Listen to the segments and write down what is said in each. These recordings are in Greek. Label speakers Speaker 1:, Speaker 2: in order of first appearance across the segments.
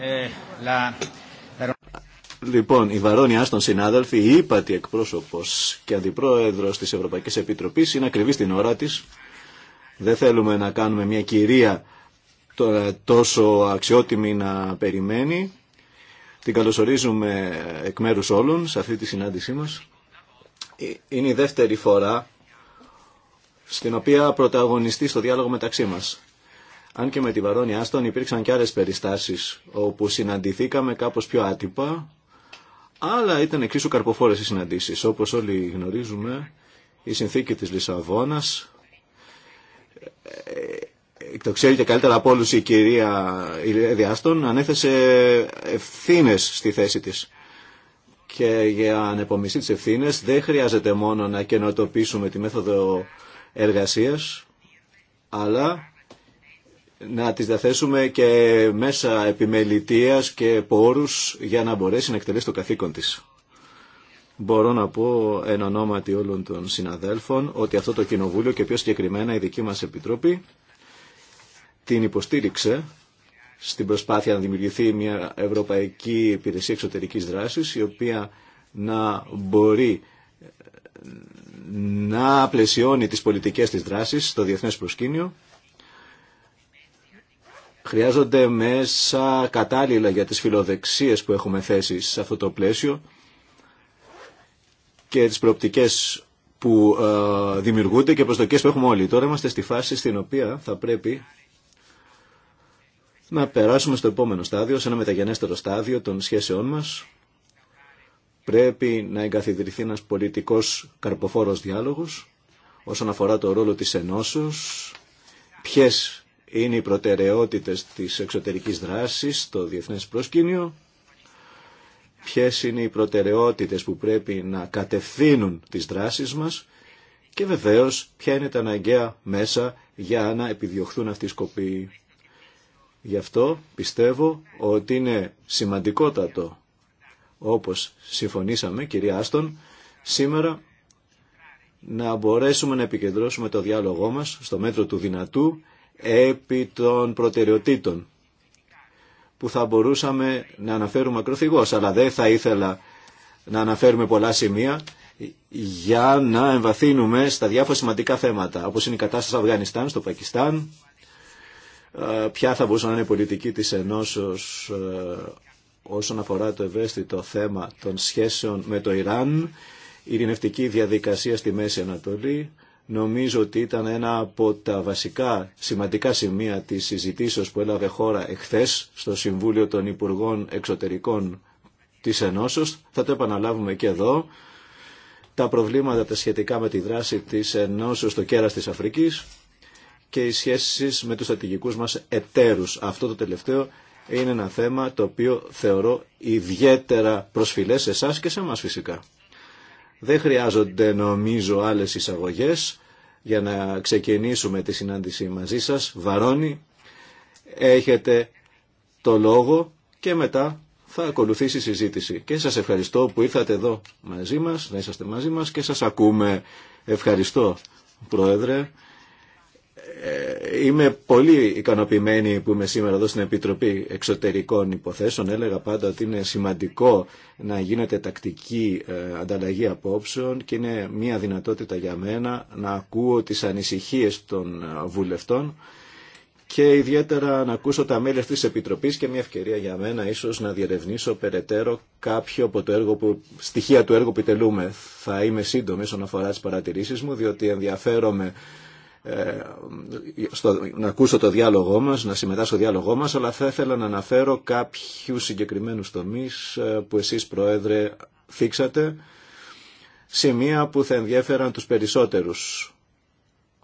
Speaker 1: Eh,
Speaker 2: λοιπόν, η Βαρόνια Άστον συνάδελφοι, η ύπατη εκπρόσωπο και αντιπρόεδρο τη Ευρωπαϊκή Επιτροπή είναι ακριβή στην ώρα τη. Δεν θέλουμε να κάνουμε μια κυρία τόσο αξιότιμη να περιμένει. Την καλωσορίζουμε εκ μέρου όλων σε αυτή τη συνάντησή μα. Ε, είναι η δεύτερη φορά στην οποία πρωταγωνιστεί στο διάλογο μεταξύ μας. Αν και με τη Βαρόνια Άστον υπήρξαν και άλλες περιστάσεις όπου συναντηθήκαμε κάπως πιο άτυπα, αλλά ήταν εξίσου καρποφόρες οι συναντήσεις. Όπως όλοι γνωρίζουμε, η συνθήκη της Λισαβόνας, ε, το ξέρει και καλύτερα από όλους η κυρία Διάστον, ανέθεσε ευθύνε στη θέση της. Και για ανεπομιστή τις ευθύνες δεν χρειάζεται μόνο να καινοτοποιήσουμε τη μέθοδο εργασίας, αλλά να τις διαθέσουμε και μέσα επιμελητίας και πόρους για να μπορέσει να εκτελέσει το καθήκον της. Μπορώ να πω εν ονόματι όλων των συναδέλφων ότι αυτό το Κοινοβούλιο και πιο συγκεκριμένα η δική μας Επιτροπή την υποστήριξε στην προσπάθεια να δημιουργηθεί μια Ευρωπαϊκή Υπηρεσία Εξωτερικής Δράσης η οποία να μπορεί να πλαισιώνει τις πολιτικές της δράσης στο διεθνές προσκήνιο. Χρειάζονται μέσα κατάλληλα για τις φιλοδεξίες που έχουμε θέσει σε αυτό το πλαίσιο και τις προοπτικές που ε, δημιουργούνται και προσδοκίες που έχουμε όλοι. Τώρα είμαστε στη φάση στην οποία θα πρέπει να περάσουμε στο επόμενο στάδιο, σε ένα μεταγενέστερο στάδιο των σχέσεών μας Πρέπει να εγκαθιδρυθεί ένας πολιτικός καρποφόρος διάλογος όσον αφορά το ρόλο της ενώσεως, ποιες είναι οι προτεραιότητες της εξωτερικής δράσης στο διεθνές προσκήνιο, ποιες είναι οι προτεραιότητες που πρέπει να κατευθύνουν τις δράσεις μας και βεβαίως ποια είναι τα αναγκαία μέσα για να επιδιωχθούν αυτοί οι σκοποί. Γι' αυτό πιστεύω ότι είναι σημαντικότατο όπως συμφωνήσαμε, κυρία Άστον, σήμερα να μπορέσουμε να επικεντρώσουμε το διάλογό μας στο μέτρο του δυνατού επί των προτεραιοτήτων που θα μπορούσαμε να αναφέρουμε ακροθυγώς, αλλά δεν θα ήθελα να αναφέρουμε πολλά σημεία για να εμβαθύνουμε στα διάφορα σημαντικά θέματα, όπως είναι η κατάσταση στο Αφγανιστάν, στο Πακιστάν, ε, ποια θα μπορούσε να είναι η πολιτική της Ενώσεως ε, όσον αφορά το ευαίσθητο θέμα των σχέσεων με το Ιράν, η ειρηνευτική διαδικασία στη Μέση Ανατολή, νομίζω ότι ήταν ένα από τα βασικά σημαντικά σημεία της συζητήσεως που έλαβε χώρα εχθές στο Συμβούλιο των Υπουργών Εξωτερικών της Ενώσεως. Θα το επαναλάβουμε και εδώ. Τα προβλήματα τα σχετικά με τη δράση της Ενώσεως στο κέρας της Αφρικής και οι σχέσεις με τους στρατηγικούς μας εταίρους. Αυτό το τελευταίο είναι ένα θέμα το οποίο θεωρώ ιδιαίτερα προσφυλές σε εσά και σε εμάς φυσικά. Δεν χρειάζονται νομίζω άλλες εισαγωγές για να ξεκινήσουμε τη συνάντηση μαζί σας. Βαρώνει, έχετε το λόγο και μετά θα ακολουθήσει η συζήτηση. Και σας ευχαριστώ που ήρθατε εδώ μαζί μας, να είσαστε μαζί μας και σας ακούμε. Ευχαριστώ, Πρόεδρε. Ε, είμαι πολύ ικανοποιημένη που είμαι σήμερα εδώ στην Επιτροπή Εξωτερικών Υποθέσεων. Έλεγα πάντα ότι είναι σημαντικό να γίνεται τακτική ε, ανταλλαγή απόψεων και είναι μια δυνατότητα για μένα να ακούω τις ανησυχίες των ε, βουλευτών και ιδιαίτερα να ακούσω τα μέλη αυτής της Επιτροπής και μια ευκαιρία για μένα ίσως να διερευνήσω περαιτέρω κάποιο από το έργο που, στοιχεία του έργου που τελούμε. Θα είμαι σύντομη όσον αφορά τις παρατηρήσεις μου διότι ενδιαφέρομαι στο, να ακούσω το διάλογό μας, να συμμετάσχω στο διάλογό μας, αλλά θα ήθελα να αναφέρω κάποιους συγκεκριμένους τομείς ε, που εσείς Πρόεδρε θίξατε, σημεία που θα ενδιαφέραν τους περισσότερους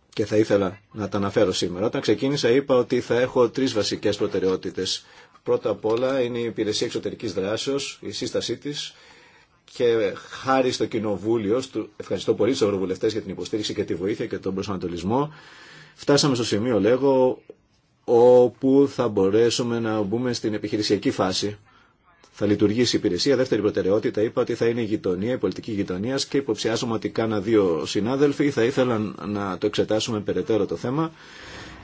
Speaker 2: και θα ήθελα να τα αναφέρω σήμερα. Όταν ξεκίνησα είπα ότι θα έχω τρεις βασικές προτεραιότητες. Πρώτα απ' όλα είναι η υπηρεσία εξωτερικής δράσεως, η σύστασή της, και χάρη στο Κοινοβούλιο, ευχαριστώ πολύ του Ευρωβουλευτέ για την υποστήριξη και τη βοήθεια και τον προσανατολισμό, φτάσαμε στο σημείο, λέγω, όπου θα μπορέσουμε να μπούμε στην επιχειρησιακή φάση. Θα λειτουργήσει η υπηρεσία. Δεύτερη προτεραιότητα είπα ότι θα είναι η γειτονία, η πολιτική γειτονία και υποψιάζομαι ότι κάνα δύο συνάδελφοι θα ήθελαν να το εξετάσουμε περαιτέρω το θέμα.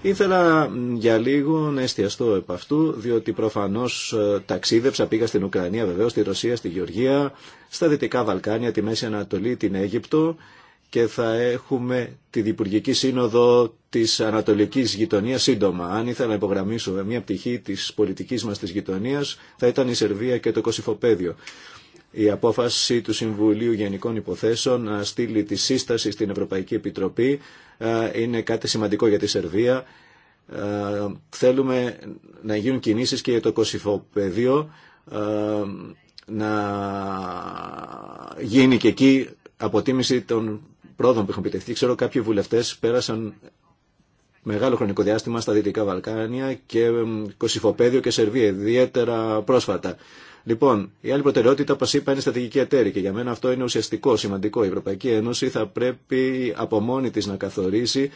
Speaker 2: Ήθελα για λίγο να εστιαστώ επ' αυτού, διότι προφανώς ε, ταξίδεψα, πήγα στην Ουκρανία βεβαίως, στη Ρωσία, στη Γεωργία, στα Δυτικά Βαλκάνια, τη Μέση Ανατολή, την Αίγυπτο και θα έχουμε τη Διπουργική Σύνοδο της Ανατολικής Γειτονία σύντομα. Αν ήθελα να υπογραμμίσω μια πτυχή τη πολιτικής μας της γειτονία, θα ήταν η Σερβία και το Κωσυφοπαίδιο η απόφαση του Συμβουλίου Γενικών Υποθέσεων να στείλει τη σύσταση στην Ευρωπαϊκή Επιτροπή ε, είναι κάτι σημαντικό για τη Σερβία. Ε, θέλουμε να γίνουν κινήσεις και για το κοσυφοπεδίο ε, να γίνει και εκεί αποτίμηση των πρόοδων που έχουν επιτευχθεί. Ξέρω κάποιοι βουλευτές πέρασαν μεγάλο χρονικό διάστημα στα Δυτικά Βαλκάνια και Κωσυφοπέδιο και Σερβία, ιδιαίτερα πρόσφατα. Λοιπόν, η άλλη προτεραιότητα, όπω είπα, είναι η στρατηγική εταίρη και για μένα αυτό είναι ουσιαστικό, σημαντικό. Η Ευρωπαϊκή Ένωση θα πρέπει από μόνη τη να καθορίσει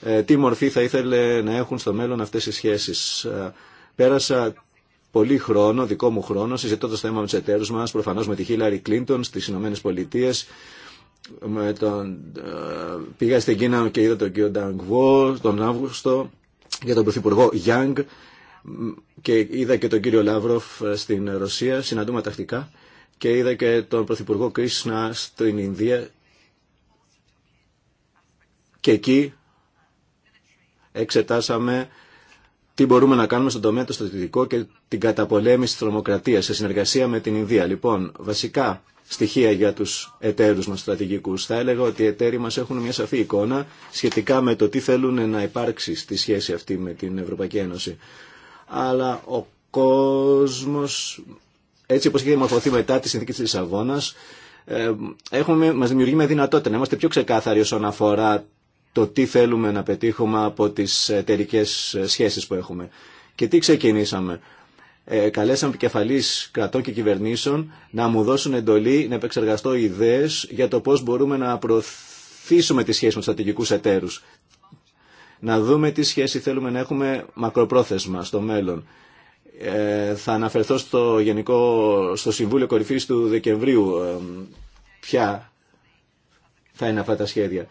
Speaker 2: ε, τι μορφή θα ήθελε να έχουν στο μέλλον αυτέ οι σχέσει. Ε, πέρασα πολύ χρόνο, δικό μου χρόνο, συζητώντα το θέμα με του εταίρου μα, προφανώ με τη Χίλαρη Κλίντον στι Ηνωμένε Πολιτείε. Με τον, ε, πήγα στην Κίνα και είδα τον κύριο Νταγκβό τον Αύγουστο για τον Πρωθυπουργό Γιάνγκ και είδα και τον κύριο Λαύροφ ε, στην Ρωσία, συναντούμε τακτικά και είδα και τον Πρωθυπουργό Κρίσνα στην Ινδία και εκεί εξετάσαμε τι μπορούμε να κάνουμε στον τομέα το στρατιωτικό και την καταπολέμηση της τρομοκρατίας σε συνεργασία με την Ινδία. Λοιπόν, βασικά στοιχεία για τους εταίρους μας στρατηγικούς. Θα έλεγα ότι οι εταίροι μας έχουν μια σαφή εικόνα σχετικά με το τι θέλουν να υπάρξει στη σχέση αυτή με την Ευρωπαϊκή Ένωση αλλά ο κόσμος έτσι όπως έχει δημορφωθεί μετά τη συνθήκη της Λισαβόνας ε, έχουμε, μας δημιουργεί με δυνατότητα να είμαστε πιο ξεκάθαροι όσον αφορά το τι θέλουμε να πετύχουμε από τις εταιρικέ σχέσεις που έχουμε. Και τι ξεκινήσαμε. Ε, καλέσαμε επικεφαλής κρατών και κυβερνήσεων να μου δώσουν εντολή να επεξεργαστώ ιδέες για το πώς μπορούμε να προωθήσουμε τις σχέσεις με τους στρατηγικούς εταίρους να δούμε τι σχέση θέλουμε να έχουμε μακροπρόθεσμα στο μέλλον. Ε, θα αναφερθώ στο, γενικό, στο Συμβούλιο Κορυφής του Δεκεμβρίου ε, ποια θα είναι αυτά τα σχέδια.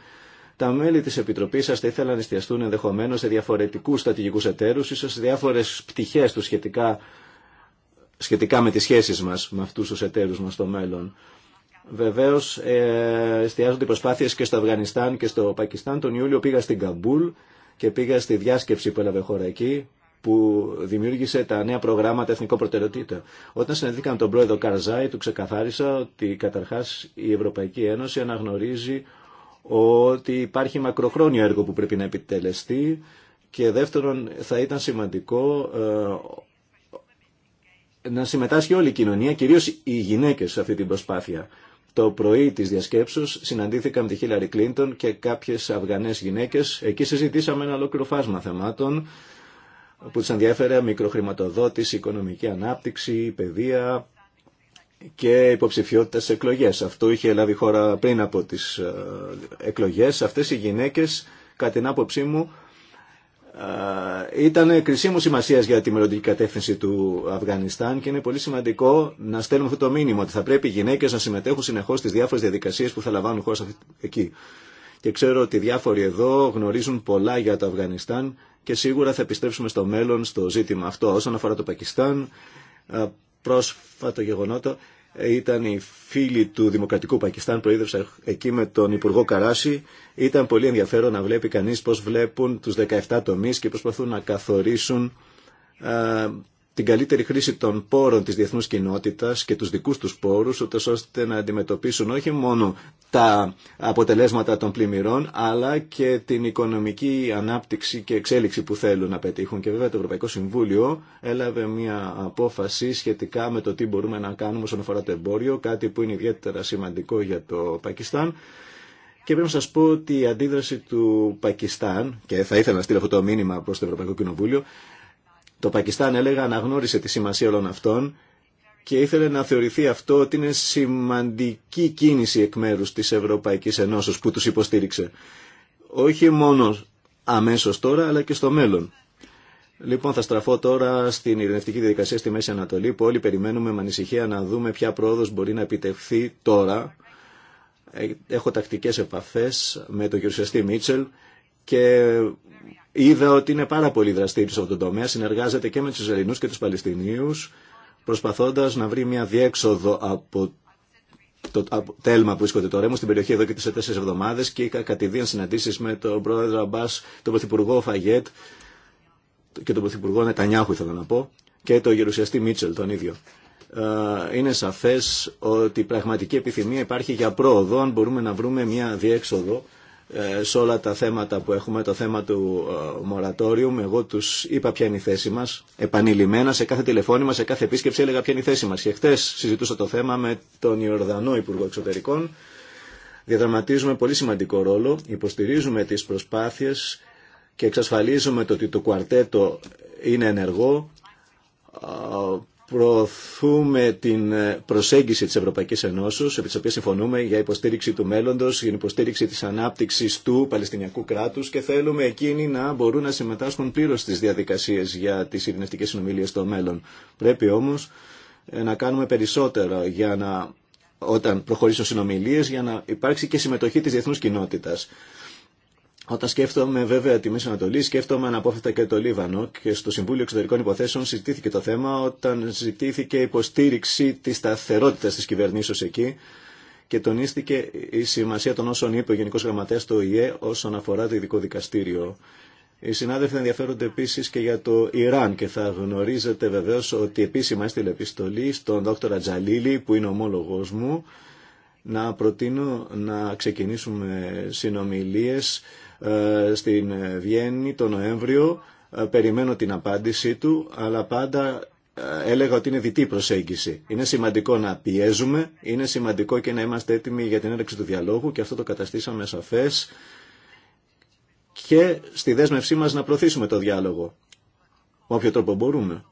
Speaker 2: Τα μέλη της Επιτροπής σας θα ήθελαν να εστιαστούν ενδεχομένως σε διαφορετικούς στατηγικούς εταίρους, ίσως σε διάφορες πτυχές του σχετικά, σχετικά με τις σχέσεις μας με αυτούς τους εταίρους μας στο μέλλον. Βεβαίω, ε, εστιάζονται οι προσπάθειε και στο Αφγανιστάν και στο Πακιστάν. Τον Ιούλιο πήγα στην Καμπούλ και πήγα στη διάσκεψη που έλαβε χώρα εκεί που δημιούργησε τα νέα προγράμματα εθνικών προτεραιοτήτων. Όταν συναντήκαμε τον πρόεδρο Καρζάη, του ξεκαθάρισα ότι καταρχά η Ευρωπαϊκή Ένωση αναγνωρίζει ότι υπάρχει μακροχρόνιο έργο που πρέπει να επιτελεστεί και δεύτερον θα ήταν σημαντικό ε, να συμμετάσχει όλη η κοινωνία, κυρίως οι γυναίκες σε αυτή την προσπάθεια. Το πρωί της διασκέψεως συναντήθηκα με τη Χίλαρη Κλίντον και κάποιες Αυγανές γυναίκες. Εκεί συζητήσαμε ένα ολόκληρο φάσμα θεμάτων που τους ενδιαφέρε μικροχρηματοδότηση, οικονομική ανάπτυξη, παιδεία και υποψηφιότητα σε εκλογές. Αυτό είχε λάβει χώρα πριν από τις ε, εκλογές. Αυτές οι γυναίκες, κατά την άποψή μου, ε, ήταν κρισίμου σημασία για τη μελλοντική κατεύθυνση του Αφγανιστάν και είναι πολύ σημαντικό να στέλνουμε αυτό το μήνυμα ότι θα πρέπει οι γυναίκε να συμμετέχουν συνεχώ στι διάφορε διαδικασίε που θα λαμβάνουν χώρα εκεί. Και ξέρω ότι διάφοροι εδώ γνωρίζουν πολλά για το Αφγανιστάν και σίγουρα θα επιστρέψουμε στο μέλλον στο ζήτημα αυτό. Όσον αφορά το Πακιστάν, ε, πρόσφατο γεγονότο ήταν οι φίλοι του Δημοκρατικού Πακιστάν, προείδευσα εκεί με τον Υπουργό Καράση. Ήταν πολύ ενδιαφέρον να βλέπει κανείς πώς βλέπουν τους 17 τομείς και προσπαθούν να καθορίσουν την καλύτερη χρήση των πόρων της διεθνούς κοινότητας και τους δικούς τους πόρους, ώστε να αντιμετωπίσουν όχι μόνο τα αποτελέσματα των πλημμυρών, αλλά και την οικονομική ανάπτυξη και εξέλιξη που θέλουν να πετύχουν. Και βέβαια το Ευρωπαϊκό Συμβούλιο έλαβε μια απόφαση σχετικά με το τι μπορούμε να κάνουμε όσον αφορά το εμπόριο, κάτι που είναι ιδιαίτερα σημαντικό για το Πακιστάν. Και πρέπει να σας πω ότι η αντίδραση του Πακιστάν, και θα ήθελα να στείλω αυτό το μήνυμα προς το Ευρωπαϊκό Κοινοβούλιο, το Πακιστάν έλεγα αναγνώρισε τη σημασία όλων αυτών και ήθελε να θεωρηθεί αυτό ότι είναι σημαντική κίνηση εκ μέρους της Ευρωπαϊκής Ενώσεως που τους υποστήριξε. Όχι μόνο αμέσως τώρα αλλά και στο μέλλον. Λοιπόν, θα στραφώ τώρα στην ειρηνευτική διαδικασία στη Μέση Ανατολή που όλοι περιμένουμε με ανησυχία να δούμε ποια πρόοδος μπορεί να επιτευχθεί τώρα. Ε, έχω τακτικές επαφές με τον κ. Μίτσελ και Είδα ότι είναι πάρα πολύ δραστήριο σε αυτό το τομέα, συνεργάζεται και με του Ισραηλινού και του Παλαιστινίου, προσπαθώντα να βρει μια διέξοδο από το τέλμα που βρίσκονται τώρα. Είμαι στην περιοχή εδώ και τις τέσσερι εβδομάδε και είχα κατηδίαν συναντήσει με τον πρόεδρο Αμπά, τον πρωθυπουργό Φαγέτ και τον πρωθυπουργό Νετανιάχου ήθελα να πω και τον γερουσιαστή Μίτσελ τον ίδιο. Ε, είναι σαφέ ότι η πραγματική επιθυμία υπάρχει για πρόοδο, αν μπορούμε να βρούμε μια διέξοδο ε, σε όλα τα θέματα που έχουμε, το θέμα του ε, μορατόριου. Εγώ του είπα ποια είναι η θέση μα. Επανειλημμένα σε κάθε τηλεφώνημα, σε κάθε επίσκεψη έλεγα ποια είναι η θέση μα. Και χτε συζητούσα το θέμα με τον Ιορδανό Υπουργό Εξωτερικών. Διαδραματίζουμε πολύ σημαντικό ρόλο. Υποστηρίζουμε τι προσπάθειε και εξασφαλίζουμε το ότι το κουαρτέτο είναι ενεργό ε, προωθούμε την ε, προσέγγιση της Ευρωπαϊκής Ενώσης, επί της οποίας συμφωνούμε για υποστήριξη του μέλλοντος, για υποστήριξη της ανάπτυξης του Παλαιστινιακού κράτους και θέλουμε εκείνοι να μπορούν να συμμετάσχουν πλήρως στις διαδικασίες για τις ειρηνευτικές συνομιλίες στο μέλλον. Πρέπει όμως ε, να κάνουμε περισσότερο για να, όταν προχωρήσουν συνομιλίες για να υπάρξει και συμμετοχή της διεθνούς κοινότητας. Όταν σκέφτομαι βέβαια τη Μέση Ανατολή, σκέφτομαι αναπόφευκτα και το Λίβανο και στο Συμβούλιο Εξωτερικών Υποθέσεων συζητήθηκε το θέμα όταν συζητήθηκε η υποστήριξη τη σταθερότητα τη κυβερνήσεω εκεί και τονίστηκε η σημασία των όσων είπε ο Γενικό Γραμματέα του ΟΗΕ όσον αφορά το ειδικό δικαστήριο. Οι συνάδελφοι ενδιαφέρονται επίση και για το Ιράν και θα γνωρίζετε βεβαίω ότι επίσημα έστειλε επιστολή στον Δ. Τζαλίλη που είναι ομόλογό μου να προτείνω να ξεκινήσουμε ε, στην Βιέννη τον Νοέμβριο. Ε, περιμένω την απάντησή του, αλλά πάντα ε, έλεγα ότι είναι διτή προσέγγιση. Είναι σημαντικό να πιέζουμε, είναι σημαντικό και να είμαστε έτοιμοι για την έναρξη του διαλόγου και αυτό το καταστήσαμε σαφές και στη δέσμευσή μας να προωθήσουμε το διάλογο. Με όποιο τρόπο μπορούμε.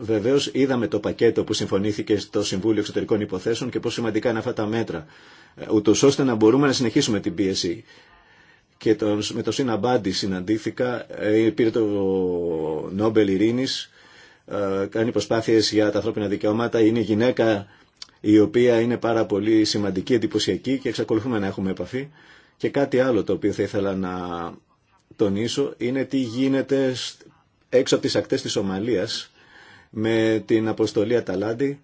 Speaker 2: Βεβαίω είδαμε το πακέτο που συμφωνήθηκε στο Συμβούλιο Εξωτερικών Υποθέσεων και πόσο σημαντικά είναι αυτά τα μέτρα, ε, ούτω ώστε να μπορούμε να συνεχίσουμε την πίεση. Και το, με τον Μπάντι συναντήθηκα, ε, πήρε το Νόμπελ Ειρήνη, ε, κάνει προσπάθειε για τα ανθρώπινα δικαιώματα, είναι γυναίκα η οποία είναι πάρα πολύ σημαντική, εντυπωσιακή και εξακολουθούμε να έχουμε επαφή. Και κάτι άλλο το οποίο θα ήθελα να τονίσω είναι τι γίνεται έξω από τι ακτέ τη Σομαλίας με την αποστολή Αταλάντη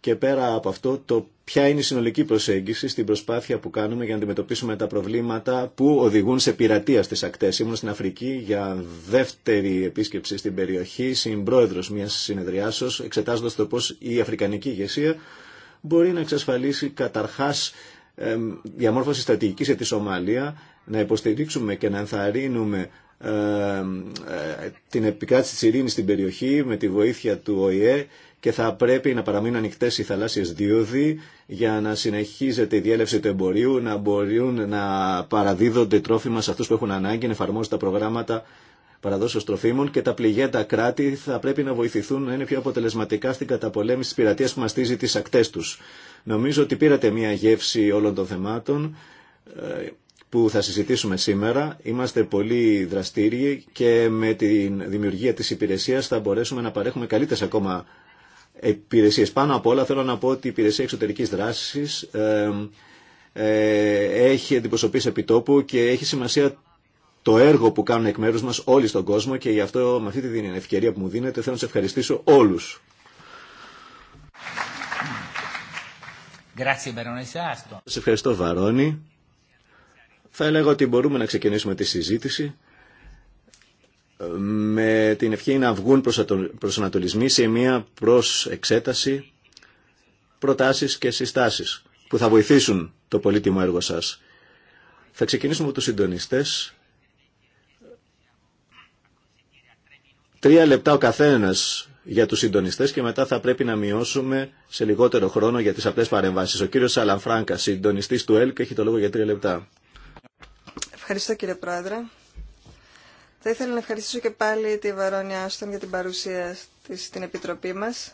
Speaker 2: και πέρα από αυτό το ποια είναι η συνολική προσέγγιση στην προσπάθεια που κάνουμε για να αντιμετωπίσουμε τα προβλήματα που οδηγούν σε πειρατεία στις ακτές. Ήμουν στην Αφρική για δεύτερη επίσκεψη στην περιοχή, συμπρόεδρος μιας συνεδριάσεως, εξετάζοντας το πώς η αφρικανική ηγεσία μπορεί να εξασφαλίσει καταρχάς διαμόρφωση στρατηγικής για τη Σομαλία, να υποστηρίξουμε και να ενθαρρύνουμε ε, την επικράτηση της ειρήνης στην περιοχή με τη βοήθεια του ΟΗΕ και θα πρέπει να παραμείνουν ανοιχτέ οι θαλάσσιες διώδη για να συνεχίζεται η διέλευση του εμπορίου, να μπορούν να παραδίδονται τρόφιμα σε αυτούς που έχουν ανάγκη, να εφαρμόζουν τα προγράμματα παραδόσεως τροφίμων και τα πληγέντα κράτη θα πρέπει να βοηθηθούν να είναι πιο αποτελεσματικά στην καταπολέμηση της πειρατείας που μαστίζει τις ακτές τους. Νομίζω ότι πήρατε μια γεύση όλων των θεμάτων ε, που θα συζητήσουμε σήμερα. Είμαστε πολύ δραστήριοι και με τη δημιουργία της υπηρεσίας θα μπορέσουμε να παρέχουμε καλύτερες ακόμα υπηρεσίες. Πάνω απ' όλα θέλω να πω ότι η υπηρεσία εξωτερικής δράσης ε, ε, έχει αντιπροσωπείς επιτόπου και έχει σημασία το έργο που κάνουν εκ μέρους μας όλοι στον κόσμο και γι' αυτό με αυτή την ευκαιρία που μου δίνετε θέλω να σε ευχαριστήσω όλους. Σε ευχαριστώ Βαρόνι. Θα έλεγα ότι μπορούμε να ξεκινήσουμε τη συζήτηση ε, με την ευχή να βγουν Ανατολισμή σε μία προς εξέταση προτάσεις και συστάσεις που θα βοηθήσουν το πολύτιμο έργο σας. Θα ξεκινήσουμε από τους συντονιστές. Τρία λεπτά ο καθένας για τους συντονιστές και μετά θα πρέπει να μειώσουμε σε λιγότερο χρόνο για τις απλές παρεμβάσεις. Ο κύριος Σαλανφράγκα, συντονιστής του ΕΛΚ, έχει το λόγο για τρία λεπτά.
Speaker 3: Ευχαριστώ κύριε Πρόεδρε. Θα ήθελα να ευχαριστήσω και πάλι τη Βαρόνια Άστον για την παρουσία της στην Επιτροπή μας.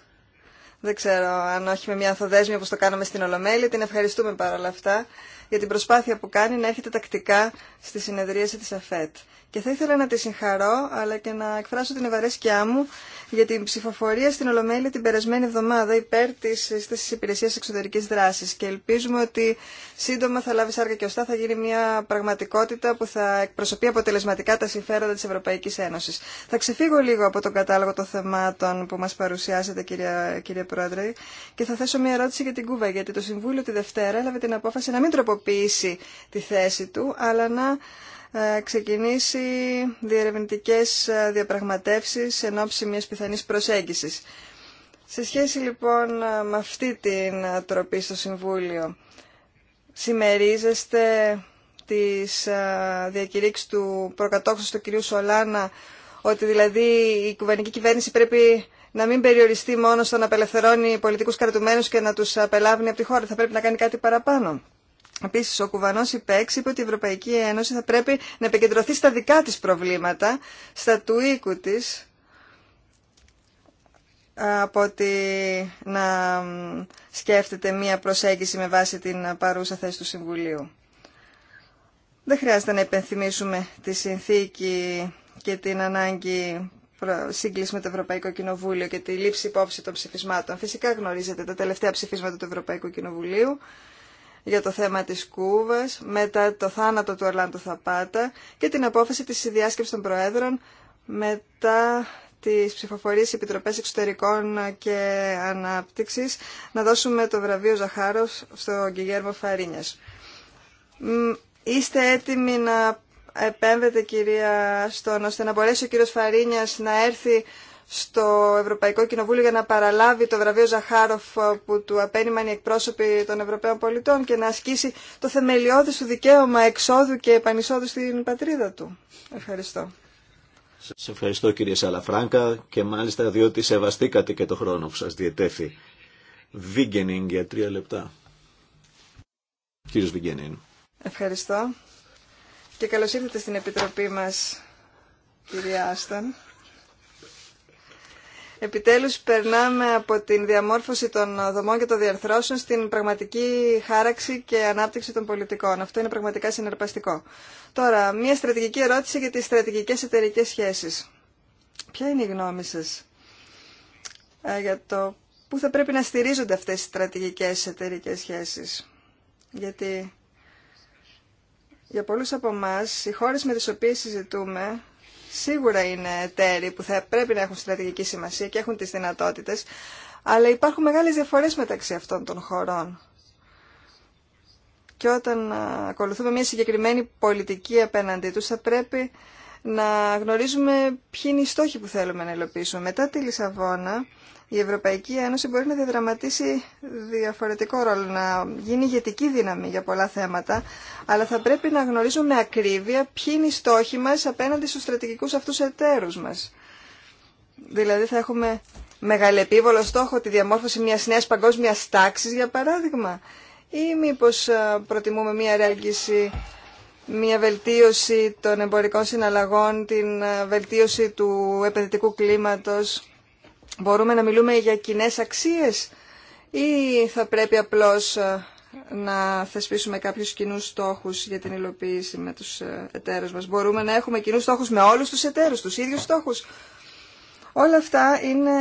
Speaker 3: Δεν ξέρω αν όχι με μια ανθοδέσμια όπως το κάναμε στην Ολομέλη. Την ευχαριστούμε παρόλα αυτά για την προσπάθεια που κάνει να έρχεται τακτικά στη συνεδρίαση της ΑΦΕΤ. Και θα ήθελα να τη συγχαρώ, αλλά και να εκφράσω την ευαρέσκειά μου για την ψηφοφορία στην Ολομέλεια την περασμένη εβδομάδα υπέρ τη σύσταση υπηρεσία εξωτερική δράση. Και ελπίζουμε ότι σύντομα θα λάβει σάρκα και ωστά θα γίνει μια πραγματικότητα που θα εκπροσωπεί αποτελεσματικά τα συμφέροντα τη Ευρωπαϊκή Ένωση. Θα ξεφύγω λίγο από τον κατάλογο των θεμάτων που μα παρουσιάσετε κυρία, κύριε Πρόεδρε, και θα θέσω μια ερώτηση για την Κούβα. Γιατί το Συμβούλιο τη Δευτέρα έλαβε την απόφαση να μην τροποποιήσει τη θέση του, αλλά να ε, ξεκινήσει διερευνητικές ε, διαπραγματεύσεις εν ώψη μιας πιθανής προσέγγισης. Σε σχέση λοιπόν ε, με αυτή την τροπή στο Συμβούλιο, συμμερίζεστε τις διακηρύξεις του προκατόχου του κυρίου Σολάνα ότι δηλαδή η κουβανική κυβέρνηση πρέπει να μην περιοριστεί μόνο στο να απελευθερώνει πολιτικούς κρατουμένους και να τους απελάβει από τη χώρα. Θα πρέπει να κάνει κάτι παραπάνω. Επίση, ο Κουβανό ΥΠΕΞ είπε ότι η Ευρωπαϊκή Ένωση θα πρέπει να επικεντρωθεί στα δικά τη προβλήματα, στα του οίκου τη, από ότι να σκέφτεται μία προσέγγιση με βάση την παρούσα θέση του Συμβουλίου. Δεν χρειάζεται να υπενθυμίσουμε τη συνθήκη και την ανάγκη σύγκληση με το Ευρωπαϊκό Κοινοβούλιο και τη λήψη υπόψη των ψηφισμάτων. Φυσικά γνωρίζετε τα τελευταία ψηφίσματα του Ευρωπαϊκού Κοινοβουλίου για το θέμα της Κούβας, μετά το θάνατο του Ορλάντο Θαπάτα και την απόφαση της συνδιάσκεψης των Προέδρων μετά τις ψηφοφορίες Επιτροπές Εξωτερικών και Ανάπτυξης να δώσουμε το βραβείο Ζαχάρος στον Κιγέρμο Φαρίνιας. Είστε έτοιμοι να επέμβετε κυρία Στον ώστε να μπορέσει ο κύριος Φαρίνιας να έρθει στο Ευρωπαϊκό Κοινοβούλιο για να παραλάβει το βραβείο Ζαχάροφ που του απένιμαν οι εκπρόσωποι των Ευρωπαίων πολιτών και να ασκήσει το θεμελιώδη του δικαίωμα εξόδου και επανεισόδου στην πατρίδα του. Ευχαριστώ.
Speaker 2: Σας ευχαριστώ κύριε Σαλαφράγκα και μάλιστα διότι σεβαστήκατε και το χρόνο που σας διετέθη. Βίγγενινγκ για τρία λεπτά. Κύριος Βίγγενιν.
Speaker 3: Ευχαριστώ και καλώς ήρθατε στην Επιτροπή μας κυρία Άστον. Επιτέλους περνάμε από την διαμόρφωση των δομών και των διαρθρώσεων στην πραγματική χάραξη και ανάπτυξη των πολιτικών. Αυτό είναι πραγματικά συναρπαστικό. Τώρα, μια στρατηγική ερώτηση για τις στρατηγικές εταιρικέ σχέσεις. Ποια είναι η γνώμη σας ε, για το πού θα πρέπει να στηρίζονται αυτές οι στρατηγικές εταιρικέ σχέσεις. Γιατί για πολλούς από εμά, οι χώρες με τις οποίες συζητούμε σίγουρα είναι εταίροι που θα πρέπει να έχουν στρατηγική σημασία και έχουν τις δυνατότητες, αλλά υπάρχουν μεγάλες διαφορές μεταξύ αυτών των χωρών. Και όταν ακολουθούμε μια συγκεκριμένη πολιτική απέναντί τους, θα πρέπει να γνωρίζουμε ποιοι είναι οι στόχοι που θέλουμε να υλοποιήσουμε. Μετά τη Λισαβόνα, η Ευρωπαϊκή Ένωση μπορεί να διαδραματίσει διαφορετικό ρόλο, να γίνει ηγετική δύναμη για πολλά θέματα, αλλά θα πρέπει να γνωρίζουμε ακρίβεια ποιοι είναι οι στόχοι μας απέναντι στους στρατηγικούς αυτούς εταίρους μας. Δηλαδή θα έχουμε μεγαλεπίβολο στόχο τη διαμόρφωση μιας νέας παγκόσμιας τάξης, για παράδειγμα, ή μήπως ε, προτιμούμε μια ρέγγιση μια βελτίωση των εμπορικών συναλλαγών, την ε, βελτίωση του επενδυτικού κλίματος Μπορούμε να μιλούμε για κοινέ αξίες ή θα πρέπει απλώς ε, να θεσπίσουμε κάποιους κοινούς στόχους για την υλοποίηση με τους ε, εταίρους μας. Μπορούμε να έχουμε κοινούς στόχους με όλους τους εταίρους, τους ίδιους στόχους. Όλα αυτά είναι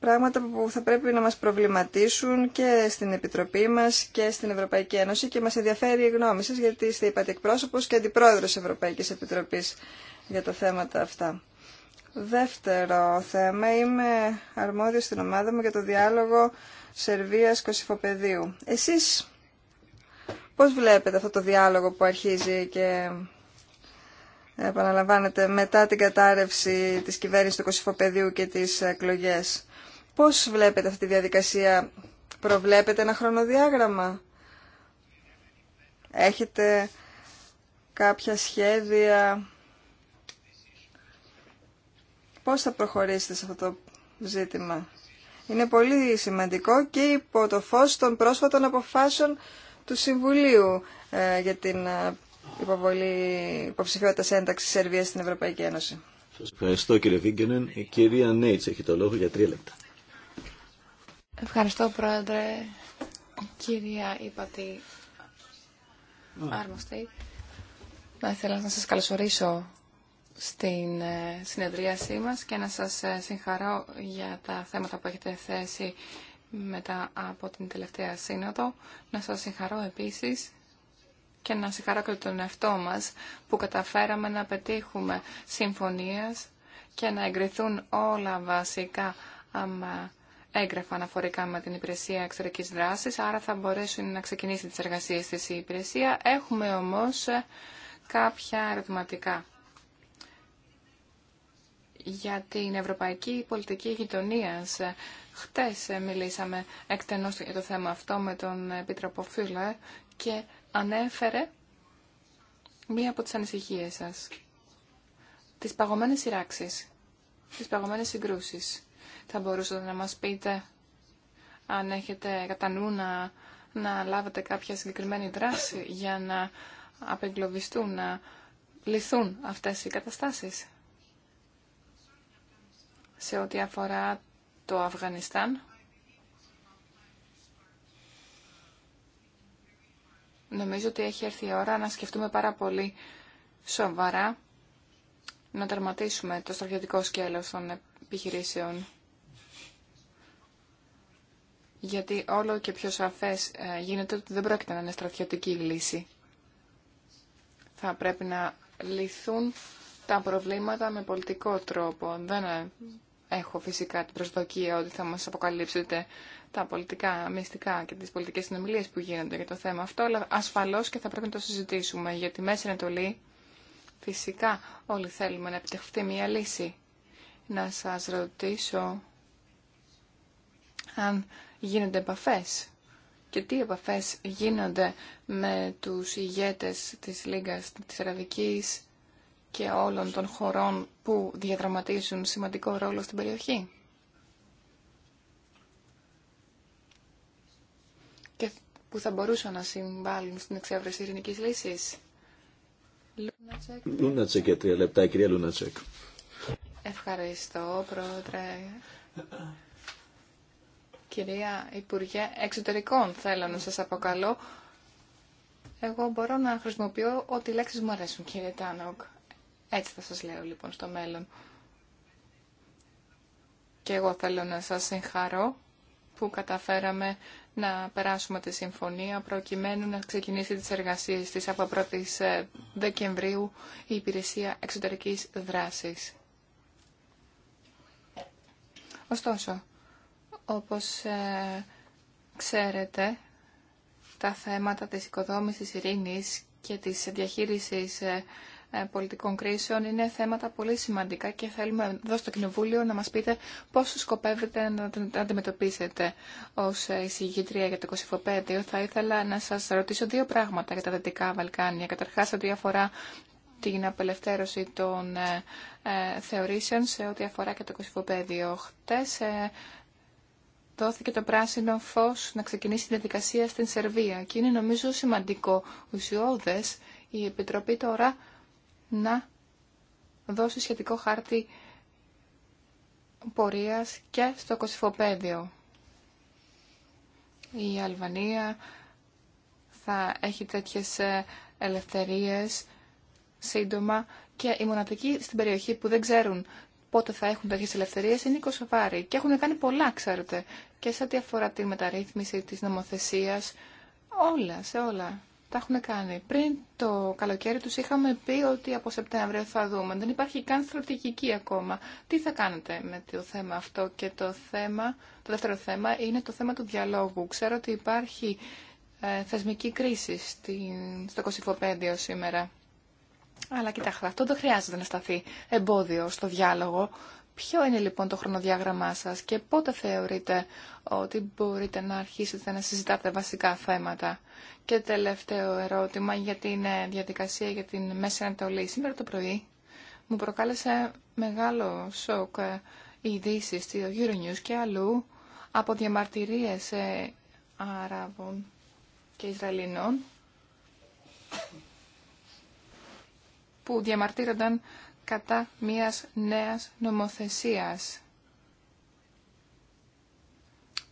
Speaker 3: πράγματα που θα πρέπει να μας προβληματίσουν και στην Επιτροπή μας και στην Ευρωπαϊκή Ένωση και μας ενδιαφέρει η γνώμη σας γιατί είστε είπατε και αντιπρόεδρος Ευρωπαϊκής Επιτροπής για τα θέματα αυτά. Δεύτερο θέμα, είμαι αρμόδιο στην ομάδα μου για το διάλογο Σερβίας-Κωσυφοπεδίου. Εσείς πώς βλέπετε αυτό το διάλογο που αρχίζει και επαναλαμβάνεται μετά την κατάρρευση της κυβέρνησης του Κωσυφοπεδίου και τις εκλογέ. Πώς βλέπετε αυτή τη διαδικασία, προβλέπετε ένα χρονοδιάγραμμα, έχετε κάποια σχέδια πώς θα προχωρήσετε σε αυτό το ζήτημα. Είναι πολύ σημαντικό και υπό το φως των πρόσφατων αποφάσεων του Συμβουλίου ε, για την ε, υποβολή υποψηφιότητας ένταξης Σερβίας στην Ευρωπαϊκή Ένωση.
Speaker 2: Σας ευχαριστώ κύριε Βίγκενεν. Η κυρία Νέιτς έχει το λόγο για τρία λεπτά.
Speaker 3: Ευχαριστώ πρόεδρε.
Speaker 4: Κυρία Ήπατη Άρμοστη. Θα ήθελα να σας καλωσορίσω στην ε, συνεδρίασή μας και να σας ε, συγχαρώ για τα θέματα που έχετε θέσει μετά από την τελευταία σύνοδο. Να σας συγχαρώ επίσης και να συγχαρώ και τον εαυτό μας που καταφέραμε να πετύχουμε συμφωνίες και να εγκριθούν όλα βασικά άμα έγγραφα αναφορικά με την υπηρεσία εξωτερικής δράσης, άρα θα μπορέσουν να ξεκινήσει τις εργασίες της υπηρεσία. Έχουμε όμως ε, κάποια ερωτηματικά για την ευρωπαϊκή πολιτική γειτονία. Χτες ε, μιλήσαμε εκτενώς για το θέμα αυτό με τον Επίτροπο Φίλε και ανέφερε μία από τις ανησυχίες σας. Τις παγωμένες σειράξεις, τις παγωμένες συγκρούσεις. Θα μπορούσατε να μας πείτε αν έχετε κατά νου να, να λάβετε κάποια συγκεκριμένη δράση για να απεγκλωβιστούν, να λυθούν αυτές οι καταστάσεις σε ό,τι αφορά το Αφγανιστάν. Νομίζω ότι έχει έρθει η ώρα να σκεφτούμε πάρα πολύ σοβαρά να τερματίσουμε το στρατιωτικό σκέλος των επιχειρήσεων. Γιατί όλο και πιο σαφές ε, γίνεται ότι δεν πρόκειται να είναι στρατιωτική λύση. Θα πρέπει να λυθούν τα προβλήματα με πολιτικό τρόπο. Δεν ε, έχω φυσικά την προσδοκία ότι θα μας αποκαλύψετε τα πολιτικά μυστικά και τις πολιτικές συνομιλίες που γίνονται για το θέμα αυτό, αλλά ασφαλώς και θα πρέπει να το συζητήσουμε, γιατί μέσα Ανατολή φυσικά όλοι θέλουμε να επιτευχθεί μια λύση. Να σας ρωτήσω αν γίνονται επαφές και τι επαφές γίνονται με τους ηγέτες της Λίγκας της Αραβικής, και όλων των χωρών που διαδραματίζουν σημαντικό ρόλο στην περιοχή. Και που θα μπορούσαν να συμβάλλουν στην εξέβρεση ειρηνικής λύσης.
Speaker 2: Λούνατσεκ για τρία λεπτά, κυρία Λούνατσεκ.
Speaker 4: Ευχαριστώ, πρόεδρε. Κυρία Υπουργέ Εξωτερικών, θέλω να σας αποκαλώ. Εγώ μπορώ να χρησιμοποιώ ό,τι λέξεις μου αρέσουν, κύριε Τάνοκ. Έτσι θα σας λέω λοιπόν στο μέλλον. Και εγώ θέλω να σας συγχαρώ που καταφέραμε να περάσουμε τη συμφωνία προκειμένου να ξεκινήσει τις εργασίες της από 1η ε, Δεκεμβρίου η Υπηρεσία Εξωτερικής Δράσης. Ωστόσο, όπως ε, ξέρετε, τα θέματα της οικοδόμησης ειρήνης και της διαχείρισης ε, ε, πολιτικών κρίσεων είναι θέματα πολύ σημαντικά και θέλουμε εδώ στο Κοινοβούλιο να μας πείτε πώς σκοπεύετε να αντιμετωπίσετε ως ε, εισηγήτρια για το Κωσυφοπέδιο. Θα ήθελα να σας ρωτήσω δύο πράγματα για τα Δυτικά Βαλκάνια. Καταρχάς, ό,τι αφορά την απελευθέρωση των ε, ε θεωρήσεων σε ό,τι αφορά και το Κωσυφοπέδιο. Χτες ε, δόθηκε το πράσινο φως να ξεκινήσει τη διαδικασία στην Σερβία και είναι νομίζω σημαντικό ουσιώδες η Επιτροπή τώρα να δώσει σχετικό χάρτη πορείας και στο κοσυφοπέδιο. Η Αλβανία θα έχει τέτοιες ε, ελευθερίες σύντομα και οι μοναδικοί στην περιοχή που δεν ξέρουν πότε θα έχουν τέτοιες ελευθερίες είναι οι Κωσοβάροι και έχουν κάνει πολλά ξέρετε και σε ό,τι αφορά τη μεταρρύθμιση της νομοθεσίας όλα, σε όλα τα έχουν κάνει. Πριν το καλοκαίρι τους είχαμε πει ότι από Σεπτέμβριο θα δούμε. Δεν υπάρχει καν στρατηγική ακόμα. Τι θα κάνετε με το θέμα αυτό και το θέμα, το δεύτερο θέμα είναι το θέμα του διαλόγου. Ξέρω ότι υπάρχει ε, θεσμική κρίση στο Κωσυφοπέδιο σήμερα. Αλλά κοιτάξτε, αυτό δεν χρειάζεται να σταθεί εμπόδιο στο διάλογο. Ποιο είναι λοιπόν το χρονοδιάγραμμά σας και πότε θεωρείτε ότι μπορείτε να αρχίσετε να συζητάτε βασικά θέματα. Και τελευταίο ερώτημα για την ε, διαδικασία για την Μέση Ανατολή. Σήμερα το πρωί μου προκάλεσε μεγάλο σοκ ε, οι ειδήσει στη Euronews και αλλού από διαμαρτυρίες ε, Αράβων και Ισραηλινών που διαμαρτύρονταν κατά μιας νέας νομοθεσίας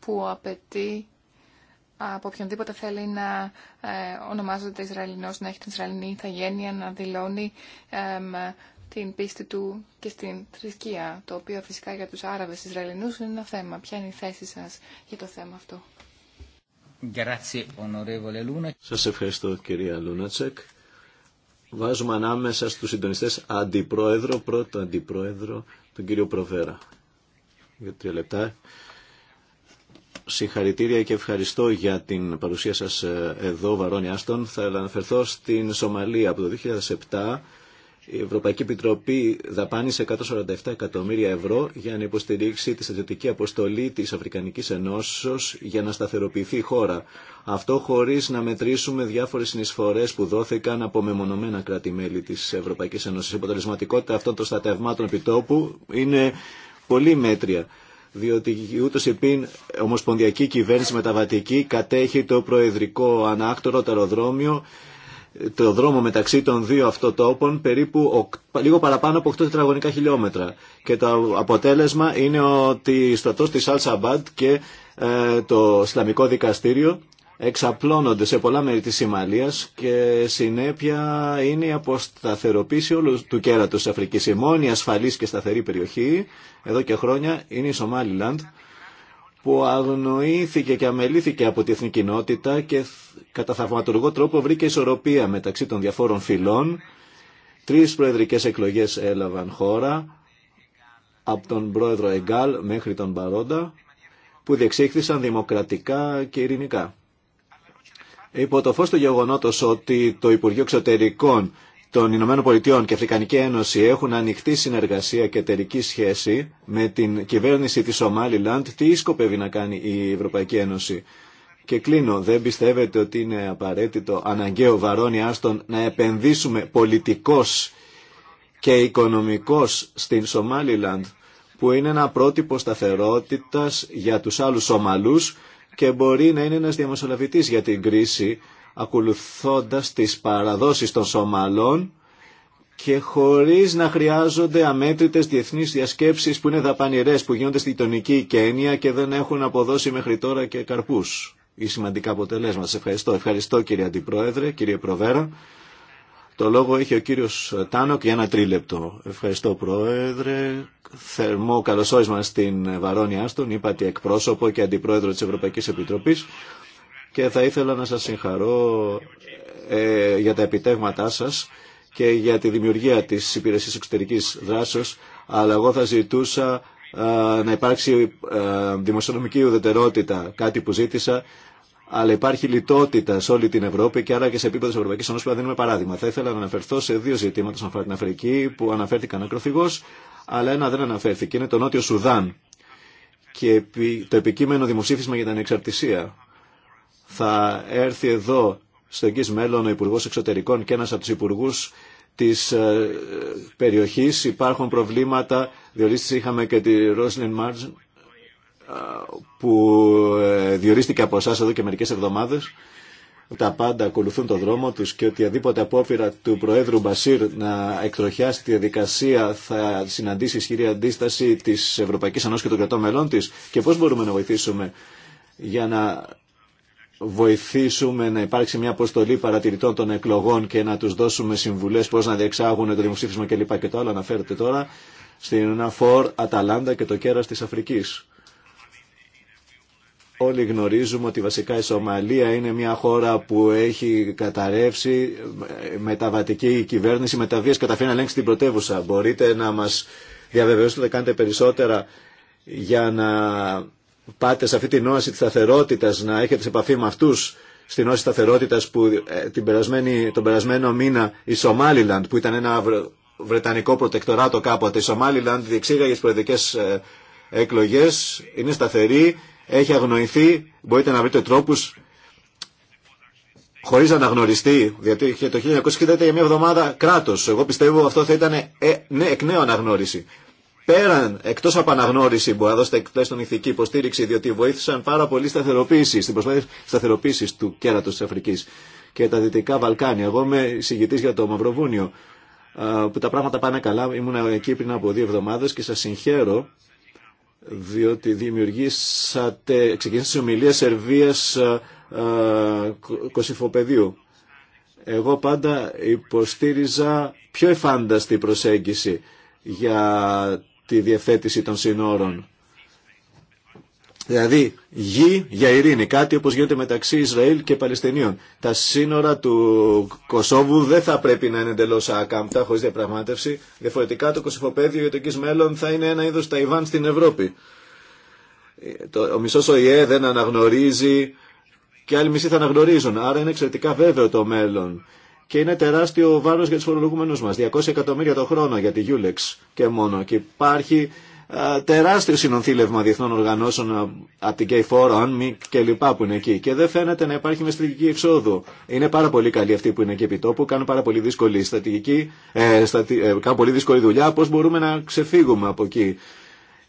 Speaker 4: που απαιτεί από οποιονδήποτε θέλει να ε, ονομάζεται Ισραηλινός, να έχει την Ισραηλινή ηθαγένεια, να δηλώνει την πίστη του και στην θρησκεία, το οποίο φυσικά για τους Άραβες Ισραηλινούς είναι ένα θέμα. Ποια είναι η θέση σας για το θέμα αυτό.
Speaker 2: Σας ευχαριστώ κυρία Λούνατσεκ. Βάζουμε ανάμεσα στους συντονιστές αντιπρόεδρο, πρώτο αντιπρόεδρο, τον κύριο Προβέρα. Για τρία λεπτά. Συγχαρητήρια και ευχαριστώ για την παρουσία σας ε, εδώ, Βαρόνι Άστον. Θα αναφερθώ στην Σομαλία. Από το 2007 η Ευρωπαϊκή Επιτροπή δαπάνησε 147 εκατομμύρια ευρώ για να υποστηρίξει τη στρατιωτική αποστολή τη Αφρικανική Ενώσεω για να σταθεροποιηθεί η χώρα. Αυτό χωρί να μετρήσουμε διάφορε συνεισφορέ που δόθηκαν από μεμονωμένα κράτη-μέλη τη Ευρωπαϊκή Ένωση. Η αποτελεσματικότητα αυτών των στατευμάτων επιτόπου είναι πολύ μέτρια διότι η πιν ομοσπονδιακή κυβέρνηση μεταβατική κατέχει το προεδρικό ανάκτορο, το αεροδρόμιο το δρόμο μεταξύ των δύο αυτοτόπων περίπου λίγο παραπάνω από 8 τετραγωνικά χιλιόμετρα. Και το αποτέλεσμα είναι ότι στρατός της Αλ-Σαμπάντ και ε, το Ισλαμικό Δικαστήριο εξαπλώνονται σε πολλά μέρη της Σιμαλίας και συνέπεια είναι η αποσταθεροποίηση όλου του κέρατος της Αφρικής. Η μόνη ασφαλής και σταθερή περιοχή εδώ και χρόνια είναι η Σομάλιλαντ που αγνοήθηκε και αμελήθηκε από τη εθνική κοινότητα και κατά θαυματουργό τρόπο βρήκε ισορροπία μεταξύ των διαφόρων φυλών. Τρεις προεδρικές εκλογές έλαβαν χώρα από τον πρόεδρο Εγκάλ μέχρι τον Παρόντα που διεξήχθησαν δημοκρατικά και ειρηνικά. Υπό το φως του γεγονότος ότι το Υπουργείο Εξωτερικών των Ηνωμένων Πολιτειών και Αφρικανική Ένωση έχουν ανοιχτή συνεργασία και εταιρική σχέση με την κυβέρνηση της Ομάλιλαντ. τι σκοπεύει να κάνει η Ευρωπαϊκή Ένωση. Και κλείνω, δεν πιστεύετε ότι είναι απαραίτητο, αναγκαίο, βαρώνει άστον, να επενδύσουμε πολιτικός και οικονομικός στην Σομάλιλαντ που είναι ένα πρότυπο σταθερότητας για τους άλλους Σομαλούς και μπορεί να είναι ένας διαμεσολαβητής για την κρίση ακολουθώντας τις παραδόσεις των Σομαλών και χωρίς να χρειάζονται αμέτρητες διεθνείς διασκέψεις που είναι δαπανηρές, που γίνονται στη γειτονική Κένια και δεν έχουν αποδώσει μέχρι τώρα και καρπούς ή σημαντικά αποτελέσματα. Σε ευχαριστώ. Ευχαριστώ κύριε Αντιπρόεδρε, κύριε Προβέρα. Το λόγο έχει ο κύριος Τάνοκ για ένα τρίλεπτο. Ευχαριστώ Πρόεδρε. Θερμό καλωσόρισμα στην Βαρόνια Άστον, τη εκπρόσωπο και αντιπρόεδρο της Ευρωπαϊκής Επιτροπής και θα ήθελα να σας συγχαρώ ε, για τα επιτεύγματά σας και για τη δημιουργία της υπηρεσίας εξωτερικής δράσεως, αλλά εγώ θα ζητούσα ε, να υπάρξει ε, δημοσιονομική ουδετερότητα, κάτι που ζήτησα, αλλά υπάρχει λιτότητα σε όλη την Ευρώπη και άρα και σε επίπεδο τη Ευρωπαϊκή Ένωση που δίνουμε παράδειγμα. Θα ήθελα να αναφερθώ σε δύο ζητήματα όσον αφορά την Αφρική που αναφέρθηκαν ακροφυγώ, αλλά ένα δεν αναφέρθηκε. Είναι το Νότιο Σουδάν και το επικείμενο δημοσίφισμα για την ανεξαρτησία θα έρθει εδώ στο εγγύς μέλλον ο Υπουργό Εξωτερικών και ένας από τους Υπουργούς της ε, περιοχής. Υπάρχουν προβλήματα, διορίστηση είχαμε και τη Ρόσλιν Μάρτζ ε, που ε, διορίστηκε από εσά εδώ και μερικές εβδομάδες. Τα πάντα ακολουθούν τον δρόμο του και οτιδήποτε απόφυρα του Προέδρου Μπασίρ να εκτροχιάσει τη διαδικασία θα συναντήσει ισχυρή αντίσταση τη Ευρωπαϊκή Ενώση και των κρατών μελών τη και πώ μπορούμε να βοηθήσουμε για να βοηθήσουμε να υπάρξει μια αποστολή παρατηρητών των εκλογών και να τους δώσουμε συμβουλές πώς να διεξάγουν το δημοψήφισμα κλπ. Και, και το άλλο αναφέρεται τώρα στην Αφόρ, Αταλάντα και το κέρας της Αφρικής. Όλοι γνωρίζουμε ότι βασικά η Σομαλία είναι μια χώρα που έχει καταρρεύσει μεταβατική κυβέρνηση, μεταβίας καταφέρει να ελέγξει την πρωτεύουσα. Μπορείτε να μας διαβεβαιώσετε, κάνετε περισσότερα για να πάτε σε αυτή την νόση της σταθερότητας, να έχετε σε επαφή με αυτούς στην της σταθερότητας που ε, την τον περασμένο μήνα η Σομάλιλαντ που ήταν ένα βρετανικό προτεκτοράτο κάποτε. Η Σομάλιλαντ διεξήγαγε τις προεδρικές ε, εκλογές, είναι σταθερή, έχει αγνοηθεί, μπορείτε να βρείτε τρόπους χωρίς να αναγνωριστεί, γιατί το 1960 ήταν για μια εβδομάδα κράτος Εγώ πιστεύω αυτό θα ήταν ε, ναι, εκ νέου αναγνώριση πέραν, εκτός από αναγνώριση που έδωσε των ηθική υποστήριξη, διότι βοήθησαν πάρα πολύ σταθεροποίηση, στην προσπάθεια σταθεροποίηση του κέρατος της Αφρικής και τα Δυτικά Βαλκάνια. Εγώ είμαι συγητή για το Μαυροβούνιο, που τα πράγματα πάνε καλά. Ήμουν εκεί πριν από δύο εβδομάδες και σας συγχαίρω, διότι δημιουργήσατε, ξεκινήσατε τι ομιλίες Σερβίας Κωσυφοπεδίου. Εγώ πάντα υποστήριζα πιο εφάνταστη προσέγγιση για τη διευθέτηση των συνόρων. Δηλαδή, γη για ειρήνη, κάτι όπως γίνεται μεταξύ Ισραήλ και Παλαιστινίων. Τα σύνορα του Κωσόβου δεν θα πρέπει να είναι εντελώ άκαμπτα, χωρίς διαπραγμάτευση. Διαφορετικά το κοσυφοπαίδιο για το εκείς μέλλον θα είναι ένα είδος Ταϊβάν στην Ευρώπη. Ο μισός ΟΗΕ δεν αναγνωρίζει και άλλοι μισοί θα αναγνωρίζουν. Άρα είναι εξαιρετικά βέβαιο το μέλλον και είναι τεράστιο βάρο για του φορολογούμενου μα. 200 εκατομμύρια το χρόνο για τη Γιούλεξ και μόνο. Και υπάρχει α, τεράστιο συνονθήλευμα διεθνών οργανώσεων από την K4, αν και λοιπά που είναι εκεί. Και δεν φαίνεται να υπάρχει μια στρατηγική εξόδου. Είναι πάρα πολύ καλή αυτή που είναι εκεί επί τόπου, κάνουν πάρα πολύ δύσκολη στρατηγική, ε, στατι, ε, πολύ δύσκολη δουλειά. Πώ μπορούμε να ξεφύγουμε από εκεί.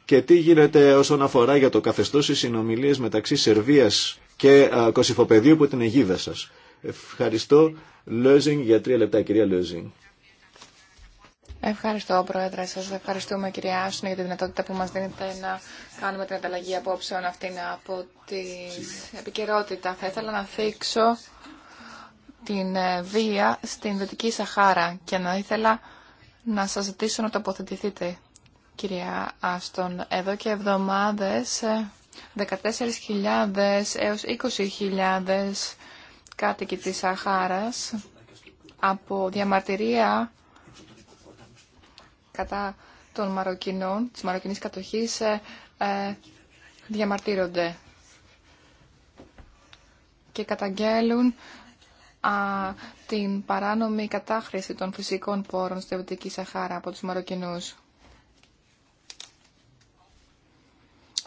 Speaker 2: Και τι γίνεται όσον αφορά για το καθεστώ οι συνομιλίε μεταξύ Σερβία και Κωσυφοπεδίου που την αιγίδα σα. Ευχαριστώ. Λέζινγκ για τρία λεπτά, κυρία Λέζινγκ.
Speaker 4: Ευχαριστώ, Πρόεδρε. Σα ευχαριστούμε, κυρία Άστον, για τη δυνατότητα που μα δίνετε να κάνουμε την ανταλλαγή απόψεων αυτήν από την επικαιρότητα. Θα ήθελα να θίξω την ε, βία στην Δυτική Σαχάρα και να ήθελα να σας ζητήσω να τοποθετηθείτε, κυρία Άστον. Εδώ και εβδομάδες 14.000 ε, έως 20.000 κάτοικοι της Σαχάρας από διαμαρτυρία κατά των Μαροκινών, της Μαροκινής κατοχής, ε, ε, διαμαρτύρονται και καταγγέλουν α, την παράνομη κατάχρηση των φυσικών πόρων στη Βυτική Σαχάρα από τους Μαροκινούς.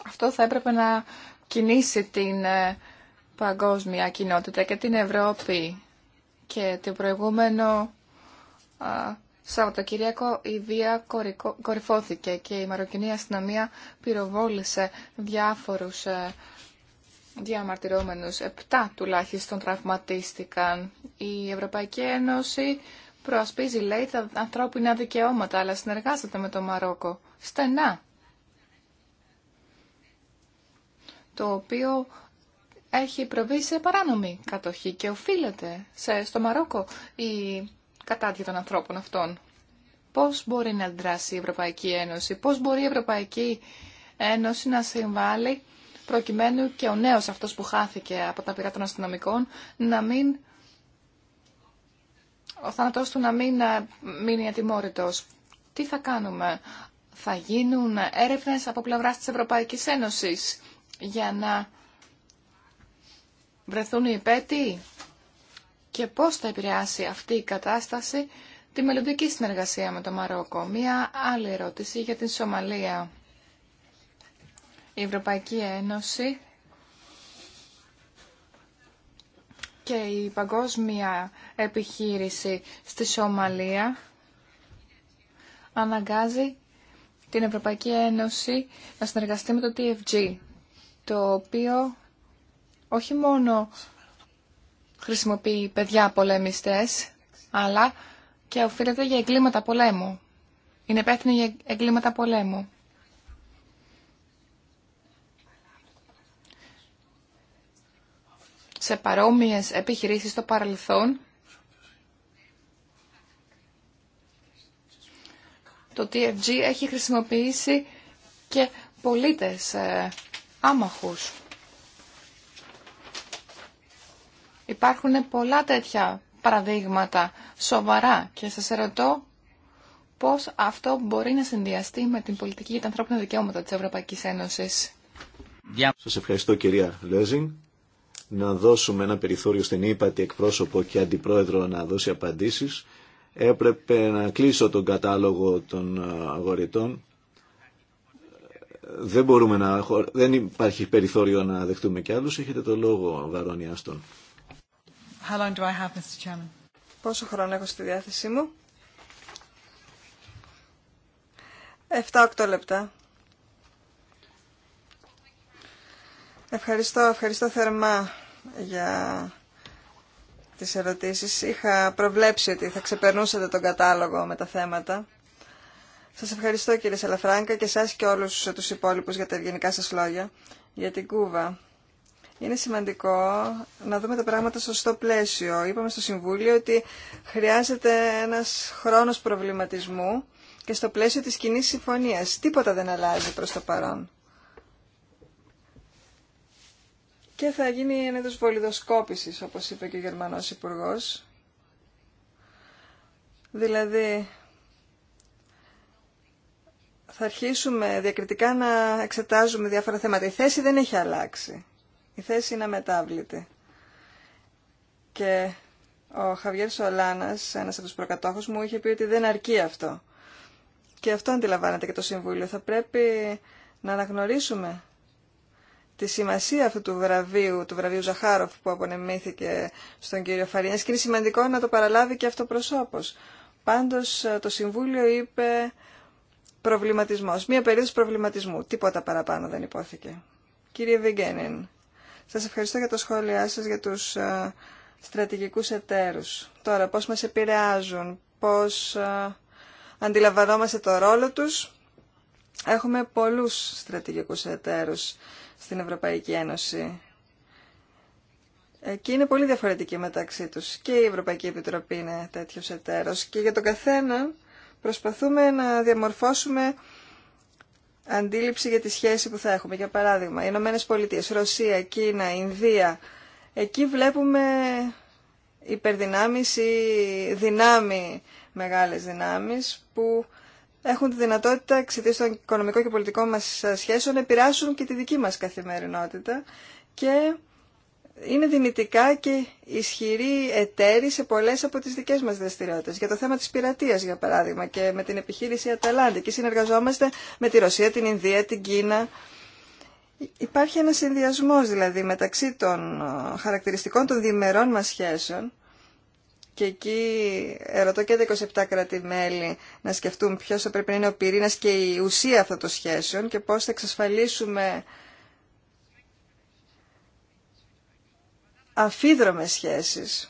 Speaker 4: Αυτό θα έπρεπε να κινήσει την ε, παγκόσμια κοινότητα και την Ευρώπη. Και το προηγούμενο α, Σαββατοκύριακο η βία κορυφώθηκε και η Μαροκινή αστυνομία πυροβόλησε διάφορους ε, α, Επτά τουλάχιστον τραυματίστηκαν. Η Ευρωπαϊκή Ένωση προασπίζει, λέει, τα ανθρώπινα δικαιώματα, αλλά συνεργάζεται με το Μαρόκο. Στενά. Το οποίο έχει προβεί σε παράνομη κατοχή και οφείλεται σε, στο Μαρόκο η κατάδια των ανθρώπων αυτών. Πώς μπορεί να αντιδράσει η Ευρωπαϊκή Ένωση, πώς μπορεί η Ευρωπαϊκή Ένωση να συμβάλλει προκειμένου και ο νέος αυτός που χάθηκε από τα πυρά των αστυνομικών να μην ο θάνατός του να μην ε, μείνει ατιμόρυτος. Τι θα κάνουμε, θα γίνουν έρευνες από πλευράς της Ευρωπαϊκής Ένωσης για να βρεθούν οι υπέτειοι και πώς θα επηρεάσει αυτή η κατάσταση τη μελλοντική συνεργασία με το Μαρόκο. Μία άλλη ερώτηση για την Σομαλία. Η Ευρωπαϊκή Ένωση και η παγκόσμια επιχείρηση στη Σομαλία αναγκάζει την Ευρωπαϊκή Ένωση να συνεργαστεί με το TFG, το οποίο όχι μόνο χρησιμοποιεί παιδιά πολεμιστές, αλλά και οφείλεται για εγκλήματα πολέμου. Είναι υπεύθυνη για εγκλήματα πολέμου. Σε παρόμοιες επιχειρήσεις στο παρελθόν, το TFG έχει χρησιμοποιήσει και πολίτες ε, άμαχους. Υπάρχουν πολλά τέτοια παραδείγματα σοβαρά και σας ρωτώ πώς αυτό μπορεί να συνδυαστεί με την πολιτική για τα ανθρώπινα δικαιώματα της Ευρωπαϊκής Ένωσης.
Speaker 2: Σας ευχαριστώ κυρία Λέζιν. Να δώσουμε ένα περιθώριο στην ύπατη εκπρόσωπο και αντιπρόεδρο να δώσει απαντήσεις. Έπρεπε να κλείσω τον κατάλογο των ε, αγορητών. Ε, δεν, μπορούμε να... δεν υπάρχει περιθώριο να δεχτούμε κι άλλους. Έχετε το λόγο, Βαρόνι Άστον.
Speaker 3: Πόσο χρόνο έχω στη διάθεσή μου? 7-8 λεπτά. Ευχαριστώ, ευχαριστώ θερμά για τις ερωτήσεις. Είχα προβλέψει ότι θα ξεπερνούσατε τον κατάλογο με τα θέματα. Σας ευχαριστώ κύριε Σαλαφράγκα και εσάς και όλους τους υπόλοιπους για τα ευγενικά σας λόγια, για την Κούβα είναι σημαντικό να δούμε τα πράγματα στο σωστό πλαίσιο. Είπαμε στο Συμβούλιο ότι χρειάζεται ένας χρόνος προβληματισμού και στο πλαίσιο της κοινή συμφωνίας. Τίποτα δεν αλλάζει προς το παρόν. Και θα γίνει ένα είδος βολιδοσκόπησης, όπως είπε και ο Γερμανός υπουργό. Δηλαδή, θα αρχίσουμε διακριτικά να εξετάζουμε διάφορα θέματα. Η θέση δεν έχει αλλάξει. Η θέση είναι αμετάβλητη. Και ο Χαβιέρ Σολάνας, ένας από τους προκατόχους μου, είχε πει ότι δεν αρκεί αυτό. Και αυτό αντιλαμβάνεται και το Συμβούλιο. Θα πρέπει να αναγνωρίσουμε τη σημασία αυτού του βραβείου, του βραβείου Ζαχάροφ που απονεμήθηκε στον κύριο Φαρίνες και είναι σημαντικό να το παραλάβει και αυτό προσώπος. Πάντως το Συμβούλιο είπε προβληματισμός, μία περίοδος προβληματισμού, τίποτα παραπάνω δεν υπόθηκε. Κύριε Βιγγένιν, σας ευχαριστώ για το σχόλιά σας για τους ε, στρατηγικούς εταίρους. Τώρα, πώς μας επηρεάζουν, πώς ε, αντιλαμβανόμαστε το ρόλο τους. Έχουμε πολλούς στρατηγικούς εταίρους στην Ευρωπαϊκή Ένωση. Ε, και είναι πολύ διαφορετική μεταξύ τους. Και η Ευρωπαϊκή Επιτροπή είναι τέτοιος εταίρος. Και για τον καθένα προσπαθούμε να διαμορφώσουμε αντίληψη για τη σχέση που θα έχουμε. Για παράδειγμα, οι Ηνωμένε Πολιτείε, Ρωσία, Κίνα, Ινδία. Εκεί βλέπουμε υπερδυνάμεις ή δυνάμει, μεγάλες δυνάμεις που έχουν τη δυνατότητα εξαιτίας των οικονομικών και πολιτικών μας σχέσεων να επηρεάσουν και τη δική μας καθημερινότητα και είναι δυνητικά και ισχυρή εταίροι σε πολλές από τις δικές μας δραστηριότητες. Για το θέμα της πειρατείας, για παράδειγμα, και με την επιχείρηση Αταλάντη. Και συνεργαζόμαστε με τη Ρωσία, την Ινδία, την Κίνα. Υπάρχει ένας συνδυασμός δηλαδή μεταξύ των ε, χαρακτηριστικών των διμερών μας σχέσεων και εκεί ερωτώ και τα 27 κράτη-μέλη να σκεφτούν ποιος θα πρέπει να είναι ο πυρήνας και η ουσία αυτών των σχέσεων και πώς θα εξασφαλίσουμε αφίδρομες σχέσεις.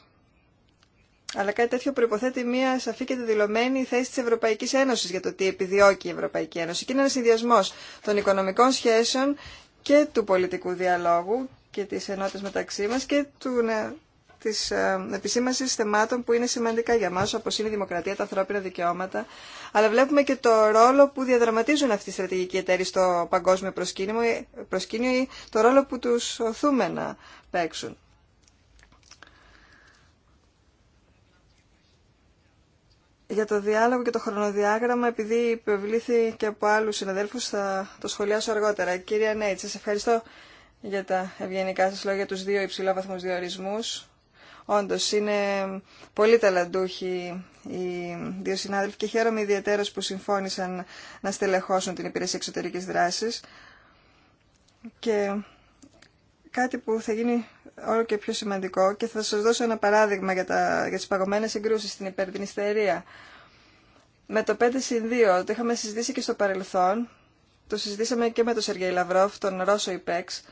Speaker 3: Αλλά κάτι τέτοιο προποθέτει μια σαφή και δηλωμένη θέση τη Ευρωπαϊκή Ένωση για το τι επιδιώκει η Ευρωπαϊκή Ένωση. Και είναι ένα συνδυασμό των οικονομικών σχέσεων και του πολιτικού διαλόγου και της ενότητα μεταξύ μας και του, ναι, της ε, επισήμασης θεμάτων που είναι σημαντικά για μας, όπως είναι η δημοκρατία, τα ανθρώπινα δικαιώματα, αλλά βλέπουμε και το ρόλο που διαδραματίζουν αυτοί οι στρατηγικοί εταίροι στο παγκόσμιο προσκήνιο, προσκήνιο ή το ρόλο που τους οθούμε να παίξουν. Για το διάλογο και το χρονοδιάγραμμα, επειδή υπευλήθη και από άλλους συναδέλφους, θα το σχολιάσω αργότερα. Κυρία Νέιτ, σας ευχαριστώ για τα ευγενικά σας λόγια, τους δύο υψηλόβαθμους διορισμούς. Όντως, είναι πολύ ταλαντούχοι οι δύο συνάδελφοι και χαίρομαι ιδιαίτερα που συμφώνησαν να στελεχώσουν την υπηρεσία εξωτερικής δράσης. Και κάτι που θα γίνει όλο και πιο σημαντικό και θα σας δώσω ένα παράδειγμα για, τα, για τις παγωμένες συγκρούσεις στην υπερδινιστερία. Με το 5 συν 2, το είχαμε συζητήσει και στο παρελθόν, το συζητήσαμε και με τον Σεργέη Λαυρόφ, τον Ρώσο Ιπέξ,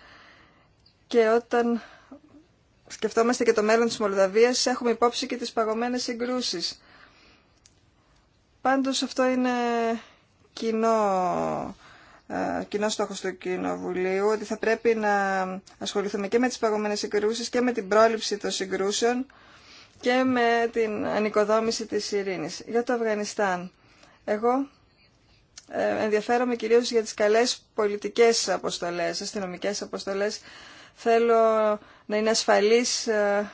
Speaker 3: και όταν σκεφτόμαστε και το μέλλον της Μολδαβίας, έχουμε υπόψη και τις παγωμένες συγκρούσεις. Πάντως αυτό είναι κοινό ε, κοινό στόχο του Κοινοβουλίου, ότι θα πρέπει να ασχοληθούμε και με τις παγωμένες συγκρούσεις και με την πρόληψη των συγκρούσεων και με την ανοικοδόμηση της ειρήνης. Για το Αφγανιστάν, εγώ ε, ενδιαφέρομαι κυρίως για τις καλές πολιτικές αποστολές, αστυνομικές αποστολές. Θέλω να είναι ασφαλής ε,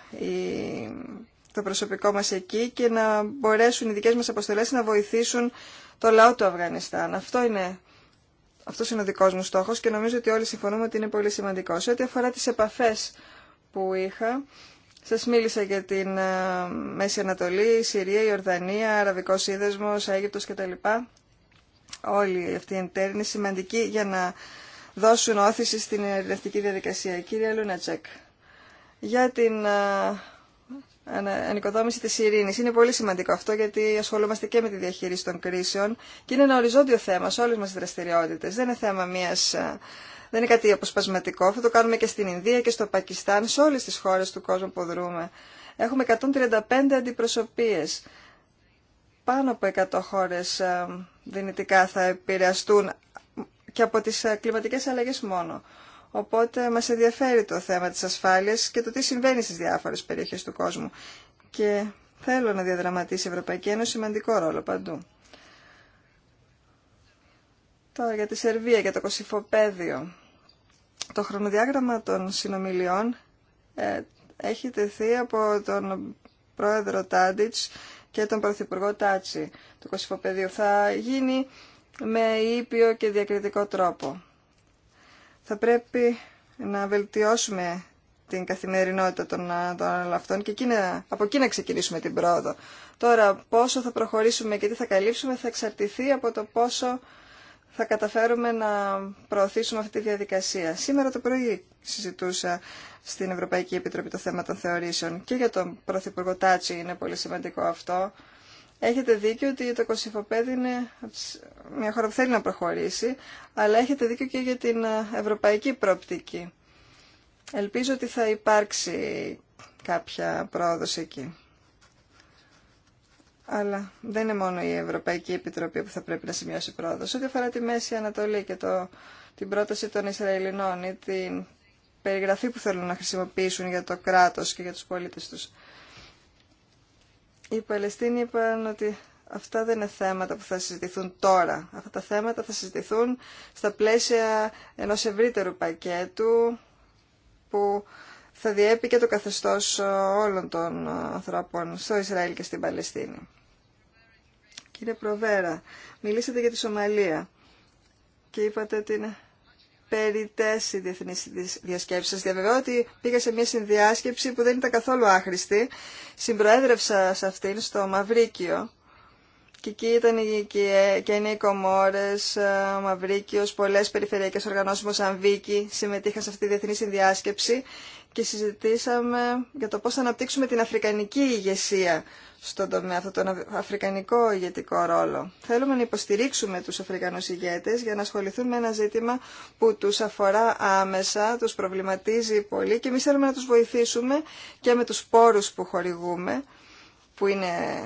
Speaker 3: το προσωπικό μας εκεί και να μπορέσουν οι δικές μας αποστολές να βοηθήσουν το λαό του Αφγανιστάν. Αυτό είναι αυτό είναι ο δικό μου στόχο και νομίζω ότι όλοι συμφωνούμε ότι είναι πολύ σημαντικό. Σε ό,τι αφορά τι επαφέ που είχα, σα μίλησα για την ε, Μέση Ανατολή, Συρία, Ιορδανία, Αραβικό Σύνδεσμο, Αίγυπτο κτλ. Όλοι αυτοί η εντέροι είναι σημαντικοί για να δώσουν όθηση στην ερευνητική διαδικασία. Κύριε Λούνατσεκ, για την ε, ανοικοδόμηση της ειρήνης. Είναι πολύ σημαντικό αυτό γιατί ασχολούμαστε και με τη διαχείριση των κρίσεων και είναι ένα οριζόντιο θέμα σε όλες μας τις δραστηριότητες. Δεν είναι θέμα μιας... Δεν είναι κάτι αποσπασματικό. Αυτό το κάνουμε και στην Ινδία και στο Πακιστάν, σε όλες τις χώρες του κόσμου που δρούμε. Έχουμε 135 αντιπροσωπείες. Πάνω από 100 χώρες δυνητικά θα επηρεαστούν και από τις κλιματικές αλλαγές μόνο. Οπότε μα ενδιαφέρει το θέμα τη ασφάλεια και το τι συμβαίνει στι διάφορε περιοχέ του κόσμου. Και θέλω να διαδραματίσει η Ευρωπαϊκή Ένωση σημαντικό ρόλο παντού. Τώρα για τη Σερβία, για το κοσυφοπέδιο Το χρονοδιάγραμμα των συνομιλιών ε, έχει τεθεί από τον πρόεδρο Τάντιτς και τον πρωθυπουργό Τάτσι. Το κοσυφοπαίδιο θα γίνει με ήπιο και διακριτικό τρόπο. Θα πρέπει να βελτιώσουμε την καθημερινότητα των, των αυτών και εκείνα, από εκεί να ξεκινήσουμε την πρόοδο. Τώρα, πόσο θα προχωρήσουμε και τι θα καλύψουμε θα εξαρτηθεί από το πόσο θα καταφέρουμε να προωθήσουμε αυτή τη διαδικασία. Σήμερα το πρωί συζητούσα στην Ευρωπαϊκή Επιτροπή το θέμα των θεωρήσεων και για τον Πρωθυπουργό Τάτσι είναι πολύ σημαντικό αυτό Έχετε δίκιο ότι το Κωσυφοπέδι είναι μια χώρα που θέλει να προχωρήσει, αλλά έχετε δίκιο και για την ε, ευρωπαϊκή πρόπτικη. Ελπίζω ότι θα υπάρξει κάποια πρόοδος εκεί. Αλλά δεν είναι μόνο η Ευρωπαϊκή Επιτροπή που θα πρέπει να σημειώσει πρόοδος. Ό,τι αφορά τη Μέση Ανατολή και το, την πρόταση των Ισραηλινών ή την περιγραφή που θέλουν να χρησιμοποιήσουν για το κράτος και για τους πολίτες τους. Οι Παλαιστίνοι είπαν ότι αυτά δεν είναι θέματα που θα συζητηθούν τώρα. Αυτά τα θέματα θα συζητηθούν στα πλαίσια ενός ευρύτερου πακέτου που θα διέπει και το καθεστώς όλων των ανθρώπων στο Ισραήλ και στην Παλαιστίνη. Κύριε Προβέρα, μιλήσατε για τη Σομαλία και είπατε ότι είναι περιτέ οι διεθνεί διασκέψει. Σα διαβεβαιώ ότι πήγα σε μια συνδιάσκεψη που δεν ήταν καθόλου άχρηστη. Συμπροέδρευσα σε αυτήν στο Μαυρίκιο και εκεί ήταν οι Κένια, οι Κομόρες, ε, Μαυρίκιος, πολλές περιφερειακές οργανώσεις, Μοσανβίκη, συμμετείχαν σε αυτή τη διεθνή συνδιάσκεψη και συζητήσαμε για το πώ θα αναπτύξουμε την αφρικανική ηγεσία στον τομέα αυτόν τον αφρικανικό ηγετικό ρόλο. Θέλουμε να υποστηρίξουμε του Αφρικανού ηγέτε για να ασχοληθούν με ένα ζήτημα που του αφορά άμεσα, του προβληματίζει πολύ και εμεί θέλουμε να του βοηθήσουμε και με του πόρου που χορηγούμε, που είναι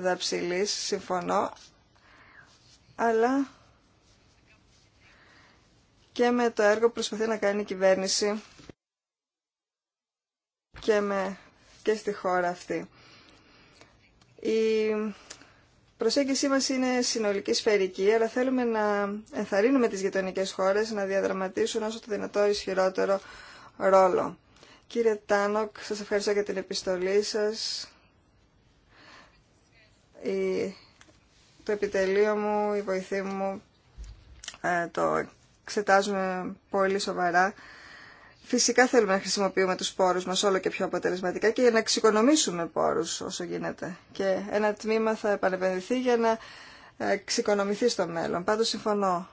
Speaker 3: δαψιλής, συμφωνώ, αλλά και με το έργο που προσπαθεί να κάνει η κυβέρνηση και, με, και στη χώρα αυτή. Η προσέγγιση μας είναι συνολική σφαιρική, αλλά θέλουμε να ενθαρρύνουμε τις γειτονικέ χώρες να διαδραματίσουν όσο το δυνατό ισχυρότερο ρόλο. Κύριε Τάνοκ, σας ευχαριστώ για την επιστολή σας το επιτελείο μου, η βοηθή μου ε, το εξετάζουμε πολύ σοβαρά. Φυσικά θέλουμε να χρησιμοποιούμε τους πόρους μας όλο και πιο αποτελεσματικά και για να εξοικονομήσουμε πόρους όσο γίνεται. Και ένα τμήμα θα επανεπενδυθεί για να ε, εξοικονομηθεί στο μέλλον. Πάντως συμφωνώ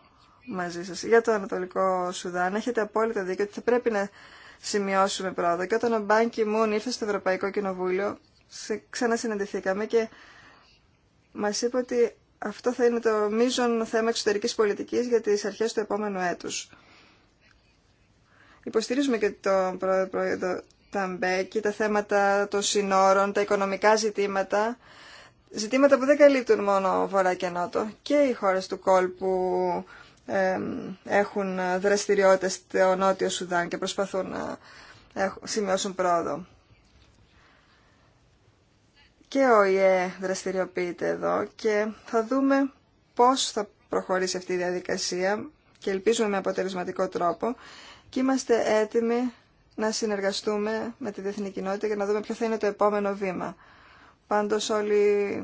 Speaker 3: μαζί σας. Για το Ανατολικό Σουδάν έχετε απόλυτα δίκιο ότι θα πρέπει να σημειώσουμε πρόοδο. Και όταν ο Μπάνκι Μουν ήρθε στο Ευρωπαϊκό Κοινοβούλιο, ξανασυναντηθήκαμε και μας είπε ότι αυτό θα είναι το μείζον θέμα εξωτερικής πολιτικής για τις αρχές του επόμενου έτους. Υποστηρίζουμε και τον πρόεδρο Ταμπέκη, τα θέματα των συνόρων, τα οικονομικά ζητήματα, ζητήματα που δεν καλύπτουν μόνο Βορρά και Νότο. Και οι χώρες του κόλπου έχουν δραστηριότητες στο Νότιο Σουδάν και προσπαθούν να σημειώσουν πρόοδο και ο ΙΕ δραστηριοποιείται εδώ και θα δούμε πώς θα προχωρήσει αυτή η διαδικασία και ελπίζουμε με αποτελεσματικό τρόπο και είμαστε έτοιμοι να συνεργαστούμε με τη διεθνή κοινότητα για να δούμε ποιο θα είναι το επόμενο βήμα. Πάντως όλοι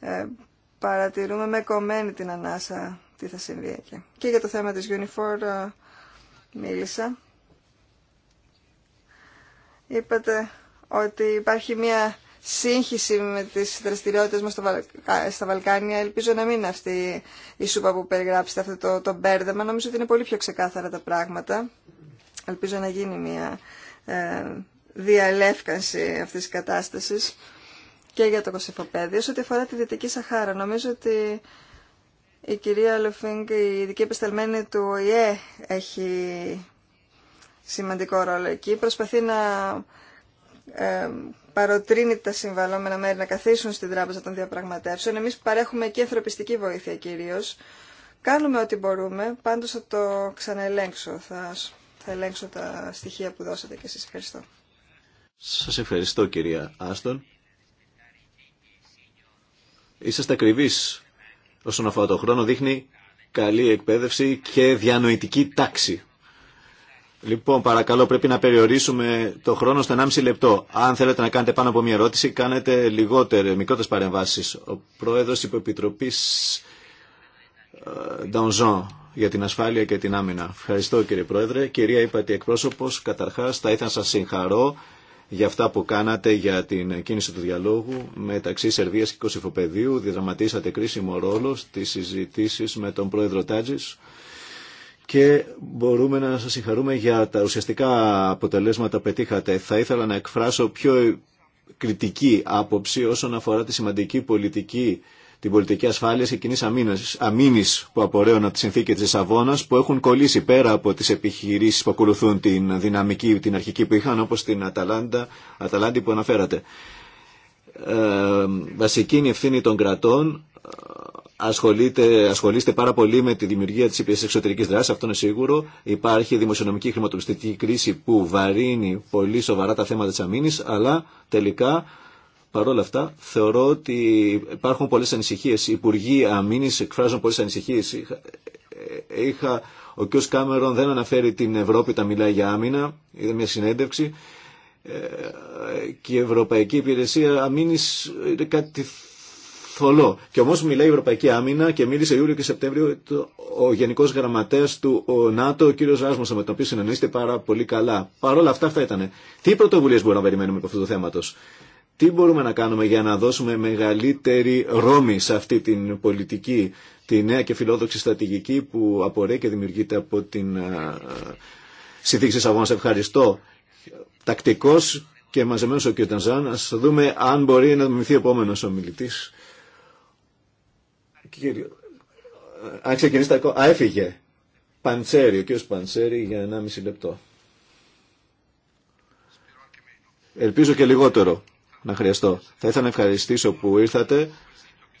Speaker 3: ε, παρατηρούμε με κομμένη την ανάσα τι θα συμβεί εκεί. Και για το θέμα της Unifor ε, μίλησα. Είπατε ότι υπάρχει μια σύγχυση με τις δραστηριότητες μας στα Βαλκάνια. Ελπίζω να μην είναι αυτή η σούπα που περιγράψετε αυτό το, το μπέρδεμα. Νομίζω ότι είναι πολύ πιο ξεκάθαρα τα πράγματα. Ελπίζω να γίνει μια ε, διαλεύκανση αυτής της κατάστασης και για το Κωσυφοπέδιο. Σε ό,τι αφορά τη Δυτική Σαχάρα, νομίζω ότι η κυρία Λεφίνγκ, η ειδική επισταλμένη του ΟΗΕ, έχει σημαντικό ρόλο εκεί. Προσπαθεί να ε, παροτρύνει τα συμβαλόμενα μέρη να καθίσουν στην τράπεζα των διαπραγματεύσεων. Εμείς παρέχουμε και ανθρωπιστική βοήθεια κυρίως. Κάνουμε ό,τι μπορούμε, πάντως θα το ξαναελέγξω. Θα, θα ελέγξω τα στοιχεία που δώσατε και εσείς. Ευχαριστώ.
Speaker 2: Σας ευχαριστώ κυρία Άστον. Είσαστε ακριβείς όσον αφορά το χρόνο. Δείχνει καλή εκπαίδευση και διανοητική τάξη. Λοιπόν, παρακαλώ, πρέπει να περιορίσουμε το χρόνο στο 1,5 λεπτό. Αν θέλετε να κάνετε πάνω από μία ερώτηση, κάνετε λιγότερε, μικρότερε παρεμβάσει. Ο πρόεδρο τη Υποεπιτροπή ε, Νταουζόν για την ασφάλεια και την άμυνα. Ευχαριστώ κύριε Πρόεδρε. Κυρία Υπατή Εκπρόσωπο, καταρχά θα ήθελα να σα συγχαρώ για αυτά που κάνατε για την κίνηση του διαλόγου μεταξύ Σερβίας και Κωσυφοπεδίου. Διδραματίσατε κρίσιμο ρόλο στις συζητήσεις με τον πρόεδρο Τάτζης και μπορούμε να σας συγχαρούμε για τα ουσιαστικά αποτελέσματα που πετύχατε. Θα ήθελα να εκφράσω πιο κριτική άποψη όσον αφορά τη σημαντική πολιτική την πολιτική ασφάλεια και κοινή αμήνη που απορρέωνε από τη συνθήκη τη Λισαβόνα, που έχουν κολλήσει πέρα από τι επιχειρήσει που ακολουθούν την δυναμική, την αρχική που είχαν, όπω την Αταλάντα, Αταλάντη που αναφέρατε. Ε, βασική είναι η ευθύνη των κρατών ασχολείται, ασχολείστε πάρα πολύ με τη δημιουργία τη υπηρεσία εξωτερική δράση, αυτό είναι σίγουρο. Υπάρχει δημοσιονομική χρηματοπιστική κρίση που βαρύνει πολύ σοβαρά τα θέματα τη αμήνη, αλλά τελικά παρόλα αυτά θεωρώ ότι υπάρχουν πολλές ανησυχίες Οι υπουργοί αμήνης εκφράζουν πολλέ ανησυχίε. Είχα, ο κ. Κάμερον δεν αναφέρει την Ευρώπη, τα μιλάει για άμυνα, είδα μια συνέντευξη ε, και η Ευρωπαϊκή Υπηρεσία Αμήνης είναι κάτι θολό. Και όμω μιλάει η Ευρωπαϊκή Άμυνα και μίλησε Ιούλιο και Σεπτέμβριο ο Γενικό Γραμματέα του ΝΑΤΟ, ο κ. Ράσμο, με τον οποίο συνεννοείστε πάρα πολύ καλά. Παρ' όλα αυτά αυτά ήταν. Τι πρωτοβουλίε μπορούμε να περιμένουμε από αυτού του θέματος. Τι μπορούμε να κάνουμε για να δώσουμε μεγαλύτερη ρόμη σε αυτή την πολιτική, τη νέα και φιλόδοξη στρατηγική που απορρέει και δημιουργείται από την συνθήκη της αγώνας. Ευχαριστώ. Τακτικός και μαζεμένος ο κ. Τανζάν. δούμε αν μπορεί να μιμηθεί ο επόμενος αν ξεκινήσει τα... Α, έφυγε. Παντσέρι, ο κύριος Παντσέρι για 1,5 λεπτό. Ελπίζω και λιγότερο να χρειαστώ. Θα ήθελα να ευχαριστήσω που ήρθατε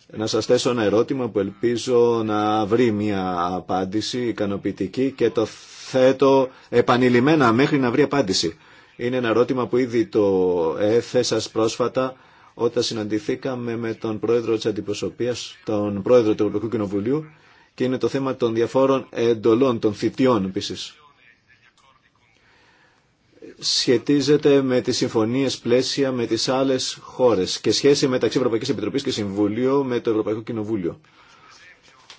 Speaker 2: να σας θέσω ένα ερώτημα που ελπίζω να βρει μια απάντηση ικανοποιητική και το θέτω επανειλημμένα μέχρι να βρει απάντηση. Είναι ένα ερώτημα που ήδη το έθεσα πρόσφατα όταν συναντηθήκαμε με τον πρόεδρο της αντιπροσωπείας, τον πρόεδρο του Ευρωπαϊκού Κοινοβουλίου και είναι το θέμα των διαφόρων εντολών, των θητιών επίση. Σχετίζεται με τις συμφωνίες πλαίσια με τις άλλες χώρες και σχέση μεταξύ Ευρωπαϊκής Επιτροπής και Συμβουλίου με το Ευρωπαϊκό Κοινοβούλιο.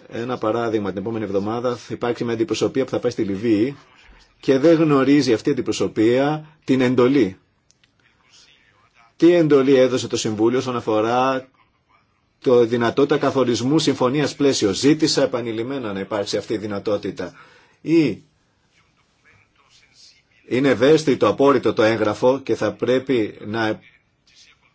Speaker 2: Ένα παράδειγμα, την επόμενη εβδομάδα θα υπάρξει μια αντιπροσωπεία που θα πάει στη Λιβύη και δεν γνωρίζει αυτή η αντιπροσωπεία την εντολή τι εντολή έδωσε το Συμβούλιο όσον αφορά το δυνατότητα καθορισμού συμφωνίας πλαίσιο. Ζήτησα επανειλημμένα να υπάρξει αυτή η δυνατότητα. Ή είναι ευαίσθητο, απόρριτο το έγγραφο και θα πρέπει να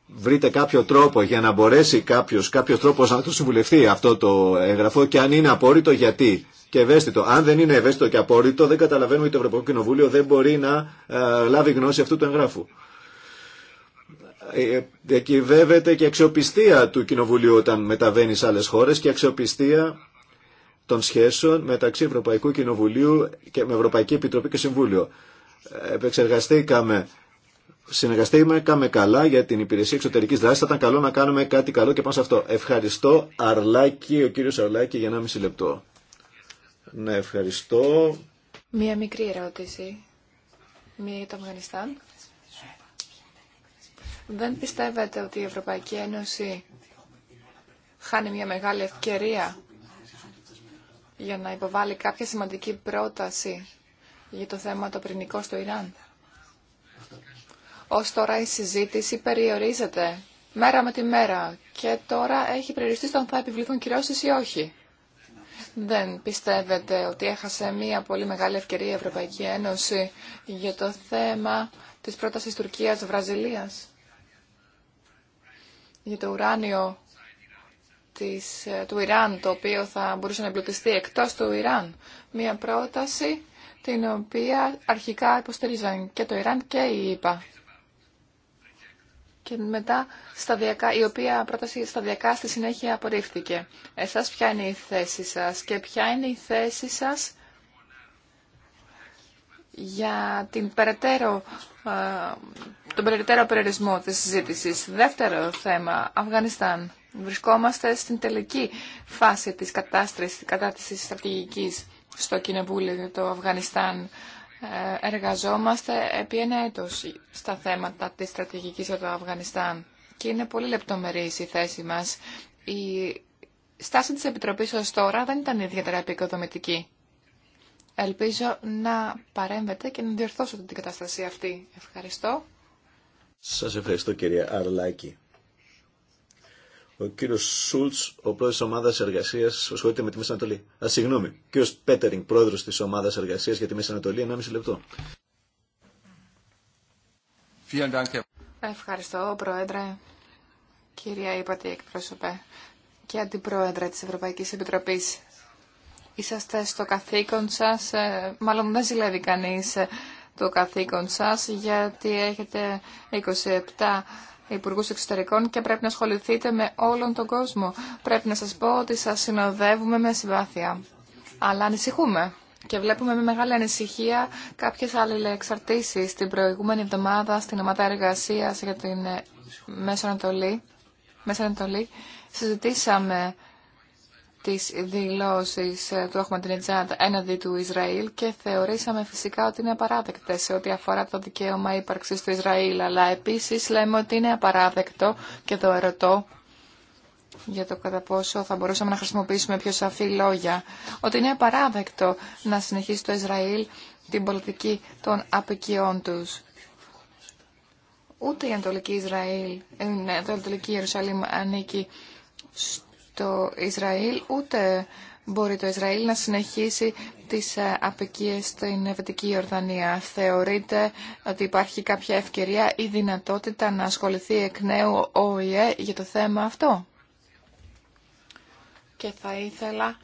Speaker 2: βρείτε κάποιο τρόπο για να μπορέσει κάποιος, κάποιος τρόπος να το συμβουλευτεί αυτό το έγγραφο και αν είναι απόρριτο γιατί και ευαίσθητο. Αν δεν είναι ευαίσθητο και απόρριτο δεν καταλαβαίνουμε ότι το Ευρωπαϊκό Κοινοβούλιο δεν μπορεί να ε, λάβει γνώση αυτού του εγγράφου. Ε, ε, διακυβεύεται και αξιοπιστία του Κοινοβουλίου όταν μεταβαίνει σε άλλες χώρες και αξιοπιστία των σχέσεων μεταξύ Ευρωπαϊκού Κοινοβουλίου και με Ευρωπαϊκή Επιτροπή και Συμβούλιο. Ε, επεξεργαστήκαμε, συνεργαστήκαμε καλά για την υπηρεσία εξωτερική δράση. Θα ήταν καλό να κάνουμε κάτι καλό και πάνω σε αυτό. Ευχαριστώ, Αρλάκη, ο κύριο Αρλάκη, για μισή λεπτό. Ναι, ευχαριστώ.
Speaker 4: Μία μικρή ερώτηση. Μία για το Αφγανιστάν. Δεν πιστεύετε ότι η Ευρωπαϊκή Ένωση χάνει μια μεγάλη ευκαιρία για να υποβάλει κάποια σημαντική πρόταση για το θέμα το πρινικό στο Ιράν. Ως τώρα η συζήτηση περιορίζεται μέρα με τη μέρα και τώρα έχει περιοριστεί στο θα επιβληθούν κυρώσεις ή όχι. Δεν πιστεύετε ότι έχασε μια πολύ μεγάλη ευκαιρία η Ευρωπαϊκή Ένωση για το θέμα της πρότασης Τουρκίας-Βραζιλίας για το ουράνιο της, του Ιράν, το οποίο θα μπορούσε να εμπλουτιστεί εκτός του Ιράν. Μία πρόταση την οποία αρχικά υποστηρίζαν και το Ιράν και η ΙΠΑ. Και μετά σταδιακά, η οποία πρόταση σταδιακά στη συνέχεια απορρίφθηκε. Εσάς ποια είναι η θέση σας και ποια είναι η θέση σας για την περαιτέρω ε, τον περαιτέρω περιορισμό της συζήτησης. Δεύτερο θέμα, Αφγανιστάν. Βρισκόμαστε στην τελική φάση της της κατάστασης στρατηγικής στο Κοινοβούλιο για το Αφγανιστάν. Ε, εργαζόμαστε επί ένα έτος στα θέματα της στρατηγικής για το Αφγανιστάν και είναι πολύ λεπτομερής η θέση μας. Η στάση της Επιτροπής ως τώρα δεν ήταν ιδιαίτερα επικοδομητική. Ελπίζω να παρέμβετε και να διορθώσετε την κατάσταση αυτή. Ευχαριστώ.
Speaker 1: Σας
Speaker 2: ευχαριστώ κύριε Αρλάκη. Ο κύριο Σούλτ, ο πρόεδρο τη ομάδα εργασία, ασχολείται με τη Μέση Ανατολή. Α, συγγνώμη. κύριο Πέτερινγκ, πρόεδρο τη ομάδα εργασία για τη Μέση Ανατολή, 1,5 λεπτό.
Speaker 4: Ευχαριστώ, Πρόεδρε. Κυρία Ήπατη, εκπρόσωπε και Αντιπρόεδρε τη Ευρωπαϊκή Επιτροπή. Είσαστε στο καθήκον σα, ε, μάλλον δεν ζηλεύει κανεί. Ε, το καθήκον σας, γιατί έχετε 27 Υπουργού Εξωτερικών και πρέπει να ασχοληθείτε με όλον τον κόσμο. Πρέπει να σας πω ότι σας συνοδεύουμε με συμπάθεια. Αλλά ανησυχούμε και βλέπουμε με μεγάλη ανησυχία κάποιες εξαρτήσεις την προηγούμενη εβδομάδα στην ομάδα εργασίας για την μέσα Ανατολή. Μέση Ανατολή συζητήσαμε τις δηλώσεις ε, του Αχμαντινετζάντ έναντι του Ισραήλ και θεωρήσαμε φυσικά ότι είναι απαράδεκτε σε ό,τι αφορά το δικαίωμα ύπαρξη του Ισραήλ. Αλλά επίση λέμε ότι είναι απαράδεκτο και το ερωτώ για το κατά πόσο θα μπορούσαμε να χρησιμοποιήσουμε πιο σαφή λόγια, ότι είναι απαράδεκτο να συνεχίσει το Ισραήλ την πολιτική των απικιών τους. Ούτε η Ανατολική Ισραήλ, ε, η Ανατολική Ιερουσαλήμ ανήκει το Ισραήλ, ούτε μπορεί το Ισραήλ να συνεχίσει τις ε, απικίες στην Ευρωτική Ιορδανία. Θεωρείτε ότι υπάρχει κάποια ευκαιρία ή δυνατότητα να ασχοληθεί εκ νέου ο ΟΗΕ για το θέμα αυτό. Και θα ήθελα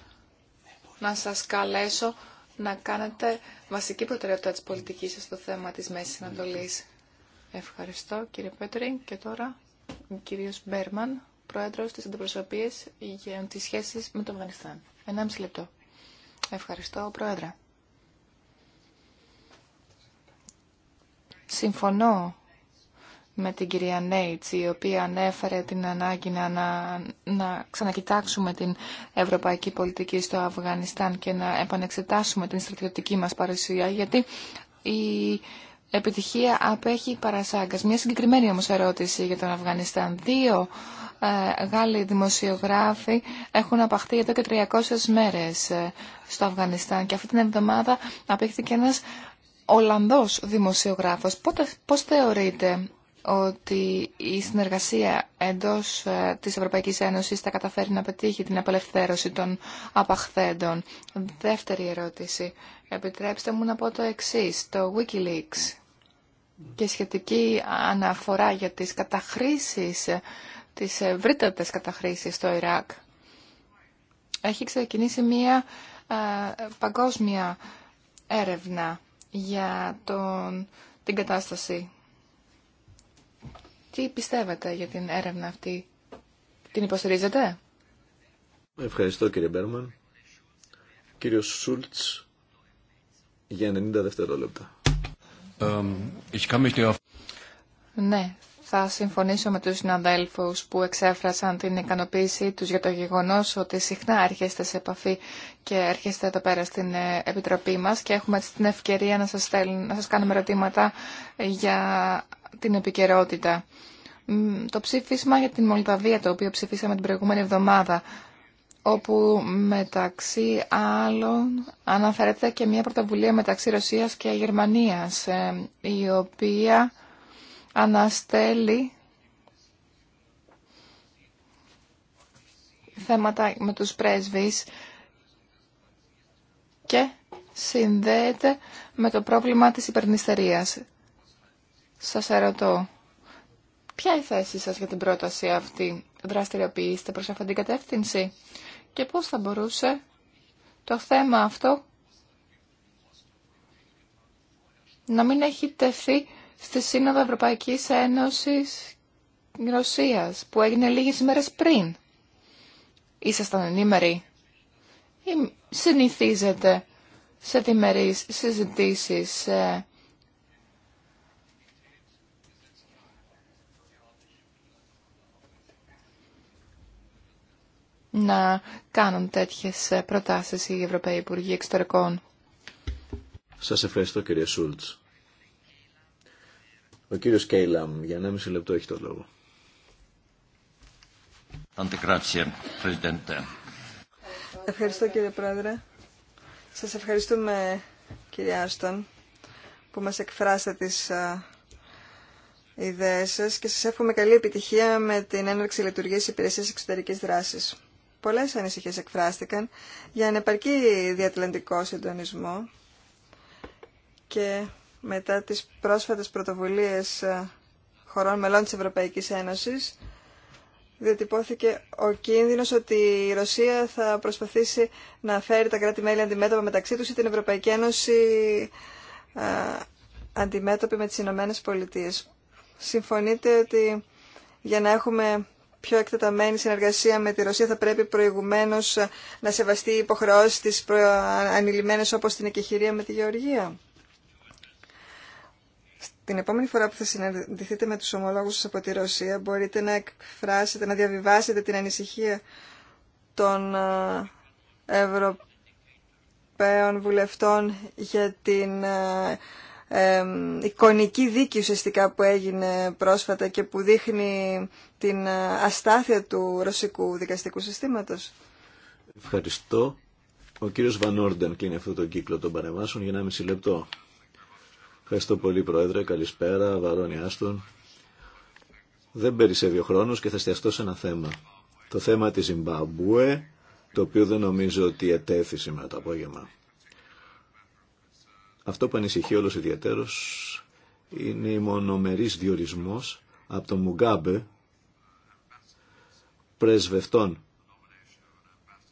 Speaker 4: να σας καλέσω να κάνετε βασική προτεραιότητα της πολιτικής σας στο θέμα της Μέσης Ανατολής. Ευχαριστώ κύριε Πέτρη και τώρα ο κύριος Μπέρμαν πρόεδρο τη Αντιπροσωπή για τι σχέσει με το Αφγανιστάν. μισή λεπτό. Ευχαριστώ, πρόεδρε. Συμφωνώ με την κυρία Νέιτς, η οποία ανέφερε την ανάγκη να, να, ξανακοιτάξουμε την ευρωπαϊκή πολιτική στο Αφγανιστάν και να επανεξετάσουμε την στρατιωτική μας παρουσία, γιατί η επιτυχία απέχει η παρασάγκας. Μια συγκεκριμένη όμως ερώτηση για τον Αφγανιστάν. Δύο ε, Γάλλοι δημοσιογράφοι έχουν απαχθεί εδώ και 300 μέρες ε, στο Αφγανιστάν και αυτή την εβδομάδα απέχθηκε ένας Ολλανδός δημοσιογράφος. Πότε, πώς θεωρείτε ότι η συνεργασία εντός ε, της Ευρωπαϊκής Ένωσης θα καταφέρει να πετύχει την απελευθέρωση των απαχθέντων. Δεύτερη ερώτηση. Επιτρέψτε μου να πω το εξής. Το Wikileaks και σχετική αναφορά για τις καταχρήσεις, τις ευρύτατες καταχρήσεις στο Ιράκ. Έχει ξεκινήσει μία παγκόσμια έρευνα για τον, την κατάσταση. Τι πιστεύετε για την έρευνα αυτή, την υποστηρίζετε?
Speaker 2: Ευχαριστώ κύριε Μπέρμαν. Κύριος Σούλτς για 90 δευτερόλεπτα.
Speaker 4: Ναι, θα συμφωνήσω με τους συναδέλφους που εξέφρασαν την ικανοποίησή τους για το γεγονός ότι συχνά έρχεστε σε επαφή και έρχεστε εδώ πέρα στην ε, Επιτροπή μας και έχουμε την ευκαιρία να σας, να σας κάνουμε ερωτήματα για την επικαιρότητα. Το ψήφισμα για την Μολδαβία, το οποίο ψηφίσαμε την προηγούμενη εβδομάδα, όπου μεταξύ άλλων αναφέρεται και μια πρωτοβουλία μεταξύ Ρωσίας και Γερμανίας, ε, η οποία αναστέλει θέματα με τους πρέσβεις και συνδέεται με το πρόβλημα της υπερνηστερίας. Σας ερωτώ, ποια είναι η θέση σας για την πρόταση αυτή, δραστηριοποιήσετε προς αυτήν την κατεύθυνση και πώς θα μπορούσε το θέμα αυτό να μην έχει τεθεί στη Σύνοδο Ευρωπαϊκής Ένωσης Ρωσίας που έγινε λίγες μέρες πριν. Ήσασταν ενήμεροι ή συνηθίζετε σε διμερείς συζητήσεις να κάνουν τέτοιες προτάσεις οι Ευρωπαίοι Υπουργοί Εξωτερικών.
Speaker 2: Σας ευχαριστώ κύριε Σούλτς. Ο κύριος Κέιλαμ, για 1,5 λεπτό έχει το λόγο.
Speaker 3: Ευχαριστώ κύριε Πρόεδρε. Σας ευχαριστούμε κύριε Άστον που μας εκφράσατε τις ιδέες σας και σας εύχομαι καλή επιτυχία με την έναρξη λειτουργίας υπηρεσίας εξωτερικής δράσης πολλές ανησυχίες εκφράστηκαν για ανεπαρκή διατλαντικό συντονισμό και μετά τις πρόσφατες πρωτοβουλίες ε, χωρών μελών της Ευρωπαϊκής Ένωσης διατυπώθηκε ο κίνδυνος ότι η Ρωσία θα προσπαθήσει να φέρει τα κράτη-μέλη αντιμέτωπα μεταξύ τους ή την Ευρωπαϊκή Ένωση ε, αντιμέτωπη με τις Ηνωμένε Πολιτείε. Συμφωνείτε ότι για να έχουμε πιο εκτεταμένη συνεργασία με τη Ρωσία θα πρέπει προηγουμένω να σεβαστεί οι υποχρεώσεις της ανηλυμένες όπως την εκεχηρία με τη Γεωργία. Την επόμενη φορά που θα συναντηθείτε με τους ομολόγους σας από τη Ρωσία μπορείτε να εκφράσετε, να διαβιβάσετε την ανησυχία των ε, Ευρωπαίων βουλευτών για την ε, εικονική δίκη ουσιαστικά που έγινε πρόσφατα και που δείχνει την ε, αστάθεια του ρωσικού δικαστικού συστήματος.
Speaker 2: Ευχαριστώ. Ο κύριος Βανόρντεν κλείνει αυτό το κύκλο των παρεμβάσεων για 1,5 λεπτό. Ευχαριστώ πολύ Πρόεδρε, καλησπέρα, Βαρόνι Άστον. Δεν περισσεύει ο χρόνος και θα εστιαστώ σε ένα θέμα. Το θέμα της Ζιμπαμπούε, το οποίο δεν νομίζω ότι ετέθη σήμερα το απόγευμα. Αυτό που ανησυχεί όλος ιδιαίτερος είναι η μονομερής διορισμός από τον Μουγκάμπε πρεσβευτών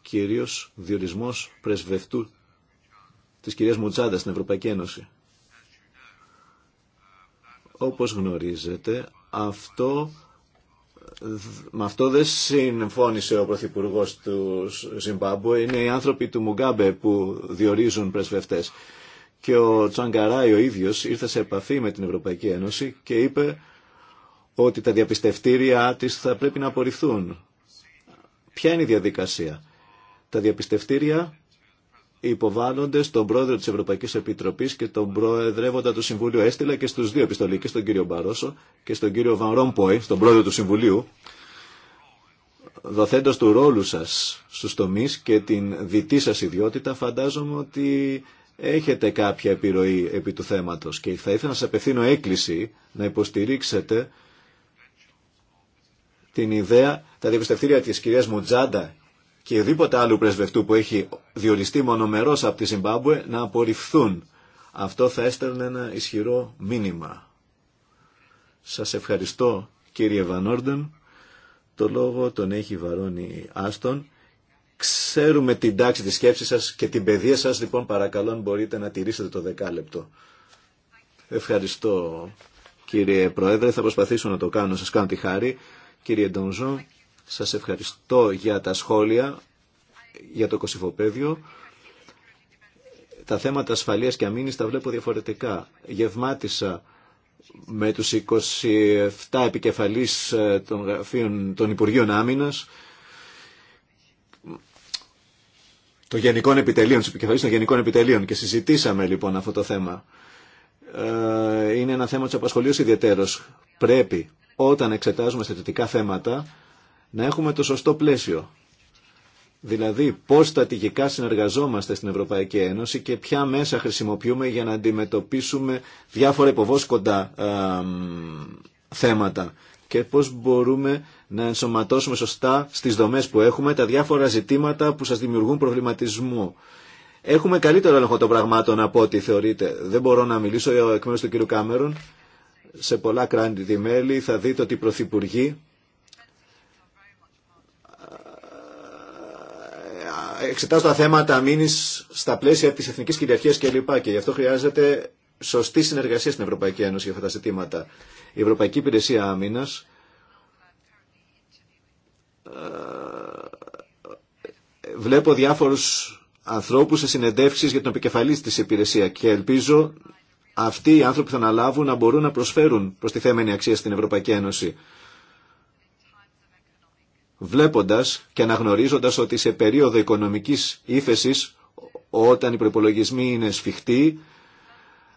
Speaker 2: κυρίως διορισμός πρεσβευτού της κυρίας Μουτσάντα στην Ευρωπαϊκή Ένωση. Όπως γνωρίζετε, αυτό, με αυτό δεν συμφώνησε ο Πρωθυπουργός του Ζιμπάμπου, είναι οι άνθρωποι του Μουγκάμπε που διορίζουν πρεσβευτές και ο Τσαγκαράι ο ίδιος ήρθε σε επαφή με την Ευρωπαϊκή Ένωση και είπε ότι τα διαπιστευτήρια της θα πρέπει να απορριφθούν. Ποια είναι η διαδικασία. Τα διαπιστευτήρια υποβάλλονται στον πρόεδρο της Ευρωπαϊκής Επιτροπής και τον προεδρεύοντα του Συμβουλίου έστειλα και στους δύο επιστολή, και στον κύριο Μπαρόσο και στον κύριο Βαν Ρόμποϊ, στον πρόεδρο του Συμβουλίου, δοθέντος του ρόλου σας στους τομεί και την δυτή σα ιδιότητα, φαντάζομαι ότι έχετε κάποια επιρροή επί του θέματος και θα ήθελα να σας απευθύνω έκκληση να υποστηρίξετε την ιδέα, τα διαπιστευτήρια της κυρίας Μουτζάντα και οδήποτε άλλου πρεσβευτού που έχει διοριστεί μονομερός από τη Ζιμπάμπουε να απορριφθούν. Αυτό θα έστελνε ένα ισχυρό μήνυμα. Σας ευχαριστώ κύριε Βανόρντεν. Το λόγο τον έχει βαρώνει Άστον Ξέρουμε την τάξη της σκέψης σας και την παιδεία σας, λοιπόν παρακαλώ αν μπορείτε να τηρήσετε το δεκάλεπτο. Ευχαριστώ κύριε Πρόεδρε, θα προσπαθήσω να το κάνω, σας κάνω τη χάρη. Κύριε Ντονζό, σας ευχαριστώ για τα σχόλια, για το κοσυφοπαίδιο. Τα θέματα ασφαλείας και αμήνης τα βλέπω διαφορετικά. Γευμάτισα με τους 27 επικεφαλείς ε, των, των Υπουργείων Άμυνας των Γενικών Επιτελείων, της επικεφαλής των Γενικών Επιτελείων και συζητήσαμε λοιπόν αυτό το θέμα. Ε, είναι ένα θέμα της απασχολείως ιδιαίτερω. Πρέπει όταν εξετάζουμε θετικά θέματα να έχουμε το σωστό πλαίσιο. Δηλαδή πώς στατηγικά συνεργαζόμαστε στην Ευρωπαϊκή Ένωση και ποια μέσα χρησιμοποιούμε για να αντιμετωπίσουμε διάφορα υποβόσκοντα ε, θέματα και πώς μπορούμε να ενσωματώσουμε σωστά στις δομές που έχουμε τα διάφορα ζητήματα που σας δημιουργούν προβληματισμό. Έχουμε καλύτερο έλεγχο των πραγμάτων από ό,τι θεωρείτε. Δεν μπορώ να μιλήσω εκ μέρους του κ. Κάμερον. Σε πολλά κράτη-μέλη θα δείτε ότι οι πρωθυπουργοί ε, ε, ε, εξετάζουν τα θέματα μήνυς στα πλαίσια της εθνικής κυριαρχίας κλπ. Και γι' αυτό χρειάζεται σωστή συνεργασία στην Ευρωπαϊκή Ένωση για αυτά τα ζητήματα. Η Ευρωπαϊκή Υπηρεσία Άμυνα ε, βλέπω διάφορους ανθρώπους σε συνεντεύξει για τον επικεφαλή της υπηρεσία και ελπίζω αυτοί οι άνθρωποι που θα αναλάβουν να μπορούν να προσφέρουν προς τη θέμενη αξία στην Ευρωπαϊκή Ένωση. Βλέποντας και αναγνωρίζοντα ότι σε περίοδο οικονομική ύφεση όταν οι προπολογισμοί είναι σφιχτοί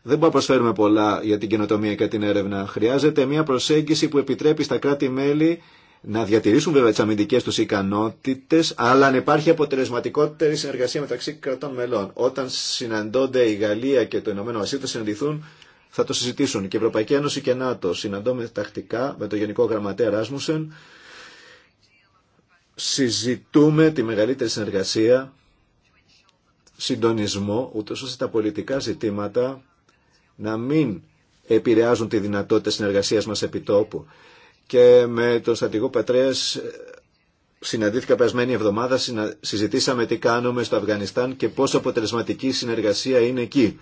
Speaker 2: δεν μπορούμε να προσφέρουμε πολλά για την καινοτομία και την έρευνα. Χρειάζεται μια προσέγγιση που επιτρέπει στα κράτη-μέλη να διατηρήσουν βέβαια τι αμυντικέ του ικανότητε, αλλά να υπάρχει αποτελεσματικότερη συνεργασία μεταξύ κρατών μελών. Όταν συναντώνται η Γαλλία και το Ηνωμένο Βασίλειο, θα συναντηθούν, θα το συζητήσουν. Και η Ευρωπαϊκή Ένωση και ΝΑΤΟ συναντώμε τακτικά με το Γενικό Γραμματέα Ράσμουσεν. Συζητούμε τη μεγαλύτερη συνεργασία, συντονισμό, ούτω ώστε τα πολιτικά ζητήματα να μην επηρεάζουν τη δυνατότητα συνεργασίας μας επί τόπου. Και με τον στρατηγό Πατρέας ε, συναντήθηκα περασμένη εβδομάδα, συζητήσαμε τι κάνουμε στο Αφγανιστάν και πόσο αποτελεσματική συνεργασία είναι εκεί.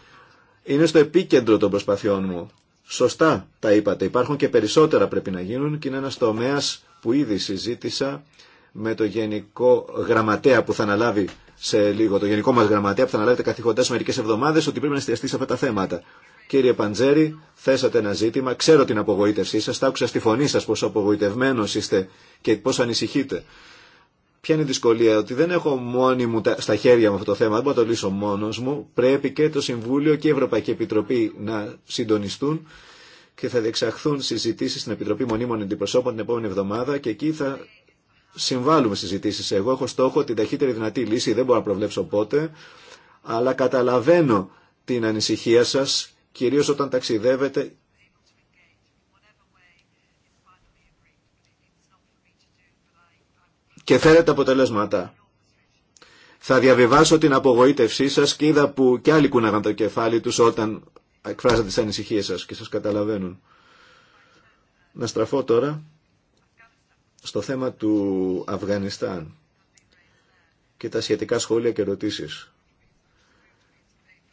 Speaker 2: Είναι στο επίκεντρο των προσπαθειών μου. Σωστά τα είπατε. Υπάρχουν και περισσότερα πρέπει να γίνουν και είναι ένας τομέας που ήδη συζήτησα με το γενικό γραμματέα που θα αναλάβει σε λίγο, το γενικό μας γραμματέα που θα αναλάβει τα καθηγοντά σε μερικές εβδομάδες ότι πρέπει να εστιαστεί σε αυτά τα θέματα. Κύριε Παντζέρη, θέσατε ένα ζήτημα. Ξέρω την απογοήτευσή σα, Τα άκουσα στη φωνή σα πόσο απογοητευμένος είστε και πόσο ανησυχείτε. Ποια είναι η δυσκολία, ότι δεν έχω μόνη μου στα χέρια μου αυτό το θέμα, δεν μπορώ να το λύσω μόνο μου. Πρέπει και το Συμβούλιο και η Ευρωπαϊκή Επιτροπή να συντονιστούν και θα διεξαχθούν συζητήσει στην Επιτροπή Μονίμων Αντιπροσώπων την επόμενη εβδομάδα και εκεί θα συμβάλλουμε συζητήσει Εγώ έχω στόχο την ταχύτερη δυνατή λύση, δεν μπορώ να προβλέψω πότε, αλλά καταλαβαίνω την ανησυχία σας κυρίως όταν ταξιδεύετε και φέρετε αποτελέσματα. Θα διαβιβάσω την απογοήτευσή σας και είδα που κι άλλοι κούναγαν το κεφάλι τους όταν εκφράζατε τις ανησυχίες σας και σας καταλαβαίνουν. Να στραφώ τώρα στο θέμα του Αφγανιστάν και τα σχετικά σχόλια και ερωτήσεις.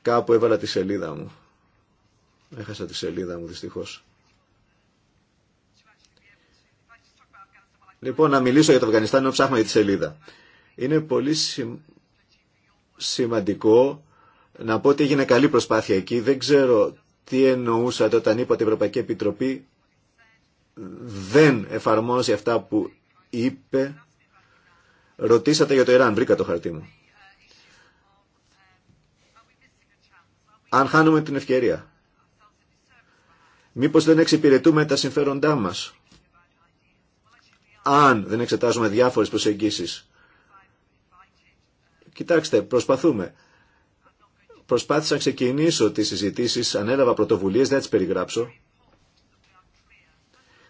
Speaker 2: Κάπου έβαλα τη σελίδα μου. Έχασα τη σελίδα μου δυστυχώς. Λοιπόν, να μιλήσω για το Αφγανιστάν να ψάχνω για τη σελίδα. Είναι πολύ σημαντικό να πω ότι έγινε καλή προσπάθεια εκεί. Δεν ξέρω τι εννοούσατε όταν είπα ότι η Ευρωπαϊκή Επιτροπή
Speaker 1: δεν
Speaker 2: εφαρμόζει αυτά που είπε. Ρωτήσατε για το Ιράν. Βρήκα το χαρτί μου. Αν χάνουμε την ευκαιρία. Μήπως δεν εξυπηρετούμε τα συμφέροντά μας. Αν δεν εξετάζουμε διάφορες προσεγγίσεις. Κοιτάξτε, προσπαθούμε. Προσπάθησα να ξεκινήσω τις συζητήσεις, ανέλαβα πρωτοβουλίες, δεν τις περιγράψω.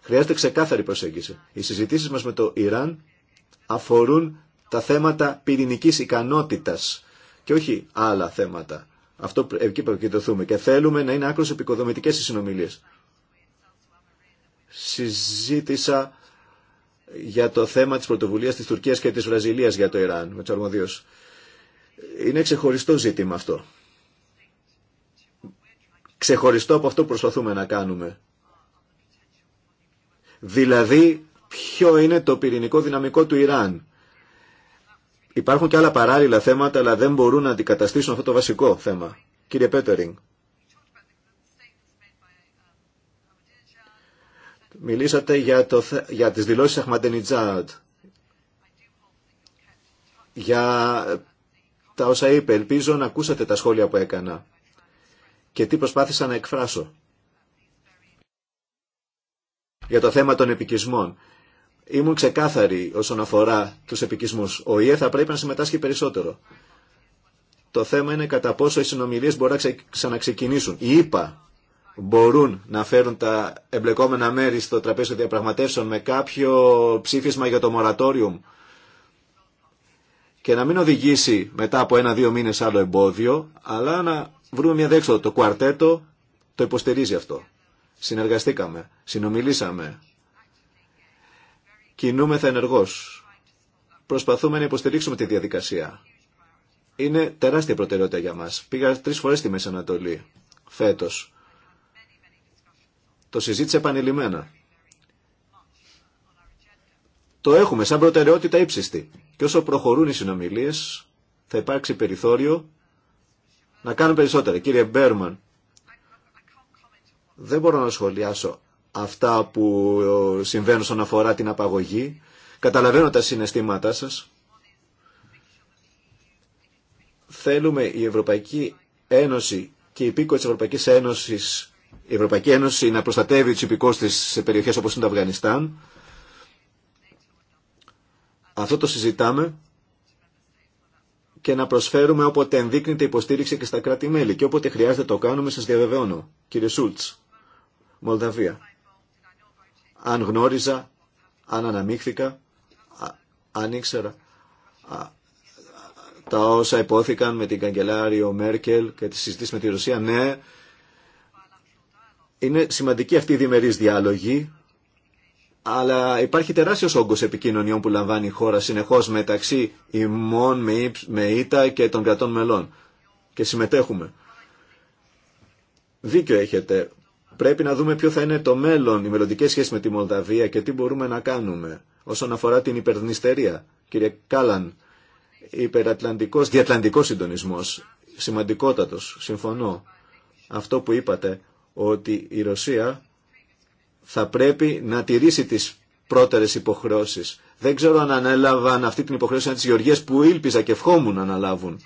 Speaker 2: Χρειάζεται ξεκάθαρη προσέγγιση. Οι συζητήσεις μας με το Ιράν αφορούν τα θέματα πυρηνικής ικανότητας και όχι άλλα θέματα. Αυτό εκεί πρέπει και θέλουμε να είναι άκρως επικοδομητικές οι συνομιλίες. Συζήτησα για το θέμα της πρωτοβουλίας της Τουρκίας και της Βραζιλίας για το Ιράν με του Είναι ξεχωριστό ζήτημα αυτό. Ξεχωριστό από αυτό που προσπαθούμε να κάνουμε. Δηλαδή, ποιο είναι το πυρηνικό δυναμικό του Ιράν Υπάρχουν και άλλα παράλληλα θέματα, αλλά δεν μπορούν να αντικαταστήσουν αυτό το βασικό θέμα. Κύριε Πέτερινγκ. Μιλήσατε για, το, για τις δηλώσεις για τα όσα είπε. Ελπίζω να ακούσατε τα σχόλια που έκανα και τι προσπάθησα να εκφράσω για το θέμα των επικισμών ήμουν ξεκάθαρη όσον αφορά τους επικισμούς. Ο ΙΕ θα πρέπει να συμμετάσχει περισσότερο. Το θέμα είναι κατά πόσο οι συνομιλίες μπορούν να ξαναξεκινήσουν. Οι ΙΠΑ μπορούν να φέρουν τα εμπλεκόμενα μέρη στο τραπέζι των διαπραγματεύσεων με κάποιο ψήφισμα για το μορατόριουμ και να μην οδηγήσει μετά από ένα-δύο μήνες άλλο εμπόδιο, αλλά να βρούμε μια δέξοδο. Το κουαρτέτο το υποστηρίζει αυτό. Συνεργαστήκαμε, συνομιλήσαμε, κινούμεθα ενεργώς. Προσπαθούμε να υποστηρίξουμε τη διαδικασία. Είναι τεράστια προτεραιότητα για μας. Πήγα τρεις φορές στη Μέση Ανατολή φέτος. Το συζήτησε επανειλημμένα. Το έχουμε σαν προτεραιότητα ύψιστη. Και όσο προχωρούν οι συνομιλίες θα υπάρξει περιθώριο να κάνουμε περισσότερα. Κύριε Μπέρμαν, δεν μπορώ να σχολιάσω αυτά που ε, συμβαίνουν στον αφορά την απαγωγή. Καταλαβαίνω τα συναισθήματά σας. Θέλουμε η Ευρωπαϊκή Ένωση και η υπήκο της Ευρωπαϊκής Ένωσης, η Ευρωπαϊκή Ένωση να προστατεύει τους υπηκούς της σε περιοχές όπως είναι το Αφγανιστάν. Αυτό το συζητάμε και να προσφέρουμε όποτε ενδείκνεται υποστήριξη και στα κράτη-μέλη και όποτε χρειάζεται το κάνουμε σας διαβεβαιώνω. Κύριε Σούλτς, Μολδαβία αν γνώριζα, αν αναμίχθηκα, αν ήξερα τα όσα υπόθηκαν με την καγκελάριο Μέρκελ και τη συζήτηση με τη Ρωσία, ναι, είναι σημαντική αυτή η διμερής διάλογη, αλλά υπάρχει τεράστιος όγκος επικοινωνιών που λαμβάνει η χώρα συνεχώς μεταξύ ημών με Ήτα και των κρατών μελών και συμμετέχουμε. Δίκιο έχετε. Πρέπει να δούμε ποιο θα είναι το μέλλον, οι μελλοντικέ σχέσει με τη Μολδαβία και τι μπορούμε να κάνουμε όσον αφορά την υπερδνηστερία. Κύριε Κάλαν, υπερατλαντικό, διατλαντικός συντονισμός, σημαντικότατος, συμφωνώ. Αυτό που είπατε, ότι η Ρωσία θα πρέπει να τηρήσει τις πρώτερε υποχρεώσεις. Δεν ξέρω αν ανέλαβαν αυτή την υποχρέωση σαν τις που ήλπιζα και ευχόμουν να αναλάβουν.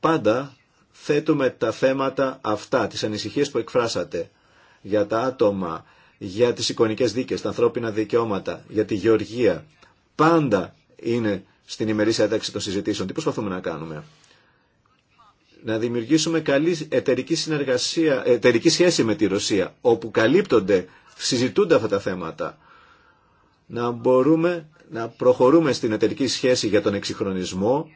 Speaker 2: Πάντα θέτουμε τα θέματα αυτά, τις ανησυχίες που εκφράσατε για τα άτομα, για τις εικονικές δίκες, τα ανθρώπινα δικαιώματα, για τη γεωργία, πάντα είναι στην ημερήσια ένταξη των συζητήσεων. Τι προσπαθούμε να κάνουμε. Να δημιουργήσουμε καλή εταιρική, συνεργασία, εταιρική σχέση με τη Ρωσία, όπου καλύπτονται, συζητούνται αυτά τα θέματα. Να μπορούμε να προχωρούμε στην εταιρική σχέση για τον εξυγχρονισμό,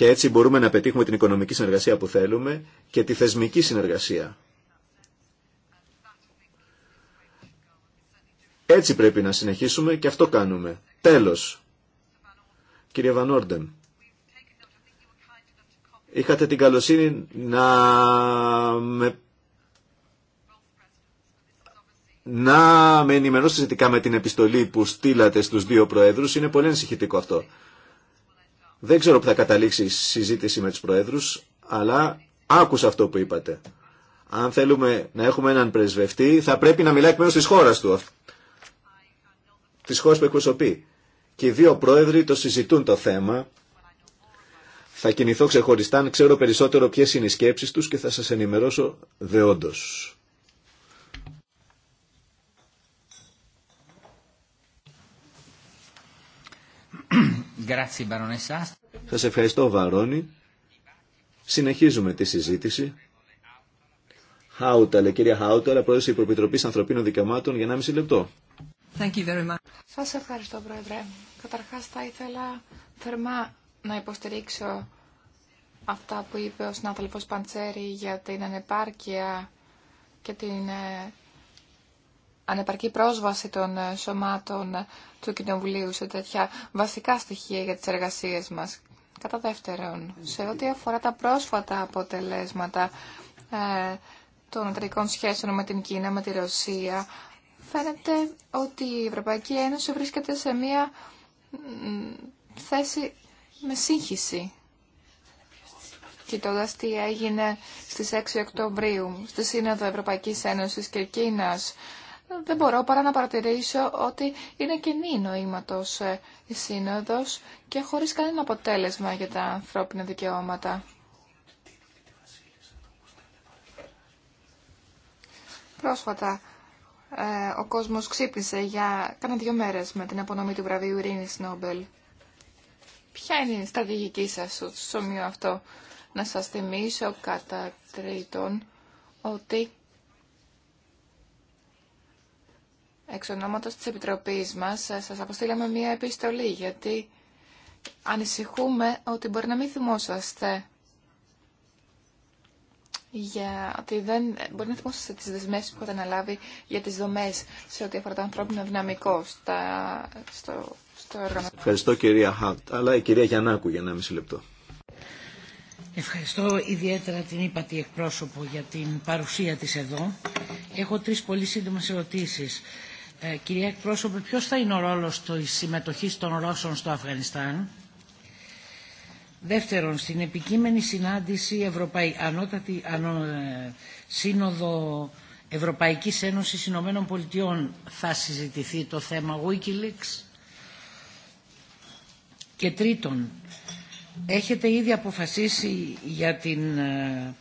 Speaker 2: και έτσι μπορούμε να πετύχουμε την οικονομική συνεργασία που θέλουμε και τη θεσμική συνεργασία. Έτσι πρέπει να συνεχίσουμε και αυτό κάνουμε. Τέλος. Κύριε Βανόρντεμ, είχατε την καλοσύνη να με να με ενημερώσετε σχετικά με την επιστολή που στείλατε στους δύο προέδρους. Είναι πολύ ενσυχητικό αυτό. Δεν ξέρω που θα καταλήξει η συζήτηση με τους Προέδρους, αλλά άκουσα αυτό που είπατε. Αν θέλουμε να έχουμε έναν πρεσβευτή, θα πρέπει να μιλάει εκ μέρους της χώρας του, της χώρας που εκπροσωπεί. Και οι δύο Πρόεδροι το συζητούν το θέμα. Θα κινηθώ ξεχωριστά, ξέρω περισσότερο ποιες είναι οι σκέψεις τους και θα σας ενημερώσω δεόντως. Σας ευχαριστώ Βαρόνι. Συνεχίζουμε τη συζήτηση. Χάουταλε, κυρία αλλά πρόεδρος της Υποπιτροπής Ανθρωπίνων Δικαιωμάτων για 1,5 λεπτό.
Speaker 3: Thank
Speaker 4: Σας ευχαριστώ Πρόεδρε. Καταρχάς θα ήθελα θερμά να υποστηρίξω αυτά που είπε ο συνάδελφος Παντσέρη για την ανεπάρκεια και την ε, ανεπαρκή πρόσβαση των ε, σωμάτων ε, του Κοινοβουλίου σε τέτοια βασικά στοιχεία για τις εργασίες μας. Κατά δεύτερον, σε ό,τι αφορά τα πρόσφατα αποτελέσματα ε, των εταιρικών σχέσεων με την Κίνα, με τη Ρωσία, φαίνεται ότι η Ευρωπαϊκή Ένωση βρίσκεται σε μία θέση με σύγχυση. Κοιτώντα τι έγινε στις 6 Οκτωβρίου στη Σύνοδο Ευρωπαϊκής Ένωσης και Κίνας δεν μπορώ παρά να παρατηρήσω ότι είναι κοινή νοήματος ε, η σύνοδος και χωρίς κανένα αποτέλεσμα για τα ανθρώπινα δικαιώματα. Πρόσφατα ε, ο κόσμος ξύπνησε για κάνα δύο μέρες με την απονομή του βραβείου Ειρήνης Νόμπελ. Ποια είναι η στρατηγική σας στο σημείο αυτό. Να σας θυμίσω κατά τρίτον ότι Εξ ονόματος της Επιτροπής μας ε, σας αποστήλαμε μία επιστολή γιατί ανησυχούμε ότι μπορεί να μην θυμόσαστε για ότι δεν μπορεί να θυμόσαστε τις δεσμεύσεις που έχετε αναλάβει για τις δομές σε ό,τι αφορά το ανθρώπινο δυναμικό στο, στο έργο.
Speaker 2: Ευχαριστώ κυρία Χαρτ αλλά η κυρία Γιαννάκου για ένα μισή λεπτό.
Speaker 1: Ευχαριστώ ιδιαίτερα την ύπατη εκπρόσωπο για την παρουσία της εδώ. Έχω τρεις πολύ σύντομες ερωτήσεις. Ε, κυρία εκπρόσωπε, ποιος θα είναι ο ρόλος της συμμετοχή των Ρώσων στο Αφγανιστάν. Δεύτερον, στην επικείμενη συνάντηση Ευρωπαϊ... Ανώτατη ε, Σύνοδο Ευρωπαϊκής Ένωσης Ηνωμένων Πολιτειών θα συζητηθεί το θέμα Wikileaks. Και τρίτον, έχετε ήδη αποφασίσει για, την, ε,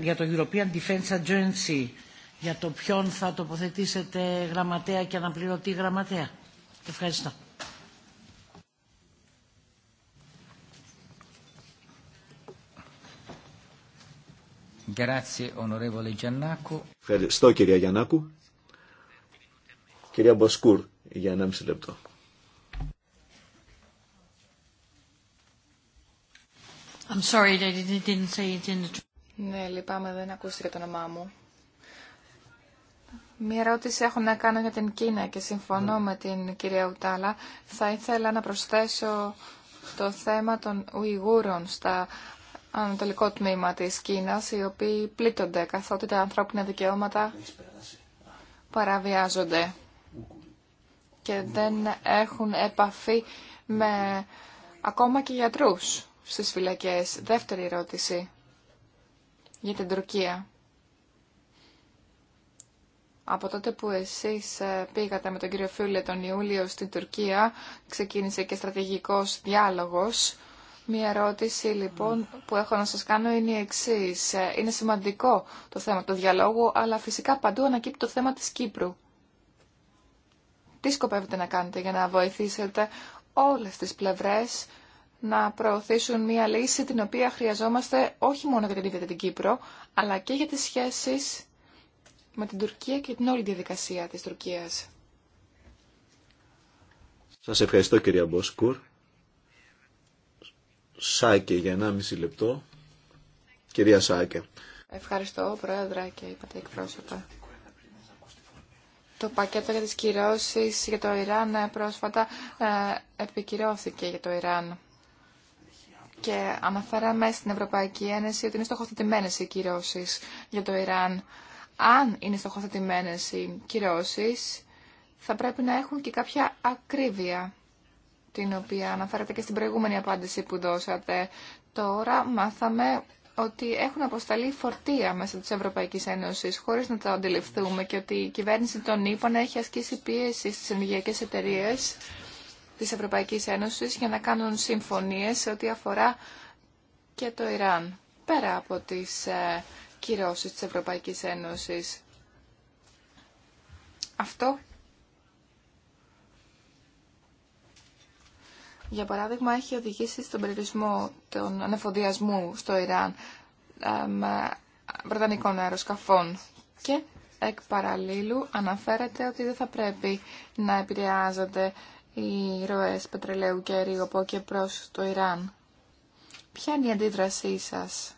Speaker 1: για το European Defense Agency για το ποιον θα τοποθετήσετε γραμματέα και αναπληρωτή γραμματέα. Ευχαριστώ.
Speaker 2: Ευχαριστώ κυρία Γιαννάκου. Κυρία Μποσκούρ για μισή λεπτό.
Speaker 4: Ναι, λυπάμαι, δεν ακούστηκε το όνομά μου. Μία ερώτηση έχω να κάνω για την Κίνα και συμφωνώ ναι. με την κυρία Ουτάλα. Θα ήθελα να προσθέσω το θέμα των Ουιγούρων στα ανατολικό τμήμα της Κίνας, οι οποίοι πλήττονται καθότι τα ανθρώπινα δικαιώματα παραβιάζονται και δεν έχουν επαφή με ακόμα και γιατρούς στις φυλακές. Δεύτερη ερώτηση για την Τουρκία. Από τότε που εσείς ε, πήγατε με τον κύριο Φιούλε τον Ιούλιο στην Τουρκία, ξεκίνησε και στρατηγικός διάλογος. Μία ερώτηση λοιπόν που έχω να σας κάνω είναι η εξής. Ε, είναι σημαντικό το θέμα του διαλόγου, αλλά φυσικά παντού ανακύπτει το θέμα της Κύπρου. Τι σκοπεύετε να κάνετε για να βοηθήσετε όλες τις πλευρές να προωθήσουν μία λύση την οποία χρειαζόμαστε όχι μόνο για την ίδια την Κύπρο, αλλά και για τις σχέσεις με την Τουρκία και την όλη διαδικασία της Τουρκίας.
Speaker 2: Σας ευχαριστώ κυρία Μποσκούρ. Σάκε για 1,5 λεπτό. Κυρία Σάκε.
Speaker 4: Ευχαριστώ Πρόεδρα και είπατε εκπρόσωπα. Το πακέτο για τις κυρώσεις για το Ιράν ε, πρόσφατα ε, επικυρώθηκε για το Ιράν. Και αναφέραμε στην Ευρωπαϊκή Ένωση ότι είναι στοχοθετημένες οι κυρώσεις για το Ιράν αν είναι στοχοθετημένες οι κυρώσεις, θα πρέπει να έχουν και κάποια ακρίβεια, την οποία αναφέρατε και στην προηγούμενη απάντηση που δώσατε. Τώρα μάθαμε ότι έχουν αποσταλεί φορτία μέσα της Ευρωπαϊκής Ένωσης χωρίς να τα αντιληφθούμε και ότι η κυβέρνηση των ΗΠΑ έχει ασκήσει πίεση στις ενεργειακές εταιρείε της Ευρωπαϊκής Ένωσης για να κάνουν συμφωνίες σε ό,τι αφορά και το Ιράν. Πέρα από τις ε, κυρώσεις της Ευρωπαϊκής Ένωσης. Αυτό, για παράδειγμα, έχει οδηγήσει στον περιορισμό των ανεφοδιασμού στο Ιράν με βρετανικών αεροσκαφών και εκ παραλίλου αναφέρεται ότι δεν θα πρέπει να επηρεάζονται οι ροές πετρελαίου και αερίου και προς το Ιράν. Ποια είναι η αντίδρασή σας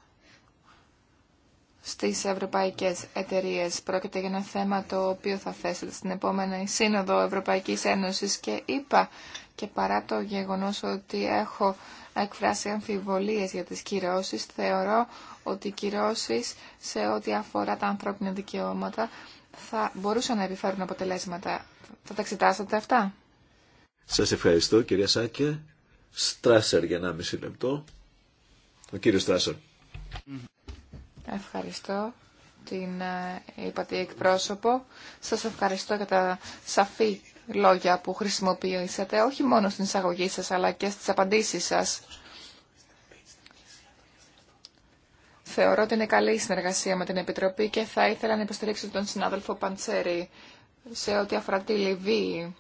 Speaker 4: στις ευρωπαϊκές εταιρείες. Πρόκειται για ένα θέμα το οποίο θα θέσετε στην επόμενη Σύνοδο Ευρωπαϊκής Ένωσης και είπα και παρά το γεγονός ότι έχω εκφράσει αμφιβολίες για τις κυρώσεις, θεωρώ ότι οι κυρώσεις σε ό,τι αφορά τα ανθρώπινα δικαιώματα θα μπορούσαν να επιφέρουν αποτελέσματα. Θα τα εξετάσετε αυτά.
Speaker 2: Σας ευχαριστώ κυρία Σάκη. Στράσερ για μισή λεπτό. Ο κύριος Στράσερ.
Speaker 4: Ευχαριστώ την ε, είπατε εκπρόσωπο. Σας ευχαριστώ για τα σαφή λόγια που χρησιμοποιήσατε, όχι μόνο στην εισαγωγή σας, αλλά και στις απαντήσεις σας. Θεωρώ ότι είναι καλή η συνεργασία με την Επιτροπή και θα ήθελα να υποστηρίξω τον συνάδελφο Παντσέρη σε ό,τι αφορά τη Λιβύη.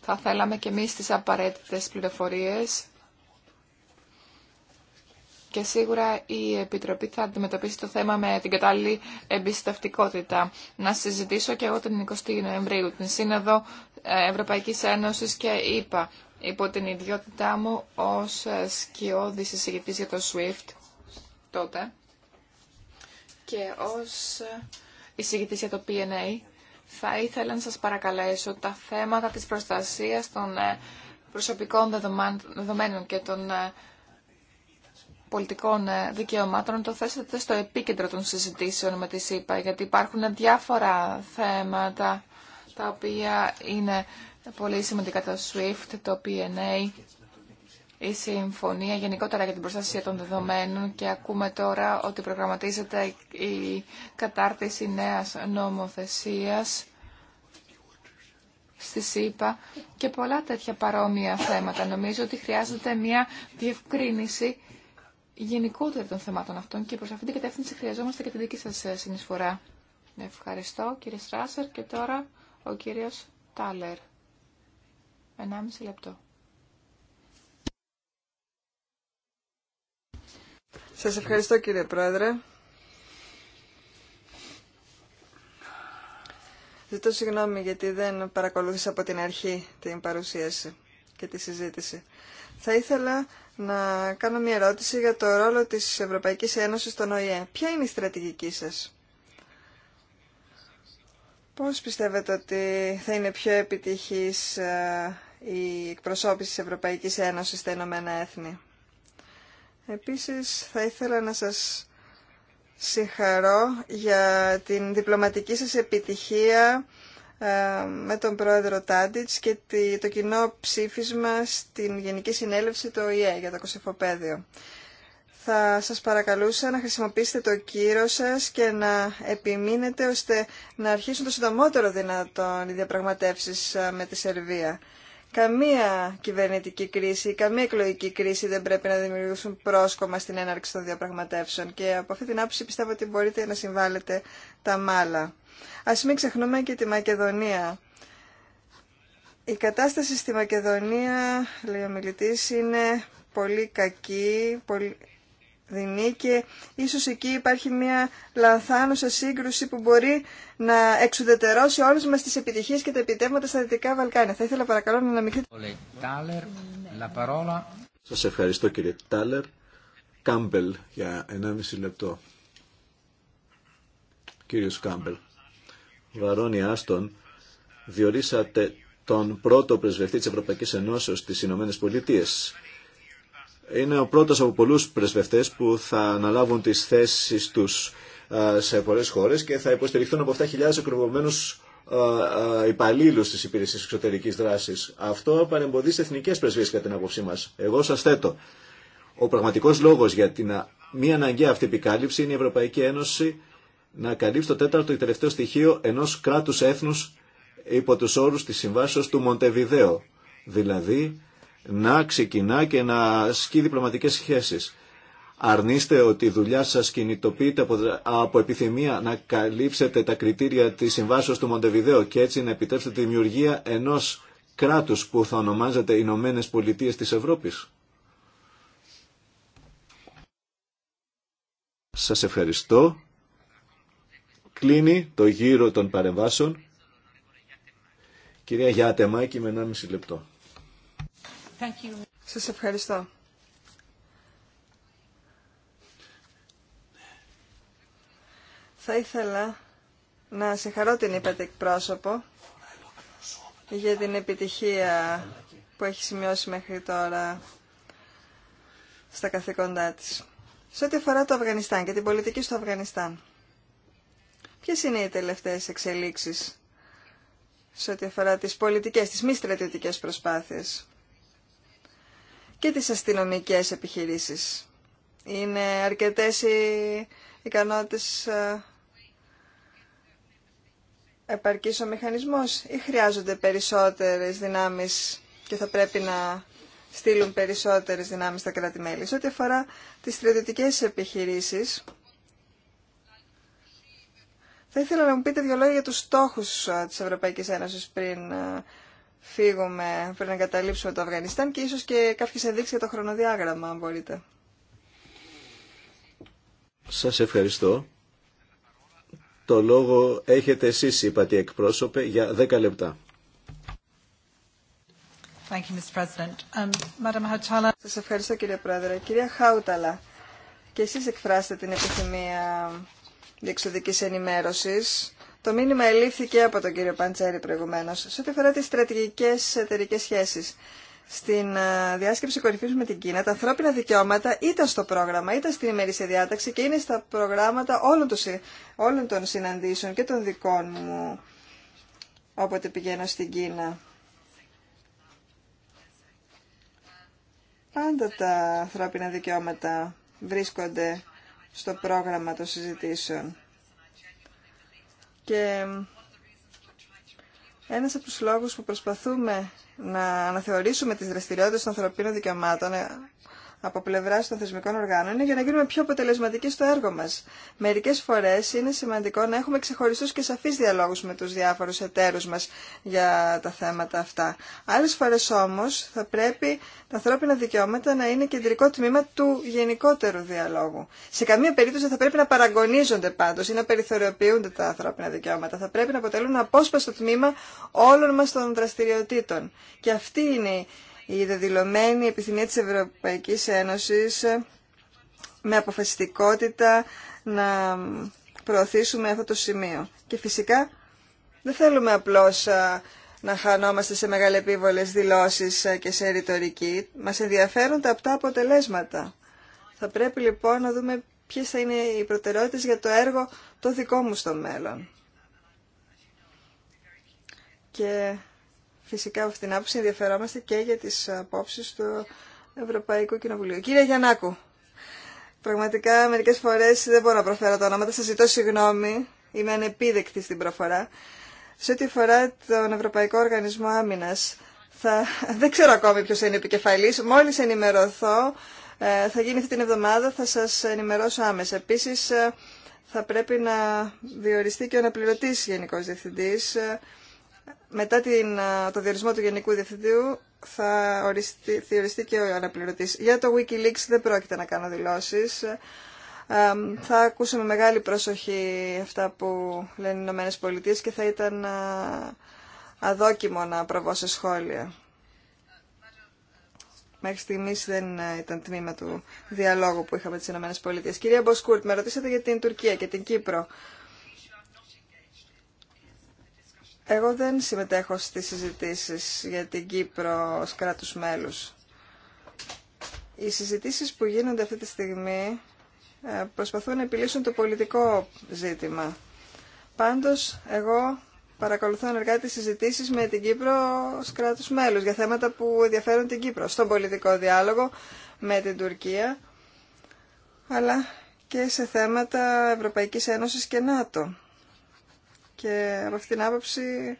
Speaker 4: Θα θέλαμε και εμείς τις απαραίτητες πληροφορίες και σίγουρα η Επιτροπή θα αντιμετωπίσει το θέμα με την κατάλληλη εμπιστευτικότητα. Να συζητήσω και εγώ την 20η Νοεμβρίου την Σύνοδο ε, Ευρωπαϊκής Ένωσης και είπα ΕΕ. υπό την ιδιότητά μου ως ε, σκιώδης εισηγητής για το SWIFT τότε και ως ε, εισηγητής για το PNA θα ήθελα να σας παρακαλέσω τα θέματα της προστασίας των προσωπικών δεδομένων και των πολιτικών ε, δικαιωμάτων το θέσατε στο επίκεντρο των συζητήσεων με τη ΣΥΠΑ, γιατί υπάρχουν διάφορα θέματα τα οποία είναι πολύ σημαντικά το SWIFT, το PNA, η Συμφωνία γενικότερα για την προστασία των δεδομένων και ακούμε τώρα ότι προγραμματίζεται η κατάρτιση νέας νομοθεσίας στη ΣΥΠΑ και πολλά τέτοια παρόμοια θέματα. Νομίζω ότι χρειάζεται μια διευκρίνηση γενικότερα των θεμάτων αυτών και προς αυτήν την κατεύθυνση χρειαζόμαστε και τη δική σας ε, συνεισφορά. Ευχαριστώ κύριε Στράσερ και τώρα ο κύριος Τάλερ. 1,5 λεπτό.
Speaker 3: Σας ευχαριστώ κύριε Πρόεδρε. Ζητώ συγγνώμη γιατί δεν παρακολούθησα από την αρχή την παρουσίαση και τη συζήτηση. Θα ήθελα να κάνω μια ερώτηση για το ρόλο της Ευρωπαϊκής Ένωσης στον ΟΗΕ. Ποια είναι η στρατηγική σας? Πώς πιστεύετε ότι θα είναι πιο επιτυχής ε, η εκπροσώπηση της Ευρωπαϊκής Ένωσης στα Ηνωμένα Έθνη. Επίσης, θα ήθελα να σας συγχαρώ για την διπλωματική σας επιτυχία ε, με τον πρόεδρο Τάντιτς και το κοινό ψήφισμα στην Γενική Συνέλευση του ΟΗΕ για το κοσυφοπαίδιο. Θα σας παρακαλούσα να χρησιμοποιήσετε το κύρο σας και να επιμείνετε ώστε να αρχίσουν το συντομότερο δυνατόν οι διαπραγματεύσεις ε, με τη Σερβία. Καμία κυβερνητική κρίση, καμία εκλογική κρίση δεν πρέπει να δημιουργήσουν πρόσκομα στην έναρξη των διαπραγματεύσεων και από αυτή την άποψη πιστεύω ότι μπορείτε να συμβάλλετε τα μάλα. Ας μην ξεχνούμε και τη Μακεδονία. Η κατάσταση στη Μακεδονία, λέει ο μιλητής, είναι πολύ κακή, πολύ δεινή και ίσως εκεί υπάρχει μια λανθάνουσα σύγκρουση που μπορεί να εξουδετερώσει όλες μας τις επιτυχίες και τα επιτεύγματα στα Δυτικά Βαλκάνια. Θα ήθελα παρακαλώ να αναμειχθείτε.
Speaker 2: Σας ευχαριστώ κύριε Τάλερ. Κάμπελ για 1,5 λεπτό. Κύριος Κάμπελ. Βαρόνι Άστον, διορίσατε τον πρώτο πρεσβευτή της Ευρωπαϊκής Ενώσεως στις Ηνωμένες Πολιτείες. Είναι ο πρώτος από πολλούς πρεσβευτές που θα αναλάβουν τις θέσεις τους σε πολλές χώρες και θα υποστηριχθούν από 7.000 εκπροβευμένους υπαλλήλου τη υπηρεσία εξωτερικής δράσης. Αυτό παρεμποδίζει εθνικέ πρεσβείες κατά την άποψή μα. Εγώ σας θέτω. Ο πραγματικός λόγος για την μη αναγκαία αυτή επικάλυψη είναι η Ευρωπαϊκή Ένωση να καλύψει το τέταρτο η τελευταίο στοιχείο ενός κράτους έθνους υπό τους όρους της συμβάσεως του Μοντεβιδέο. Δηλαδή να ξεκινά και να ασκεί διπλωματικέ σχέσεις. Αρνείστε ότι η δουλειά σας κινητοποιείται από, επιθυμία να καλύψετε τα κριτήρια της συμβάσεως του Μοντεβιδέο και έτσι να επιτρέψετε τη δημιουργία ενό κράτου που θα ονομάζεται Ηνωμένε Πολιτείε τη Ευρώπη. Σας ευχαριστώ. Κλείνει το γύρο των παρεμβάσεων. Κυρία Γιάτεμάκη με 1,5 λεπτό.
Speaker 3: Σα Σας ευχαριστώ. Θα ήθελα να συγχαρώ την είπατε εκπρόσωπο για την επιτυχία που έχει σημειώσει μέχρι τώρα στα καθήκοντά της. Σε ό,τι αφορά το Αφγανιστάν και την πολιτική στο Αφγανιστάν. Ποιες είναι οι τελευταίες εξελίξεις σε ό,τι αφορά τις πολιτικές, τις μη στρατιωτικές προσπάθειες και τις αστυνομικές επιχειρήσεις. Είναι αρκετές οι ικανότητες ε, επαρκής ο μηχανισμός ή χρειάζονται περισσότερες δυνάμεις και θα πρέπει να στείλουν περισσότερες δυνάμεις στα κράτη-μέλη. Σε ό,τι αφορά τις στρατιωτικές επιχειρήσεις, θα ήθελα να μου πείτε δύο λόγια για τους στόχους της Ευρωπαϊκής Ένωσης πριν φύγουμε, πριν εγκαταλείψουμε το Αφγανιστάν και ίσως και κάποιες ενδείξεις για το χρονοδιάγραμμα, αν μπορείτε.
Speaker 2: Σας ευχαριστώ. Το λόγο έχετε εσείς, είπατε εκπρόσωπε, για 10 λεπτά.
Speaker 3: Thank um, ευχαριστώ κύριε Πρόεδρε. Κυρία Χάουταλα, και εσείς εκφράσετε την επιθυμία διεξοδικής ενημέρωσης. Το μήνυμα ελήφθηκε από τον κύριο Παντσέρη προηγουμένως. Σε ό,τι αφορά τις στρατηγικές εταιρικέ σχέσεις. Στην ε, διάσκεψη κορυφή με την Κίνα, τα ανθρώπινα δικαιώματα ήταν στο πρόγραμμα, ήταν στην ημερήσια διάταξη και είναι στα προγράμματα όλων των, όλων των συναντήσεων και των δικών μου όποτε πηγαίνω στην Κίνα. Πάντα τα ανθρώπινα δικαιώματα βρίσκονται στο πρόγραμμα των συζητήσεων. Και ένας από τους λόγους που προσπαθούμε να αναθεωρήσουμε τις δραστηριότητες των ανθρωπίνων δικαιωμάτων ε, από πλευρά των θεσμικών οργάνων είναι για να γίνουμε πιο αποτελεσματικοί στο έργο μα. Μερικέ φορέ είναι σημαντικό να έχουμε ξεχωριστού και σαφεί διαλόγου με του διάφορου εταίρου μα για τα θέματα αυτά. Άλλε φορέ όμω θα πρέπει τα ανθρώπινα δικαιώματα να είναι κεντρικό τμήμα του γενικότερου διαλόγου. Σε καμία περίπτωση θα πρέπει να παραγωνίζονται πάντω ή να περιθωριοποιούνται τα ανθρώπινα δικαιώματα. Θα πρέπει να αποτελούν απόσπαστο τμήμα όλων μα των δραστηριοτήτων. Και αυτή είναι η δεδηλωμένη επιθυμία της Ευρωπαϊκής Ένωσης με αποφασιστικότητα να προωθήσουμε αυτό το σημείο. Και φυσικά δεν θέλουμε απλώς να χανόμαστε σε μεγαλεπίβολες δηλώσεις και σε ρητορική. Μας ενδιαφέρουν τα απτά αποτελέσματα. Θα πρέπει λοιπόν να δούμε ποιες θα είναι οι προτεραιότητες για το έργο το δικό μου στο μέλλον φυσικά από την άποψη ενδιαφερόμαστε και για τι απόψει του Ευρωπαϊκού Κοινοβουλίου. Κύριε Γιαννάκου, πραγματικά μερικέ φορέ δεν μπορώ να προφέρω τα ονόματα, σα ζητώ συγγνώμη, είμαι ανεπίδεκτη στην προφορά. Σε ό,τι αφορά τον Ευρωπαϊκό Οργανισμό Άμυνα, θα... δεν ξέρω ακόμη ποιο είναι επικεφαλής, μόλις ενημερωθώ, ε, θα γίνει αυτή την εβδομάδα, θα σας ενημερώσω άμεσα. Επίσης, ε, θα πρέπει να διοριστεί και ο αναπληρωτή Γενικός Διευθυντής, ε, μετά την, το διορισμό του Γενικού Διευθυντήου θα οριστεί, και ο αναπληρωτής. Για το Wikileaks δεν πρόκειται να κάνω δηλώσεις. θα ακούσαμε μεγάλη προσοχή αυτά που λένε οι Ηνωμένες Πολιτείες και θα ήταν αδόκιμο να προβώ σε σχόλια. Μέχρι στιγμή δεν ήταν τμήμα του διαλόγου που είχαμε τι Πολιτείε. Κυρία Μποσκούρτ, με ρωτήσατε για την Τουρκία και την Κύπρο. Εγώ δεν συμμετέχω στις συζητήσεις για την Κύπρο ως κράτους μέλους. Οι συζητήσεις που γίνονται αυτή τη στιγμή ε, προσπαθούν να επιλύσουν το πολιτικό ζήτημα. Πάντως, εγώ παρακολουθώ ενεργά τις συζητήσεις με την Κύπρο ως κράτους μέλους για θέματα που ενδιαφέρουν την Κύπρο, στον πολιτικό διάλογο με την Τουρκία, αλλά και σε θέματα Ευρωπαϊκής Ένωσης και ΝΑΤΟ και από αυτήν την άποψη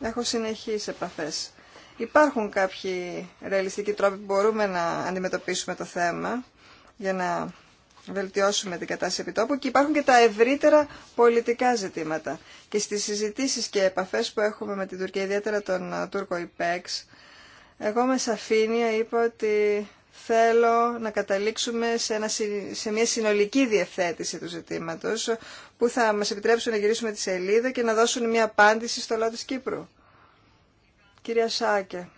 Speaker 3: έχω συνεχείς επαφές. Υπάρχουν κάποιοι ρεαλιστικοί τρόποι που μπορούμε να αντιμετωπίσουμε το θέμα για να βελτιώσουμε την κατάσταση επιτόπου και υπάρχουν και τα ευρύτερα πολιτικά ζητήματα. Και στις συζητήσεις και επαφές που έχουμε με την Τουρκία, ιδιαίτερα τον Τούρκο ΙΠΕΞ, εγώ με σαφήνεια είπα ότι θέλω να καταλήξουμε σε, μια συνολική διευθέτηση του ζητήματος που θα μας επιτρέψουν να γυρίσουμε τη σελίδα και να δώσουν μια απάντηση στο λαό της Κύπρου. Κυρία Σάκε,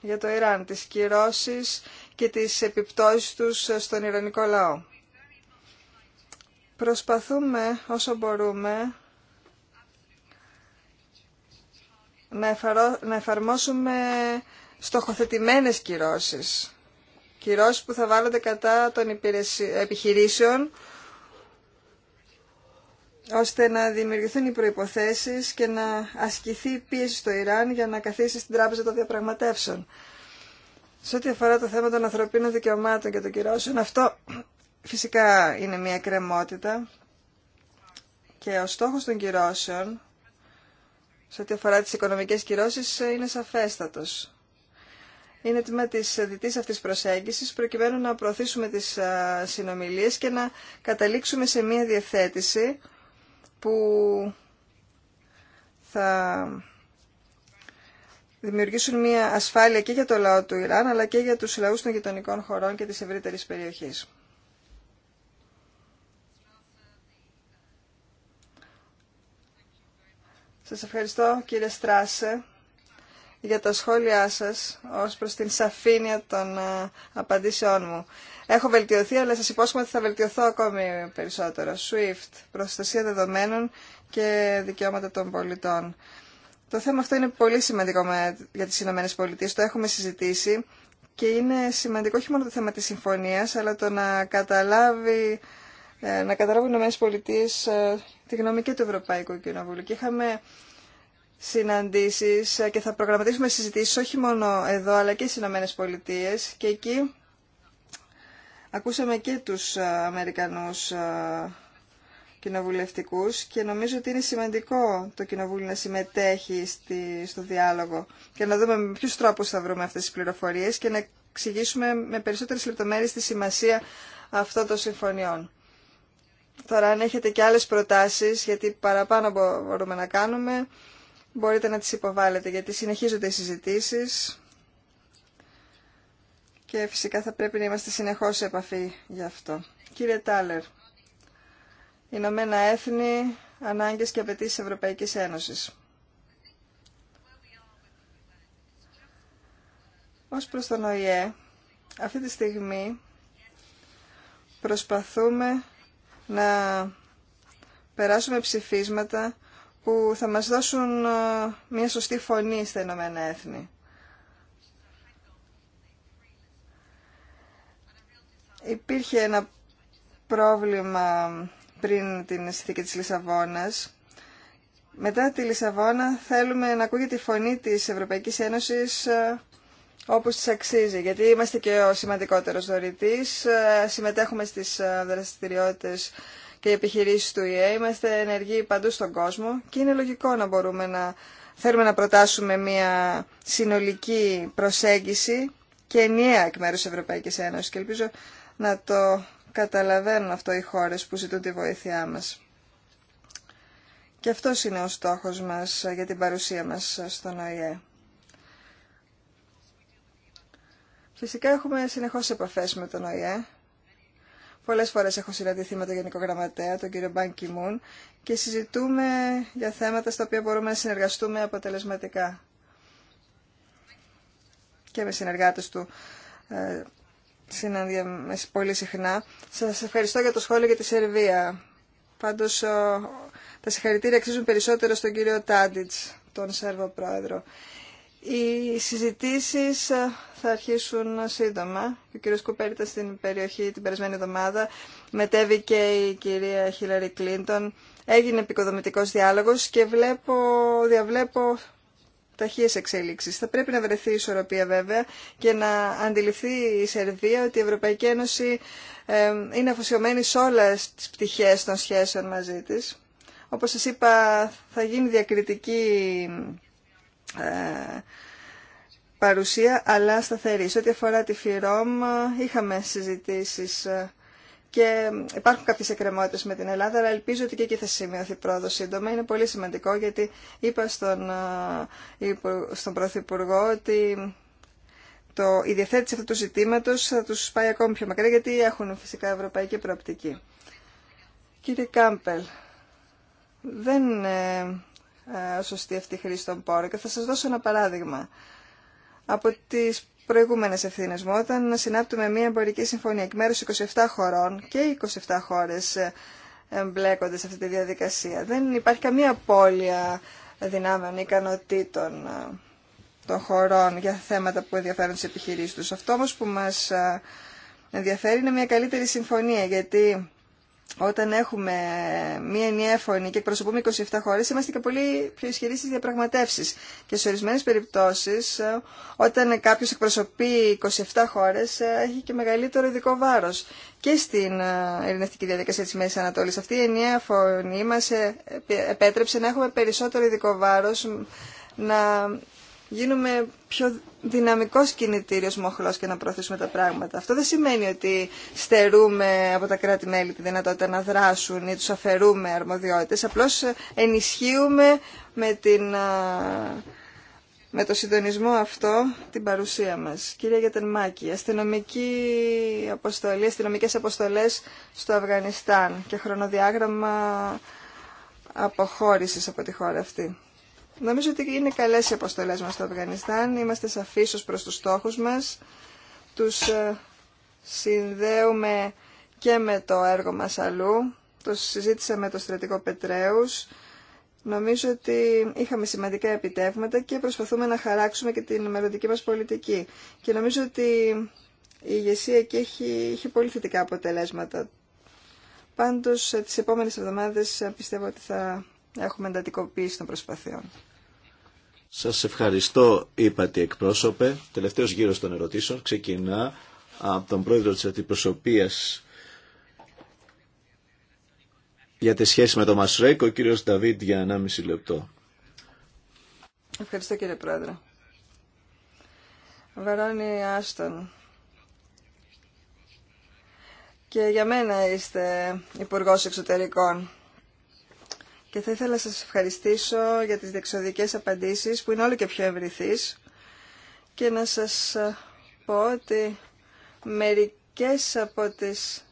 Speaker 3: για το Ιράν, τις κυρώσεις και τις επιπτώσεις τους στον Ιρανικό λαό. Προσπαθούμε όσο μπορούμε να εφαρμόσουμε στοχοθετημένες κυρώσεις. Κυρώσεις που θα βάλλονται κατά των επιχειρήσεων ώστε να δημιουργηθούν οι προϋποθέσεις και να ασκηθεί πίεση στο Ιράν για να καθίσει στην τράπεζα των διαπραγματεύσεων. Σε ό,τι αφορά το θέμα των ανθρωπίνων δικαιωμάτων και των κυρώσεων, αυτό φυσικά είναι μια κρεμότητα και ο στόχος των κυρώσεων σε ό,τι αφορά τις οικονομικές κυρώσεις είναι σαφέστατος είναι τμήμα τη δυτή αυτής προσέγγισης προκειμένου να προωθήσουμε τις συνομιλίε και να καταλήξουμε σε μια διευθέτηση που θα δημιουργήσουν μια ασφάλεια και για το λαό του Ιράν αλλά και για τους λαούς των γειτονικών χωρών και της ευρύτερης περιοχής. Σας ευχαριστώ κύριε Στράσε για τα σχόλιά σας ως προς την σαφήνεια των ε, απαντήσεών μου. Έχω βελτιωθεί, αλλά σας υπόσχομαι ότι θα βελτιωθώ ακόμη περισσότερο. SWIFT, προστασία δεδομένων και δικαιώματα των πολιτών. Το θέμα αυτό είναι πολύ σημαντικό για τις Ηνωμένες Πολιτείες, το έχουμε συζητήσει και είναι σημαντικό όχι μόνο το θέμα της συμφωνίας, αλλά το να καταλάβει ε, να καταλάβουν οι Ηνωμένες ε, τη γνώμη και του Ευρωπαϊκού Κοινοβούλου συναντήσεις και θα προγραμματίσουμε συζητήσεις όχι μόνο εδώ αλλά και στις Ηνωμένες Πολιτείες και εκεί ακούσαμε και τους ε, Αμερικανούς ε, κοινοβουλευτικούς και νομίζω ότι είναι σημαντικό το κοινοβούλιο να συμμετέχει στη, στο διάλογο και να δούμε με ποιους τρόπους θα βρούμε αυτές τις πληροφορίες και να εξηγήσουμε με περισσότερες λεπτομέρειες τη σημασία αυτών των συμφωνιών. Τώρα αν έχετε και άλλες προτάσεις, γιατί παραπάνω μπορούμε να κάνουμε, μπορείτε να τις υποβάλλετε γιατί συνεχίζονται οι συζητήσεις και φυσικά θα πρέπει να είμαστε συνεχώς σε επαφή γι' αυτό. Κύριε Τάλερ, Ηνωμένα Έθνη, Ανάγκες και Απαιτήσεις Ευρωπαϊκής Ένωσης. Ως προς τον ΟΗΕ, αυτή τη στιγμή προσπαθούμε να περάσουμε ψηφίσματα που θα μας δώσουν ε, μια σωστή φωνή στα Ηνωμένα Έθνη. Υπήρχε ένα πρόβλημα πριν την συνθήκη της Λισαβόνας. Μετά τη Λισαβόνα θέλουμε να ακούγεται η φωνή της Ευρωπαϊκής Ένωσης ε, όπως της αξίζει, γιατί είμαστε και ο σημαντικότερος δωρητής, ε, συμμετέχουμε στις δραστηριότητες και οι επιχειρήσει του ΙΕ. Είμαστε ενεργοί παντού στον κόσμο και είναι λογικό να μπορούμε να θέλουμε να προτάσουμε μια συνολική προσέγγιση και ενιαία εκ μέρου τη Ευρωπαϊκής Ένωσης και ελπίζω να το καταλαβαίνουν αυτό οι χώρες που ζητούν τη βοήθειά μα. Και αυτό είναι ο στόχο μα για την παρουσία μας στον ΟΗΕ. Φυσικά έχουμε συνεχώς επαφές με τον ΟΗΕ Πολλέ φορέ έχω συναντηθεί με τον Γενικό Γραμματέα, τον κύριο Μπαν Κιμούν, και συζητούμε για θέματα στα οποία μπορούμε να συνεργαστούμε αποτελεσματικά. Και με συνεργάτε του ε, συναντιέμαι πολύ συχνά. σα ευχαριστώ για το σχόλιο για τη Σερβία. Πάντως, τα συγχαρητήρια αξίζουν περισσότερο στον κύριο Τάντιτ, τον Σέρβο Πρόεδρο. Οι συζητήσεις ε, θα αρχίσουν σύντομα. Ο κύριος Κουπέριτα στην περιοχή την περασμένη εβδομάδα μετέβη και η κυρία Χίλαρη Κλίντον. Έγινε επικοδομητικός διάλογος και βλέπω, διαβλέπω ταχείες εξέλιξεις. Θα πρέπει να βρεθεί ισορροπία βέβαια και να αντιληφθεί η Σερβία ότι η Ευρωπαϊκή Ένωση ε, είναι αφοσιωμένη σε όλες τις πτυχές των σχέσεων μαζί της. Όπως σας είπα θα γίνει διακριτική ε, παρουσία αλλά σταθερή. Σε ό,τι αφορά τη ΦΥΡΟΜ είχαμε συζητήσεις ε, και υπάρχουν κάποιες εκκρεμότητες με την Ελλάδα, αλλά ελπίζω ότι και εκεί θα σημειωθεί πρόοδο σύντομα. Είναι πολύ σημαντικό γιατί είπα στον, ε, στον Πρωθυπουργό ότι το, η διαθέτηση αυτού του ζητήματος θα τους πάει ακόμη πιο μακριά γιατί έχουν φυσικά ευρωπαϊκή προοπτική. Κύριε Κάμπελ, δεν ε, σωστή αυτή χρήση των πόρων. Και θα σας δώσω ένα παράδειγμα. Από τις προηγούμενες ευθύνες μου, όταν συνάπτουμε μια εμπορική συμφωνία εκ μέρους 27 χωρών και 27 χώρες ε, εμπλέκονται σε αυτή τη διαδικασία. Δεν υπάρχει καμία απώλεια δυνάμεων ικανοτήτων ε, των χωρών για θέματα που ενδιαφέρουν τι επιχειρήσει του. Αυτό όμω που μα ενδιαφέρει είναι μια καλύτερη συμφωνία, γιατί όταν έχουμε μία ενιαία φωνή και εκπροσωπούμε 27 χώρε, είμαστε και πολύ πιο ισχυροί στι διαπραγματεύσει. Και σε ορισμένε περιπτώσει, ε, όταν κάποιο εκπροσωπεί 27 χώρε, ε, έχει και μεγαλύτερο ειδικό βάρο. Και στην ε, ειρηνευτική διαδικασία τη Μέση Ανατολή, αυτή η ενιαία φωνή μα επέτρεψε να έχουμε περισσότερο ειδικό βάρο, να γίνουμε πιο δυναμικός κινητήριο μοχλός και να προωθήσουμε τα πράγματα. Αυτό δεν σημαίνει ότι στερούμε από τα κράτη-μέλη τη δυνατότητα να δράσουν ή του αφαιρούμε αρμοδιότητες. Απλώς ενισχύουμε με, την, με το συντονισμό αυτό την παρουσία μας. Κυρία Γιατενμάκη, αστυνομική αποστολή, αστυνομικέ αποστολές στο Αφγανιστάν και χρονοδιάγραμμα αποχώρησης από τη χώρα αυτή. Νομίζω ότι είναι καλέ οι αποστολέ μα στο Αφγανιστάν. Είμαστε σαφείς ως προς τους στόχους μας. Τους ε, συνδέουμε και με το έργο μα αλλού. Το συζήτησα με το στρατικό Πετρέους. Νομίζω ότι είχαμε σημαντικά επιτεύγματα και προσπαθούμε να χαράξουμε και την μελλοντική μας πολιτική. Και νομίζω ότι η ηγεσία εκεί έχει, έχει πολύ θετικά αποτελέσματα. Πάντως, ε, τις επόμενες εβδομάδες ε, πιστεύω ότι θα έχουμε εντατικοποίηση των προσπαθειών.
Speaker 2: Σα ευχαριστώ, είπατε εκπρόσωπε. Τελευταίο γύρος των ερωτήσεων ξεκινά από τον πρόεδρο τη αντιπροσωπεία για τη σχέση με το Μασρέκ, ο κύριος Νταβίτ για 1,5 λεπτό.
Speaker 3: Ευχαριστώ κύριε Πρόεδρε. Βαρόνι Άστον. Και για μένα είστε υπουργό Εξωτερικών και θα ήθελα να σας ευχαριστήσω για τις δεξοδικές απαντήσεις που είναι όλο και πιο ευρυθείς και να σας ε, πω ότι μερικές από τις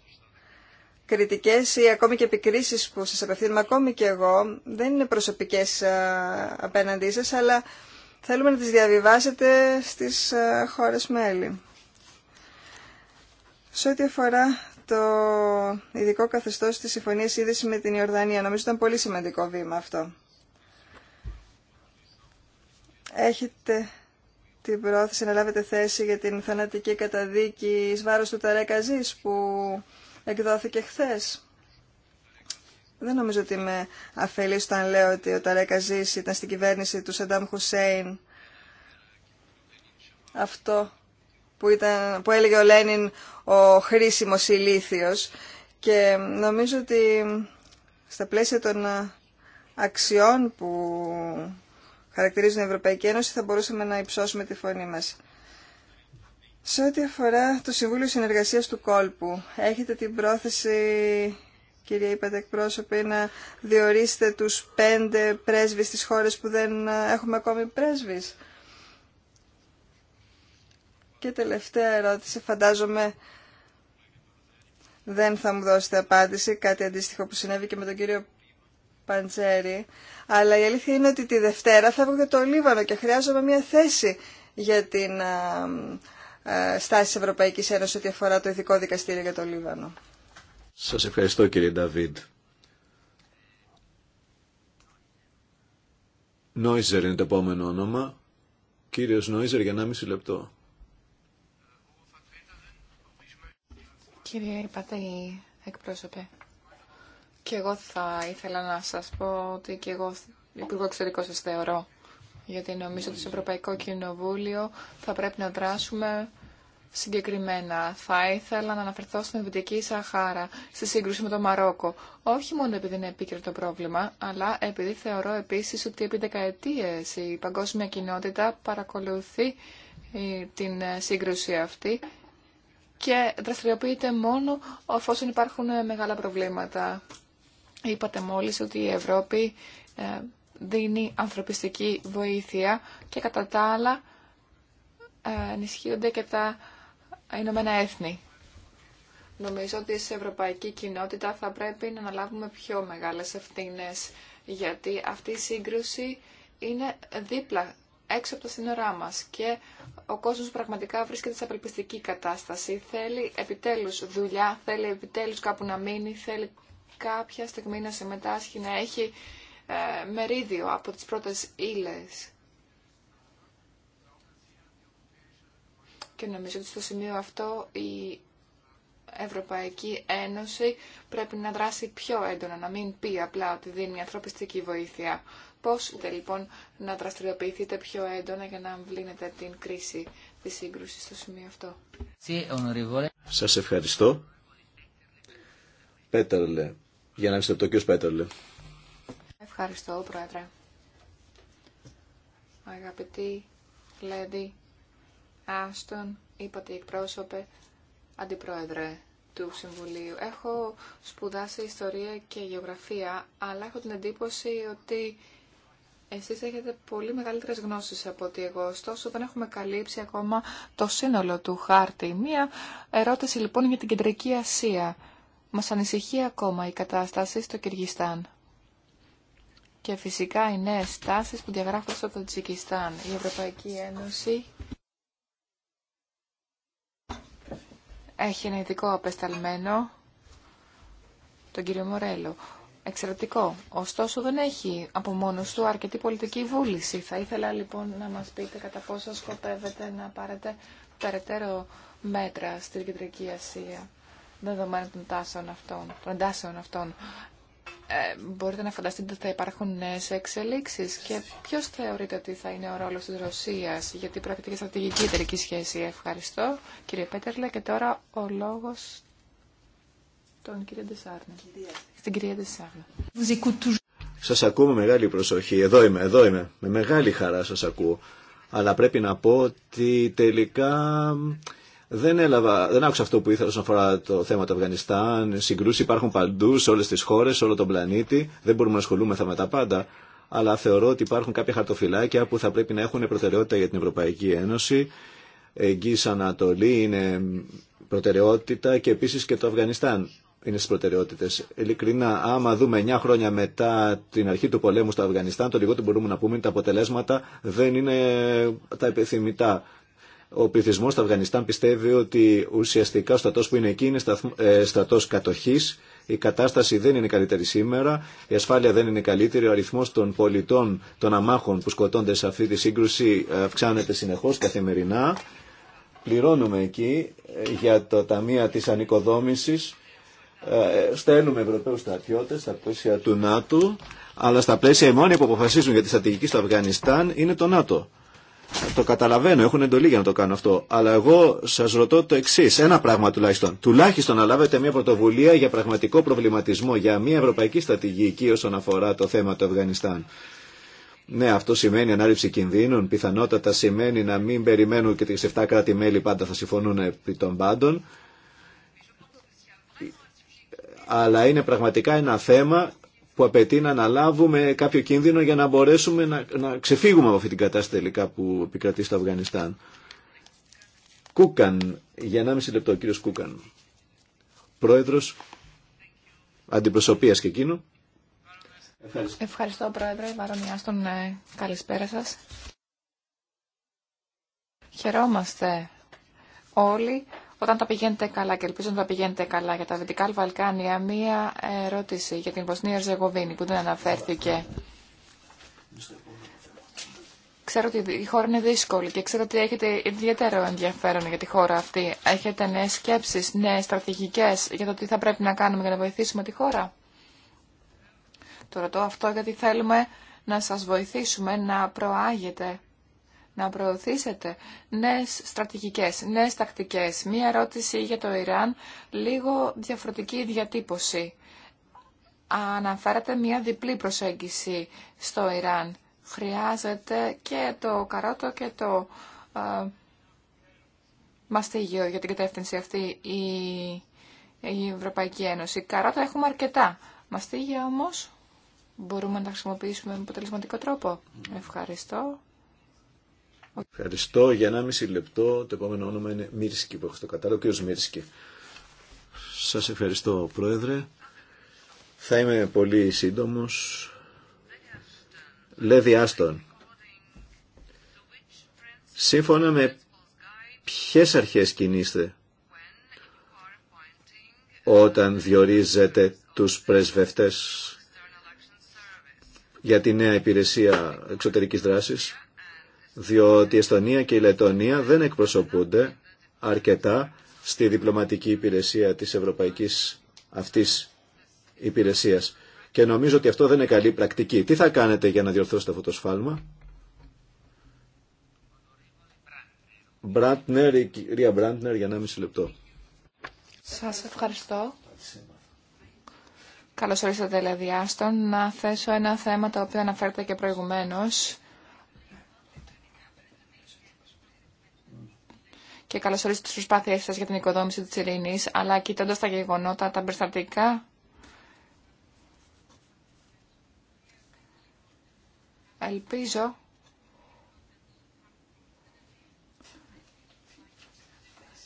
Speaker 3: κριτικές ή ακόμη και επικρίσεις που σας απευθύνουμε ακόμη και εγώ δεν είναι προσωπικές ε, απέναντί σας αλλά θέλουμε να τις διαβιβάσετε στις ε, χώρες μέλη. Σε ό,τι αφορά το ειδικό καθεστώς της Συμφωνία είδηση με την Ιορδανία. Νομίζω ήταν πολύ σημαντικό βήμα αυτό. Έχετε την πρόθεση να λάβετε θέση για την θανατική καταδίκη εις βάρος του Ταρέκα Ζής που εκδόθηκε χθες. Δεν νομίζω ότι είμαι αφελής όταν λέω ότι ο Ταρέκα Ζής ήταν στην κυβέρνηση του Σαντάμ Χουσέιν. Αυτό που, ήταν, που έλεγε ο Λένιν ο χρήσιμος ηλίθιος και νομίζω ότι στα πλαίσια των αξιών που χαρακτηρίζουν την Ευρωπαϊκή Ένωση θα μπορούσαμε να υψώσουμε τη φωνή μας. Σε ό,τι αφορά το Συμβούλιο Συνεργασίας του Κόλπου, έχετε την πρόθεση, κυρία είπατε εκπρόσωπη, να διορίσετε τους πέντε πρέσβεις στις χώρες που δεν έχουμε ακόμη πρέσβεις. Και τελευταία ερώτηση, φαντάζομαι δεν θα μου δώσετε απάντηση, κάτι αντίστοιχο που συνέβη και με τον κύριο Παντζέρη. Αλλά η αλήθεια είναι ότι τη Δευτέρα βγω για το Λίβανο και χρειάζομαι μια θέση για την στάση της Ευρωπαϊκής Ένωσης ό,τι αφορά το ειδικό δικαστήριο για το Λίβανο.
Speaker 2: Σας ευχαριστώ κύριε Νταβίδ. Νόιζερ είναι το επόμενο όνομα. Κύριος Νόιζερ για 1,5 λεπτό.
Speaker 4: Κύριε Υπατέη, εκπρόσωπε. Και εγώ θα ήθελα να σας πω ότι και εγώ Υπουργό Εξωτερικό σας θεωρώ. Γιατί νομίζω ότι στο Ευρωπαϊκό Κοινοβούλιο θα πρέπει να δράσουμε συγκεκριμένα. Θα ήθελα να αναφερθώ στην Βυτική Σαχάρα, στη σύγκρουση με το Μαρόκο. Όχι μόνο επειδή είναι επίκαιρο το πρόβλημα, αλλά επειδή θεωρώ επίσης ότι επί δεκαετίες η παγκόσμια κοινότητα παρακολουθεί ε, την ε, σύγκρουση αυτή και δραστηριοποιείται μόνο εφόσον υπάρχουν ε, μεγάλα προβλήματα. Είπατε μόλις ότι η Ευρώπη ε, δίνει ανθρωπιστική βοήθεια και κατά τα άλλα ε, ενισχύονται και τα Ηνωμένα Έθνη. Νομίζω ότι σε ευρωπαϊκή κοινότητα θα πρέπει να αναλάβουμε πιο μεγάλες ευθύνες, γιατί αυτή η σύγκρουση είναι δίπλα, έξω από τα σύνορά μας και ο κόσμος πραγματικά βρίσκεται σε απελπιστική κατάσταση. Θέλει επιτέλους δουλειά, θέλει επιτέλους κάπου να μείνει, θέλει κάποια στιγμή να συμμετάσχει, να έχει ε, μερίδιο από τις πρώτες ύλες. Και νομίζω ότι στο σημείο αυτό η Ευρωπαϊκή Ένωση πρέπει να δράσει πιο έντονα, να μην πει απλά ότι δίνει ανθρωπιστική βοήθεια. Πώς λοιπόν να δραστηριοποιηθείτε πιο έντονα για να αμβλύνετε την κρίση της σύγκρουσης στο σημείο αυτό.
Speaker 2: Σας ευχαριστώ. Πέτερλε, για να είστε το κύριο Πέτερλε.
Speaker 4: Ευχαριστώ, Πρόεδρε. Αγαπητοί, Λέντι, Άστον, είπατε εκπρόσωπε, Αντιπρόεδρε του Συμβουλίου. Έχω σπουδάσει ιστορία και γεωγραφία, αλλά έχω την εντύπωση ότι εσείς έχετε πολύ μεγαλύτερες γνώσεις από ότι εγώ, ωστόσο δεν έχουμε καλύψει ακόμα το σύνολο του χάρτη. Μία ερώτηση λοιπόν για την Κεντρική Ασία. Μας ανησυχεί ακόμα η κατάσταση στο Κυργιστάν. Και φυσικά οι νέες τάσεις που διαγράφονται στο Τζικιστάν. Η Ευρωπαϊκή Ένωση έχει ένα ειδικό απεσταλμένο, τον κύριο Μορέλο, εξαιρετικό. Ωστόσο δεν έχει από μόνος του αρκετή πολιτική βούληση. Θα ήθελα λοιπόν να μας πείτε κατά πόσο σκοπεύετε να πάρετε περαιτέρω μέτρα στην Κεντρική Ασία δεδομένων των τάσεων αυτών, των τάσεων αυτών. Ε, μπορείτε να φανταστείτε ότι θα υπάρχουν νέε εξελίξει και ποιο θεωρείτε ότι θα είναι ο ρόλο τη Ρωσία, γιατί πρόκειται για στρατηγική εταιρική σχέση. Ευχαριστώ, κύριε Πέτερλε, και τώρα ο λόγο τον
Speaker 2: Σας ακούω με μεγάλη προσοχή. Εδώ είμαι, εδώ είμαι. Με μεγάλη χαρά σας ακούω. Αλλά πρέπει να πω ότι τελικά δεν, έλαβα, δεν άκουσα αυτό που ήθελα όσον αφορά το θέμα του Αφγανιστάν. Συγκρούσει υπάρχουν παντού, σε όλες τις χώρες, σε όλο τον πλανήτη. Δεν μπορούμε να ασχολούμεθα με τα πάντα. Αλλά θεωρώ ότι υπάρχουν κάποια χαρτοφυλάκια που θα πρέπει να έχουν προτεραιότητα για την Ευρωπαϊκή Ένωση. Εγγύης Ανατολή είναι προτεραιότητα και επίση και το Αφγανιστάν είναι στι προτεραιότητε. Ειλικρινά, άμα δούμε 9 χρόνια μετά την αρχή του πολέμου στο Αφγανιστάν, το λιγότερο μπορούμε να πούμε είναι τα αποτελέσματα δεν είναι τα επιθυμητά. Ο πληθυσμό στο Αφγανιστάν πιστεύει ότι ουσιαστικά ο στρατό που είναι εκεί είναι ε, στρατό κατοχή. Η κατάσταση δεν είναι καλύτερη σήμερα, η ασφάλεια δεν είναι καλύτερη, ο αριθμό των πολιτών, των αμάχων που σκοτώνται σε αυτή τη σύγκρουση ε, αυξάνεται συνεχώ καθημερινά. Πληρώνουμε εκεί ε, για το ταμείο της Ανοικοδόμησης ε, στέλνουμε ευρωπαίου στρατιώτε στα πλαίσια του ΝΑΤΟ, αλλά στα πλαίσια οι μόνοι που αποφασίζουν για τη στρατηγική στο Αφγανιστάν είναι το ΝΑΤΟ. Το καταλαβαίνω, έχουν εντολή για να το κάνω αυτό. Αλλά εγώ σα ρωτώ το εξή. Ένα πράγμα τουλάχιστον. Τουλάχιστον να λάβετε μια πρωτοβουλία για πραγματικό προβληματισμό, για μια ευρωπαϊκή στρατηγική όσον αφορά το θέμα του Αφγανιστάν. Ναι, αυτό σημαίνει ανάληψη κινδύνων. Πιθανότατα σημαίνει να μην περιμένουν και τι 7 κράτη-μέλη πάντα θα συμφωνούν επί των πάντων αλλά είναι πραγματικά ένα θέμα που απαιτεί να αναλάβουμε κάποιο κίνδυνο για να μπορέσουμε να, να ξεφύγουμε από αυτή την κατάσταση τελικά που επικρατεί στο Αφγανιστάν. Κούκαν, για 1,5 λεπτό, ο κύριος Κούκαν, πρόεδρος αντιπροσωπείας και εκείνο.
Speaker 4: Ευχαριστώ, Ευχαριστώ πρόεδρε, Βαρονιά, στον ε, καλησπέρα σας. Χαιρόμαστε όλοι όταν τα πηγαίνετε καλά και ελπίζω να τα πηγαίνετε καλά για τα Δυτικά Βαλκάνια, μία ερώτηση για την Βοσνία Ζεγοβίνη που δεν αναφέρθηκε. Ξέρω ότι η χώρα είναι δύσκολη και ξέρω ότι έχετε ιδιαίτερο ενδιαφέρον για τη χώρα αυτή. Έχετε νέες σκέψεις, νέες στρατηγικές για το τι θα πρέπει να κάνουμε για να βοηθήσουμε τη χώρα. Το ρωτώ αυτό γιατί θέλουμε να σας βοηθήσουμε να προάγετε να προωθήσετε νέες στρατηγικές, νέες τακτικές. Μία ερώτηση για το Ιράν, λίγο διαφορετική διατύπωση. Αναφέρατε μία διπλή προσέγγιση στο Ιράν. Χρειάζεται και το καρότο και το ε, μαστίγιο για την κατεύθυνση αυτή η, Ευρωπαϊκή Ένωση. Καρότα έχουμε αρκετά. Μαστίγια όμως μπορούμε να τα χρησιμοποιήσουμε με αποτελεσματικό τρόπο. Ευχαριστώ.
Speaker 2: Ευχαριστώ. Για ένα μισή λεπτό το επόμενο όνομα είναι Μύρσκι που έχω στο κατάλογο. Κύριος Μύρσκι. Σας ευχαριστώ Πρόεδρε. Θα είμαι πολύ σύντομος. Λέδι Άστον. Σύμφωνα με ποιε αρχές κινείστε όταν διορίζετε τους πρεσβευτές για τη νέα υπηρεσία εξωτερικής δράσης διότι η Εστονία και η Λετωνία δεν εκπροσωπούνται αρκετά στη διπλωματική υπηρεσία της ευρωπαϊκής αυτής υπηρεσίας. Και νομίζω ότι αυτό δεν είναι καλή πρακτική. Τι θα κάνετε για να διορθώσετε αυτό το σφάλμα. Μπραντνερ, η κυρία Μπραντνερ για 1,5 λεπτό.
Speaker 4: Σας ευχαριστώ. Καλώς ορίσατε, Λεδιάστον. Δηλαδή, να θέσω ένα θέμα το οποίο αναφέρετε και προηγουμένως και καλωσορίζω τις προσπάθειές σας για την οικοδόμηση της ειρήνης, αλλά κοιτώντας τα γεγονότα, τα περιστατικά, ελπίζω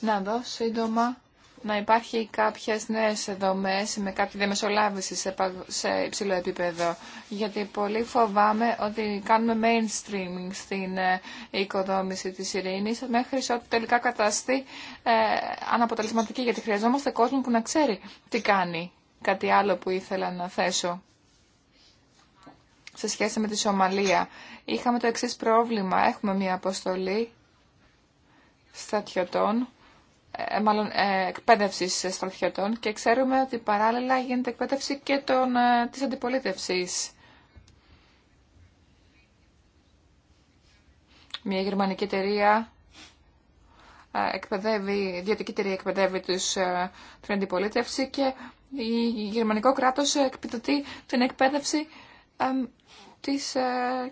Speaker 4: να δω σύντομα να υπάρχει κάποιες νέες δομέ με κάποια διαμεσολάβηση σε υψηλό επίπεδο. Γιατί πολύ φοβάμαι ότι κάνουμε mainstreaming στην ε, οικοδόμηση της ειρήνης μέχρι ότι τελικά καταστεί ε, αναποτελεσματική. Γιατί χρειαζόμαστε κόσμο που να ξέρει τι κάνει. Κάτι άλλο που ήθελα να θέσω σε σχέση με τη Σομαλία. Είχαμε το εξής πρόβλημα. Έχουμε μια αποστολή στατιωτών ε, μάλλον ε, εκπαίδευση στρατιωτών και ξέρουμε ότι παράλληλα γίνεται εκπαίδευση και των, ε, της αντιπολίτευσης. Μια γερμανική εταιρεία εκπαιδεύει, ιδιωτική εταιρεία εκπαιδεύει τους, την αντιπολίτευση και η γερμανικό κράτος εκπαιδευτεί την εκπαίδευση της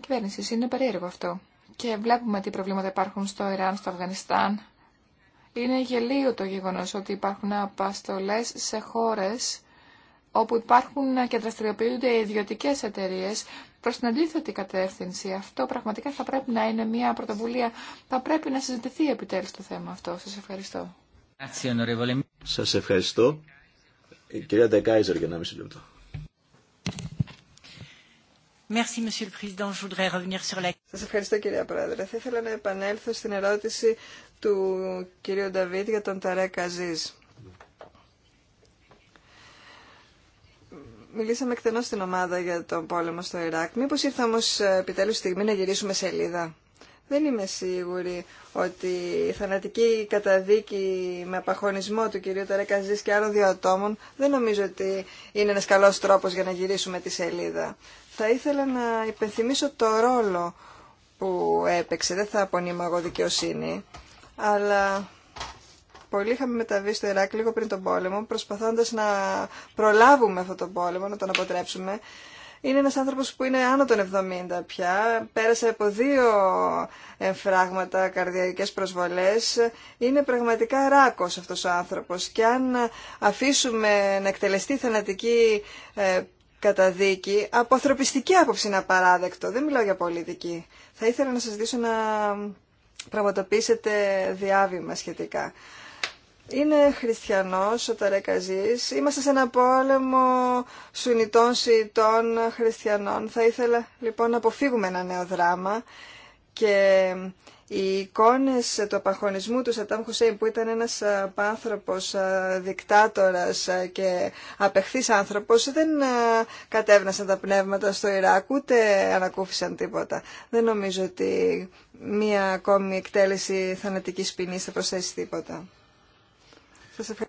Speaker 4: κυβέρνησης. Είναι περίεργο αυτό. Και βλέπουμε τι προβλήματα υπάρχουν στο Ιράν, στο Αφγανιστάν είναι γελίο το γεγονός ότι υπάρχουν απαστολές σε χώρες όπου υπάρχουν και δραστηριοποιούνται ιδιωτικέ εταιρείε προ την αντίθετη κατεύθυνση. Αυτό πραγματικά θα πρέπει να είναι μια πρωτοβουλία. Θα πρέπει να συζητηθεί επιτέλου το θέμα αυτό. Σα ευχαριστώ.
Speaker 2: Σα ευχαριστώ. κυρία Ντεκάιζερ για ένα μισή λεπτό.
Speaker 3: Σας ευχαριστώ κυρία Πρόεδρε. Θα ήθελα να επανέλθω στην ερώτηση του κυρίου Νταβίτ για τον Ταρέ Καζίζ. Μιλήσαμε εκτενώς στην ομάδα για τον πόλεμο στο Ιράκ. Μήπως ήρθα όμως ε, επιτέλους στιγμή να γυρίσουμε σελίδα. Δεν είμαι σίγουρη ότι η θανατική καταδίκη με απαχωνισμό του κυρίου Ταρέκαζής και άλλων δύο ατόμων δεν νομίζω ότι είναι ένας καλός τρόπος για να γυρίσουμε τη σελίδα. Θα ήθελα να υπενθυμίσω το ρόλο που έπαιξε, δεν θα απονείμω εγώ δικαιοσύνη, αλλά πολύ είχαμε μεταβεί στο Ιράκ λίγο πριν τον πόλεμο, προσπαθώντας να προλάβουμε αυτό τον πόλεμο, να τον αποτρέψουμε. Είναι ένας άνθρωπος που είναι άνω των 70 πια, πέρασε από δύο εμφράγματα, καρδιακές προσβολές. Είναι πραγματικά ράκος αυτός ο άνθρωπος και αν αφήσουμε να εκτελεστεί θανατική ε, καταδίκη, από ανθρωπιστική άποψη είναι απαράδεκτο, δεν μιλάω για πολιτική. Θα ήθελα να σας δείσω να πραγματοποιήσετε διάβημα σχετικά. Είναι χριστιανός ο Ταρεκαζής. Είμαστε σε ένα πόλεμο Σουνιτών, Σιητών, Χριστιανών. Θα ήθελα λοιπόν να αποφύγουμε ένα νέο δράμα και οι εικόνες του απαχωνισμού του Σατάμ Χουσέιν που ήταν ένας άνθρωπος δικτάτορας και απεχθής άνθρωπος δεν κατέβνασαν τα πνεύματα στο Ιράκ ούτε ανακούφισαν τίποτα. Δεν νομίζω ότι μία ακόμη εκτέλεση θανατικής ποινής θα προσθέσει τίποτα.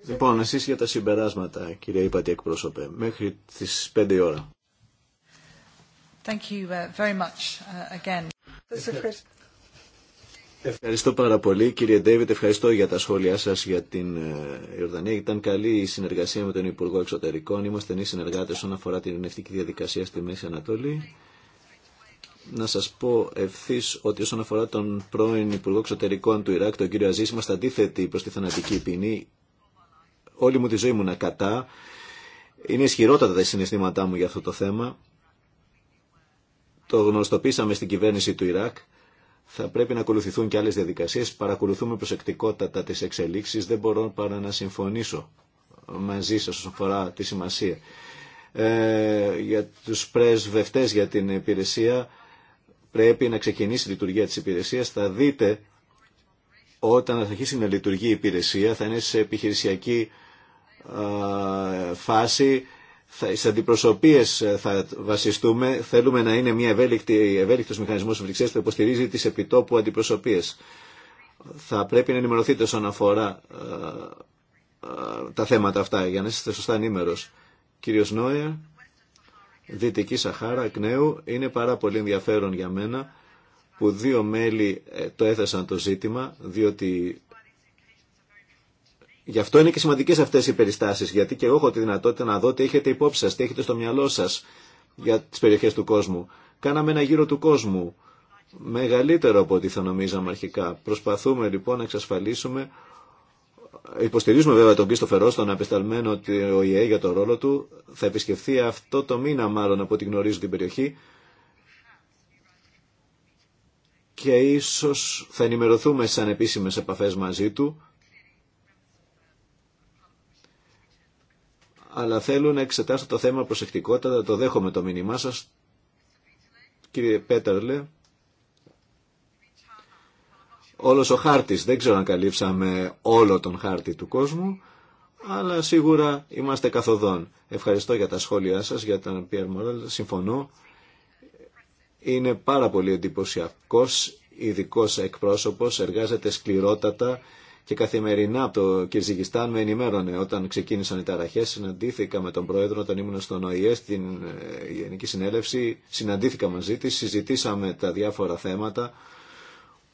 Speaker 3: Λοιπόν,
Speaker 2: εσείς για τα συμπεράσματα, κυρία Υπατή εκπρόσωπε, μέχρι τις 5 ώρα.
Speaker 3: Thank you uh, very much uh, again.
Speaker 2: Ευχαριστώ πάρα πολύ κύριε Ντέιβιτ, ευχαριστώ για τα σχόλιά σα για την ε, Ιορδανία. Ήταν καλή η συνεργασία με τον Υπουργό Εξωτερικών. Είμαστε νέοι συνεργάτες όσον αφορά την ειρηνευτική διαδικασία στη Μέση Ανατολή. Να σα πω ευθύ ότι όσον αφορά τον πρώην Υπουργό Εξωτερικών του Ιράκ, τον κύριο Αζής, είμαστε αντίθετοι προ τη θανατική ποινή. Όλη μου τη ζωή ήμουν κατά. Είναι ισχυρότατα τα συναισθήματά μου για αυτό το θέμα. Το γνωστοποίησαμε στην κυβέρνηση του Ιράκ θα πρέπει να ακολουθηθούν και άλλες διαδικασίες. Παρακολουθούμε προσεκτικότατα τις εξελίξεις. Δεν μπορώ παρά να συμφωνήσω μαζί σας όσον αφορά τη σημασία. Ε, για τους πρεσβευτές για την υπηρεσία πρέπει να ξεκινήσει η λειτουργία της υπηρεσία. Θα δείτε όταν θα αρχίσει να λειτουργεί η υπηρεσία θα είναι σε επιχειρησιακή ε, φάση στι αντιπροσωπείε ε, θα βασιστούμε. Θέλουμε να είναι μια ευέλικτη, ευέλικτος μηχανισμός Βρυξέλλες που υποστηρίζει τις επιτόπου αντιπροσωπείες. Θα πρέπει να ενημερωθείτε όσον αφορά ε, ε, τα θέματα αυτά για να είστε σωστά ενήμερος. Κύριος Νόε, Δυτική Σαχάρα, Κνέου, είναι πάρα πολύ ενδιαφέρον για μένα που δύο μέλη το έθεσαν το ζήτημα, διότι Γι' αυτό είναι και σημαντικέ αυτέ οι περιστάσει, γιατί και εγώ έχω τη δυνατότητα να δω τι έχετε υπόψη σα, τι έχετε στο μυαλό σα για τι περιοχέ του κόσμου. Κάναμε ένα γύρο του κόσμου, μεγαλύτερο από ό,τι θα νομίζαμε αρχικά. Προσπαθούμε λοιπόν να εξασφαλίσουμε, υποστηρίζουμε βέβαια τον Φερό, τον απεσταλμένο ότι ο ΟΗΕ για τον ρόλο του. Θα επισκεφθεί αυτό το μήνα, μάλλον από ό,τι γνωρίζω την περιοχή. Και ίσω θα ενημερωθούμε σαν επίσημε επαφέ μαζί του αλλά θέλω να εξετάσω το θέμα προσεκτικότατα, το δέχομαι το μήνυμά σας. Κύριε Πέτερλε, όλος ο χάρτης, δεν ξέρω αν καλύψαμε όλο τον χάρτη του κόσμου, αλλά σίγουρα είμαστε καθοδόν. Ευχαριστώ για τα σχόλιά σας, για τον Πιέρ Μορέλ, συμφωνώ. Είναι πάρα πολύ εντυπωσιακός, ειδικό εκπρόσωπος, εργάζεται σκληρότατα και καθημερινά από το Κυρζικιστάν με ενημέρωνε όταν ξεκίνησαν οι ταραχέ. Συναντήθηκα με τον πρόεδρο όταν ήμουν στον ΟΗΕ στην ε, Γενική Συνέλευση. Συναντήθηκα μαζί τη, συζητήσαμε τα διάφορα θέματα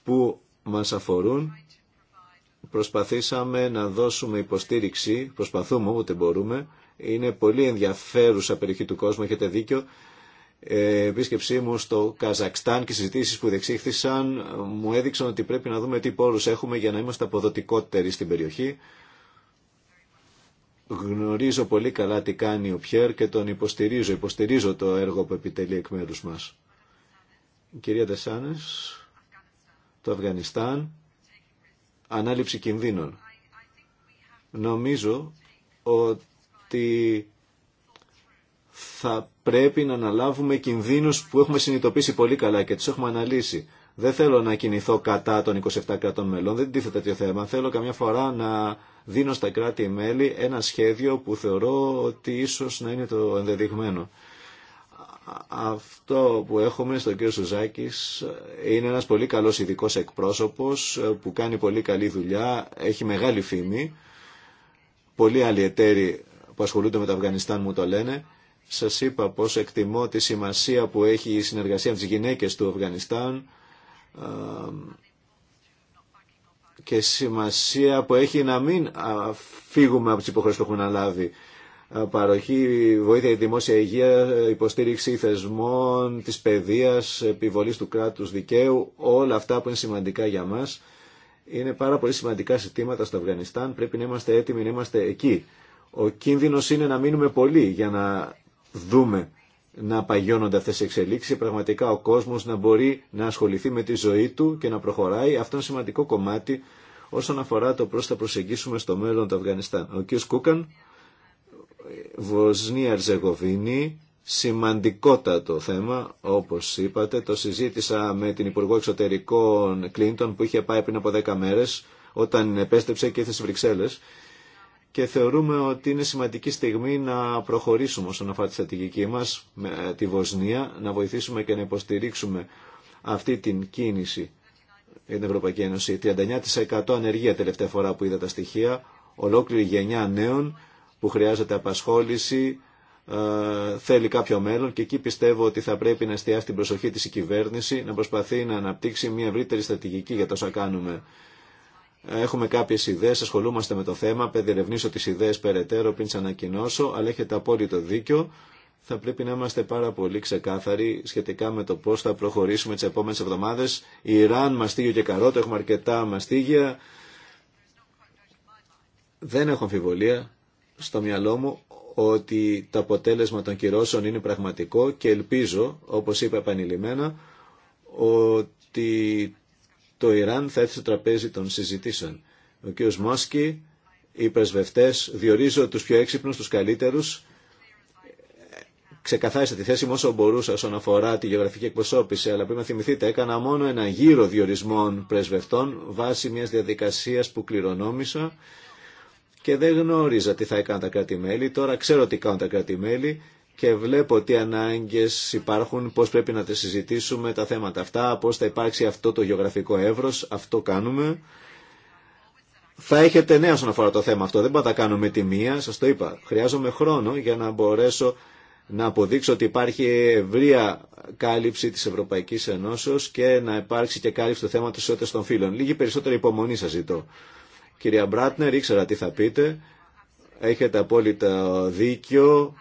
Speaker 2: που μα αφορούν. Προσπαθήσαμε να δώσουμε υποστήριξη, προσπαθούμε ό,τι μπορούμε. Είναι πολύ ενδιαφέρουσα περιοχή του κόσμου, έχετε δίκιο η ε, επίσκεψή μου στο Καζακστάν και οι συζητήσεις που διεξήχθησαν μου έδειξαν ότι πρέπει να δούμε τι πόρους έχουμε για να είμαστε αποδοτικότεροι στην περιοχή. Γνωρίζω πολύ καλά τι κάνει ο Πιέρ και τον υποστηρίζω. Υποστηρίζω το έργο που επιτελεί εκ μέρους μας. κυρία Τεσάνες, το Αφγανιστάν, ανάληψη κινδύνων. Νομίζω ότι θα πρέπει να αναλάβουμε κινδύνους που έχουμε συνειδητοποιήσει πολύ καλά και τους έχουμε αναλύσει. Δεν θέλω να κινηθώ κατά των 27 κρατών μελών, δεν τίθεται τέτοιο θέμα. Θέλω καμιά φορά να δίνω στα κράτη-μέλη ένα σχέδιο που θεωρώ ότι ίσως να είναι το ενδεδειγμένο. Αυτό που έχουμε στον κύριο Σουζάκης είναι ένας πολύ καλός ειδικό εκπρόσωπος που κάνει πολύ καλή δουλειά, έχει μεγάλη φήμη. Πολλοί άλλοι εταίροι που ασχολούνται με το Αφγανιστάν μου το λένε σας είπα πως εκτιμώ τη σημασία που έχει η συνεργασία με τις γυναίκες του Αφγανιστάν και σημασία που έχει να μην φύγουμε από τις υποχρεώσεις που έχουμε λάβει. Παροχή, βοήθεια για τη δημόσια υγεία, υποστήριξη θεσμών, της παιδείας, επιβολής του κράτους δικαίου, όλα αυτά που είναι σημαντικά για μας. Είναι πάρα πολύ σημαντικά ζητήματα στο Αφγανιστάν, πρέπει να είμαστε έτοιμοι να είμαστε εκεί. Ο κίνδυνος είναι να μείνουμε πολλοί για να δούμε να παγιώνονται αυτές οι εξελίξεις, πραγματικά ο κόσμος να μπορεί να ασχοληθεί με τη ζωή του και να προχωράει. Αυτό είναι σημαντικό κομμάτι όσον αφορά το πώς θα προσεγγίσουμε στο μέλλον το Αφγανιστάν. Ο κ. Κούκαν, Βοσνία Ερζεγοβίνη, σημαντικότατο θέμα, όπως είπατε. Το συζήτησα με την Υπουργό Εξωτερικών Κλίντον που είχε πάει πριν από 10 μέρες, όταν επέστρεψε και ήρθε στις Βρυξέλλες και θεωρούμε ότι είναι σημαντική στιγμή να προχωρήσουμε όσον αφορά τη στρατηγική μας με τη Βοσνία, να βοηθήσουμε και να υποστηρίξουμε αυτή την κίνηση για την Ευρωπαϊκή Ένωση. 39% ανεργία τελευταία φορά που είδα τα στοιχεία, ολόκληρη γενιά νέων που χρειάζεται απασχόληση, ε, θέλει κάποιο μέλλον και εκεί πιστεύω ότι θα πρέπει να εστιάσει την προσοχή της η κυβέρνηση, να προσπαθεί να αναπτύξει μια ευρύτερη στρατηγική για το κάνουμε Έχουμε κάποιε ιδέε, ασχολούμαστε με το θέμα, Πεδιερευνήσω τι ιδέε περαιτέρω πριν τι ανακοινώσω, αλλά έχετε απόλυτο δίκιο. Θα πρέπει να είμαστε πάρα πολύ ξεκάθαροι σχετικά με το πώ θα προχωρήσουμε τι επόμενε εβδομάδε. Ιράν, μαστίγιο και καρότο, έχουμε αρκετά μαστίγια. Δεν έχω αμφιβολία στο μυαλό μου ότι το αποτέλεσμα των κυρώσεων είναι πραγματικό και ελπίζω, όπως είπα επανειλημμένα, ότι το Ιράν θα έρθει στο τραπέζι των συζητήσεων. Ο κ. Μόσκι, οι πρεσβευτέ, διορίζω του πιο έξυπνου, του καλύτερου. ξεκαθάρισα τη θέση μου όσο μπορούσα όσον αφορά τη γεωγραφική εκπροσώπηση, αλλά πρέπει να θυμηθείτε, έκανα μόνο ένα γύρο διορισμών πρεσβευτών βάσει μια διαδικασία που κληρονόμησα και δεν γνώριζα τι θα έκαναν τα κράτη-μέλη. Τώρα ξέρω τι κάνουν τα κράτη-μέλη και βλέπω τι ανάγκες υπάρχουν, πώς πρέπει να τα συζητήσουμε τα θέματα αυτά, πώς θα υπάρξει αυτό το γεωγραφικό εύρος, αυτό κάνουμε. Θα έχετε νέα όσον αφορά το θέμα αυτό, δεν μπορώ να τα κάνω με τη μία, σας το είπα. Χρειάζομαι χρόνο για να μπορέσω να αποδείξω ότι υπάρχει ευρεία κάλυψη της Ευρωπαϊκής Ενώσεως και να υπάρξει και κάλυψη του θέματος τη ισότητας των φύλων. Λίγη περισσότερη υπομονή σας ζητώ. Κυρία Μπράτνερ, ήξερα τι θα πείτε. Έχετε απόλυτα δίκιο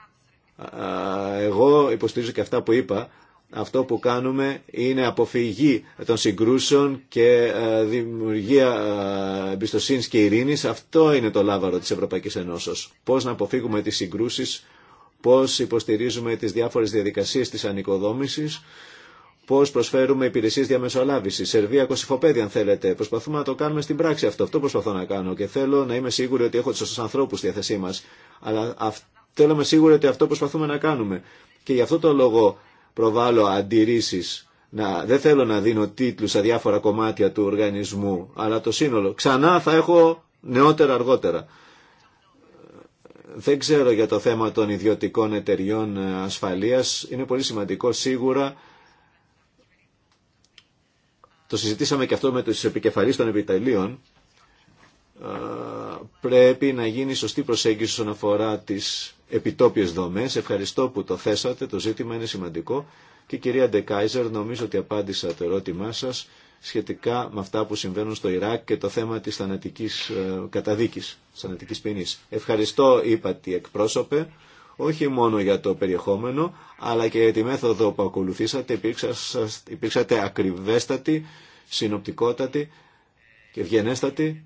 Speaker 2: εγώ υποστηρίζω και αυτά που είπα. Αυτό που κάνουμε είναι αποφυγή των συγκρούσεων και ε, δημιουργία ε, εμπιστοσύνη και ειρήνης. Αυτό είναι το λάβαρο της Ευρωπαϊκής Ενώσεως. Πώς να αποφύγουμε τις συγκρούσεις, πώς υποστηρίζουμε τις διάφορες διαδικασίες της ανοικοδόμησης, πώ προσφέρουμε υπηρεσίε διαμεσολάβηση. Σερβία, κοσυφοπέδη, αν θέλετε. Προσπαθούμε να το κάνουμε στην πράξη αυτό. Αυτό προσπαθώ να κάνω και θέλω να είμαι σίγουροι ότι έχω του ανθρώπου στη διάθεσή μα. Αλλά αυτό θέλουμε σίγουρα ότι αυτό προσπαθούμε να κάνουμε. Και γι' αυτό το λόγο προβάλλω αντιρρήσει Να, δεν θέλω να δίνω τίτλους σε διάφορα κομμάτια του οργανισμού, αλλά το σύνολο. Ξανά θα έχω νεότερα αργότερα. Δεν ξέρω για το θέμα των ιδιωτικών εταιριών ε, ασφαλείας. Είναι πολύ σημαντικό σίγουρα. Το συζητήσαμε και αυτό με τους επικεφαλείς των επιτελείων πρέπει να γίνει σωστή προσέγγιση όσον αφορά τις επιτόπιες δομές. Ευχαριστώ που το θέσατε, το ζήτημα είναι σημαντικό. Και κυρία Ντεκάιζερ, νομίζω ότι απάντησα το ερώτημά σας σχετικά με αυτά που συμβαίνουν στο Ιράκ και το θέμα της θανατικής ε, καταδίκης, της θανατικής ποινής. Ευχαριστώ, είπα τη εκπρόσωπε, όχι μόνο για το περιεχόμενο, αλλά και για τη μέθοδο που ακολουθήσατε, υπήρξατε, ακριβέστατη συνοπτικότατη και ευγενέστατη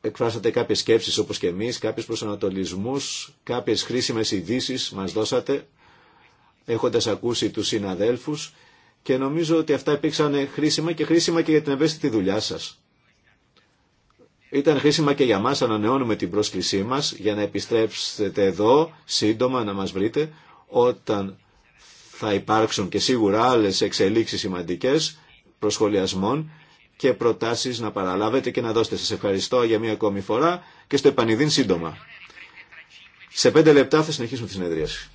Speaker 2: εκφράσατε κάποιες σκέψεις όπως και εμείς, κάποιους προσανατολισμούς, κάποιες χρήσιμες ειδήσει μας δώσατε, έχοντας ακούσει τους συναδέλφους και νομίζω ότι αυτά υπήρξαν χρήσιμα και χρήσιμα και για την ευαίσθητη δουλειά σας. Ήταν χρήσιμα και για μας, ανανεώνουμε την πρόσκλησή μας για να επιστρέψετε εδώ σύντομα να μας βρείτε όταν θα υπάρξουν και σίγουρα άλλες εξελίξεις σημαντικές προσχολιασμών και προτάσεις να παραλάβετε και να δώσετε. Σας ευχαριστώ για μία ακόμη φορά και στο επανειδήν σύντομα. Σε πέντε λεπτά θα συνεχίσουμε τη συνεδρίαση.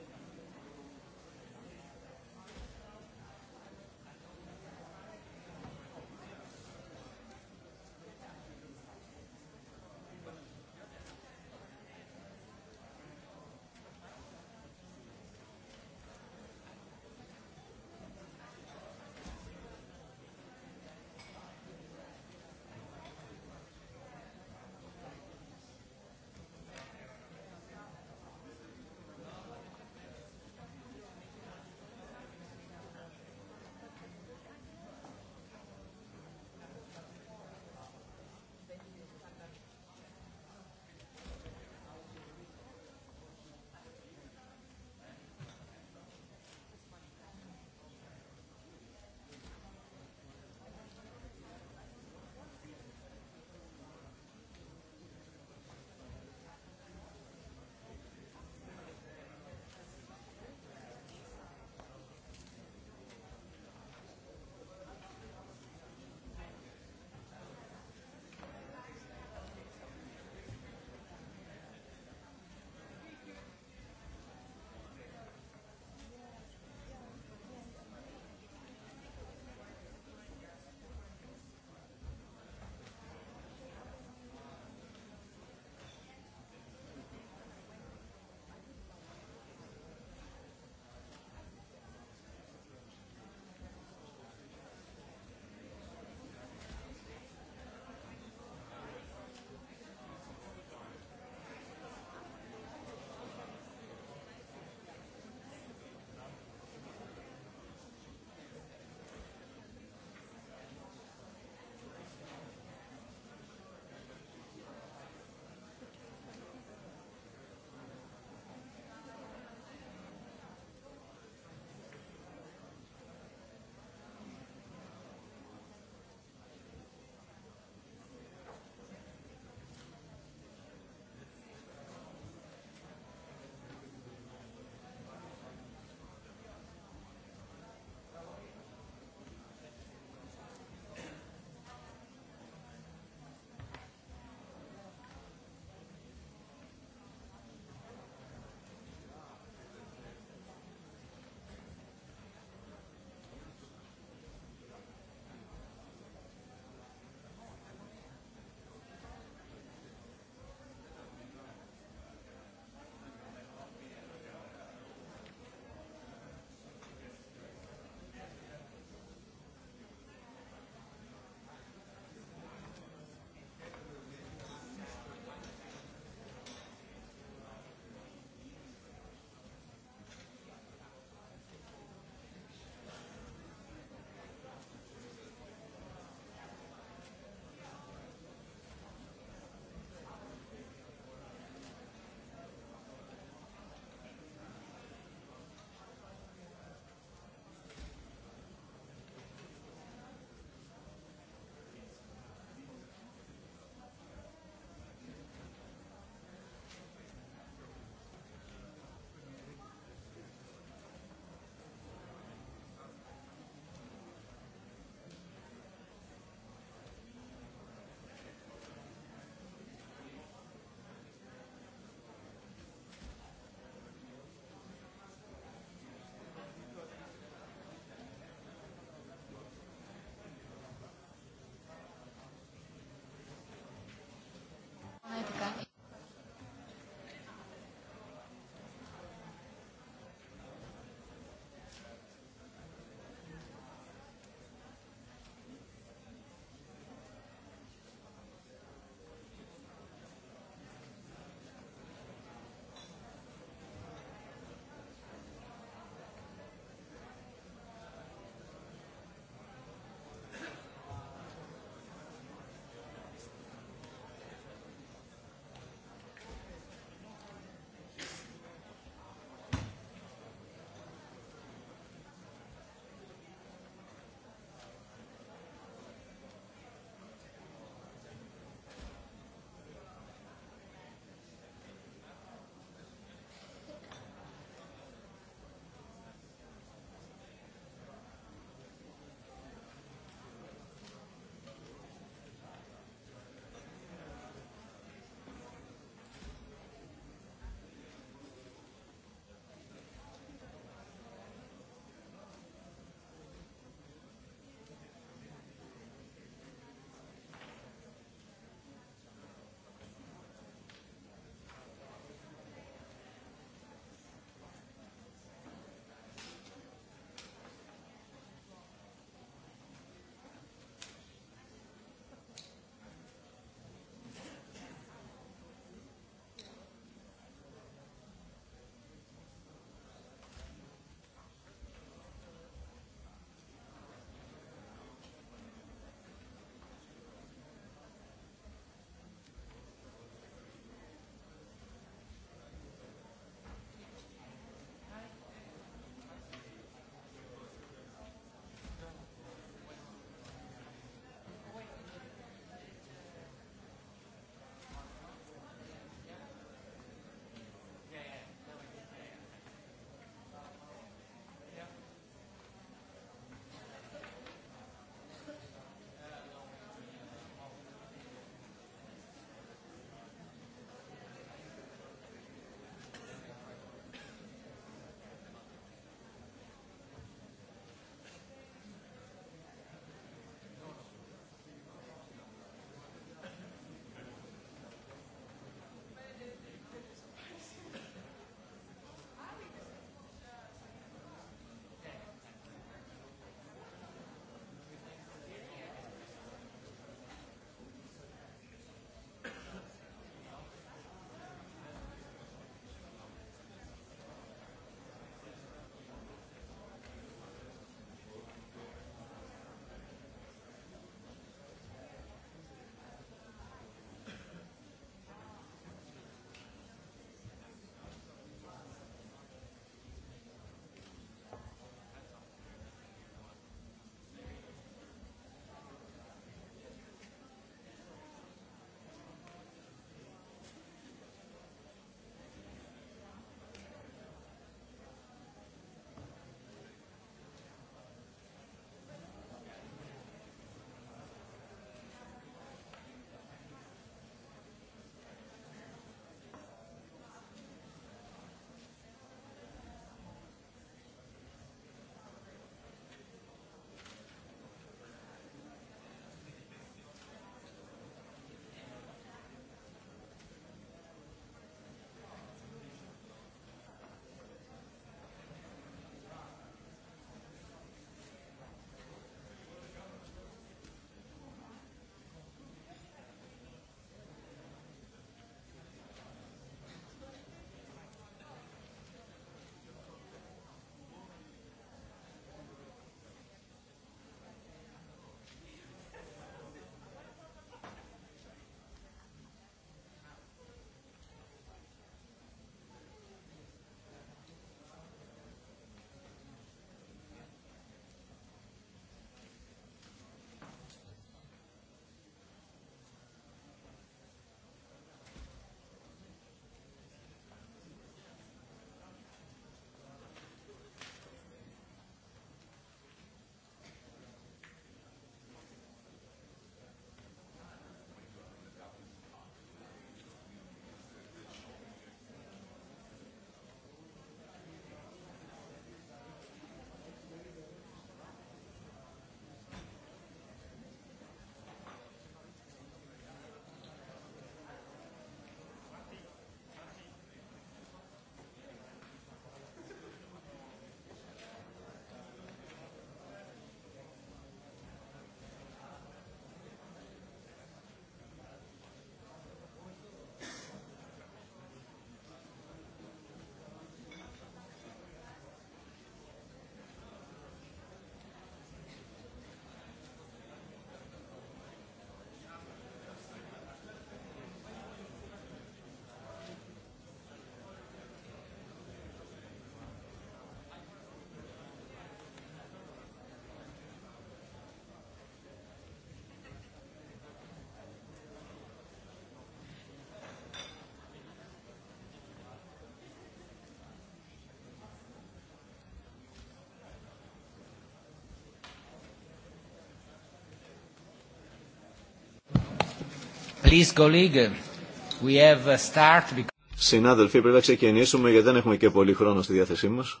Speaker 2: Συνάδελφοι, πρέπει να ξεκινήσουμε γιατί δεν έχουμε και πολύ χρόνο στη διάθεσή μας.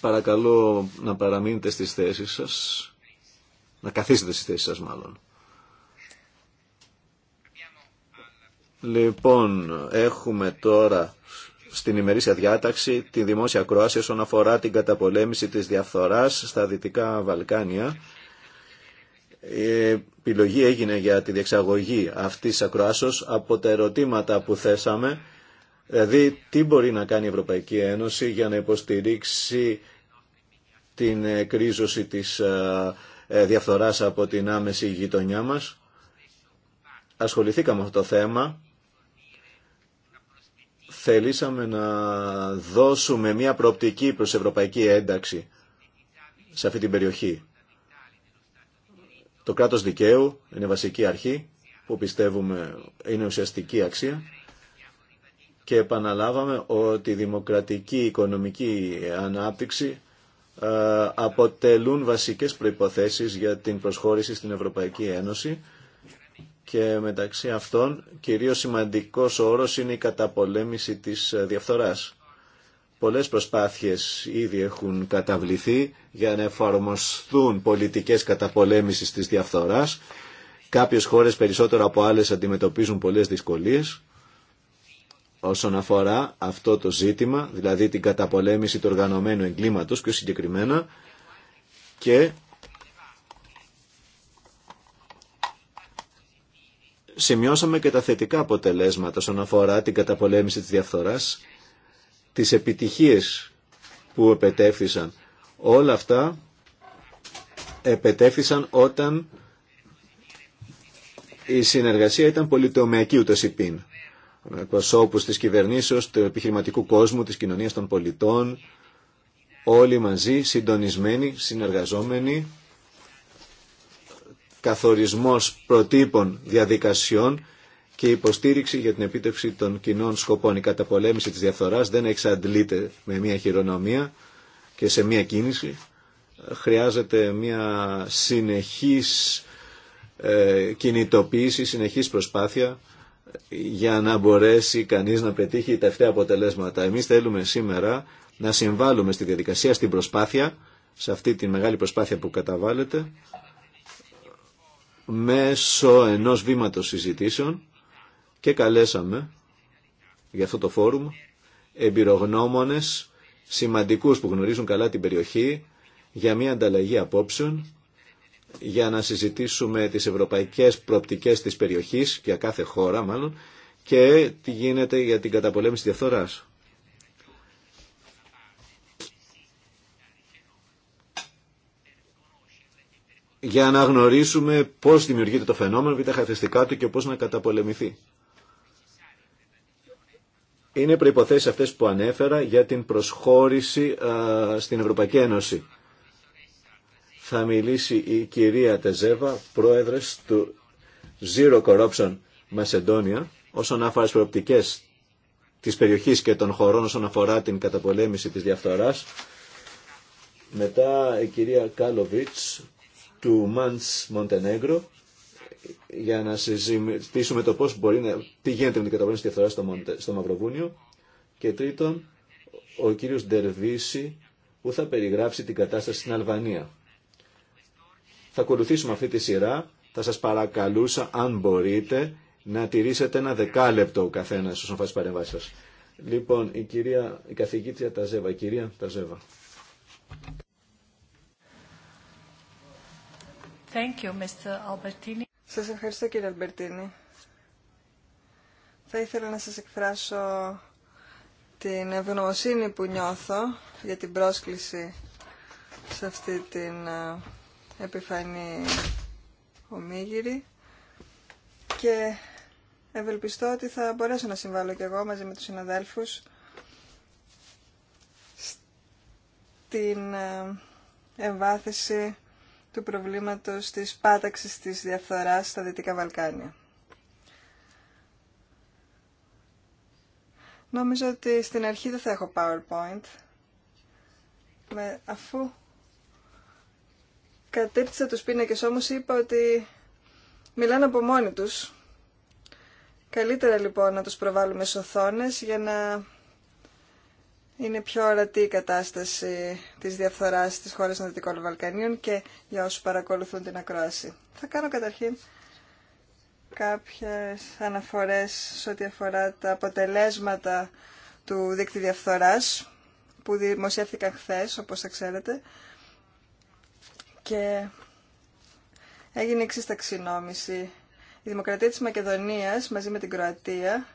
Speaker 2: Παρακαλώ να παραμείνετε στις θέσεις σας, να καθίσετε στις θέσεις σας μάλλον. Λοιπόν, έχουμε τώρα στην ημερήσια διάταξη τη δημόσια κρόαση όσον αφορά την καταπολέμηση της διαφθοράς στα Δυτικά Βαλκάνια. Η επιλογή έγινε για τη διεξαγωγή αυτής τη ακροάσεως από τα ερωτήματα που θέσαμε, δηλαδή τι μπορεί να κάνει η Ευρωπαϊκή Ένωση για να υποστηρίξει την κρίζωση της ε, ε, διαφθοράς από την άμεση γειτονιά μας. Ασχοληθήκαμε με αυτό το θέμα. Θελήσαμε να δώσουμε μια προοπτική προς ευρωπαϊκή ένταξη σε αυτή την περιοχή. Το κράτος δικαίου είναι βασική αρχή που πιστεύουμε είναι ουσιαστική αξία και επαναλάβαμε ότι η δημοκρατική οικονομική ανάπτυξη ε, αποτελούν βασικές προϋποθέσεις για την προσχώρηση στην Ευρωπαϊκή Ένωση και μεταξύ αυτών κυρίως σημαντικός όρος είναι η καταπολέμηση της διαφθοράς. Πολλές προσπάθειες ήδη έχουν καταβληθεί για να εφαρμοστούν πολιτικές καταπολέμησης της διαφθοράς. Κάποιες χώρες περισσότερο από άλλες αντιμετωπίζουν πολλές δυσκολίες όσον αφορά αυτό το ζήτημα, δηλαδή την καταπολέμηση του οργανωμένου εγκλήματος πιο συγκεκριμένα και σημειώσαμε και τα θετικά αποτελέσματα όσον αφορά την καταπολέμηση της διαφθοράς τις επιτυχίες που επετέφθησαν. Όλα αυτά επετέφθησαν όταν η συνεργασία ήταν πολιτομιακή ούτως πίν. Με της κυβερνήσεως, του επιχειρηματικού κόσμου, της κοινωνίας των πολιτών, όλοι μαζί, συντονισμένοι, συνεργαζόμενοι, καθορισμός προτύπων διαδικασιών και υποστήριξη για την επίτευξη των κοινών σκοπών. Η καταπολέμηση της διαφθοράς δεν εξαντλείται με μια χειρονομία και σε μια κίνηση. Χρειάζεται μια συνεχής ε, κινητοποίηση, συνεχής προσπάθεια για να μπορέσει κανείς να πετύχει τα ευθεία αποτελέσματα. Εμείς θέλουμε σήμερα να συμβάλλουμε στη διαδικασία, στην προσπάθεια, σε αυτή τη μεγάλη προσπάθεια που καταβάλλεται, μέσω ενός βήματος συζητήσεων, και καλέσαμε για αυτό το φόρουμ εμπειρογνώμονες σημαντικούς που γνωρίζουν καλά την περιοχή για μια ανταλλαγή απόψεων για να συζητήσουμε τις ευρωπαϊκές προοπτικές της περιοχής για κάθε χώρα μάλλον και τι γίνεται για την καταπολέμηση της διαφθοράς. για να γνωρίσουμε πώς δημιουργείται το φαινόμενο, τα χαρακτηριστικά του και πώς να καταπολεμηθεί είναι προϋποθέσεις αυτές που ανέφερα για την προσχώρηση στην Ευρωπαϊκή Ένωση. Θα μιλήσει η κυρία Τεζέβα, πρόεδρος του Zero Corruption Macedonia, όσον αφορά τις προοπτικές της περιοχής και των χωρών όσον αφορά την καταπολέμηση της διαφθοράς. Μετά η κυρία Κάλοβιτς του Μαντς Μοντενέγκρο, για να συζητήσουμε το πώς μπορεί να... τι γίνεται με την καταβολή της διαφθοράς στο, Μαυροβούνιο. Και τρίτον, ο κύριος Ντερβίση που θα περιγράψει την κατάσταση στην Αλβανία. Θα ακολουθήσουμε αυτή τη σειρά. Θα σας παρακαλούσα, αν μπορείτε, να τηρήσετε ένα δεκάλεπτο ο καθένας όσον αφορά τις παρεμβάσεις σας. Λοιπόν, η, κυρία, η καθηγήτρια Ταζέβα. Η κυρία Ταζέβα.
Speaker 3: Thank you, Mr. Albertini. Σας ευχαριστώ κύριε Αλμπερτίνη. Θα ήθελα να σας εκφράσω την ευγνωμοσύνη που νιώθω για την πρόσκληση σε αυτή την επιφανή ομίγυρη και ευελπιστώ ότι θα μπορέσω να συμβάλλω κι εγώ μαζί με τους συναδέλφους στην εμβάθυνση του προβλήματος της πάταξης της διαφθοράς στα Δυτικά Βαλκάνια. Νομίζω ότι στην αρχή δεν θα έχω PowerPoint, με, αφού κατέπτυσα τους πίνακες όμως είπα ότι μιλάνε από μόνοι τους. Καλύτερα λοιπόν να τους προβάλλουμε οθόνες για να είναι πιο ορατή η κατάσταση της διαφθοράς της χώρε των Δυτικών Βαλκανίων και για όσους παρακολουθούν την ακρόαση. Θα κάνω καταρχήν κάποιες αναφορές σε ό,τι αφορά τα αποτελέσματα του δίκτυου διαφθοράς που δημοσιεύθηκαν χθε, όπως θα ξέρετε και έγινε εξή ταξινόμηση. Η Δημοκρατία της Μακεδονίας μαζί με την Κροατία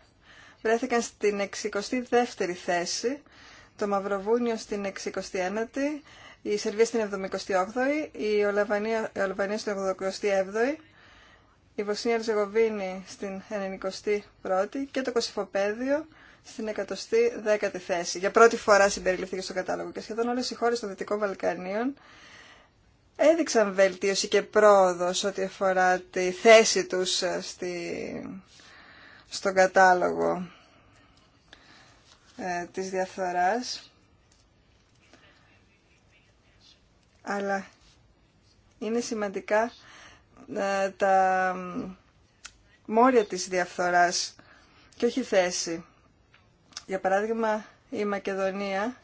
Speaker 3: βρέθηκαν στην 62η θέση το Μαυροβούνιο στην 69η, η Σερβία στην 78η, η Αλβανία, η Αλβανία στην 87η, η Βοσνία στην 91η και το Κωσυφοπαίδιο στην 110η θέση. Για πρώτη φορά συμπεριληφθήκε στο κατάλογο και σχεδόν όλες οι χώρες των Δυτικών Βαλκανίων έδειξαν βελτίωση και πρόοδος ό,τι αφορά τη θέση τους ε, στη... στον κατάλογο ε, της διαφθοράς αλλά είναι σημαντικά ε, τα μόρια της διαφθοράς και όχι θέση. Για παράδειγμα, η Μακεδονία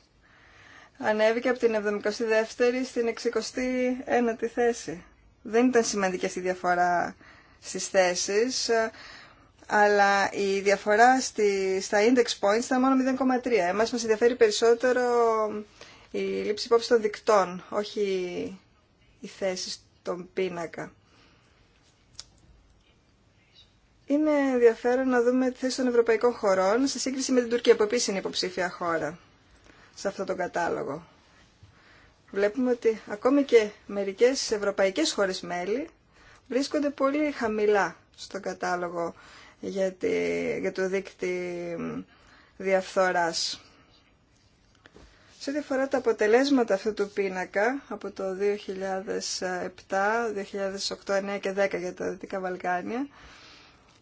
Speaker 3: ανέβηκε από την 72η στην 69η θέση. Δεν ήταν σημαντική αυτή η διαφορά στις θέσεις, αλλά η διαφορά στη, στα index points ήταν μόνο 0,3. Εμάς μας ενδιαφέρει περισσότερο η λήψη υπόψη των δικτών, όχι η θέση στον πίνακα. Είναι ενδιαφέρον να δούμε τη θέση των ευρωπαϊκών χωρών σε σύγκριση με την Τουρκία, που επίσης είναι υποψήφια χώρα σε αυτό τον κατάλογο. Βλέπουμε ότι ακόμη και μερικές ευρωπαϊκές χώρες μέλη βρίσκονται πολύ χαμηλά στον κατάλογο για, για το δίκτυ διαφθοράς. Σε ό,τι αφορά τα αποτελέσματα αυτού του πίνακα από το 2007, 2008, 2009 και 2010 για τα Δυτικά Βαλκάνια,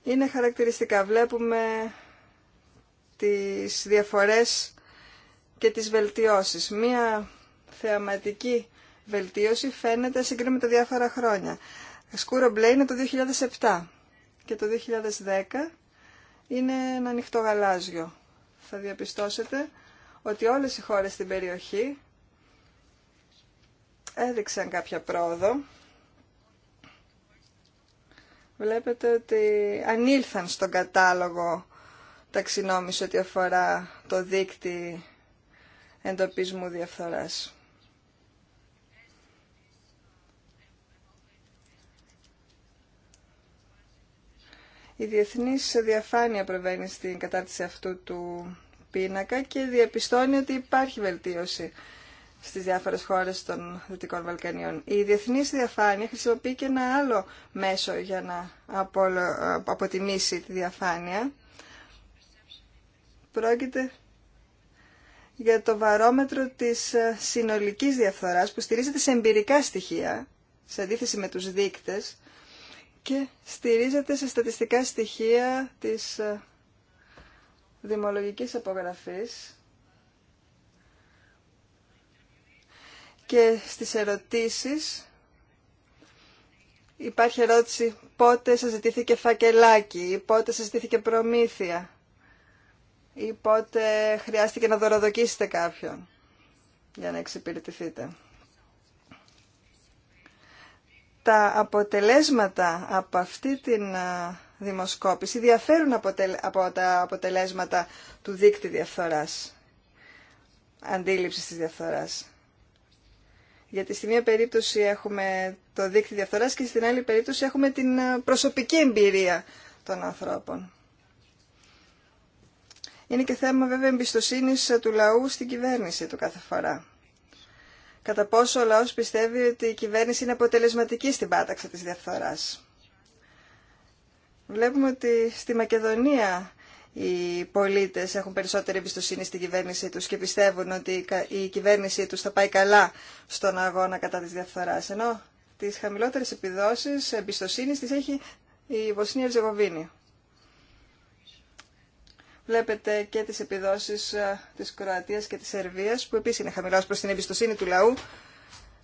Speaker 3: είναι χαρακτηριστικά. Βλέπουμε τις διαφορές και τις βελτιώσεις. Μία θεαματική βελτίωση φαίνεται συγκρίνει με τα διάφορα χρόνια. Σκούρο μπλε είναι το 2007 και το 2010 είναι ένα ανοιχτό γαλάζιο. Θα διαπιστώσετε ότι όλες οι χώρες στην περιοχή έδειξαν κάποια πρόοδο. Βλέπετε ότι ανήλθαν στον κατάλογο ταξινόμηση ό,τι αφορά το δίκτυ εντοπισμού διαφθοράς. Η διεθνής διαφάνεια προβαίνει στην κατάρτιση αυτού του πίνακα και διαπιστώνει ότι υπάρχει βελτίωση στις διάφορες χώρες των Δυτικών Βαλκανίων. Η διεθνής διαφάνεια χρησιμοποιεί και ένα άλλο μέσο για να αποτιμήσει τη διαφάνεια. Πρόκειται για το βαρόμετρο της συνολικής διαφθοράς που στηρίζεται σε εμπειρικά στοιχεία, σε αντίθεση με τους δείκτες, και στηρίζεται σε στατιστικά στοιχεία της ε, δημολογικής απογραφής και στις ερωτήσεις υπάρχει ερώτηση πότε σας ζητήθηκε φακελάκι πότε σας ζητήθηκε προμήθεια ή πότε χρειάστηκε να δωροδοκίσετε κάποιον για να εξυπηρετηθείτε τα αποτελέσματα από αυτή την δημοσκόπηση διαφέρουν από τα αποτελέσματα του δίκτυ διαφθοράς, αντίληψης της διαφθοράς. Γιατί στη μία περίπτωση έχουμε το δίκτυ διαφθοράς και στην άλλη περίπτωση έχουμε την προσωπική εμπειρία των ανθρώπων. Είναι και θέμα βέβαια εμπιστοσύνης του λαού στην κυβέρνηση του κάθε φορά κατά πόσο ο λαός πιστεύει ότι η κυβέρνηση είναι αποτελεσματική στην πάταξη της διαφθοράς. Βλέπουμε ότι στη Μακεδονία οι πολίτες έχουν περισσότερη εμπιστοσύνη στην κυβέρνησή τους και πιστεύουν ότι η κυβέρνησή τους θα πάει καλά στον αγώνα κατά της διαφθοράς. Ενώ τις χαμηλότερες επιδόσεις εμπιστοσύνης τις έχει η Βοσνία Ζεγοβίνη. Βλέπετε και τις επιδόσεις ε, της Κροατίας και της Σερβίας, που επίσης είναι χαμηλά προς την εμπιστοσύνη του λαού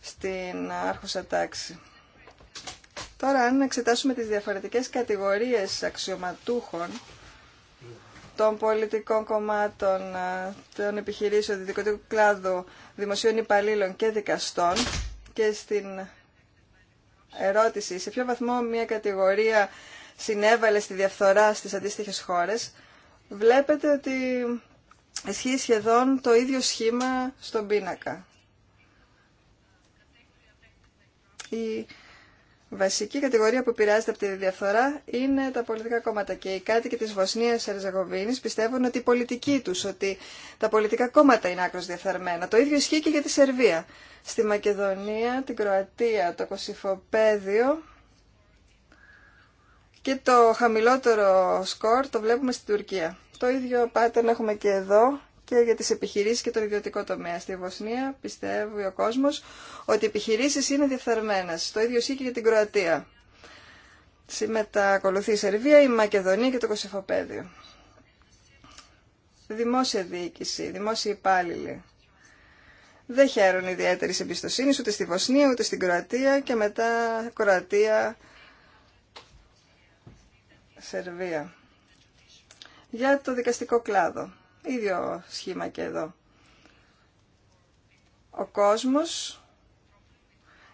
Speaker 3: στην άρχουσα τάξη. Τώρα, αν εξετάσουμε τις διαφορετικές κατηγορίες αξιωματούχων, των πολιτικών κομμάτων, ε, των επιχειρήσεων, διδικοτικού κλάδου, δημοσίων υπαλλήλων και δικαστών και στην ερώτηση σε ποιο βαθμό μια κατηγορία συνέβαλε στη διαφθορά στις αντίστοιχες χώρες, βλέπετε ότι ισχύει σχεδόν το ίδιο σχήμα στον πίνακα. Η βασική κατηγορία που πειράζεται από τη διαφθορά είναι τα πολιτικά κόμματα και οι κάτοικοι της Βοσνίας Ερζεγοβίνης πιστεύουν ότι η πολιτική τους, ότι τα πολιτικά κόμματα είναι άκρως διαφθαρμένα. Το ίδιο ισχύει και για τη Σερβία. Στη Μακεδονία, την Κροατία, το Κωσυφοπαίδιο και το χαμηλότερο σκορ το βλέπουμε στην Τουρκία. Το ίδιο pattern έχουμε και εδώ και για τις επιχειρήσεις και τον ιδιωτικό τομέα. Στη Βοσνία πιστεύει ο κόσμος ότι οι επιχειρήσεις είναι διεφθαρμένες. Το ίδιο ισχύει και για την Κροατία. Σήμερα ακολουθεί η Σερβία, η Μακεδονία και το Κωσυφοπαίδιο. Δημόσια διοίκηση, δημόσιοι υπάλληλοι. Δεν χαίρουν ιδιαίτερη εμπιστοσύνη ούτε στη Βοσνία ούτε στην Κροατία και μετά Κροατία, Σερβία για το δικαστικό κλάδο. Ίδιο σχήμα και εδώ. Ο κόσμος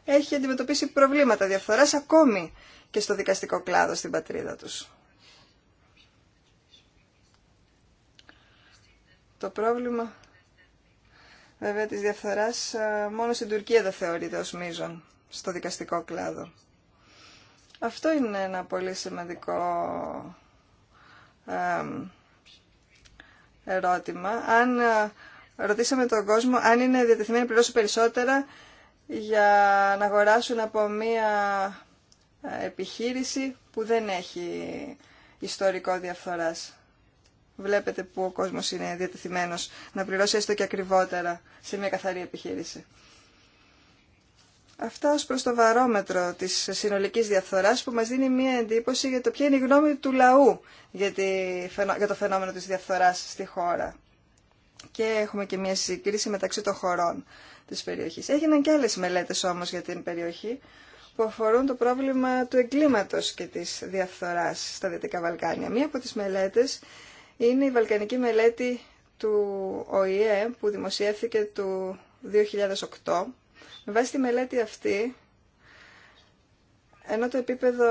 Speaker 3: έχει αντιμετωπίσει προβλήματα διαφθοράς ακόμη και στο δικαστικό κλάδο στην πατρίδα τους. Το πρόβλημα βέβαια της διαφθοράς ε, μόνο στην Τουρκία δεν θεωρείται ως μείζον στο δικαστικό κλάδο. Αυτό είναι ένα πολύ σημαντικό ερώτημα. Αν ε, ρωτήσαμε τον κόσμο αν είναι διατεθειμένοι να πληρώσουν περισσότερα για να αγοράσουν από μία ε, επιχείρηση που δεν έχει ιστορικό διαφθοράς. Βλέπετε που ο κόσμος είναι διατεθειμένος να πληρώσει έστω και ακριβότερα σε μια καθαρή επιχείρηση. Αυτά ως προς το βαρόμετρο της συνολικής διαφθοράς που μας δίνει μία εντύπωση για το ποια είναι η γνώμη του λαού για, το φαινόμενο της διαφθοράς στη χώρα. Και έχουμε και μία συγκρίση μεταξύ των χωρών της περιοχής. Έγιναν και άλλες μελέτες όμως για την περιοχή που αφορούν το πρόβλημα του εγκλήματος και της διαφθοράς στα Δυτικά Βαλκάνια. Μία από τις μελέτες είναι η Βαλκανική μελέτη του ΟΗΕ που δημοσιεύθηκε το 2008 με βάση τη μελέτη αυτή, ενώ το επίπεδο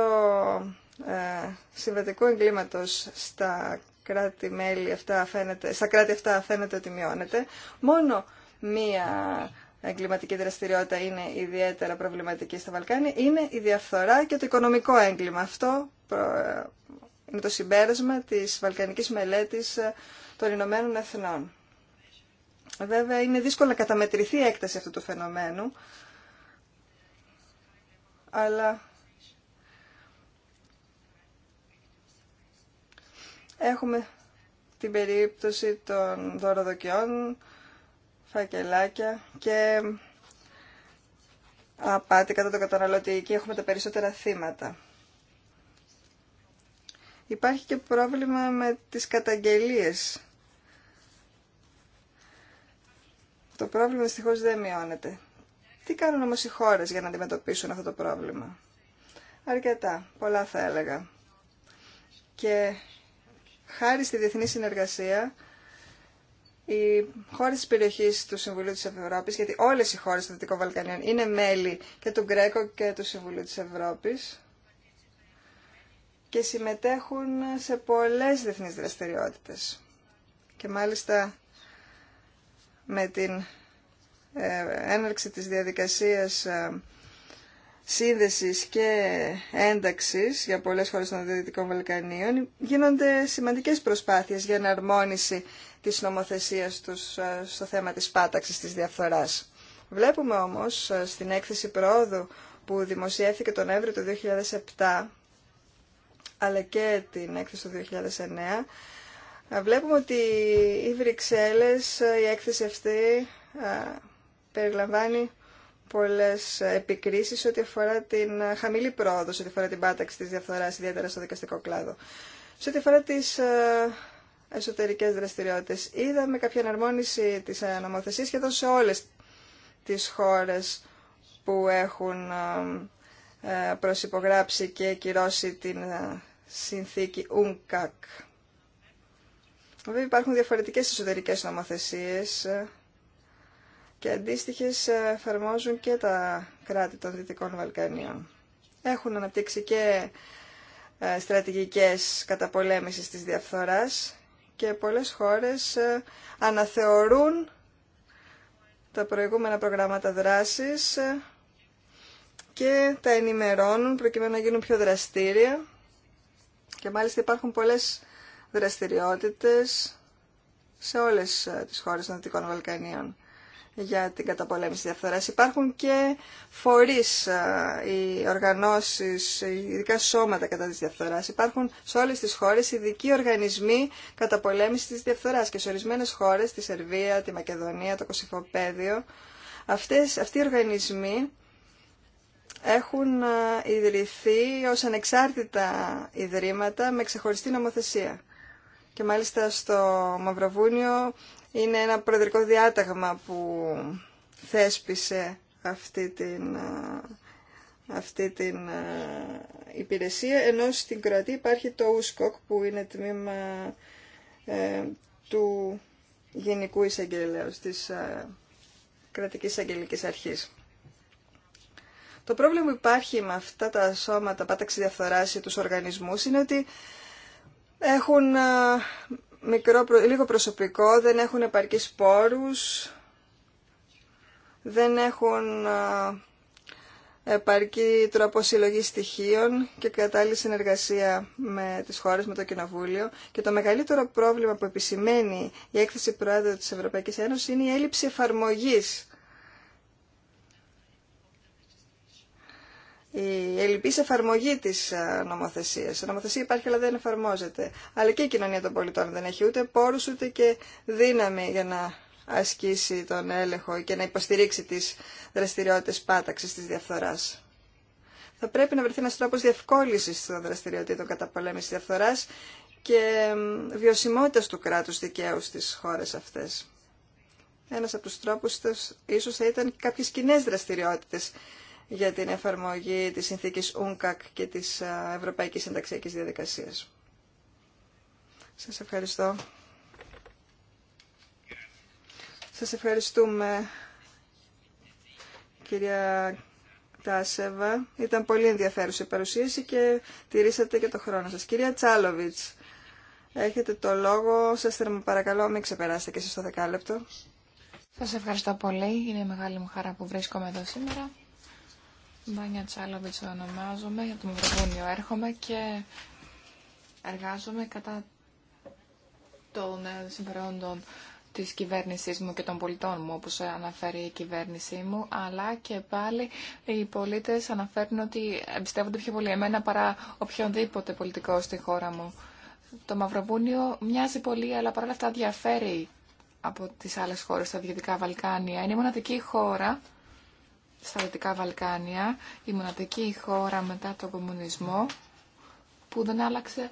Speaker 3: ε, συμβατικού εγκλήματος στα κράτη-μέλη αυτά φαίνεται, στα κράτη αυτά φαίνεται ότι μειώνεται, μόνο μία εγκληματική δραστηριότητα είναι ιδιαίτερα προβληματική στα Βαλκάνια, είναι η διαφθορά και το οικονομικό έγκλημα. Αυτό ε, είναι το συμπέρασμα της βαλκανικής μελέτης ε, των Ηνωμένων Εθνών. Βέβαια είναι δύσκολο να καταμετρηθεί η έκταση αυτού του φαινομένου, αλλά έχουμε την περίπτωση των δωροδοκιών, φακελάκια και απάτη κατά το καταναλωτή. και έχουμε τα περισσότερα θύματα. Υπάρχει και πρόβλημα με τις καταγγελίες Το πρόβλημα δυστυχώ δεν μειώνεται. Τι κάνουν όμω οι χώρε για να αντιμετωπίσουν αυτό το πρόβλημα. Αρκετά, πολλά θα έλεγα. Και χάρη στη διεθνή συνεργασία, οι χώρε τη περιοχή του Συμβουλίου της Ευρώπης, γιατί όλες οι χώρες των Δυτικών Βαλκανίων είναι μέλη και του Γκρέκο και του Συμβουλίου της Ευρώπη. και συμμετέχουν σε πολλές διεθνείς δραστηριότητες. Και μάλιστα με την ε, έναρξη της διαδικασίας ε, σύνδεσης και ένταξης για πολλές χώρες των Δυτικών Βαλκανίων γίνονται σημαντικές προσπάθειες για εναρμόνιση της νομοθεσίας τους ε, στο θέμα της πάταξης της διαφθοράς. Βλέπουμε όμως στην έκθεση πρόοδου που δημοσιεύθηκε τον Νοέμβριο του 2007 αλλά και την έκθεση του 2009 Βλέπουμε ότι οι Βρυξέλλες, ε, η έκθεση αυτή περιλαμβάνει πολλές επικρίσεις ό,τι αφορά την ε, χαμηλή πρόοδο, ό,τι αφορά την πάταξη της διαφθοράς, ιδιαίτερα στο δικαστικό κλάδο. Σε ό,τι αφορά τις ε, εσωτερικές δραστηριότητες, είδαμε κάποια αναρμόνιση της νομοθεσίας σχεδόν σε όλες τις χώρες που έχουν προσυπογράψει και κυρώσει την συνθήκη UNCAC. Βέβαια υπάρχουν διαφορετικές εσωτερικές νομοθεσίες ε, και αντίστοιχες ε, εφαρμόζουν και τα κράτη των Δυτικών Βαλκανίων. Έχουν αναπτύξει και ε, στρατηγικές καταπολέμησης της διαφθοράς και πολλές χώρες αναθεωρούν τα προηγούμενα προγράμματα δράσης και τα ενημερώνουν προκειμένου να γίνουν πιο δραστήρια και μάλιστα υπάρχουν πολλές δραστηριότητες σε όλες ε, τις χώρες των Δυτικών Βαλκανίων για την καταπολέμηση της διαφθοράς. Υπάρχουν και φορείς, ε, οι οργανώσεις, ε, ειδικά σώματα κατά της διαφθοράς. Υπάρχουν σε όλες τις χώρες ειδικοί οργανισμοί καταπολέμησης της διαφθοράς και σε ορισμένες χώρες, τη Σερβία, τη Μακεδονία, το Κωσυφοπαίδιο, αυτές, αυτοί οι οργανισμοί έχουν ιδρυθεί ως ανεξάρτητα ιδρύματα με ξεχωριστή νομοθεσία και μάλιστα στο Μαυροβούνιο είναι ένα προεδρικό διάταγμα που θέσπισε αυτή την, ε, αυτή την ε, υπηρεσία, ενώ στην Κροατία υπάρχει το ΟΥΣΚΟΚ που είναι τμήμα ε, του Γενικού Εισαγγελέως της ε, Κρατικής Εισαγγελικής Αρχής. Το πρόβλημα που υπάρχει με αυτά τα σώματα πάταξη διαφθοράς ή τους οργανισμούς είναι ότι έχουν μικρό, λίγο προσωπικό, δεν έχουν επαρκή σπόρους, δεν έχουν επαρκή τρόπο συλλογή στοιχείων και κατάλληλη συνεργασία με τις χώρες, με το Κοινοβούλιο. Και το μεγαλύτερο πρόβλημα που επισημαίνει η έκθεση Προέδρου της Ευρωπαϊκής Ένωσης είναι η έλλειψη εφαρμογής η ελλειπή εφαρμογή τη ε, νομοθεσία. Η νομοθεσία υπάρχει αλλά δεν εφαρμόζεται. Αλλά και η κοινωνία των πολιτών δεν έχει ούτε πόρου ούτε και δύναμη για να ασκήσει τον έλεγχο και να υποστηρίξει τι δραστηριότητε πάταξη τη διαφθοράς. Θα πρέπει να βρεθεί ένα τρόπο διευκόλυσης των δραστηριοτήτων καταπολέμησης διαφθορά και βιωσιμότητα του κράτου δικαίου στι χώρε αυτέ. Ένα από του τρόπου ίσω θα ήταν κάποιε κοινέ δραστηριότητε για την εφαρμογή της συνθήκης UNCAC και της Ευρωπαϊκής Συνταξιακής Διαδικασίας. Σας ευχαριστώ. Σας ευχαριστούμε, κυρία Τάσεβα. Ήταν πολύ ενδιαφέρουσα η παρουσίαση και τηρήσατε και το χρόνο σας. Κυρία Τσάλοβιτς, έχετε το λόγο. Σας θέλω, παρακαλώ, μην ξεπεράσετε και εσείς το δεκάλεπτο. Σας
Speaker 4: ευχαριστώ πολύ. Είναι μεγάλη μου χαρά που βρίσκομαι εδώ σήμερα. Μπάνια Τσάλαβιτς ονομάζομαι, Για το Μαυροβούνιο έρχομαι και εργάζομαι κατά των ε, συμφερόντων της κυβέρνησής μου και των πολιτών μου, όπως αναφέρει η κυβέρνησή μου, αλλά και πάλι οι πολίτες αναφέρουν ότι εμπιστεύονται πιο πολύ εμένα παρά οποιονδήποτε πολιτικό στη χώρα μου. Το Μαυροβούνιο μοιάζει πολύ, αλλά παρόλα αυτά διαφέρει από τις άλλες χώρες στα Δυτικά Βαλκάνια. Είναι η μοναδική χώρα στα Δυτικά Βαλκάνια, η μοναδική χώρα μετά τον κομμουνισμό που δεν άλλαξε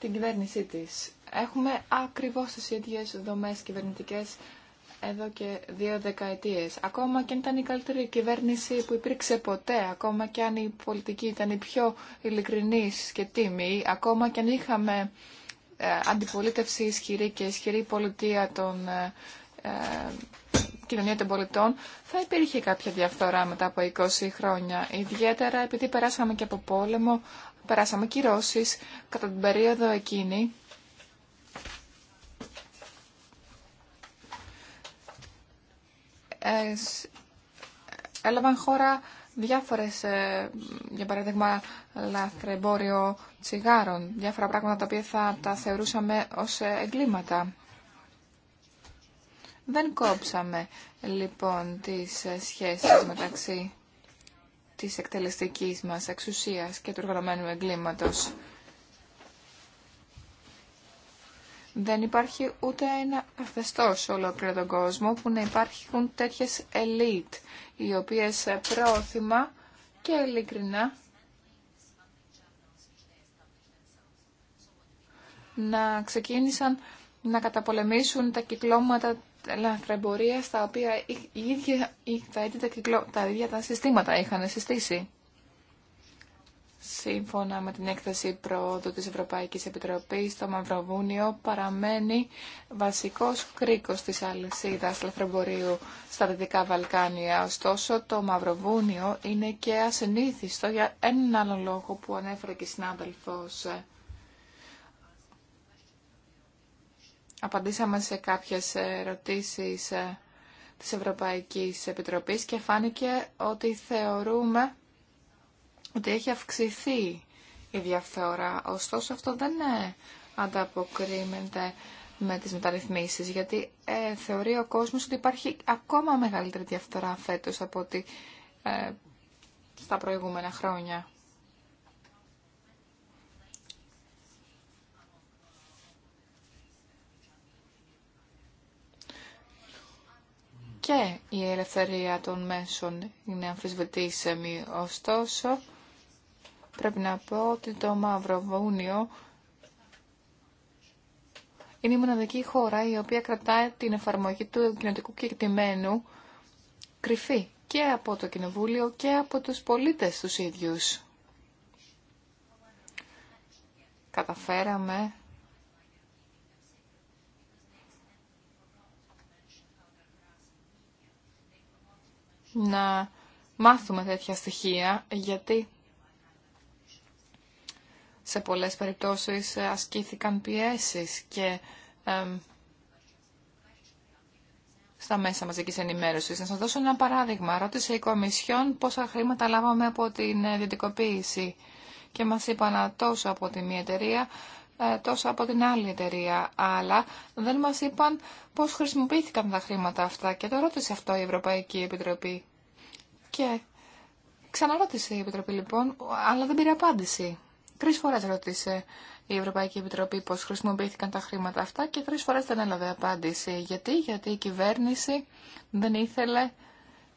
Speaker 4: την κυβέρνησή της. Έχουμε ακριβώς τις ίδιες δομές κυβερνητικές εδώ και δύο δεκαετίες. Ακόμα και αν ήταν η καλύτερη κυβέρνηση που υπήρξε ποτέ, ακόμα και αν η πολιτική ήταν η πιο ειλικρινής και τίμη, ακόμα και αν είχαμε ε, αντιπολίτευση ισχυρή και ισχυρή πολιτεία των ε, ε, κοινωνία των πολιτών θα υπήρχε κάποια διαφθορά μετά από 20 χρόνια. Ιδιαίτερα επειδή περάσαμε και από πόλεμο, περάσαμε κυρώσεις κατά την περίοδο εκείνη. Ε, έλαβαν χώρα διάφορες, ε, για παράδειγμα, λαθρεμπόριο τσιγάρων, διάφορα πράγματα τα οποία θα τα θεωρούσαμε ως ε, εγκλήματα. Δεν κόψαμε λοιπόν τις σχέσεις μεταξύ της εκτελεστικής μας εξουσίας και του οργανωμένου εγκλήματος. Δεν υπάρχει ούτε ένα αφεστό σε ολόκληρο τον κόσμο που να υπάρχουν τέτοιες ελίτ, οι οποίες πρόθυμα και ειλικρινά να ξεκίνησαν να καταπολεμήσουν τα κυκλώματα λαθρεμπορία στα οποία η ίδια, τα, ίδια τα, κυκλο, τα ίδια συστήματα είχαν συστήσει. Σύμφωνα με την έκθεση πρόοδου της Ευρωπαϊκής Επιτροπής, το Μαυροβούνιο παραμένει βασικός κρίκος της αλυσίδας λαθρεμπορίου στα Δυτικά Βαλκάνια. Ωστόσο, το Μαυροβούνιο είναι και ασυνήθιστο για έναν άλλο λόγο που ανέφερε και η συνάδελφος Απαντήσαμε σε κάποιες ερωτήσεις ε, της Ευρωπαϊκής Επιτροπής και φάνηκε ότι θεωρούμε ότι έχει αυξηθεί η διαφθορά. Ωστόσο αυτό δεν ε, ανταποκρίνεται με τις μεταρρυθμίσεις, γιατί ε, θεωρεί ο κόσμος ότι υπάρχει ακόμα μεγαλύτερη διαφθορά φέτος από ότι στα προηγούμενα χρόνια. και η ελευθερία των μέσων είναι αμφισβητήσιμη. Ωστόσο, πρέπει να πω ότι το Μαυροβούνιο είναι η μοναδική χώρα η οποία κρατάει την εφαρμογή του κοινωτικού κεκτημένου κρυφή και από το Κοινοβούλιο και από τους πολίτες τους ίδιους. Καταφέραμε να μάθουμε τέτοια στοιχεία, γιατί σε πολλές περιπτώσεις ασκήθηκαν πιέσεις και στα μέσα μαζικής ενημέρωσης. Να σας δώσω ένα παράδειγμα. Ρώτησε η Κομισιόν πόσα χρήματα λάβαμε από την ιδιωτικοποίηση και μας είπαν τόσο από τη μία εταιρεία ε, τόσα από την άλλη εταιρεία, αλλά δεν μας είπαν πώς χρησιμοποιήθηκαν τα χρήματα αυτά και το ρώτησε αυτό η Ευρωπαϊκή Επιτροπή. Και ξαναρώτησε η Επιτροπή λοιπόν, αλλά δεν πήρε απάντηση. Τρεις φορές ρώτησε η Ευρωπαϊκή Επιτροπή πώς χρησιμοποιήθηκαν τα χρήματα αυτά και τρεις φορές δεν έλαβε απάντηση. Γιατί, γιατί η κυβέρνηση δεν ήθελε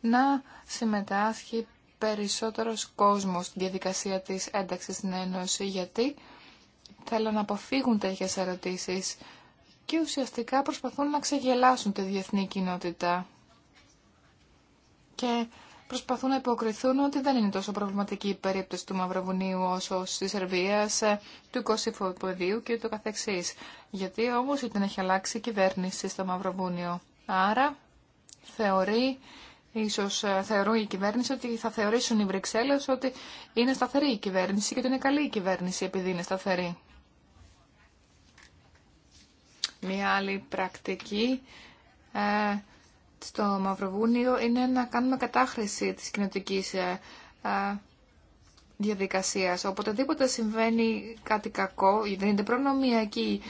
Speaker 4: να συμμετάσχει περισσότερος κόσμος στην διαδικασία της ένταξης στην Ένωση, γιατί θέλουν να αποφύγουν τέτοιες ερωτήσεις και ουσιαστικά προσπαθούν να ξεγελάσουν τη διεθνή κοινότητα και προσπαθούν να υποκριθούν ότι δεν είναι τόσο προβληματική η περίπτωση του Μαυροβουνίου όσο στη Σερβία, του Κωσυφοποδίου και το καθεξής. Γιατί όμως ήταν έχει αλλάξει η κυβέρνηση στο Μαυροβούνιο. Άρα θεωρεί, ίσως ε, θεωρούν η κυβέρνηση ότι θα θεωρήσουν οι Βρυξέλλες ότι είναι σταθερή η κυβέρνηση και ότι είναι καλή η κυβέρνηση επειδή είναι σταθερή. Μία άλλη πρακτική ε, στο Μαυροβούνιο είναι να κάνουμε κατάχρηση της κοινωτικής ε, ε, διαδικασίας. Οποτεδήποτε συμβαίνει κάτι κακό, δεν είναι προνομιακή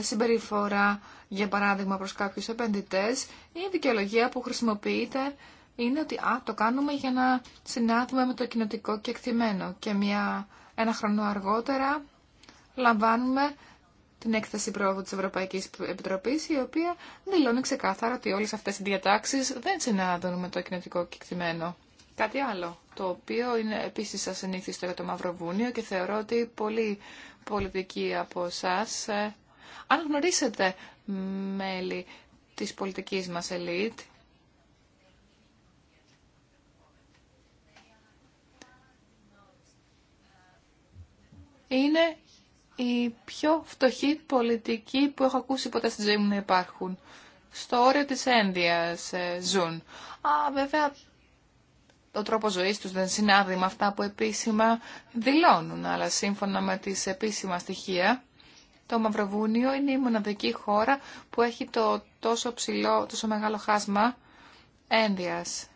Speaker 4: συμπεριφορά, για παράδειγμα προς κάποιους επενδυτές, η δικαιολογία που χρησιμοποιείται είναι ότι α, το κάνουμε για να συνάδουμε με το κοινοτικό κεκτημένο. Και μια, ένα χρόνο αργότερα λαμβάνουμε την έκθεση πρόοδου της Ευρωπαϊκής Επιτροπής, η οποία δηλώνει ξεκάθαρα ότι όλες αυτές οι διατάξεις δεν συνάδουν με το κοινωτικό κεκτημένο. Κάτι άλλο, το οποίο είναι επίσης ασυνήθιστο για το Μαυροβούνιο και θεωρώ ότι πολλοί πολιτικοί από εσά, ε, αν γνωρίσετε μέλη της πολιτικής μας ελίτ, είναι η πιο φτωχή πολιτική που έχω ακούσει ποτέ στη ζωή μου να υπάρχουν. Στο όριο της ένδυας ε, ζουν. Α, βέβαια, το τρόπο ζωής τους δεν συνάδει με αυτά που επίσημα δηλώνουν, αλλά σύμφωνα με τις επίσημα στοιχεία, το Μαυροβούνιο είναι η μοναδική χώρα που έχει το τόσο ψηλό, τόσο μεγάλο χάσμα ένδυας.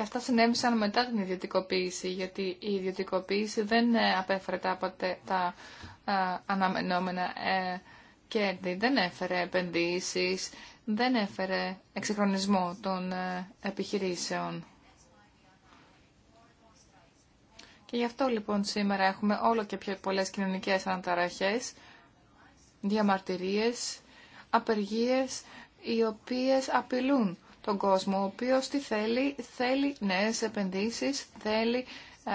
Speaker 4: Και αυτά συνέβησαν μετά την ιδιωτικοποίηση, γιατί η ιδιωτικοποίηση δεν ε, απέφερε τα, τα ε, αναμενόμενα ε, κέρδη, δεν έφερε επενδύσεις, δεν έφερε εξυγχρονισμό των επιχειρήσεων. Και γι' αυτό λοιπόν σήμερα έχουμε όλο και πιο πολλές κοινωνικές αναταραχές, διαμαρτυρίες, απεργίες, οι οποίες απειλούν τον κόσμο, ο οποίος τι θέλει, θέλει νέε επενδύσεις, θέλει ε,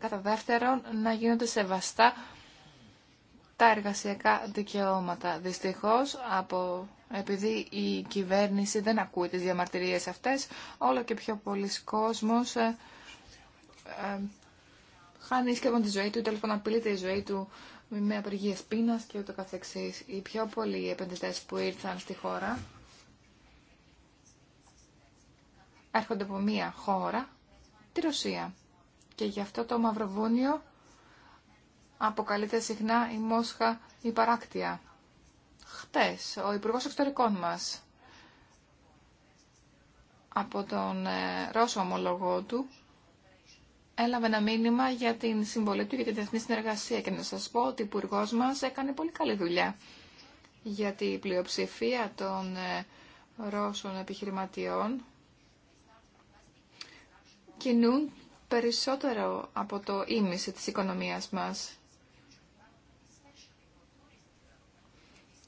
Speaker 4: κατά δεύτερον να γίνονται σεβαστά τα εργασιακά δικαιώματα. Δυστυχώς, από, επειδή η κυβέρνηση δεν ακούει τις διαμαρτυρίες αυτές, όλο και πιο πολλοί κόσμος ε, ε, χάνει σκεύον τη ζωή του, τέλος πάντων απειλείται η ζωή του με απεργίες πείνας και ούτω καθεξής. Οι πιο πολλοί επενδυτές που ήρθαν στη χώρα έρχονται από μία χώρα, τη Ρωσία. Και γι' αυτό το Μαυροβούνιο αποκαλείται συχνά η Μόσχα η παράκτια. Χτες, ο Υπουργός Εξωτερικών μας, από τον ε, Ρώσο ομολογό του, έλαβε ένα μήνυμα για την συμβολή του για την διεθνή συνεργασία και να σας πω ότι ο υπουργό μας έκανε πολύ καλή δουλειά γιατί η πλειοψηφία των ε, Ρώσων επιχειρηματιών κινούν περισσότερο από το ίμιση της οικονομίας μας.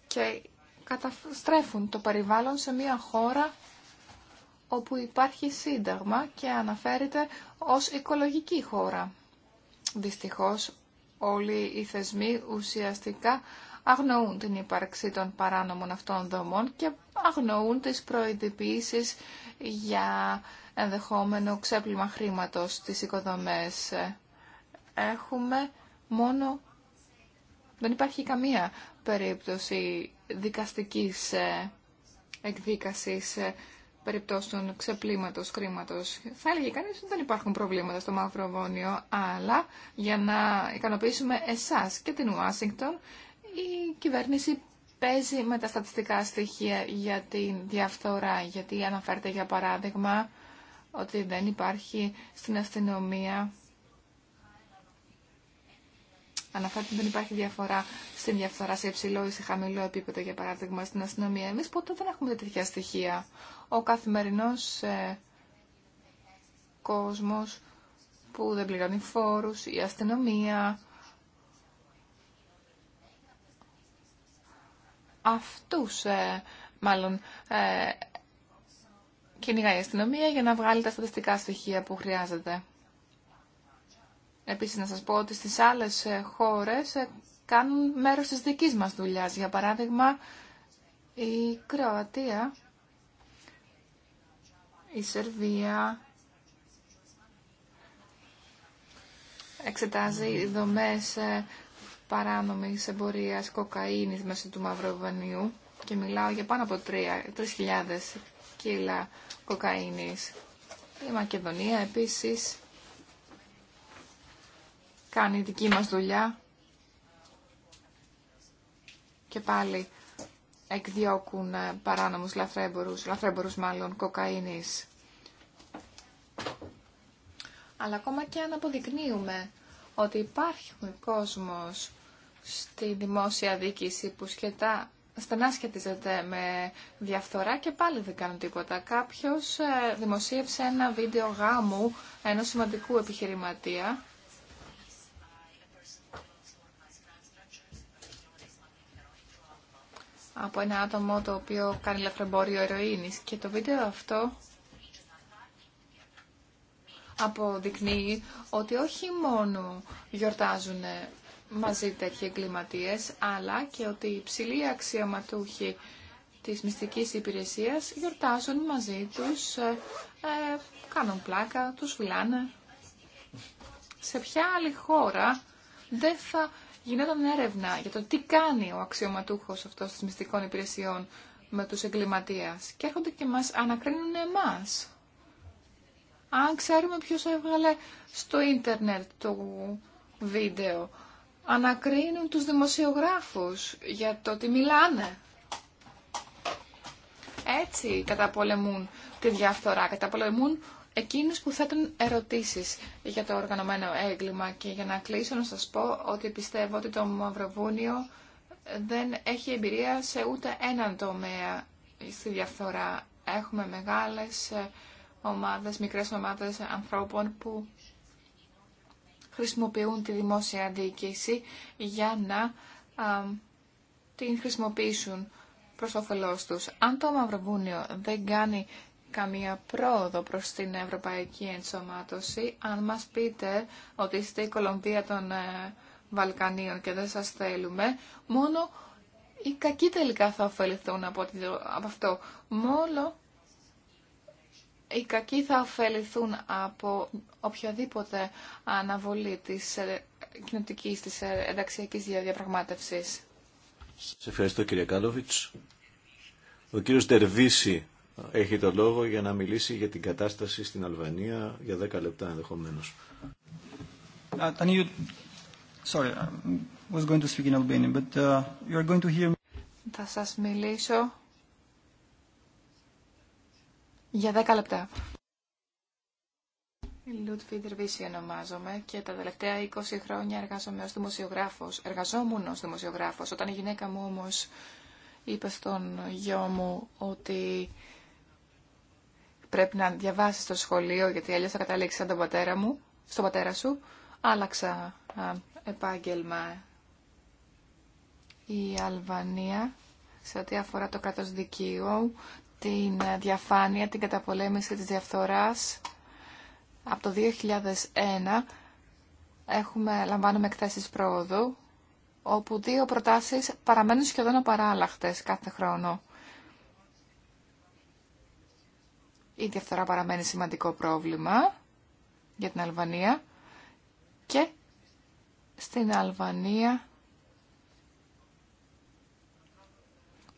Speaker 4: Και καταστρέφουν το περιβάλλον σε μια χώρα όπου υπάρχει σύνταγμα και αναφέρεται ως οικολογική χώρα. Δυστυχώς όλοι οι θεσμοί ουσιαστικά αγνοούν την ύπαρξη των παράνομων αυτών δομών και αγνοούν τις προειδοποιήσεις για ενδεχόμενο ξέπλυμα χρήματος στις οικοδομές. Έχουμε μόνο... Δεν υπάρχει καμία περίπτωση δικαστικής ε, εκδίκασης ε, περιπτώσεων ξεπλήματος χρήματος. Θα έλεγε κανείς ότι δεν υπάρχουν προβλήματα στο μαύρο βόνιο αλλά για να ικανοποιήσουμε εσάς και την Ουάσιγκτον η κυβέρνηση παίζει με τα στατιστικά στοιχεία για τη διαφθορά, γιατί αναφέρεται για παράδειγμα ότι δεν υπάρχει στην αστυνομία Αναφέρεται ότι δεν υπάρχει διαφορά στην διαφθορά σε υψηλό ή σε χαμηλό επίπεδο, για παράδειγμα, στην αστυνομία. Εμείς ποτέ δεν έχουμε τέτοια στοιχεία. Ο καθημερινός ε, κόσμος που δεν πληρώνει φόρους, η αστυνομία, αυτούς ε, μάλλον ε, κυνηγάει η αστυνομία για να βγάλει τα στατιστικά στοιχεία που χρειάζεται. Επίσης να σας πω ότι στις άλλες ε, χώρες κάνουν μέρος της δικής μας δουλειάς. Για παράδειγμα, η Κροατία, η Σερβία εξετάζει δομές παράνομης εμπορίας κοκαίνης μέσω του Μαυροβανιού και μιλάω για πάνω από 3.000 κιλά κοκαίνης. Η Μακεδονία επίσης κάνει δική μας δουλειά και πάλι εκδιώκουν ε, παράνομους λαθρέμπορους, λαθρέμπορους μάλλον κοκαίνης. Αλλά ακόμα και αν αποδεικνύουμε ότι υπάρχει κόσμος στη δημόσια διοίκηση που σχετά στενά σχετίζεται με διαφθορά και πάλι δεν κάνουν τίποτα. Κάποιος ε, δημοσίευσε ένα βίντεο γάμου ενός σημαντικού επιχειρηματία από ένα άτομο το οποίο κάνει λαφρεμπόριο ερωίνης και το βίντεο αυτό αποδεικνύει ότι όχι μόνο γιορτάζουν μαζί τέτοιοι εγκληματίε, αλλά και ότι οι υψηλοί αξιωματούχοι της μυστικής υπηρεσίας γιορτάζουν μαζί τους, ε, ε κάνουν πλάκα, τους φιλάνε. Σε ποια άλλη χώρα δεν θα γινόταν έρευνα για το τι κάνει ο αξιωματούχος αυτός της μυστικών υπηρεσιών με τους εγκληματίε και έρχονται και μας ανακρίνουν εμά. Αν ξέρουμε ποιος έβγαλε στο ίντερνετ το βίντεο, ανακρίνουν τους δημοσιογράφους για το ότι μιλάνε. Έτσι καταπολεμούν τη διαφθορά, καταπολεμούν εκείνους που θέτουν ερωτήσεις για το οργανωμένο έγκλημα και για να κλείσω να σας πω ότι πιστεύω ότι το Μαυροβούνιο δεν έχει εμπειρία σε ούτε έναν τομέα στη διαφθορά. Έχουμε μεγάλες ομάδες, μικρές ομάδες ανθρώπων που χρησιμοποιούν τη δημόσια διοίκηση για να την χρησιμοποιήσουν προς όφελός τους. Αν το Μαυροβούνιο δεν κάνει καμία πρόοδο προς την ευρωπαϊκή ενσωμάτωση, αν μας πείτε ότι είστε η Κολομβία των ε, Βαλκανίων και δεν σας θέλουμε, μόνο οι κακοί τελικά θα ωφεληθούν από, αυτό. Μόνο οι κακοί θα ωφεληθούν από οποιαδήποτε αναβολή της ε, κοινωτικής, της ε, ενταξιακής διαπραγμάτευσης.
Speaker 2: Σας ευχαριστώ κύριε Κάλοβιτς. Ο κύριος Τερβίση έχει το λόγο για να μιλήσει για την κατάσταση στην Αλβανία για 10 λεπτά ενδεχομένως.
Speaker 4: Θα σας μιλήσω για 10 λεπτά. Λούτφιντερ Δερβίση ονομάζομαι και τα τελευταία 20 χρόνια εργάζομαι ως δημοσιογράφος. Εργαζόμουν ως δημοσιογράφος. Όταν η γυναίκα μου όμως είπε στον γιο μου ότι πρέπει να διαβάσεις το σχολείο γιατί αλλιώς θα καταλήξεις σαν πατέρα μου, στον πατέρα σου, άλλαξα επάγγελμα. Η Αλβανία σε ό,τι αφορά το κράτος δικαίου, την διαφάνεια, την καταπολέμηση της διαφθοράς, από το 2001 έχουμε, λαμβάνουμε εκθέσεις πρόοδου, όπου δύο προτάσεις παραμένουν σχεδόν απαράλλαχτες κάθε χρόνο. Η διαφθορά παραμένει σημαντικό πρόβλημα για την Αλβανία και στην Αλβανία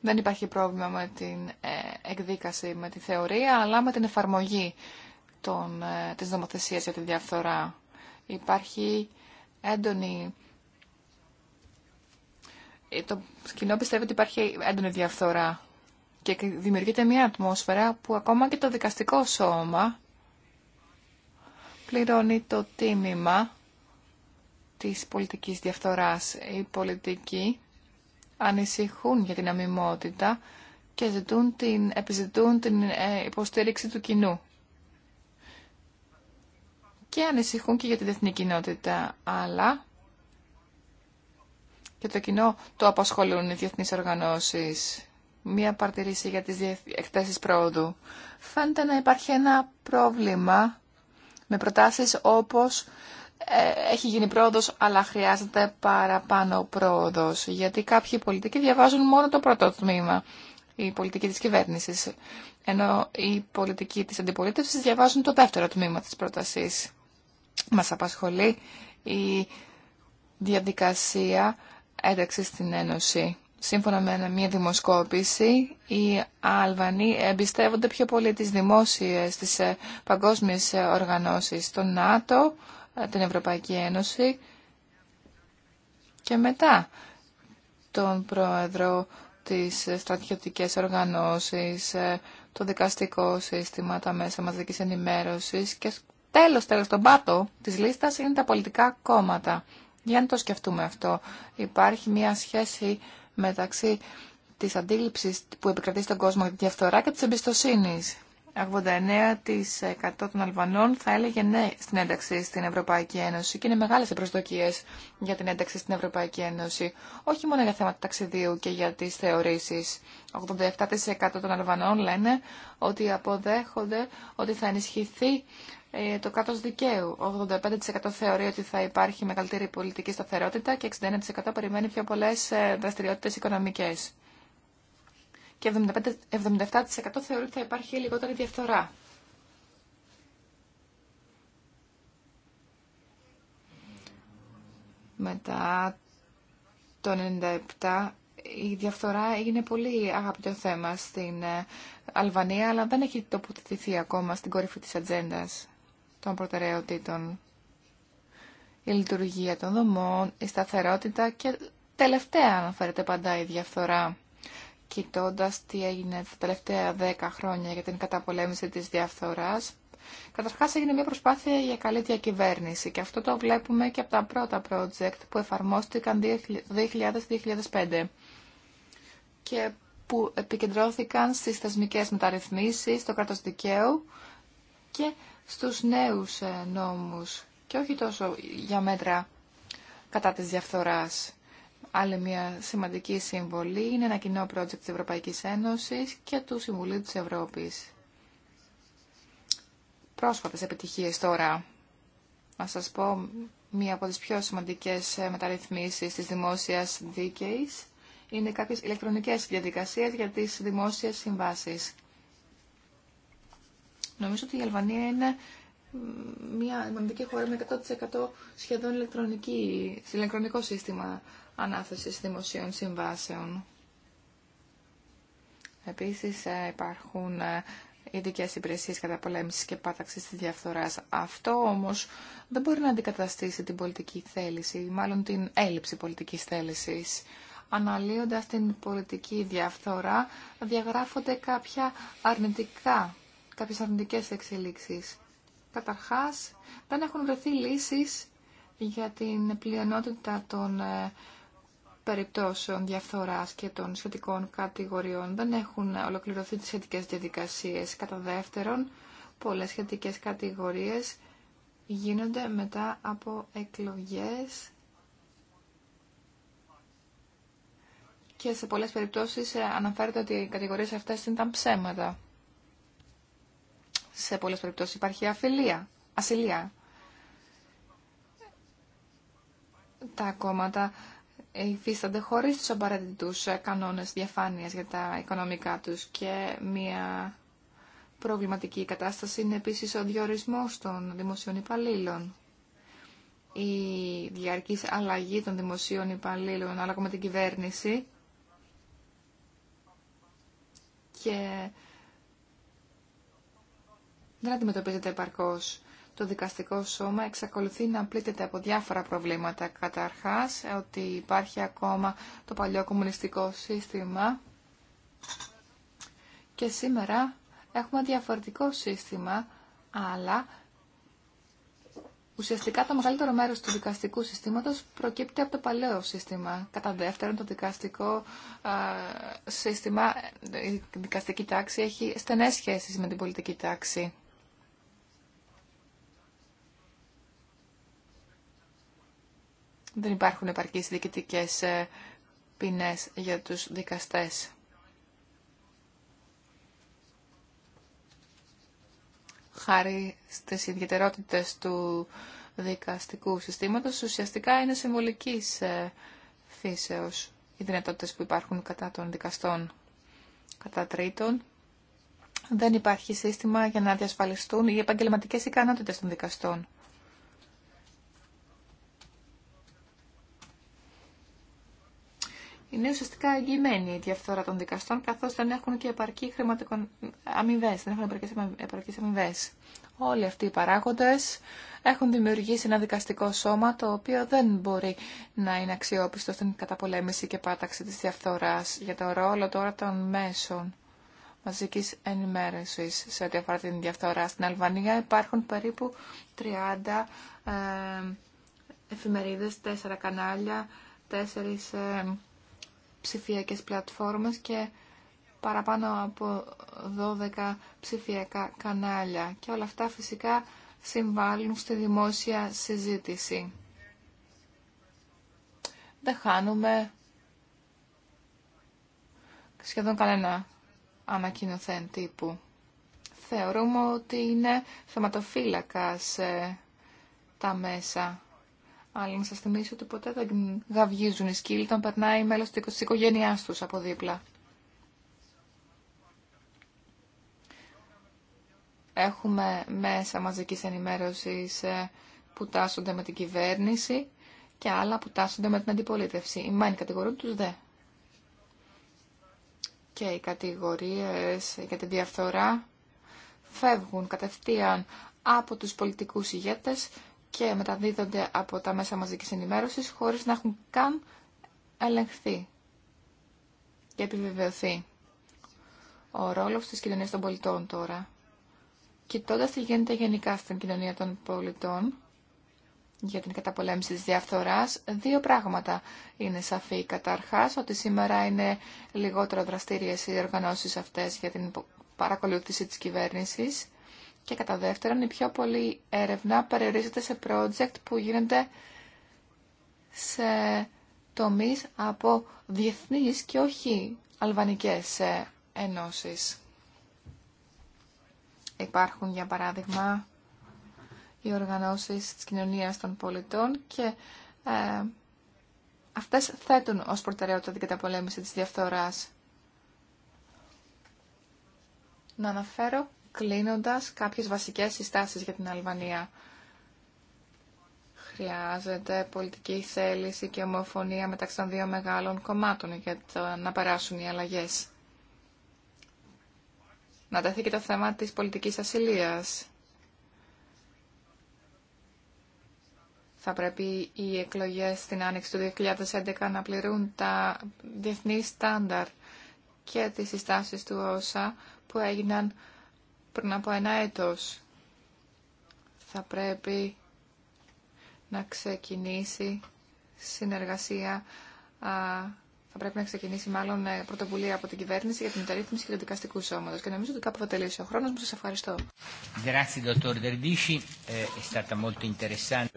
Speaker 4: δεν υπάρχει πρόβλημα με την ε, εκδίκαση, με τη θεωρία, αλλά με την εφαρμογή των, ε, της νομοθεσίας για τη διαφθορά. Υπάρχει έντονη... Ε, το κοινό πιστεύει ότι υπάρχει έντονη διαφθορά και δημιουργείται μια ατμόσφαιρα που ακόμα και το δικαστικό σώμα πληρώνει το τίμημα της πολιτικής διαφθοράς. Οι πολιτικοί ανησυχούν για την αμοιμότητα και ζητούν την, επιζητούν την ε, υποστήριξη του κοινού και ανησυχούν και για την διεθνή κοινότητα, αλλά και το κοινό το απασχολούν οι διεθνείς οργανώσεις. Μία παρτηρήση για τις εκτάσεις πρόοδου. Φαίνεται να υπάρχει ένα πρόβλημα με προτάσεις όπως ε, έχει γίνει πρόοδος αλλά χρειάζεται παραπάνω πρόοδος. Γιατί κάποιοι πολιτικοί διαβάζουν μόνο το πρώτο τμήμα, η πολιτική της κυβέρνησης. Ενώ οι πολιτικοί της αντιπολίτευσης διαβάζουν το δεύτερο τμήμα της πρότασης. Μας απασχολεί η διαδικασία ένταξης στην Ένωση. Σύμφωνα με μια δημοσκόπηση, οι Αλβανοί εμπιστεύονται πιο πολύ τις δημόσιες, τις ε, παγκόσμιες ε, οργανώσεις, τον ΝΑΤΟ, ε, την Ευρωπαϊκή Ένωση και μετά τον Πρόεδρο της στρατιωτικές οργανώσεις, το δικαστικό σύστημα, τα μέσα μαζικής ενημέρωσης και τέλος, τέλος, τον πάτο της λίστας είναι τα πολιτικά κόμματα. Για να το σκεφτούμε αυτό. Υπάρχει μια σχέση μεταξύ της αντίληψης που επικρατεί στον κόσμο για τη διαφθορά και της εμπιστοσύνη. 89% των Αλβανών θα έλεγε ναι στην ένταξη στην Ευρωπαϊκή Ένωση και είναι μεγάλες οι προσδοκίες για την ένταξη στην Ευρωπαϊκή Ένωση, όχι μόνο για θέματα ταξιδίου και για τις θεωρήσεις. 87% των Αλβανών λένε ότι αποδέχονται ότι θα ενισχυθεί ε, το κράτο δικαίου. 85% θεωρεί ότι θα υπάρχει μεγαλύτερη πολιτική σταθερότητα και 61% περιμένει πιο πολλές ε, δραστηριότητες οικονομικές. Και 75, 77% θεωρεί ότι θα υπάρχει λιγότερη διαφθορά. Μετά το 97 η διαφθορά έγινε πολύ αγαπητό θέμα στην ε, Αλβανία, αλλά δεν έχει τοποθετηθεί ακόμα στην κορυφή της ατζέντα των προτεραιοτήτων. Η λειτουργία των δομών, η σταθερότητα και τελευταία αναφέρεται παντά η διαφθορά. Κοιτώντα τι έγινε τα τελευταία δέκα χρόνια για την καταπολέμηση της διαφθοράς, Καταρχά έγινε μια προσπάθεια για καλή διακυβέρνηση και αυτό το βλέπουμε και από τα πρώτα project που εφαρμόστηκαν 2000-2005 και που επικεντρώθηκαν στις θεσμικές μεταρρυθμίσεις, στο κράτος δικαίου και στους νέους ε, νόμους και όχι τόσο για μέτρα κατά της διαφθοράς. Άλλη μια σημαντική συμβολή είναι ένα κοινό project της Ευρωπαϊκής Ένωσης και του Συμβουλίου της Ευρώπης. Πρόσφατες επιτυχίες τώρα. Να σας πω μία από τις πιο σημαντικές ε, μεταρρυθμίσεις της δημόσιας δίκαιης είναι κάποιες ηλεκτρονικές διαδικασίες για τις δημόσιες συμβάσεις. Νομίζω ότι η Αλβανία είναι μια μοναδική χώρα με 100% σχεδόν ηλεκτρονική, ηλεκτρονικό σύστημα ανάθεσης δημοσίων συμβάσεων. Επίσης ε, υπάρχουν ε, ειδικέ υπηρεσίε πολέμηση και πάταξη τη διαφθορά. Αυτό όμω δεν μπορεί να αντικαταστήσει την πολιτική θέληση, μάλλον την έλλειψη πολιτική θέληση. Αναλύοντα την πολιτική διαφθορά, διαγράφονται κάποια αρνητικά κάποιες αρνητικές εξελίξεις. Καταρχάς, δεν έχουν βρεθεί λύσεις για την πλειονότητα των ε, περιπτώσεων διαφθοράς και των σχετικών κατηγοριών. Δεν έχουν ολοκληρωθεί τις σχετικές διαδικασίες. Κατά δεύτερον, πολλές σχετικές κατηγορίες γίνονται μετά από εκλογές και σε πολλές περιπτώσεις ε, αναφέρεται ότι οι κατηγορίες αυτές ήταν ψέματα. Σε πολλές περιπτώσεις υπάρχει αφιλία, ασυλία. Τα κόμματα υφίστανται χωρίς τους απαραίτητους κανόνες διαφάνειας για τα οικονομικά τους και μια προβληματική κατάσταση είναι επίσης ο διορισμός των δημοσίων υπαλλήλων. Η διαρκής αλλαγή των δημοσίων υπαλλήλων ανάλογα με την κυβέρνηση και δεν αντιμετωπίζεται επαρκώ. Το δικαστικό σώμα εξακολουθεί να πλήττεται από διάφορα προβλήματα. Καταρχάς, ότι υπάρχει ακόμα το παλιό κομμουνιστικό σύστημα και σήμερα έχουμε διαφορετικό σύστημα, αλλά ουσιαστικά το μεγαλύτερο μέρος του δικαστικού συστήματος προκύπτει από το παλαιό σύστημα. Κατά δεύτερον, το δικαστικό σύστημα, η δικαστική τάξη έχει στενές σχέσεις με την πολιτική τάξη. Δεν υπάρχουν επαρκείς διοικητικές ε, ποινές για τους δικαστές. Χάρη στις ιδιαιτερότητες του δικαστικού συστήματος, ουσιαστικά είναι συμβολικής ε, φύσεως οι δυνατότητες που υπάρχουν κατά των δικαστών. Κατά τρίτον, δεν υπάρχει σύστημα για να διασφαλιστούν οι επαγγελματικές ικανότητες των δικαστών. είναι ουσιαστικά εγγυημένη η διαφθορά των δικαστών, καθώ δεν έχουν και επαρκή χρηματικο... αμοιβέ. Δεν έχουν επαρκή αμοιβέ. Όλοι αυτοί οι παράγοντε έχουν δημιουργήσει ένα δικαστικό σώμα το οποίο δεν μπορεί να είναι αξιόπιστο στην καταπολέμηση και πάταξη τη διαφθορά για το ρόλο τώρα των μέσων μαζική ενημέρωση σε ό,τι αφορά την διαφθορά. Στην Αλβανία υπάρχουν περίπου 30 εφημερίδε, 4 κανάλια, 4 ψηφιακές πλατφόρμες και παραπάνω από 12 ψηφιακά κανάλια. Και όλα αυτά φυσικά συμβάλλουν στη δημόσια συζήτηση. Δεν χάνουμε σχεδόν κανένα ανακοινωθέν τύπου. Θεωρούμε ότι είναι θεματοφύλακα ε, τα μέσα αλλά να σα θυμίσω ότι ποτέ δεν γαυγίζουν οι σκύλοι όταν περνάει μέλο τη οικογένεια του από δίπλα. Έχουμε μέσα μαζική ενημέρωση ε, που τάσσονται με την κυβέρνηση και άλλα που τάσσονται με την αντιπολίτευση. Οι μάνοι κατηγορούν του δε. Και οι κατηγορίες για τη διαφθορά φεύγουν κατευθείαν από τους πολιτικούς ηγέτες και μεταδίδονται από τα μέσα μαζικής ενημέρωσης χωρίς να έχουν καν ελεγχθεί και επιβεβαιωθεί ο ρόλος της κοινωνίας των πολιτών τώρα. Κοιτώντα τι γίνεται γενικά στην κοινωνία των πολιτών για την καταπολέμηση της διαφθοράς, δύο πράγματα είναι σαφή. Καταρχάς, ότι σήμερα είναι λιγότερο δραστήριες οι οργανώσεις αυτές για την παρακολούθηση της κυβέρνησης και κατά δεύτερον, η πιο πολλή έρευνα περιορίζεται σε project που γίνεται σε τομείς από διεθνείς και όχι αλβανικές ε, ενώσεις. Υπάρχουν, για παράδειγμα, οι οργανώσεις της κοινωνίας των πολιτών και ε, αυτές θέτουν ως προτεραιότητα την καταπολέμηση της διαφθοράς. Να αναφέρω κλείνοντας κάποιες βασικές συστάσεις για την Αλβανία. Χρειάζεται πολιτική θέληση και ομοφωνία μεταξύ των δύο μεγάλων κομμάτων για να περάσουν οι αλλαγές. Να τεθεί και το θέμα της πολιτικής ασυλίας. Θα πρέπει οι εκλογές στην άνοιξη του 2011 να πληρούν τα διεθνή στάνταρ και τις συστάσεις του ΩΣΑ που έγιναν πριν από ένα έτος θα πρέπει να ξεκινήσει συνεργασία, θα πρέπει να ξεκινήσει μάλλον ε, πρωτοβουλία από την κυβέρνηση για την μεταρρύθμιση και του δικαστικού σώματο. Και νομίζω ότι κάπου θα τελειώσει ο χρόνο μου. Σα ευχαριστώ.
Speaker 1: Ε,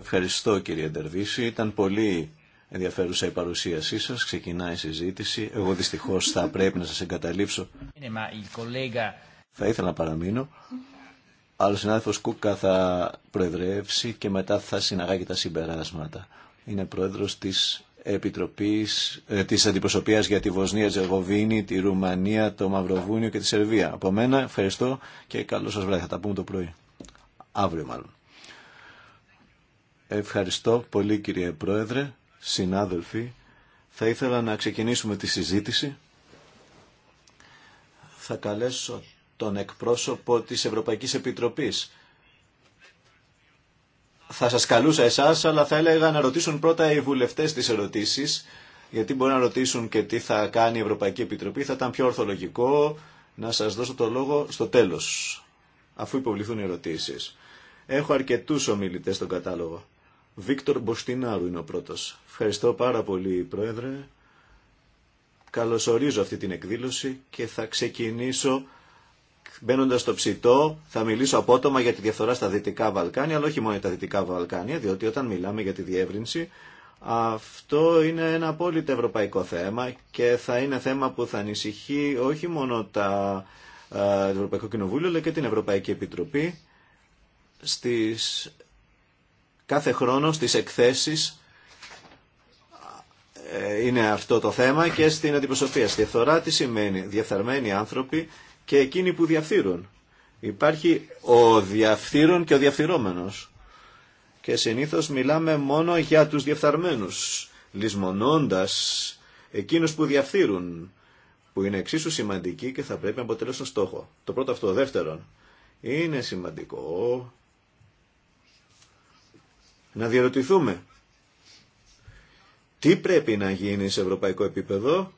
Speaker 2: ευχαριστώ κύριε Ντερβίση. Ήταν πολύ ενδιαφέρουσα η παρουσίασή σα. Ξεκινάει η συζήτηση. Εγώ δυστυχώ θα πρέπει να σα εγκαταλείψω θα ήθελα να παραμείνω. Άλλο συνάδελφο Κούκα θα προεδρεύσει και μετά θα συναγάγει τα συμπεράσματα. Είναι πρόεδρος της Επιτροπής ε, της Αντιπροσωπείας για τη Βοσνία, Ζεγοβίνη, τη Ρουμανία, το Μαυροβούνιο και τη Σερβία. Από μένα ευχαριστώ και καλό σας βράδυ. Θα τα πούμε το πρωί. Αύριο μάλλον. Ευχαριστώ πολύ κύριε Πρόεδρε, συνάδελφοι. Θα ήθελα να ξεκινήσουμε τη συζήτηση. Θα καλέσω τον εκπρόσωπο της Ευρωπαϊκής Επιτροπής. Θα σας καλούσα εσάς, αλλά θα έλεγα να ρωτήσουν πρώτα οι βουλευτές τις ερωτήσεις, γιατί μπορεί να ρωτήσουν και τι θα κάνει η Ευρωπαϊκή Επιτροπή. Θα ήταν πιο ορθολογικό να σας δώσω το λόγο στο τέλος, αφού υποβληθούν οι ερωτήσεις. Έχω αρκετούς ομιλητές στον κατάλογο. Βίκτορ Μποστινάρου είναι ο πρώτος. Ευχαριστώ πάρα πολύ, Πρόεδρε. Καλωσορίζω αυτή την εκδήλωση και θα ξεκινήσω Μπαίνοντα στο ψητό, θα μιλήσω απότομα για τη διαφθορά στα Δυτικά Βαλκάνια, αλλά όχι μόνο για τα Δυτικά Βαλκάνια, διότι όταν μιλάμε για τη διεύρυνση, αυτό είναι ένα απόλυτο ευρωπαϊκό θέμα και θα είναι θέμα που θα ανησυχεί όχι μόνο τα, ε, το Ευρωπαϊκό Κοινοβούλιο, αλλά και την Ευρωπαϊκή Επιτροπή στις, κάθε χρόνο στις εκθέσεις ε, είναι αυτό το θέμα και στην αντιπροσωπεία. Στη διαφθορά τι σημαίνει. Διαφθαρμένοι άνθρωποι και εκείνοι που διαφθείρουν. Υπάρχει ο διαφθείρων και ο διαφθειρώμενος. Και συνήθως μιλάμε μόνο για τους διεφθαρμένους, λησμονώντας εκείνους που διαφθείρουν, που είναι εξίσου σημαντικοί και θα πρέπει να αποτελέσουν στόχο. Το πρώτο αυτό. Δεύτερον, είναι σημαντικό να διαρωτηθούμε τι πρέπει να γίνει σε ευρωπαϊκό επίπεδο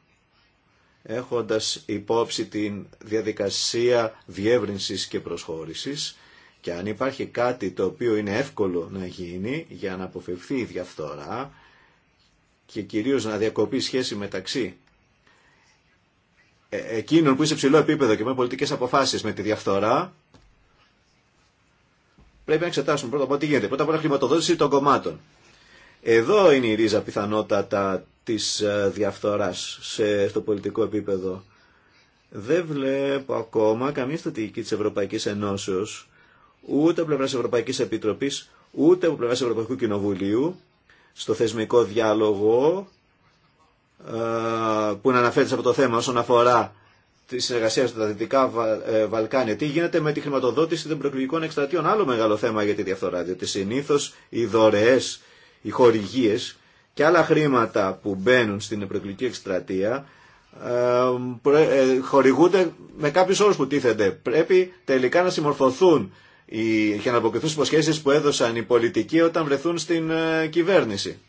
Speaker 2: έχοντας υπόψη την διαδικασία διεύρυνσης και προσχώρησης και αν υπάρχει κάτι το οποίο είναι εύκολο να γίνει για να αποφευθεί η διαφθορά και κυρίως να διακοπεί σχέση μεταξύ ε, εκείνων που είσαι σε ψηλό επίπεδο και με πολιτικές αποφάσεις με τη διαφθορά πρέπει να εξετάσουμε πρώτα από τι γίνεται. Πρώτα από όλα χρηματοδότηση των κομμάτων. Εδώ είναι η ρίζα πιθανότατα της ε, διαφθοράς σε, στο πολιτικό επίπεδο. Δεν βλέπω ακόμα καμία στρατηγική της Ευρωπαϊκής Ενώσεως, ούτε από πλευράς Ευρωπαϊκής Επιτροπής, ούτε από πλευράς Ευρωπαϊκού Κοινοβουλίου, στο θεσμικό διάλογο ε, που να αναφέρεται από το θέμα όσον αφορά τη συνεργασία στα Δυτικά ε, Βαλκάνια. Τι γίνεται με τη χρηματοδότηση των προεκλογικών εκστρατείων, άλλο μεγάλο θέμα για τη διαφθορά, διότι συνήθω οι δωρεές οι χορηγίες και άλλα χρήματα που μπαίνουν στην προεκλογική εκστρατεία ε, χορηγούνται με κάποιους όρους που τίθενται. Πρέπει τελικά να συμμορφωθούν και να αποκριθούν στις υποσχέσεις που έδωσαν οι πολιτικοί όταν βρεθούν στην ε, κυβέρνηση.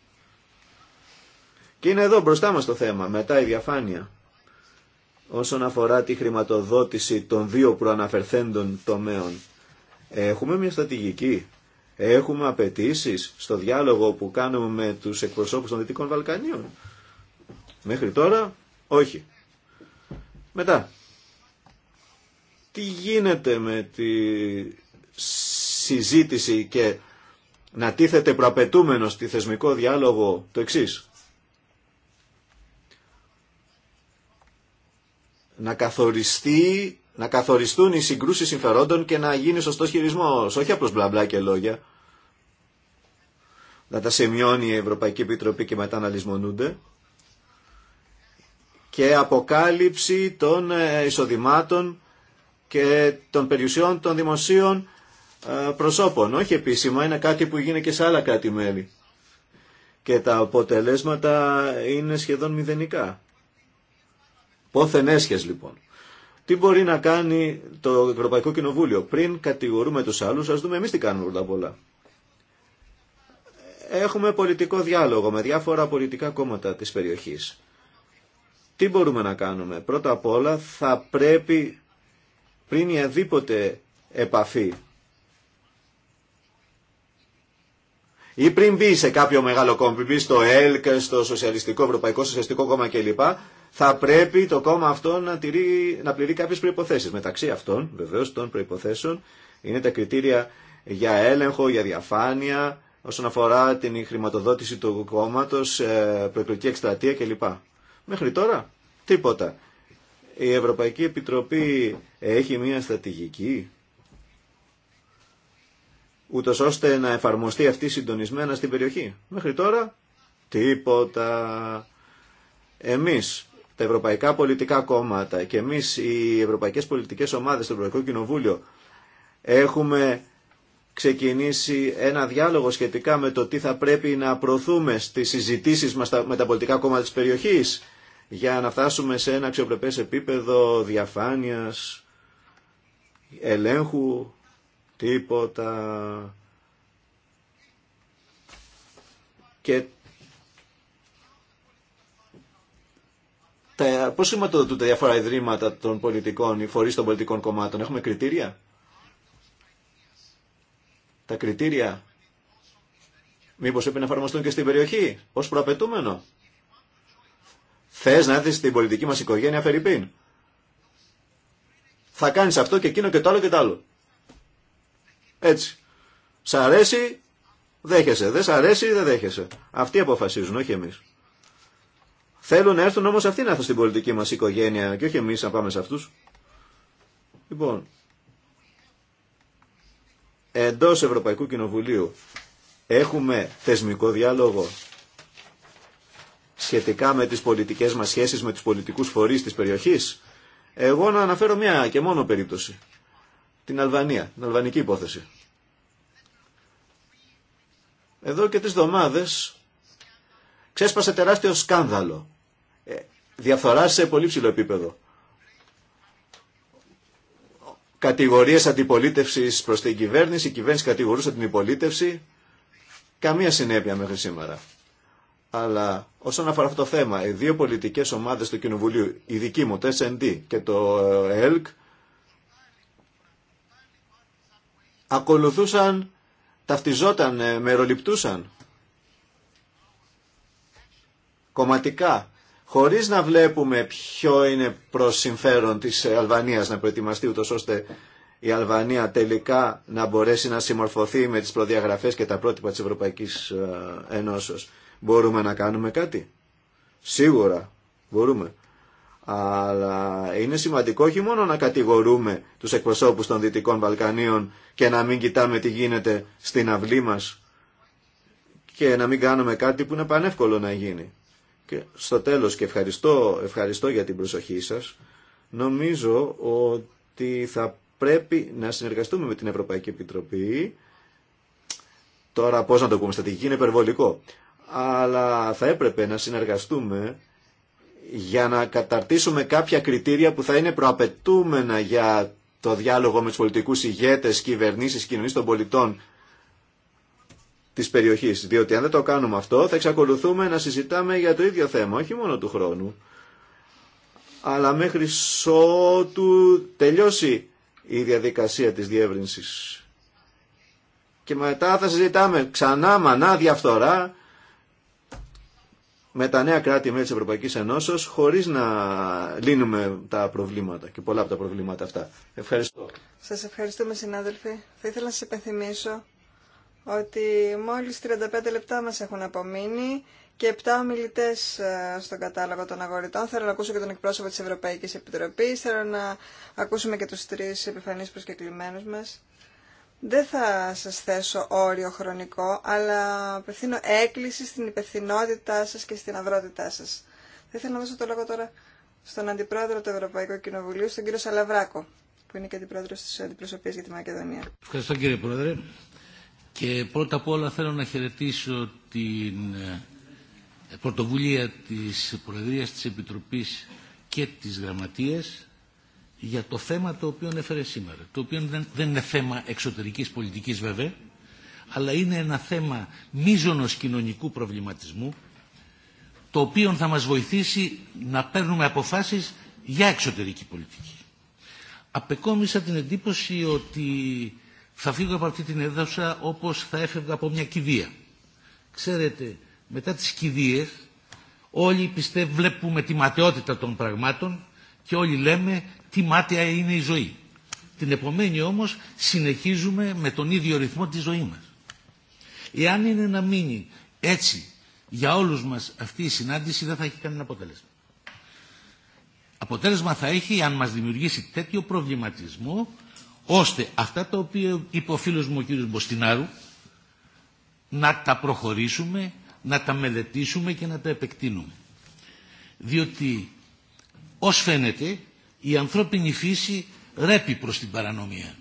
Speaker 2: Και είναι εδώ μπροστά μας το θέμα, μετά η διαφάνεια. Όσον αφορά τη χρηματοδότηση των δύο προαναφερθέντων τομέων, έχουμε μια στρατηγική Έχουμε απαιτήσει στο διάλογο που κάνουμε με τους εκπροσώπους των Δυτικών Βαλκανίων. Μέχρι τώρα, όχι. Μετά, τι γίνεται με τη συζήτηση και να τίθεται προαπαιτούμενο στη θεσμικό διάλογο το εξής. να καθοριστεί να καθοριστούν οι συγκρούσει συμφερόντων και να γίνει σωστό χειρισμό. Όχι απλώ μπλα μπλα και λόγια. Να τα σημειώνει η Ευρωπαϊκή Επιτροπή και μετά να λησμονούνται. Και αποκάλυψη των ε, εισοδημάτων και των περιουσιών των δημοσίων ε, προσώπων. Όχι επίσημα, είναι κάτι που γίνεται και σε άλλα κράτη-μέλη. Και τα αποτελέσματα είναι σχεδόν μηδενικά. Πόθεν έσχες λοιπόν. Τι μπορεί να κάνει το Ευρωπαϊκό Κοινοβούλιο. Πριν κατηγορούμε τους άλλους, ας δούμε εμείς τι κάνουμε πρώτα απ' όλα. Έχουμε πολιτικό διάλογο με διάφορα πολιτικά κόμματα της περιοχής. Τι μπορούμε να κάνουμε. Πρώτα απ' όλα θα πρέπει πριν η επαφή ή πριν μπει σε κάποιο μεγάλο κόμμα, μπει στο ΕΛΚ, στο Σοσιαλιστικό Ευρωπαϊκό Σοσιαλιστικό Κόμμα κλπ θα πρέπει το κόμμα αυτό να, τηρεί, να πληρεί κάποιες προϋποθέσεις. Μεταξύ αυτών, βεβαίως, των προϋποθέσεων είναι τα κριτήρια για έλεγχο, για διαφάνεια, όσον αφορά την χρηματοδότηση του κόμματος, ε, προεκλογική εκστρατεία κλπ. Μέχρι τώρα, τίποτα. Η Ευρωπαϊκή Επιτροπή έχει μια στρατηγική ούτω ώστε να εφαρμοστεί αυτή συντονισμένα στην περιοχή. Μέχρι τώρα, τίποτα. Εμείς τα ευρωπαϊκά πολιτικά κόμματα και εμείς οι ευρωπαϊκές πολιτικές ομάδες στο Ευρωπαϊκό Κοινοβούλιο έχουμε ξεκινήσει ένα διάλογο σχετικά με το τι θα πρέπει να προωθούμε στις συζητήσεις μας με τα πολιτικά κόμματα της περιοχής για να φτάσουμε σε ένα αξιοπρεπές επίπεδο διαφάνειας, ελέγχου, τίποτα και τα, πώς σηματοδοτούν τα διάφορα ιδρύματα των πολιτικών, οι φορείς των πολιτικών κομμάτων. Έχουμε κριτήρια. Τα κριτήρια μήπως πρέπει να εφαρμοστούν και στην περιοχή ως προαπαιτούμενο. Θες να έρθεις στην πολιτική μας οικογένεια Φερρυπίν. Θα κάνεις αυτό και εκείνο και το άλλο και το άλλο. Έτσι. Σ' αρέσει, δέχεσαι. Δεν σ' αρέσει, δεν δέχεσαι. Αυτοί αποφασίζουν, όχι εμείς. Θέλουν να έρθουν όμως αυτοί να έρθουν στην πολιτική μας οικογένεια και όχι εμείς να πάμε σε αυτούς. Λοιπόν, εντός Ευρωπαϊκού Κοινοβουλίου έχουμε θεσμικό διάλογο σχετικά με τις πολιτικές μας σχέσεις με τους πολιτικούς φορείς της περιοχής. Εγώ να αναφέρω μια και μόνο περίπτωση. Την Αλβανία, την αλβανική υπόθεση. Εδώ και τις εβδομάδες ξέσπασε τεράστιο σκάνδαλο ε, διαφθορά σε πολύ ψηλό επίπεδο. Κατηγορίες αντιπολίτευσης προς την κυβέρνηση, η κυβέρνηση κατηγορούσε την υπολίτευση, καμία συνέπεια μέχρι σήμερα. Αλλά όσον αφορά αυτό το θέμα, οι δύο πολιτικές ομάδες του Κοινοβουλίου, η δική μου, το SND και το ε, ΕΛΚ, ακολουθούσαν, ταυτιζόταν, ε, μεροληπτούσαν κομματικά χωρίς να βλέπουμε ποιο είναι προς συμφέρον της Αλβανίας να προετοιμαστεί ούτως ώστε η Αλβανία τελικά να μπορέσει να συμμορφωθεί με τις προδιαγραφές και τα πρότυπα της Ευρωπαϊκής ε, Ενώσεως. Μπορούμε να κάνουμε κάτι. Σίγουρα μπορούμε. Αλλά είναι σημαντικό όχι μόνο να κατηγορούμε τους εκπροσώπους των Δυτικών Βαλκανίων και να μην κοιτάμε τι γίνεται στην αυλή μας και να μην κάνουμε κάτι που είναι πανεύκολο να γίνει. Και στο τέλος και ευχαριστώ, ευχαριστώ για την προσοχή σας. Νομίζω ότι θα πρέπει να συνεργαστούμε με την Ευρωπαϊκή Επιτροπή. Τώρα πώς να το πούμε, στατική είναι υπερβολικό. Αλλά θα έπρεπε να συνεργαστούμε για να καταρτήσουμε κάποια κριτήρια που θα είναι προαπαιτούμενα για το διάλογο με τους πολιτικούς ηγέτες, κυβερνήσεις, κοινωνίες των πολιτών της περιοχής. Διότι αν δεν το κάνουμε αυτό θα εξακολουθούμε να συζητάμε για το ίδιο θέμα, όχι μόνο του χρόνου. Αλλά μέχρι σώτου τελειώσει η διαδικασία της διεύρυνσης. Και μετά θα συζητάμε ξανά μανά διαφθορά με τα νέα κράτη-μέλη της Ευρωπαϊκής Ενώσεως χωρίς να λύνουμε τα προβλήματα και πολλά από τα προβλήματα αυτά. Ευχαριστώ. Σας
Speaker 3: ευχαριστούμε συνάδελφοι. Θα ήθελα να σας υπενθυμίσω ότι μόλις 35 λεπτά μας έχουν απομείνει και 7 ομιλητέ ε, στον κατάλογο των αγορητών. Θέλω να ακούσω και τον εκπρόσωπο της Ευρωπαϊκής Επιτροπής, θέλω να ακούσουμε και τους τρεις επιφανείς προσκεκλημένους μας. Δεν θα σας θέσω όριο χρονικό, αλλά απευθύνω έκκληση στην υπευθυνότητά σας και στην αυρότητά σας. Θα ήθελα να δώσω το λόγο τώρα στον Αντιπρόεδρο του Ευρωπαϊκού Κοινοβουλίου, στον κύριο Σαλαβράκο, που είναι και Αντιπρόεδρος της Αντιπροσωπείας για τη Μακεδονία.
Speaker 1: Ευχαριστώ κύριε Πρόεδρε. Και πρώτα απ' όλα θέλω να χαιρετήσω την ε, πρωτοβουλία της Προεδρίας της Επιτροπής και της Γραμματείας για το θέμα το οποίο έφερε σήμερα. Το οποίο δεν είναι θέμα εξωτερικής πολιτικής βέβαια, αλλά είναι ένα θέμα μίζωνος κοινωνικού προβληματισμού, το οποίο θα μας βοηθήσει να παίρνουμε αποφάσεις για εξωτερική πολιτική. Απεκόμισα την εντύπωση ότι θα φύγω από αυτή την έδωσα όπως θα έφευγα από μια κηδεία. Ξέρετε, μετά τις κηδείες όλοι πιστεύουμε, βλέπουμε τη ματαιότητα των πραγμάτων και όλοι λέμε τι μάταια είναι η ζωή. Την επομένη όμως συνεχίζουμε με τον ίδιο ρυθμό τη ζωή μας. Εάν είναι να μείνει έτσι για όλους μας αυτή η συνάντηση δεν θα έχει κανένα αποτέλεσμα. Αποτέλεσμα θα έχει αν μας δημιουργήσει τέτοιο προβληματισμό ώστε αυτά τα οποία είπε ο φίλος μου ο κύριος Μποστινάρου να τα προχωρήσουμε, να τα μελετήσουμε και να τα επεκτείνουμε. Διότι, ως φαίνεται, η ανθρώπινη φύση ρέπει προς την παρανομία.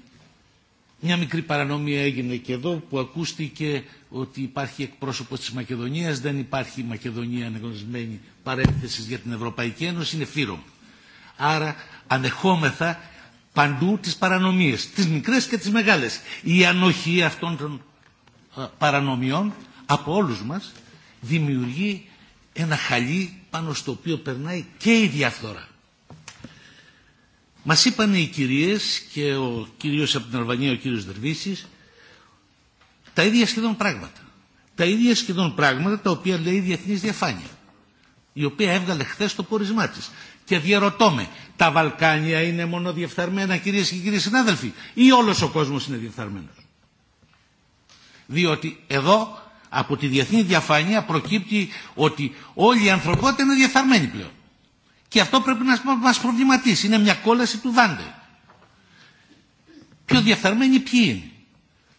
Speaker 1: Μια μικρή παρανομία έγινε και εδώ που ακούστηκε ότι υπάρχει εκπρόσωπος της Μακεδονίας, δεν υπάρχει Μακεδονία ανεγνωσμένη παρένθεση για την Ευρωπαϊκή Ένωση, είναι φύρο. Άρα ανεχόμεθα παντού τις παρανομίες, τις μικρές και τις μεγάλες. Η ανοχή αυτών των ε, παρανομιών από όλους μας δημιουργεί ένα χαλί πάνω στο οποίο περνάει και η διαφθορά. Μας είπαν οι κυρίες και ο κύριος από την Αλβανία, ο κύριος Δερβίσης, τα ίδια σχεδόν πράγματα. Τα ίδια σχεδόν πράγματα τα οποία λέει η Διεθνής Διαφάνεια, η οποία έβγαλε χθε το πόρισμά της. Και διαρωτώ με, τα Βαλκάνια είναι μόνο διεφθαρμένα κυρίε και κύριοι συνάδελφοι ή όλος ο κόσμος είναι διεφθαρμένος. Διότι εδώ από τη διεθνή διαφάνεια προκύπτει ότι όλη η ανθρωπότητα είναι διεφθαρμένη πλέον. Και αυτό πρέπει να μας προβληματίσει. Είναι μια κόλαση του Δάντε. Πιο διεφθαρμένοι ποιοι είναι.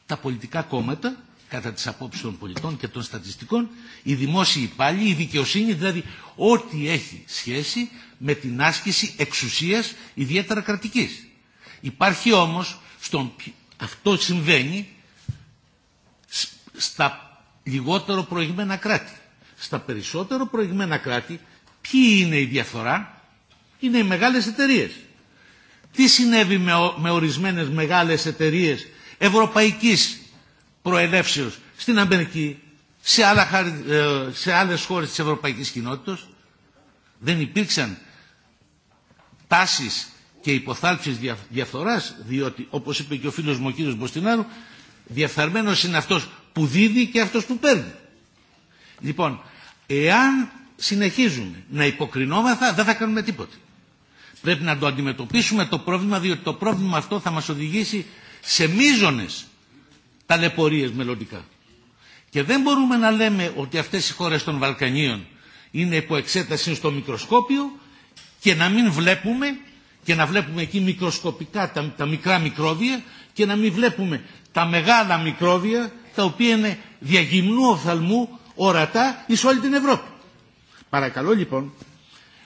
Speaker 1: Τα πολιτικά κόμματα, κατά τις απόψεις των πολιτών και των στατιστικών, οι δημόσιοι υπάλληλοι, η δικαιοσύνη, δηλαδή ό,τι έχει σχέση με την άσκηση εξουσίας ιδιαίτερα κρατικής. Υπάρχει όμως, στον... αυτό συμβαίνει στα λιγότερο προηγμένα κράτη. Στα περισσότερο προηγμένα κράτη, ποιοι είναι η διαφορά, είναι οι μεγάλες εταιρείε. Τι συνέβη με, ο... με ορισμένες μεγάλες εταιρείες ευρωπαϊκής προελεύσεως στην Αμερική, σε, άλλα, ε, σε άλλες χώρες της ευρωπαϊκής κοινότητας, δεν υπήρξαν τάσεις και υποθάλψεις διαφθοράς, διότι όπως είπε και ο φίλος μου ο κύριος Μποστινάρου, διαφθαρμένος είναι αυτός που δίδει και αυτός που παίρνει. Λοιπόν, εάν συνεχίζουμε να υποκρινόμαθα δεν θα κάνουμε τίποτα. Πρέπει να το αντιμετωπίσουμε το πρόβλημα διότι το πρόβλημα αυτό θα μας οδηγήσει σε μίζονες ταλαιπωρίες μελλοντικά. Και δεν μπορούμε να λέμε ότι αυτές οι χώρες των Βαλκανίων είναι υπό εξέταση στο μικροσκόπιο και να μην βλέπουμε και να βλέπουμε εκεί μικροσκοπικά τα, τα μικρά μικρόβια και να μην βλέπουμε τα μεγάλα μικρόβια τα οποία είναι διαγυμνού οφθαλμού ορατά εις όλη την Ευρώπη. Παρακαλώ λοιπόν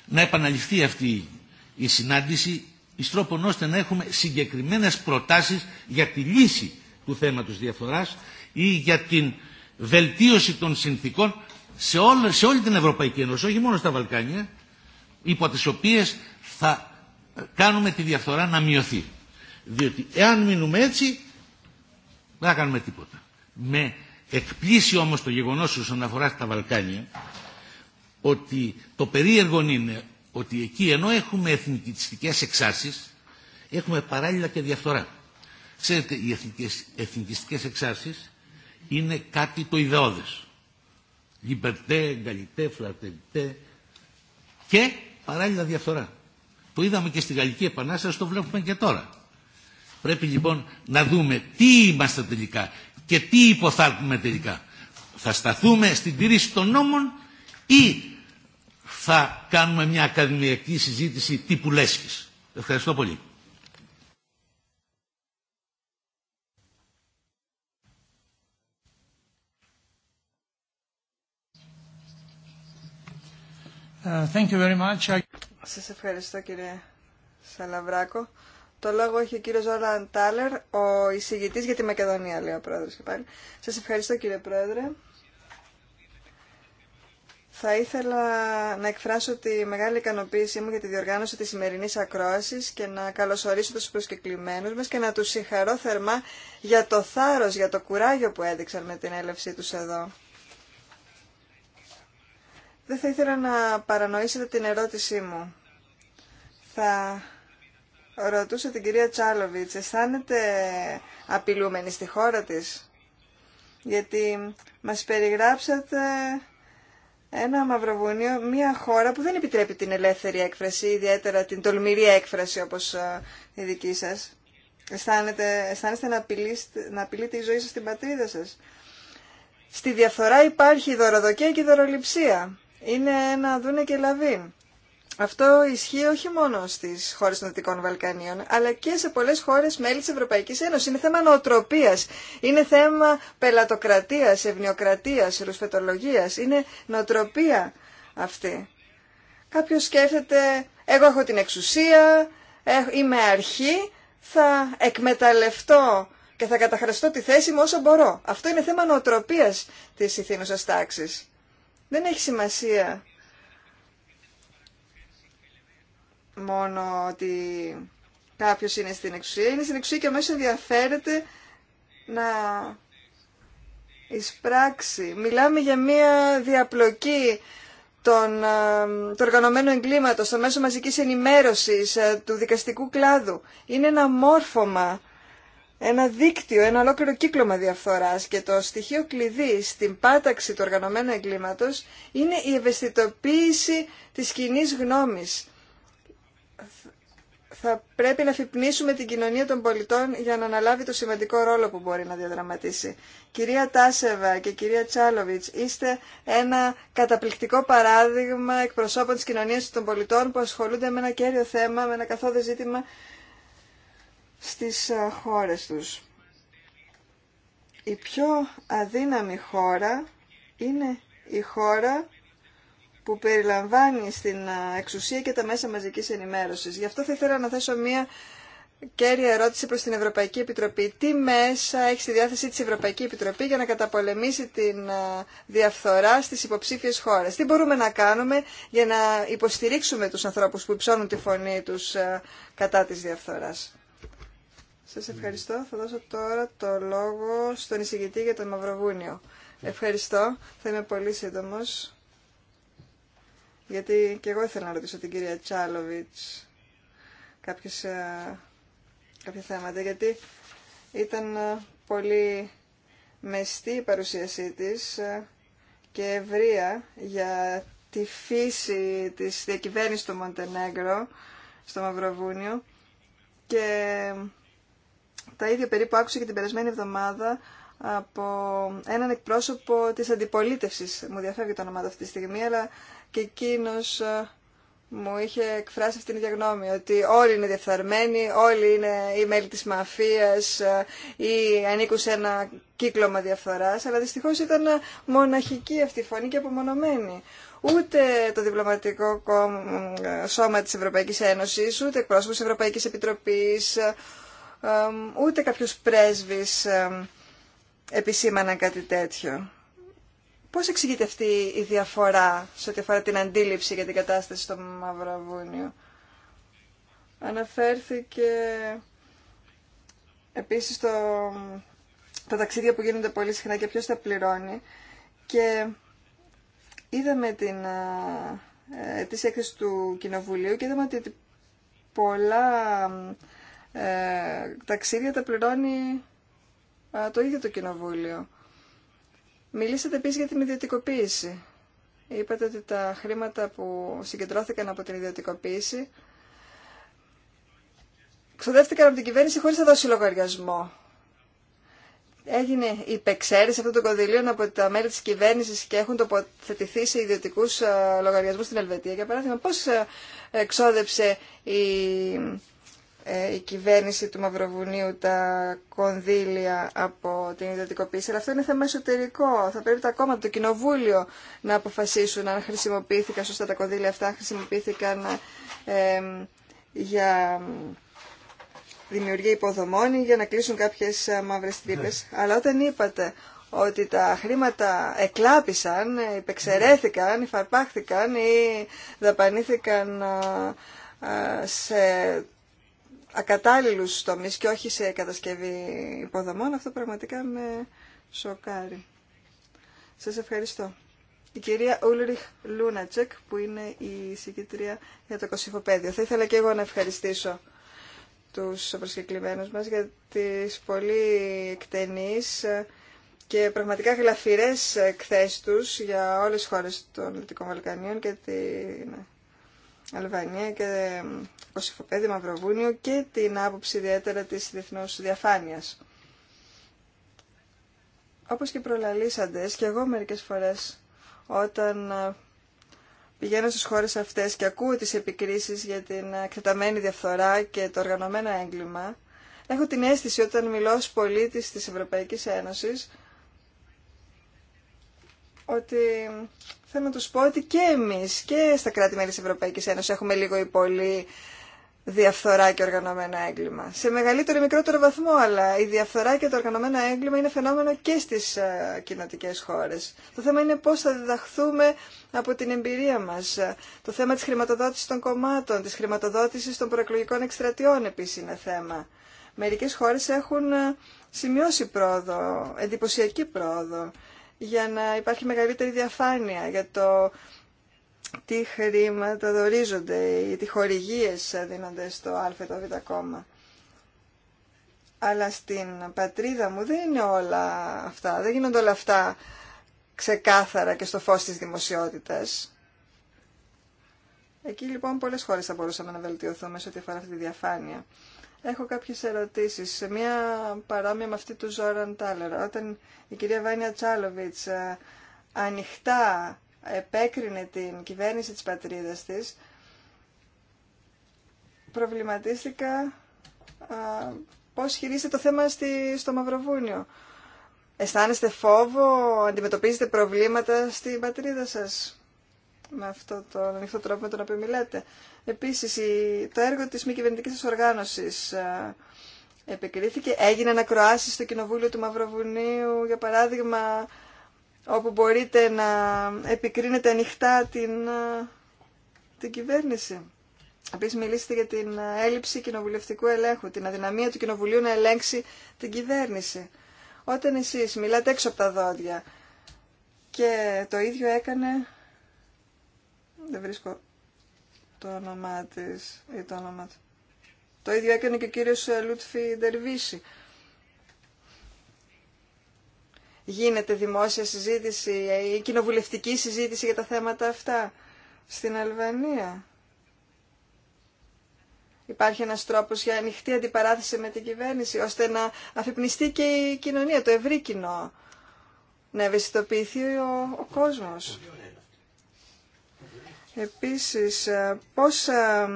Speaker 1: να επαναληφθεί αυτή η συνάντηση εις τρόπον ώστε να έχουμε συγκεκριμένες προτάσεις για τη λύση του θέματος διαφθοράς ή για την βελτίωση των συνθήκων σε όλη, σε όλη την Ευρωπαϊκή Ένωση, όχι μόνο στα Βαλκάνια, υπό τις οποίες θα κάνουμε τη διαφθορά να μειωθεί. Διότι εάν μείνουμε έτσι δεν θα κάνουμε τίποτα. Με εκπλήσει όμως το γεγονός όσον αφορά τα Βαλκάνια ότι το περίεργο είναι ότι εκεί ενώ έχουμε εθνικιστικές εξάρσεις έχουμε παράλληλα και διαφθορά. Ξέρετε, οι εθνικές, εθνικιστικές εξάρσεις είναι κάτι το ιδεώδες. Λιμπερτέ, γκαλιτέ, φλατελιτέ και παράλληλα διαφθορά. Το είδαμε και στη Γαλλική Επανάσταση, το βλέπουμε και τώρα. Πρέπει λοιπόν να δούμε τι είμαστε τελικά και τι υποθάλπουμε τελικά. Θα σταθούμε στην τήρηση των νόμων ή θα κάνουμε μια ακαδημιακή συζήτηση τύπου λέσχης. Ευχαριστώ πολύ. Uh,
Speaker 3: Σας ευχαριστώ κύριε Σαλαβράκο. Το λόγο έχει ο κύριος Ζόραν Τάλερ, ο εισηγητής για τη Μακεδονία, λέει ο πρόεδρος και πάλι. Σας ευχαριστώ κύριε πρόεδρε. Θα ήθελα να εκφράσω τη μεγάλη ικανοποίησή μου για τη διοργάνωση της σημερινής ακρόασης και να καλωσορίσω τους προσκεκλημένους μας και να τους συγχαρώ θερμά για το θάρρος, για το κουράγιο που έδειξαν με την έλευσή τους εδώ. Δεν θα ήθελα να παρανοήσετε την ερώτησή μου. Θα ρωτούσα την κυρία Τσάλοβιτς, αισθάνεται απειλούμενη στη χώρα της, γιατί μας περιγράψατε ένα μαυροβούνιο, μια χώρα που δεν επιτρέπει την ελεύθερη έκφραση, ιδιαίτερα την τολμηρή έκφραση όπως ε, η δική σας. Αισθάνεστε, αισθάνεστε να, να απειλείτε η ζωή σας στην πατρίδα σας. Στη διαφθορά υπάρχει η δωροδοκία και η δωροληψία είναι να δούνε και λαβή. Αυτό ισχύει όχι μόνο στι χώρε των Δυτικών Βαλκανίων, αλλά και σε πολλέ χώρε μέλη τη Ευρωπαϊκή Ένωση. Είναι θέμα νοοτροπία, είναι θέμα πελατοκρατίας, ευνοιοκρατία, ρουσφετολογία. Είναι νοοτροπία αυτή. Κάποιο σκέφτεται, εγώ έχω την εξουσία, είμαι αρχή, θα εκμεταλλευτώ και θα καταχραστώ τη θέση μου όσο μπορώ. Αυτό είναι θέμα νοοτροπίας της ηθήνουσας τάξης. Δεν έχει σημασία μόνο ότι κάποιος είναι στην εξουσία. Είναι στην εξουσία και αμέσως ενδιαφέρεται να εισπράξει. Μιλάμε για μια διαπλοκή των, ε, του οργανωμένου εγκλήματος, των μέσων μαζικής ενημέρωσης, ε, του δικαστικού κλάδου. Είναι ένα μόρφωμα ένα δίκτυο, ένα ολόκληρο κύκλωμα διαφθοράς και το στοιχείο κλειδί στην πάταξη του οργανωμένου εγκλήματος είναι η ευαισθητοποίηση της κοινή γνώμης. Θα πρέπει να φυπνίσουμε την κοινωνία των πολιτών για να αναλάβει το σημαντικό ρόλο που μπορεί να διαδραματίσει. Κυρία Τάσεβα και κυρία Τσάλοβιτς, είστε ένα καταπληκτικό παράδειγμα εκπροσώπων της κοινωνίας των πολιτών που ασχολούνται με ένα κέριο θέμα, με ένα καθόδε ζήτημα στις ε, χώρες τους. Η πιο αδύναμη χώρα είναι η χώρα που περιλαμβάνει στην ε, εξουσία και τα μέσα μαζικής ενημέρωσης. Γι' αυτό θα ήθελα να θέσω μία κέρια ερώτηση προς την Ευρωπαϊκή Επιτροπή. Τι μέσα έχει στη διάθεσή της Ευρωπαϊκή Επιτροπή για να καταπολεμήσει την ε, διαφθορά στις υποψήφιες χώρες. Τι μπορούμε να κάνουμε για να υποστηρίξουμε τους ανθρώπους που υψώνουν τη φωνή τους κατά της διαφθοράς. Σας ευχαριστώ. Θα δώσω τώρα το λόγο στον εισηγητή για το Μαυροβούνιο. Ευχαριστώ. Θα είμαι πολύ σύντομο Γιατί και εγώ ήθελα να ρωτήσω την κυρία Τσάλοβιτς ε, κάποια θέματα. Γιατί ήταν ε, πολύ μεστή η παρουσίασή της ε, και ευρεία για τη φύση της διακυβέρνησης του Μοντενέγκρο στο Μαυροβούνιο και τα ίδια περίπου άκουσα και την περασμένη εβδομάδα από έναν εκπρόσωπο της αντιπολίτευσης. Μου διαφεύγει το όνομα αυτή τη στιγμή, αλλά και εκείνο ε, μου είχε εκφράσει αυτήν την διαγνώμη, διεφθαρμένοι, όλοι είναι ή μέλη της μαφίας ε, ή ανήκουν σε ένα κύκλωμα διαφθοράς, αλλά δυστυχώς ήταν μοναχική αυτή οι φωνή και απομονωμένη. Ούτε το διπλωματικό ε, σώμα της Ευρωπαϊκής Ένωσης, ούτε εκπρόσωπος της Ευρωπαϊκής Επιτροπής, ούτε κάποιος πρέσβης επισήμαναν κάτι τέτοιο. Πώς εξηγείται αυτή η διαφορά σε ό,τι αφορά την αντίληψη για την κατάσταση στο Μαυροβούνιο. Αναφέρθηκε επίσης το, τα ταξίδια που γίνονται πολύ συχνά και ποιος τα πληρώνει. Και είδαμε την ε, της έκθεση του Κοινοβουλίου και είδαμε ότι πολλά ε, ταξίδια τα πληρώνει το ίδιο το κοινοβούλιο. Μιλήσατε επίσης για την ιδιωτικοποίηση. Είπατε ότι τα χρήματα που συγκεντρώθηκαν από την ιδιωτικοποίηση ξοδεύτηκαν από την κυβέρνηση χωρίς να δώσει λογαριασμό. Έγινε η υπεξαίρεση αυτών των κονδυλίων από τα μέλη της κυβέρνησης και έχουν τοποθετηθεί σε ιδιωτικούς λογαριασμούς στην Ελβετία. Για παράδειγμα, πώς ε, εξόδεψε η ε, η κυβέρνηση του Μαυροβουνίου τα κονδύλια από την ιδιωτικοποίηση, αλλά αυτό είναι θέμα εσωτερικό. Θα πρέπει τα το κοινοβούλιο να αποφασίσουν αν χρησιμοποιήθηκαν σωστά τα κονδύλια αυτά, αν χρησιμοποιήθηκαν για δημιουργία υποδομών ή για να κλείσουν κάποιες ε, μαύρες τρύπες. Ναι. Αλλά όταν είπατε ότι τα χρήματα εκλάπησαν, υπεξαιρέθηκαν, υφαρπάχθηκαν ή δαπανήθηκαν ε, σε ακατάλληλου τομεί και όχι σε κατασκευή υποδομών, αυτό πραγματικά με σοκάρει. Σας ευχαριστώ. Η κυρία Ούλριχ Λούνατσεκ που είναι η συγκητρία για το Πέδιο. Θα ήθελα και εγώ να ευχαριστήσω τους προσκεκλημένους μας για τις πολύ εκτενείς και πραγματικά γλαφυρές εκθέσεις τους για όλες τις χώρες των Δυτικών Βαλκανίων και την Αλβανία και Σιφοπέδη Μαυροβούνιο και την άποψη ιδιαίτερα της διεθνούς διαφάνειας. Όπως και προλαλήσαντες και εγώ μερικές φορές όταν ε, πηγαίνω στις χώρες αυτές και ακούω τις επικρίσεις για την εκτεταμένη διαφθορά και το οργανωμένο έγκλημα, έχω την αίσθηση όταν μιλώ ως πολίτης της Ευρωπαϊκής Ένωσης ότι θέλω να τους πω ότι και εμείς και στα κράτη-μέλη της Ευρωπαϊκής Ένωσης έχουμε λίγο ή πολύ διαφθορά και οργανωμένα έγκλημα. Σε μεγαλύτερο ή μικρότερο βαθμό, αλλά η διαφθορά και το οργανωμένο έγκλημα είναι φαινόμενο και στις ε, κοινοτικέ χώρες. Το θέμα είναι πώς θα διδαχθούμε από την εμπειρία μας. Το θέμα της χρηματοδότησης των κομμάτων, της χρηματοδότησης των προεκλογικών εκστρατιών επίσης είναι θέμα. Μερικές χώρες έχουν ε, σημειώσει πρόοδο, εντυπωσιακή πρόοδο για να υπάρχει μεγαλύτερη διαφάνεια για το τι χρήματα δορίζονται ή τι χορηγίες δίνονται στο α ή β Αλλά στην πατρίδα μου δεν είναι όλα αυτά, δεν γίνονται όλα αυτά ξεκάθαρα και στο φως της δημοσιότητας. Εκεί λοιπόν πολλές χώρες θα μπορούσαμε να βελτιωθούμε σε ό,τι αφορά αυτή τη διαφάνεια. Έχω κάποιες ερωτήσεις. σε Μία παρόμοια με αυτή του Ζόραν Τάλερ. Όταν η κυρία Βάνια Τσάλοβιτς ε, ανοιχτά επέκρινε την κυβέρνηση της πατρίδας της, προβληματίστηκα ε, πώς χειρίζεται το θέμα στη, στο Μαυροβούνιο. Αισθάνεστε φόβο, αντιμετωπίζετε προβλήματα στην πατρίδα σας με αυτό το ανοιχτό τρόπο με τον οποίο μιλάτε. Επίσης, το έργο της μη σα οργάνωση ε, επικρίθηκε. Έγιναν ακροάσει στο Κοινοβούλιο του Μαυροβουνίου, για παράδειγμα, όπου μπορείτε να επικρίνετε ανοιχτά την, ε, την κυβέρνηση. Επίση μιλήσετε για την έλλειψη κοινοβουλευτικού ελέγχου, την αδυναμία του Κοινοβουλίου να ελέγξει την κυβέρνηση. Όταν εσεί, μιλάτε έξω από τα δόντια και το ίδιο έκανε δεν βρίσκω το όνομά τη ή το όνομα του. Το ίδιο έκανε και ο κύριο ε, Λούτφι Ντερβίση. Γίνεται δημόσια συζήτηση ή ε, κοινοβουλευτική συζήτηση για τα θέματα αυτά στην Αλβανία. Υπάρχει ένας τρόπος για ανοιχτή αντιπαράθεση με την κυβέρνηση, ώστε να αφυπνιστεί και η κοινωνία, το ευρύ κοινό, να ευαισθητοποιηθεί ο, ο κόσμος. Επίσης, ε, πώς, ε,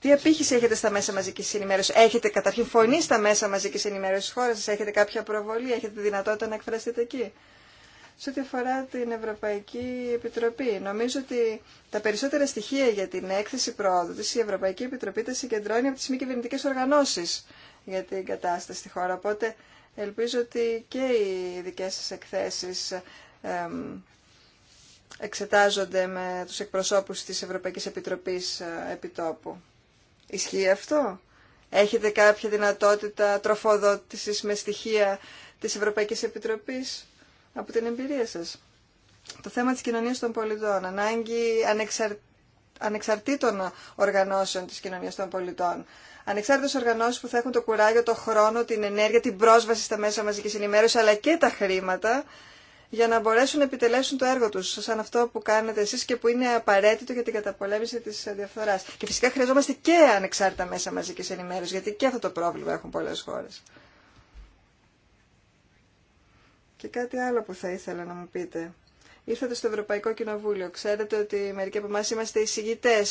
Speaker 3: τι απήχηση έχετε στα μέσα μαζικής ενημέρωσης. Έχετε καταρχήν φωνή στα μέσα μαζικής ενημέρωσης της χώρας σας. Έχετε κάποια προβολή. Έχετε δυνατότητα να εκφραστείτε εκεί. Σε ό,τι αφορά την Ευρωπαϊκή Επιτροπή, νομίζω ότι τα περισσότερα στοιχεία για την έκθεση πρόοδου της η Ευρωπαϊκή Επιτροπή τα συγκεντρώνει από τις μη κυβερνητικέ οργανώσεις για την κατάσταση στη χώρα. Οπότε ελπίζω ότι και οι δικές σας εκθέσεις εξετάζονται με τους εκπροσώπους της Ευρωπαϊκής Επιτροπής ε, Επιτόπου. Ισχύει αυτό? Έχετε κάποια δυνατότητα τροφοδότησης με στοιχεία της Ευρωπαϊκής Επιτροπής από την εμπειρία σας. Το θέμα της κοινωνίας των πολιτών, ανάγκη ανεξαρ... ανεξαρτήτων οργανώσεων της κοινωνίας των πολιτών, ανεξάρτητες οργανώσεις που θα έχουν το κουράγιο, το χρόνο, την ενέργεια, την πρόσβαση στα μέσα μαζικής ενημέρωσης, αλλά και τα χρήματα για να μπορέσουν να επιτελέσουν το έργο τους, σαν αυτό που κάνετε εσείς και που είναι απαραίτητο για την καταπολέμηση της διαφθοράς. Και φυσικά χρειαζόμαστε και ανεξάρτητα μέσα μαζικής ενημέρωσης, γιατί και αυτό το πρόβλημα έχουν πολλές χώρες. Και κάτι άλλο που θα ήθελα να μου πείτε. Ήρθατε στο Ευρωπαϊκό Κοινοβούλιο. Ξέρετε ότι μερικοί από εμά είμαστε εισηγητέ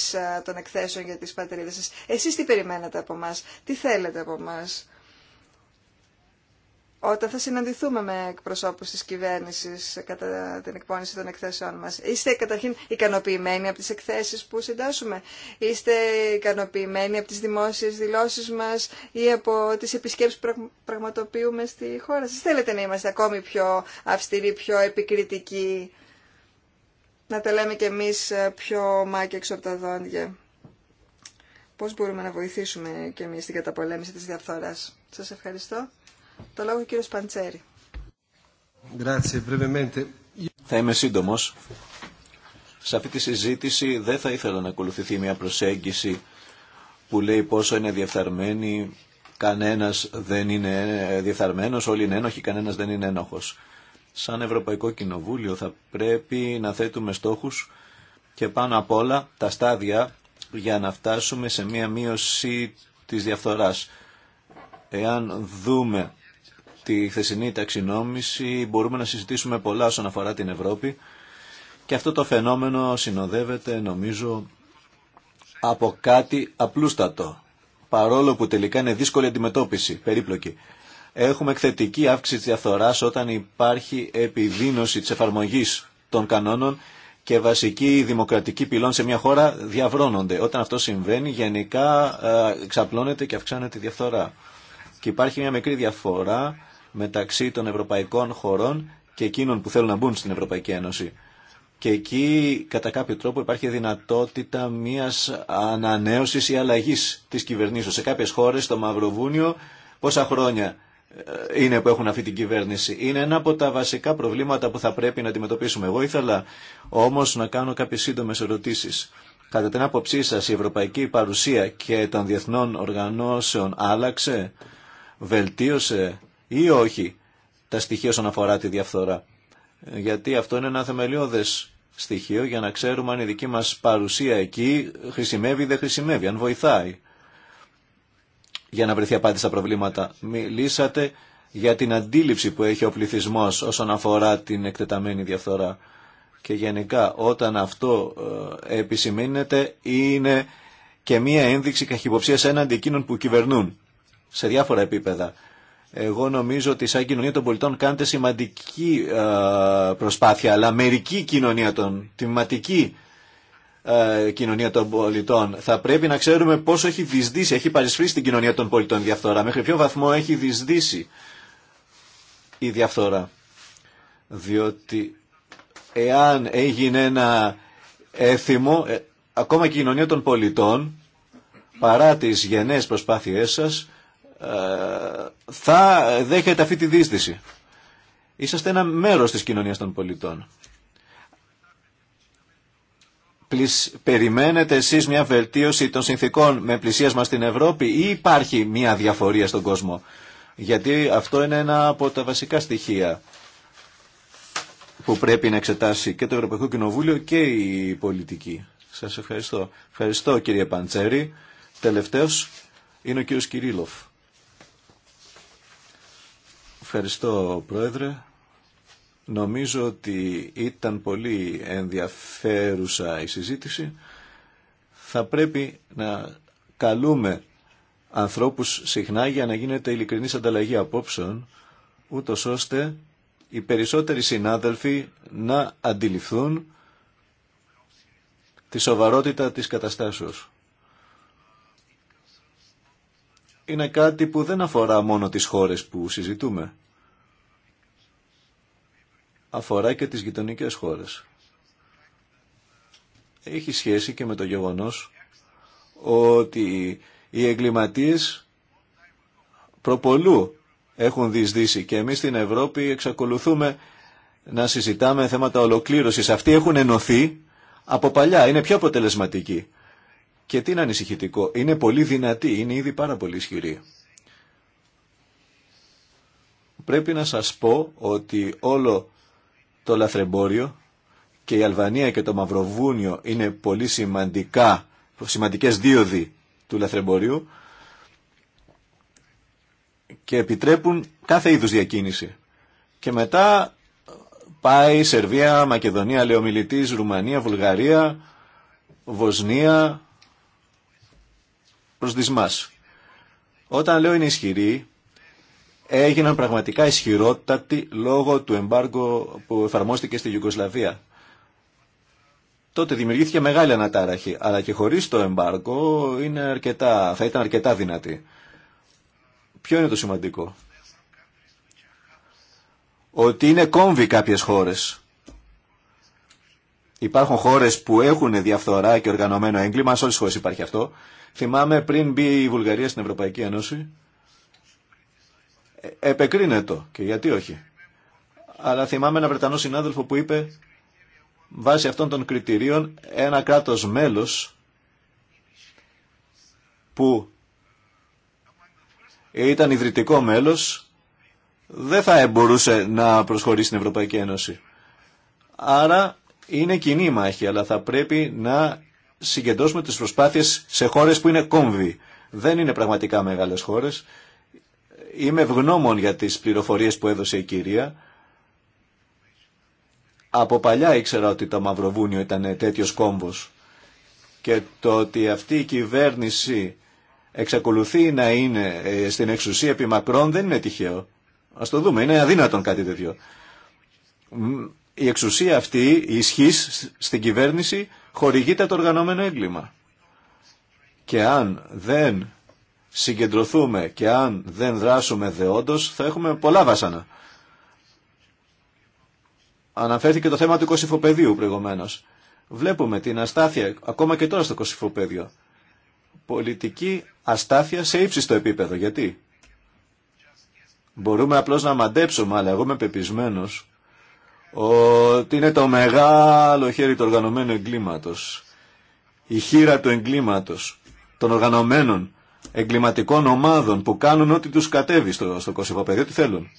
Speaker 3: των εκθέσεων για τι πατρίδε σα. Εσεί τι περιμένετε από εμά, τι θέλετε από εμά όταν θα συναντηθούμε με εκπροσώπου τη κυβέρνηση κατά την εκπόνηση των εκθέσεών μα. Είστε καταρχήν ικανοποιημένοι από τι εκθέσει που συντάσσουμε. Είστε ικανοποιημένοι από τι δημόσιε δηλώσει μα ή από τι επισκέψει που πραγματοποιούμε στη χώρα σα. Θέλετε να είμαστε ακόμη πιο αυστηροί, πιο επικριτικοί, να τα λέμε κι εμεί ε, πιο μάκια έξω από τα δόντια. Πώς μπορούμε να βοηθήσουμε κι εμείς την καταπολέμηση της διαφθοράς. Σας ευχαριστώ. Το λόγο
Speaker 1: του
Speaker 2: Θα είμαι σύντομο. Σε αυτή τη συζήτηση δεν θα ήθελα να ακολουθηθεί μια προσέγγιση που λέει πόσο είναι διεφθαρμένοι, κανένας δεν είναι διεφθαρμένος, όλοι είναι ένοχοι, κανένας δεν είναι ένοχος. Σαν Ευρωπαϊκό Κοινοβούλιο θα πρέπει να θέτουμε στόχους και πάνω απ' όλα τα στάδια για να φτάσουμε σε μια μείωση της διαφθοράς. Εάν δούμε τη χθεσινή ταξινόμηση μπορούμε να συζητήσουμε πολλά όσον αφορά την Ευρώπη και αυτό το φαινόμενο συνοδεύεται νομίζω από κάτι απλούστατο παρόλο που τελικά είναι δύσκολη αντιμετώπιση, περίπλοκη. Έχουμε εκθετική αύξηση της διαφθοράς όταν υπάρχει επιδείνωση της εφαρμογής των κανόνων και βασικοί δημοκρατικοί πυλών σε μια χώρα διαβρώνονται. Όταν αυτό συμβαίνει γενικά ε, εξαπλώνεται και αυξάνεται η διαφθορά. Και υπάρχει μια μικρή διαφορά μεταξύ των ευρωπαϊκών χωρών και εκείνων που θέλουν να μπουν στην Ευρωπαϊκή Ένωση. Και εκεί κατά κάποιο τρόπο υπάρχει δυνατότητα μιας ανανέωσης ή αλλαγής της κυβερνήσεως. Σε κάποιες χώρες, στο Μαυροβούνιο, πόσα χρόνια ε, είναι που έχουν αυτή την κυβέρνηση. Είναι ένα από τα βασικά προβλήματα που θα πρέπει να αντιμετωπίσουμε. Εγώ ήθελα όμως να κάνω κάποιες σύντομες ερωτήσεις. Κατά την άποψή σας η ευρωπαϊκή παρουσία και των διεθνών οργανώσεων άλλαξε, βελτίωσε ή όχι τα στοιχεία όσον αφορά τη διαφθορά. Ε, γιατί αυτό είναι ένα θεμελιώδες στοιχείο για να ξέρουμε αν η δική μας παρουσία εκεί χρησιμεύει ή δεν χρησιμεύει, αν βοηθάει για να βρεθεί απάντηση στα προβλήματα. Μιλήσατε για την αντίληψη που έχει ο πληθυσμό όσον αφορά την εκτεταμένη διαφθορά. Και γενικά όταν αυτό ε, επισημαίνεται είναι και μία ένδειξη καχυποψίας έναντι εκείνων που κυβερνούν σε διάφορα επίπεδα. Εγώ νομίζω ότι σαν κοινωνία των πολιτών κάνετε σημαντική ε, προσπάθεια, αλλά μερική κοινωνία των, τιματική ε, κοινωνία των πολιτών. Θα πρέπει να ξέρουμε πόσο έχει δυσδύσει, έχει παρισφρήσει την κοινωνία των πολιτών διαφθορά, μέχρι ποιο βαθμό έχει δυσδύσει η διαφθορά. Διότι εάν έγινε ένα έθιμο, ε, ακόμα και η κοινωνία των πολιτών, παρά τις γενναίες προσπάθειές σας, ε, θα δέχεται αυτή τη δίσδυση. Είσαστε ένα μέρος της κοινωνίας των πολιτών. Περιμένετε εσείς μια βελτίωση των συνθήκων με πλησίασμα στην Ευρώπη ή υπάρχει μια διαφορία στον κόσμο. Γιατί αυτό είναι ένα από τα βασικά στοιχεία που πρέπει να εξετάσει και το Ευρωπαϊκό Κοινοβούλιο και η πολιτική. Σας ευχαριστώ. Ευχαριστώ κύριε Παντσέρη. Τελευταίος είναι ο κύριος Κυρίλοφ. Ευχαριστώ, Πρόεδρε. Νομίζω ότι ήταν πολύ ενδιαφέρουσα η συζήτηση. Θα πρέπει να καλούμε ανθρώπους συχνά για να γίνεται ειλικρινής ανταλλαγή απόψεων, ούτω ώστε οι περισσότεροι συνάδελφοι να αντιληφθούν τη σοβαρότητα της καταστάσεως. Είναι κάτι που δεν αφορά μόνο τις χώρες που συζητούμε αφορά και τις γειτονικές χώρες. Έχει σχέση και με το γεγονός ότι οι εγκληματίες προπολού έχουν διεισδύσει και εμείς στην Ευρώπη εξακολουθούμε να συζητάμε θέματα ολοκλήρωσης. Αυτοί έχουν ενωθεί από παλιά, είναι πιο αποτελεσματικοί. Και τι είναι ανησυχητικό, είναι πολύ δυνατή είναι ήδη πάρα πολύ ισχυροί. Πρέπει να σας πω ότι όλο το λαθρεμπόριο και η Αλβανία και το Μαυροβούνιο είναι πολύ σημαντικά, σημαντικές δίωδοι του λαθρεμπορίου και επιτρέπουν κάθε είδους διακίνηση. Και μετά πάει Σερβία, Μακεδονία, Λεομιλητής, Ρουμανία, Βουλγαρία, Βοσνία, προς δυσμάς. Όταν λέω είναι ισχυρή, έγιναν πραγματικά ισχυρότατοι λόγω του εμπάργου που εφαρμόστηκε στη Ιουγκοσλαβία. Τότε δημιουργήθηκε μεγάλη ανατάραχη, αλλά και χωρίς το εμπάργο είναι αρκετά, θα ήταν αρκετά δυνατή. Ποιο είναι το σημαντικό. Ότι είναι κόμβοι κάποιες χώρες. Υπάρχουν χώρες που έχουν διαφθορά και οργανωμένο έγκλημα, σε όλες τις χώρες υπάρχει αυτό. Θυμάμαι πριν μπει η Βουλγαρία στην Ευρωπαϊκή Ένωση, ε, επεκρίνεται και γιατί όχι. Αλλά θυμάμαι ένα Βρετανό συνάδελφο που είπε βάσει αυτών των κριτηρίων ένα κράτος μέλος που ήταν ιδρυτικό μέλος δεν θα μπορούσε να προσχωρήσει στην Ευρωπαϊκή Ένωση. Άρα είναι κοινή μάχη, αλλά θα πρέπει να συγκεντρώσουμε τις προσπάθειες σε χώρες που είναι κόμβοι. Δεν είναι πραγματικά μεγάλες χώρες Είμαι ευγνώμων για τις πληροφορίες που έδωσε η κυρία. Από παλιά ήξερα ότι το Μαυροβούνιο ήταν τέτοιος κόμβος και το ότι αυτή η κυβέρνηση εξακολουθεί να είναι ε, στην εξουσία επί μακρόν δεν είναι τυχαίο. Ας το δούμε, είναι αδύνατον κάτι τέτοιο. Η εξουσία αυτή, η ισχύς στην κυβέρνηση χορηγείται το οργανωμένο έγκλημα. Και αν δεν συγκεντρωθούμε και αν δεν δράσουμε δεόντως θα έχουμε πολλά βάσανα. Αναφέρθηκε το θέμα του κοσυφοπεδίου προηγουμένω. Βλέπουμε την αστάθεια ακόμα και τώρα στο κοσυφοπέδιο. Πολιτική αστάθεια σε ύψιστο επίπεδο. Γιατί? Μπορούμε απλώς να μαντέψουμε, αλλά εγώ είμαι πεπισμένος ότι είναι το μεγάλο χέρι του οργανωμένου εγκλήματος. Η χείρα του εγκλήματος, των οργανωμένων εγκληματικών ομάδων που κάνουν ό,τι τους κατέβει στο, στο τι ό,τι θέλουν.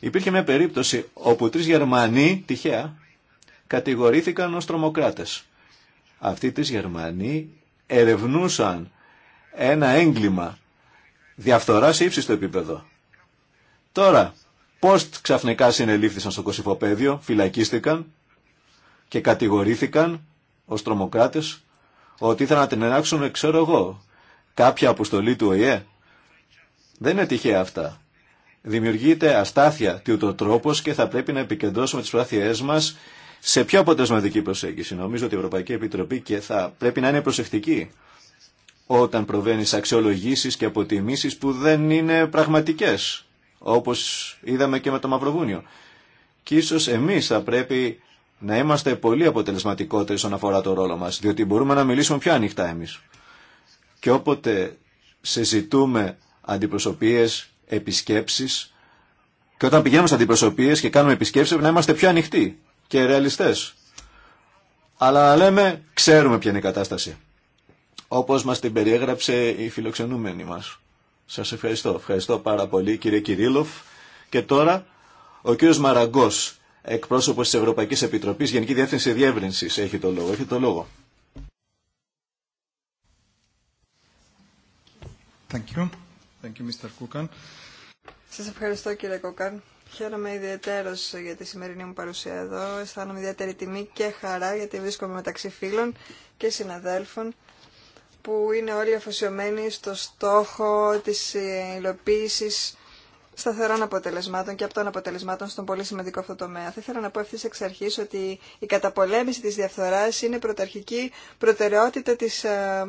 Speaker 2: Υπήρχε μια περίπτωση όπου τρεις Γερμανοί, τυχαία, κατηγορήθηκαν ως τρομοκράτες. Αυτοί τρεις Γερμανοί ερευνούσαν ένα έγκλημα διαφθορά σε στο επίπεδο. Τώρα, πώς ξαφνικά συνελήφθησαν στο Κωσυφοπαίδιο, φυλακίστηκαν και κατηγορήθηκαν ως τρομοκράτες ότι ήθελαν να την ενάξουν, ξέρω εγώ, κάποια αποστολή του ΟΗΕ. Δεν είναι τυχαία αυτά. Δημιουργείται αστάθεια τι τρόπο και θα πρέπει να επικεντρώσουμε τι προσπάθειέ μα σε πιο αποτελεσματική προσέγγιση. Νομίζω ότι η Ευρωπαϊκή Επιτροπή και θα πρέπει να είναι προσεκτική όταν προβαίνει σε αξιολογήσει και αποτιμήσεις που δεν είναι πραγματικέ, όπω είδαμε και με το Μαυροβούνιο. Και ίσω εμεί θα πρέπει να είμαστε πολύ αποτελεσματικότεροι όσον αφορά το ρόλο μα, διότι μπορούμε να μιλήσουμε πιο ανοιχτά εμεί και όποτε συζητούμε ζητούμε αντιπροσωπείες, επισκέψεις και όταν πηγαίνουμε σε αντιπροσωπείες και κάνουμε επισκέψεις πρέπει να είμαστε πιο ανοιχτοί και ρεαλιστές. Αλλά λέμε ξέρουμε ποια είναι η κατάσταση. Όπως μας την περιέγραψε η φιλοξενούμενη μας. Σας ευχαριστώ. Ευχαριστώ πάρα πολύ κύριε Κυρίλοφ. Και τώρα ο κύριος Μαραγκός, εκπρόσωπος της Ευρωπαϊκής Επιτροπής, Γενική Διεύθυνση Διεύρυνσης, έχει το λόγο. Έχει το λόγο. Thank
Speaker 3: Σας ευχαριστώ κύριε Κούκαν. Χαίρομαι ιδιαίτερο για τη σημερινή μου παρουσία εδώ. Αισθάνομαι ιδιαίτερη τιμή και χαρά γιατί βρίσκομαι μεταξύ φίλων και συναδέλφων που είναι όλοι αφοσιωμένοι στο στόχο της υλοποίησης σταθερών αποτελεσμάτων και από των αποτελεσμάτων στον πολύ σημαντικό αυτό τομέα. Θα ήθελα να πω ευθύ εξ αρχή ότι η καταπολέμηση της διαφθοράς είναι πρωταρχική προτεραιότητα της ε,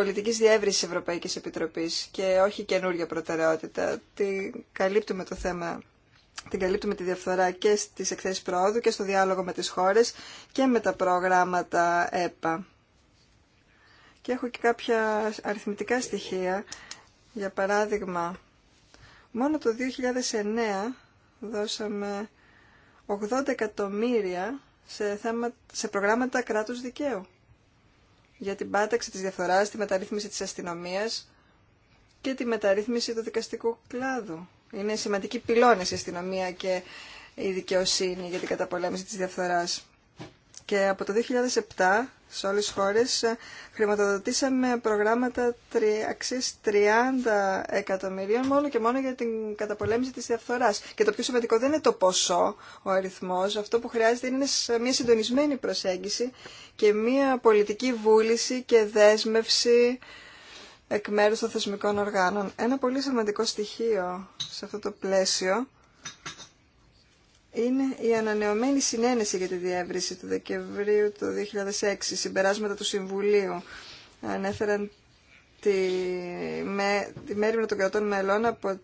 Speaker 3: πολιτικής διεύρυνσης Ευρωπαϊκής Επιτροπής και όχι καινούργια προτεραιότητα. Την καλύπτουμε το θέμα, την καλύπτουμε τη διαφθορά και στις εκθέσει προόδου και στο διάλογο με τις χώρες και με τα προγράμματα ΕΠΑ. Και έχω και κάποια αριθμητικά στοιχεία. Για παράδειγμα, μόνο το 2009 δώσαμε 80 εκατομμύρια σε, θέμα, σε προγράμματα κράτους δικαίου για την πάταξη της διαφθοράς, τη μεταρρύθμιση της αστυνομίας και τη μεταρρύθμιση του δικαστικού κλάδου. Είναι σημαντική πυλώνες η αστυνομία και η δικαιοσύνη για την καταπολέμηση της διαφθοράς. Και από το 2007 σε όλες τις χώρες ε, χρηματοδοτήσαμε προγράμματα αξίας 30 εκατομμυρίων μόνο και μόνο για την καταπολέμηση της διαφθοράς. Και το πιο σημαντικό δεν είναι το ποσό, ο αριθμός. Αυτό που χρειάζεται είναι μια συντονισμένη προσέγγιση και μια πολιτική βούληση και δέσμευση εκ μέρους των θεσμικών οργάνων. Ένα πολύ σημαντικό στοιχείο σε αυτό το πλαίσιο είναι η ανανεωμένη συνένεση για τη διεύρυνση του Δεκεμβρίου του 2006. Συμπεράσματα του Συμβουλίου ανέφεραν τη, με, τη μέρημνα των κρατών μελών από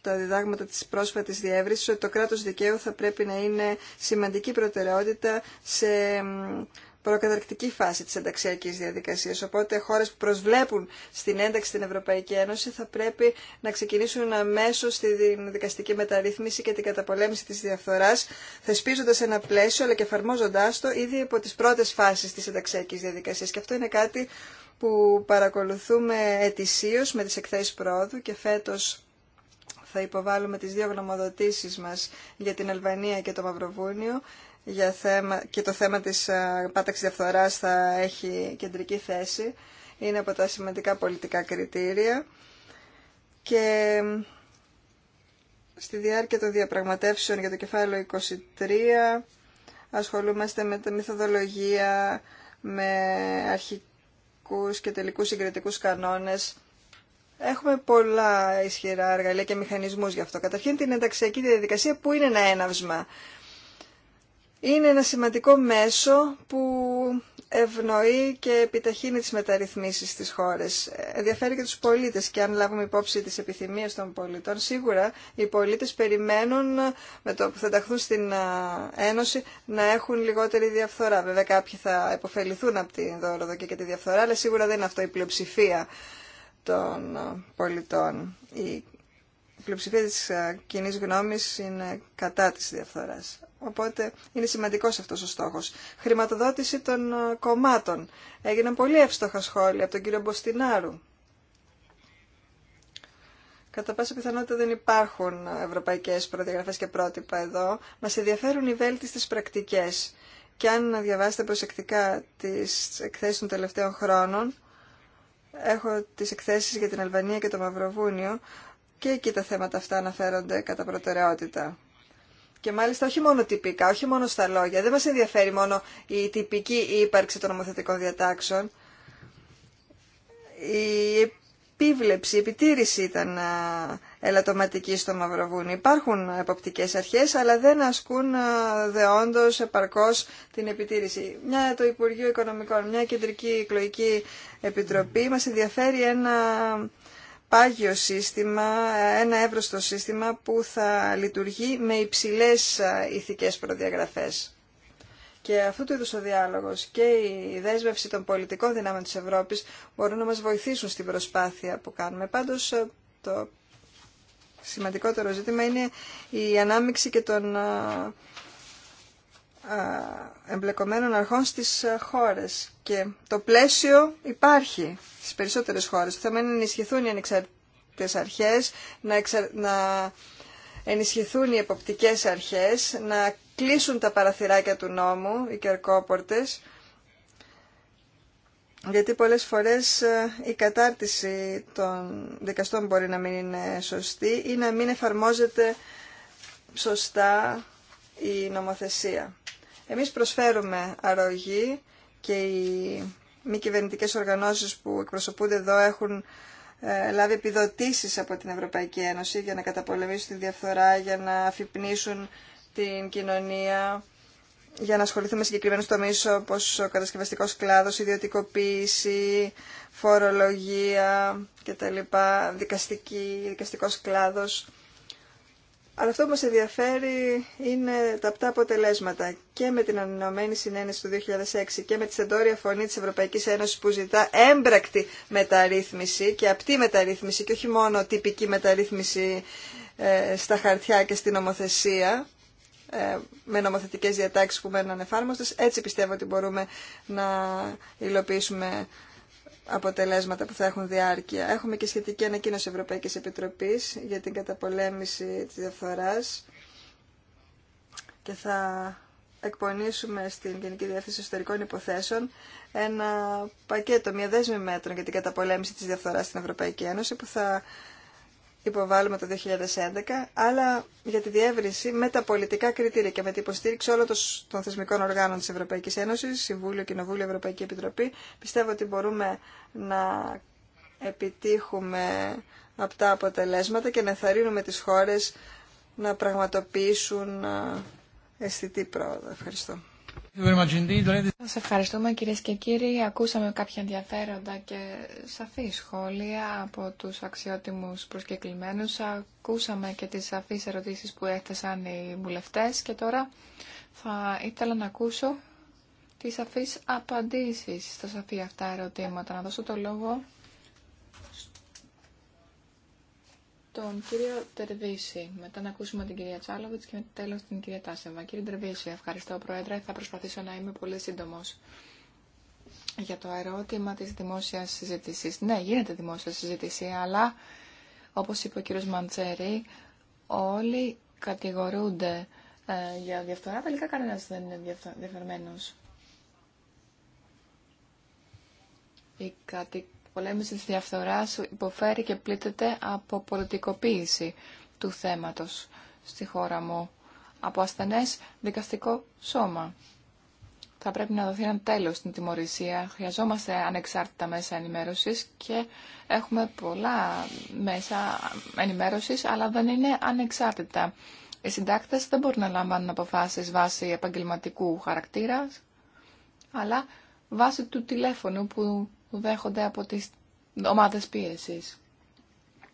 Speaker 3: τα διδάγματα της πρόσφατης διεύρυνσης ότι το κράτος δικαίου θα πρέπει να είναι σημαντική προτεραιότητα σε προκαταρκτική φάση της ενταξιακής διαδικασίας. Οπότε χώρες που προσβλέπουν στην ένταξη στην Ευρωπαϊκή Ένωση θα πρέπει να ξεκινήσουν αμέσως τη δικαστική μεταρρύθμιση και την καταπολέμηση της διαφθοράς, θεσπίζοντας ένα πλαίσιο αλλά και εφαρμόζοντά το ήδη από τις πρώτες φάσεις της ενταξιακής διαδικασίας. Και αυτό είναι κάτι που παρακολουθούμε ετησίως με τις εκθέσεις πρόοδου και φέτος θα υποβάλουμε τις δύο γνωμοδοτήσεις μας για την Αλβανία και το Μαυροβούνιο για θέμα, και το θέμα της πάταξης διαφθοράς θα έχει κεντρική θέση. Είναι από τα σημαντικά πολιτικά κριτήρια και στη διάρκεια των διαπραγματεύσεων για το κεφάλαιο 23 ασχολούμαστε με τη μυθοδολογία, με αρχικούς και τελικούς συγκριτικούς κανόνες. Έχουμε πολλά ισχυρά εργαλεία και μηχανισμούς γι' αυτό. Καταρχήν την ενταξιακή διαδικασία που είναι ένα έναυσμα είναι ένα σημαντικό μέσο που ευνοεί και επιταχύνει τις μεταρρυθμίσεις στις χώρες. Ενδιαφέρει και τους πολίτες και αν λάβουμε υπόψη τις επιθυμίες των πολιτών, σίγουρα οι πολίτες περιμένουν με το που θα ενταχθούν στην Ένωση να έχουν λιγότερη διαφθορά. Βέβαια κάποιοι θα υποφεληθούν από την δωροδοκία και τη διαφθορά, αλλά σίγουρα δεν είναι αυτό η πλειοψηφία των πολιτών πλειοψηφία τη κοινή γνώμη είναι κατά τη διαφθοράς. Οπότε είναι σημαντικό αυτό ο στόχο. Χρηματοδότηση των κομμάτων. Έγιναν πολύ εύστοχα σχόλια από τον κύριο Μποστινάρου. Κατά πάσα πιθανότητα δεν υπάρχουν ευρωπαϊκέ προδιαγραφέ και πρότυπα εδώ. Μα ενδιαφέρουν οι βέλτιστε πρακτικέ. Και αν διαβάσετε προσεκτικά τι εκθέσει των τελευταίων χρόνων, έχω τι εκθέσει για την Αλβανία και το Μαυροβούνιο, και εκεί τα θέματα αυτά αναφέρονται κατά προτεραιότητα. Και μάλιστα όχι μόνο τυπικά, όχι μόνο στα λόγια. Δεν μας ενδιαφέρει μόνο η τυπική ύπαρξη των νομοθετικών διατάξεων. Η επίβλεψη, η επιτήρηση ήταν ελαττωματική στο Μαυροβούνι. Υπάρχουν εποπτικές αρχές, αλλά δεν ασκούν δεόντως επαρκώς την επιτήρηση. Μια το Υπουργείο Οικονομικών, μια κεντρική εκλογική επιτροπή, μας ενδιαφέρει ένα πάγιο σύστημα, ένα εύρωστο σύστημα που θα λειτουργεί με υψηλές ηθικές προδιαγραφές. Και αυτού του είδους ο διάλογος και η δέσμευση των πολιτικών δυνάμεων της Ευρώπης μπορούν να μας βοηθήσουν στην προσπάθεια που κάνουμε. Πάντως το σημαντικότερο ζήτημα είναι η ανάμειξη και των εμπλεκομένων αρχών στις ε, χώρες και το πλαίσιο υπάρχει στις περισσότερες χώρες. Θα θέμα να ενισχυθούν οι ανεξαρτητές αρχές, να, εξα... να ενισχυθούν οι εποπτικές αρχές, να κλείσουν τα παραθυράκια του νόμου, οι κερκόπορτες, γιατί πολλές φορές ε, η κατάρτιση των δικαστών μπορεί να μην είναι σωστή ή να μην εφαρμόζεται σωστά η νομοθεσία. Εμείς προσφέρουμε αρρωγή και οι μη κυβερνητικέ οργανώσεις που εκπροσωπούνται εδώ έχουν ε, λάβει επιδοτήσεις από την Ευρωπαϊκή Ένωση για να καταπολεμήσουν τη διαφθορά, για να αφυπνίσουν την κοινωνία, για να ασχοληθούν με συγκεκριμένους τομείς όπως ο κατασκευαστικός κλάδος, ιδιωτικοποίηση, φορολογία κτλ, δικαστική, δικαστικός κλάδος. Αλλά αυτό που μας ενδιαφέρει είναι τα απτά αποτελέσματα και με την ανανεωμένη συνένεση του 2006 και με τη σεντόρια φωνή της Ευρωπαϊκής Ένωσης που ζητά έμπρακτη μεταρρύθμιση και απτή μεταρρύθμιση και όχι μόνο τυπική μεταρρύθμιση ε, στα χαρτιά και στην νομοθεσία ε, με νομοθετικές διατάξεις που μένουν ανεφάρμοστες. Έτσι πιστεύω ότι μπορούμε να υλοποιήσουμε αποτελέσματα που θα έχουν διάρκεια. Έχουμε και σχετική ανακοίνωση Ευρωπαϊκής Επιτροπής για την καταπολέμηση της διαφθοράς και θα εκπονήσουμε στην Γενική Διεύθυνση Ιστορικών Υποθέσεων ένα πακέτο, μια δέσμη μέτρων για την καταπολέμηση της διαφθοράς στην Ευρωπαϊκή Ένωση που θα υποβάλλουμε το 2011, αλλά για τη διεύρυνση με τα πολιτικά κριτήρια και με την υποστήριξη όλων των θεσμικών οργάνων της Ευρωπαϊκής Ένωσης, Συμβούλιο, Κοινοβούλιο, Ευρωπαϊκή Επιτροπή, πιστεύω ότι μπορούμε να επιτύχουμε αυτά τα αποτελέσματα και να ενθαρρύνουμε τις χώρες να πραγματοποιήσουν ε, αισθητή πρόοδο. Ευχαριστώ. Σα
Speaker 4: ευχαριστούμε κυρίε και κύριοι. Ακούσαμε κάποια ενδιαφέροντα και σαφή σχόλια από τους αξιότιμους προσκεκλημένους. Ακούσαμε και τις σαφείς ερωτήσεις που έθεσαν οι βουλευτέ. και τώρα θα ήθελα να ακούσω τις σαφείς απαντήσεις στα σαφή αυτά ερωτήματα. Να δώσω το λόγο τον κύριο Τερβίση. Μετά να ακούσουμε την κυρία Τσάλοβιτς και τέλο την κυρία Τάσεβα. Κύριε Τερβίση, ευχαριστώ Πρόεδρε. Θα προσπαθήσω να είμαι πολύ σύντομο Για το ερώτημα της δημόσιας συζητήση. Ναι, γίνεται δημόσια συζήτηση, αλλά όπως είπε ο κύριο Μαντσέρη, όλοι κατηγορούνται ε, για διαφθορά. Τελικά κανένα δεν είναι διαφθορμένο πολέμηση της διαφθοράς υποφέρει και πλήττεται από πολιτικοποίηση του θέματος στη χώρα μου από ασθενές δικαστικό σώμα. Θα πρέπει να δοθεί ένα τέλος στην τιμωρησία. Χρειαζόμαστε ανεξάρτητα μέσα ενημέρωσης και έχουμε πολλά μέσα ενημέρωσης, αλλά δεν είναι ανεξάρτητα. Οι συντάκτες δεν μπορούν να λάμβανουν αποφάσεις βάσει επαγγελματικού χαρακτήρα, αλλά βάσει του τηλέφωνου που που δέχονται από τις ομάδες πίεσης.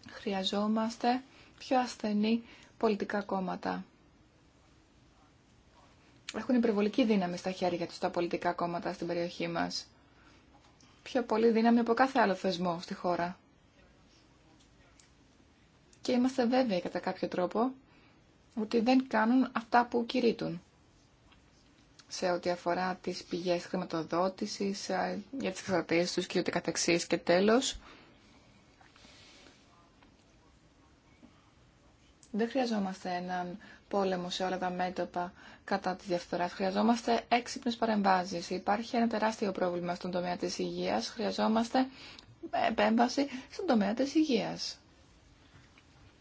Speaker 4: Χρειαζόμαστε πιο ασθενή πολιτικά κόμματα. Έχουν υπερβολική δύναμη στα χέρια τους τα πολιτικά κόμματα στην περιοχή μας. Πιο πολύ δύναμη από κάθε άλλο θεσμό στη χώρα. Και είμαστε βέβαιοι κατά κάποιο τρόπο ότι δεν κάνουν αυτά που κηρύττουν σε ό,τι αφορά τις πηγές χρηματοδότησης, ε, για τις εξαρτήσεις τους και ούτε καθεξής και τέλος. Δεν χρειαζόμαστε έναν πόλεμο σε όλα τα μέτωπα κατά τη διαφθορά. Χρειαζόμαστε έξυπνες παρεμβάσεις. Υπάρχει ένα τεράστιο πρόβλημα στον τομέα της υγείας. Χρειαζόμαστε επέμβαση στον τομέα της υγείας.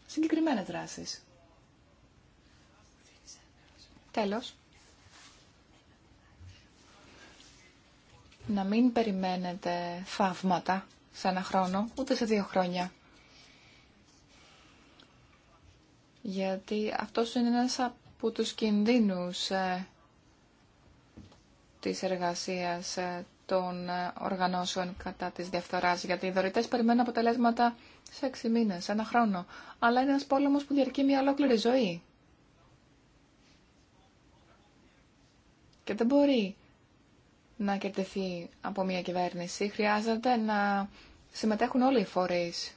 Speaker 4: Συγκεκριμένες δράσεις. Τέλος. να μην περιμένετε θαύματα σε ένα χρόνο, ούτε σε δύο χρόνια. Γιατί αυτό είναι ένας από τους κινδύνους ε, της εργασίας ε, των ε, οργανώσεων κατά της διαφθοράς. Γιατί οι δωρητές περιμένουν αποτελέσματα σε έξι μήνες, ένα χρόνο. Αλλά είναι ένας πόλεμος που διαρκεί μια ολόκληρη ζωή. Και δεν μπορεί να κερδιθεί από μια κυβέρνηση, χρειάζεται να συμμετέχουν όλοι οι φορείς.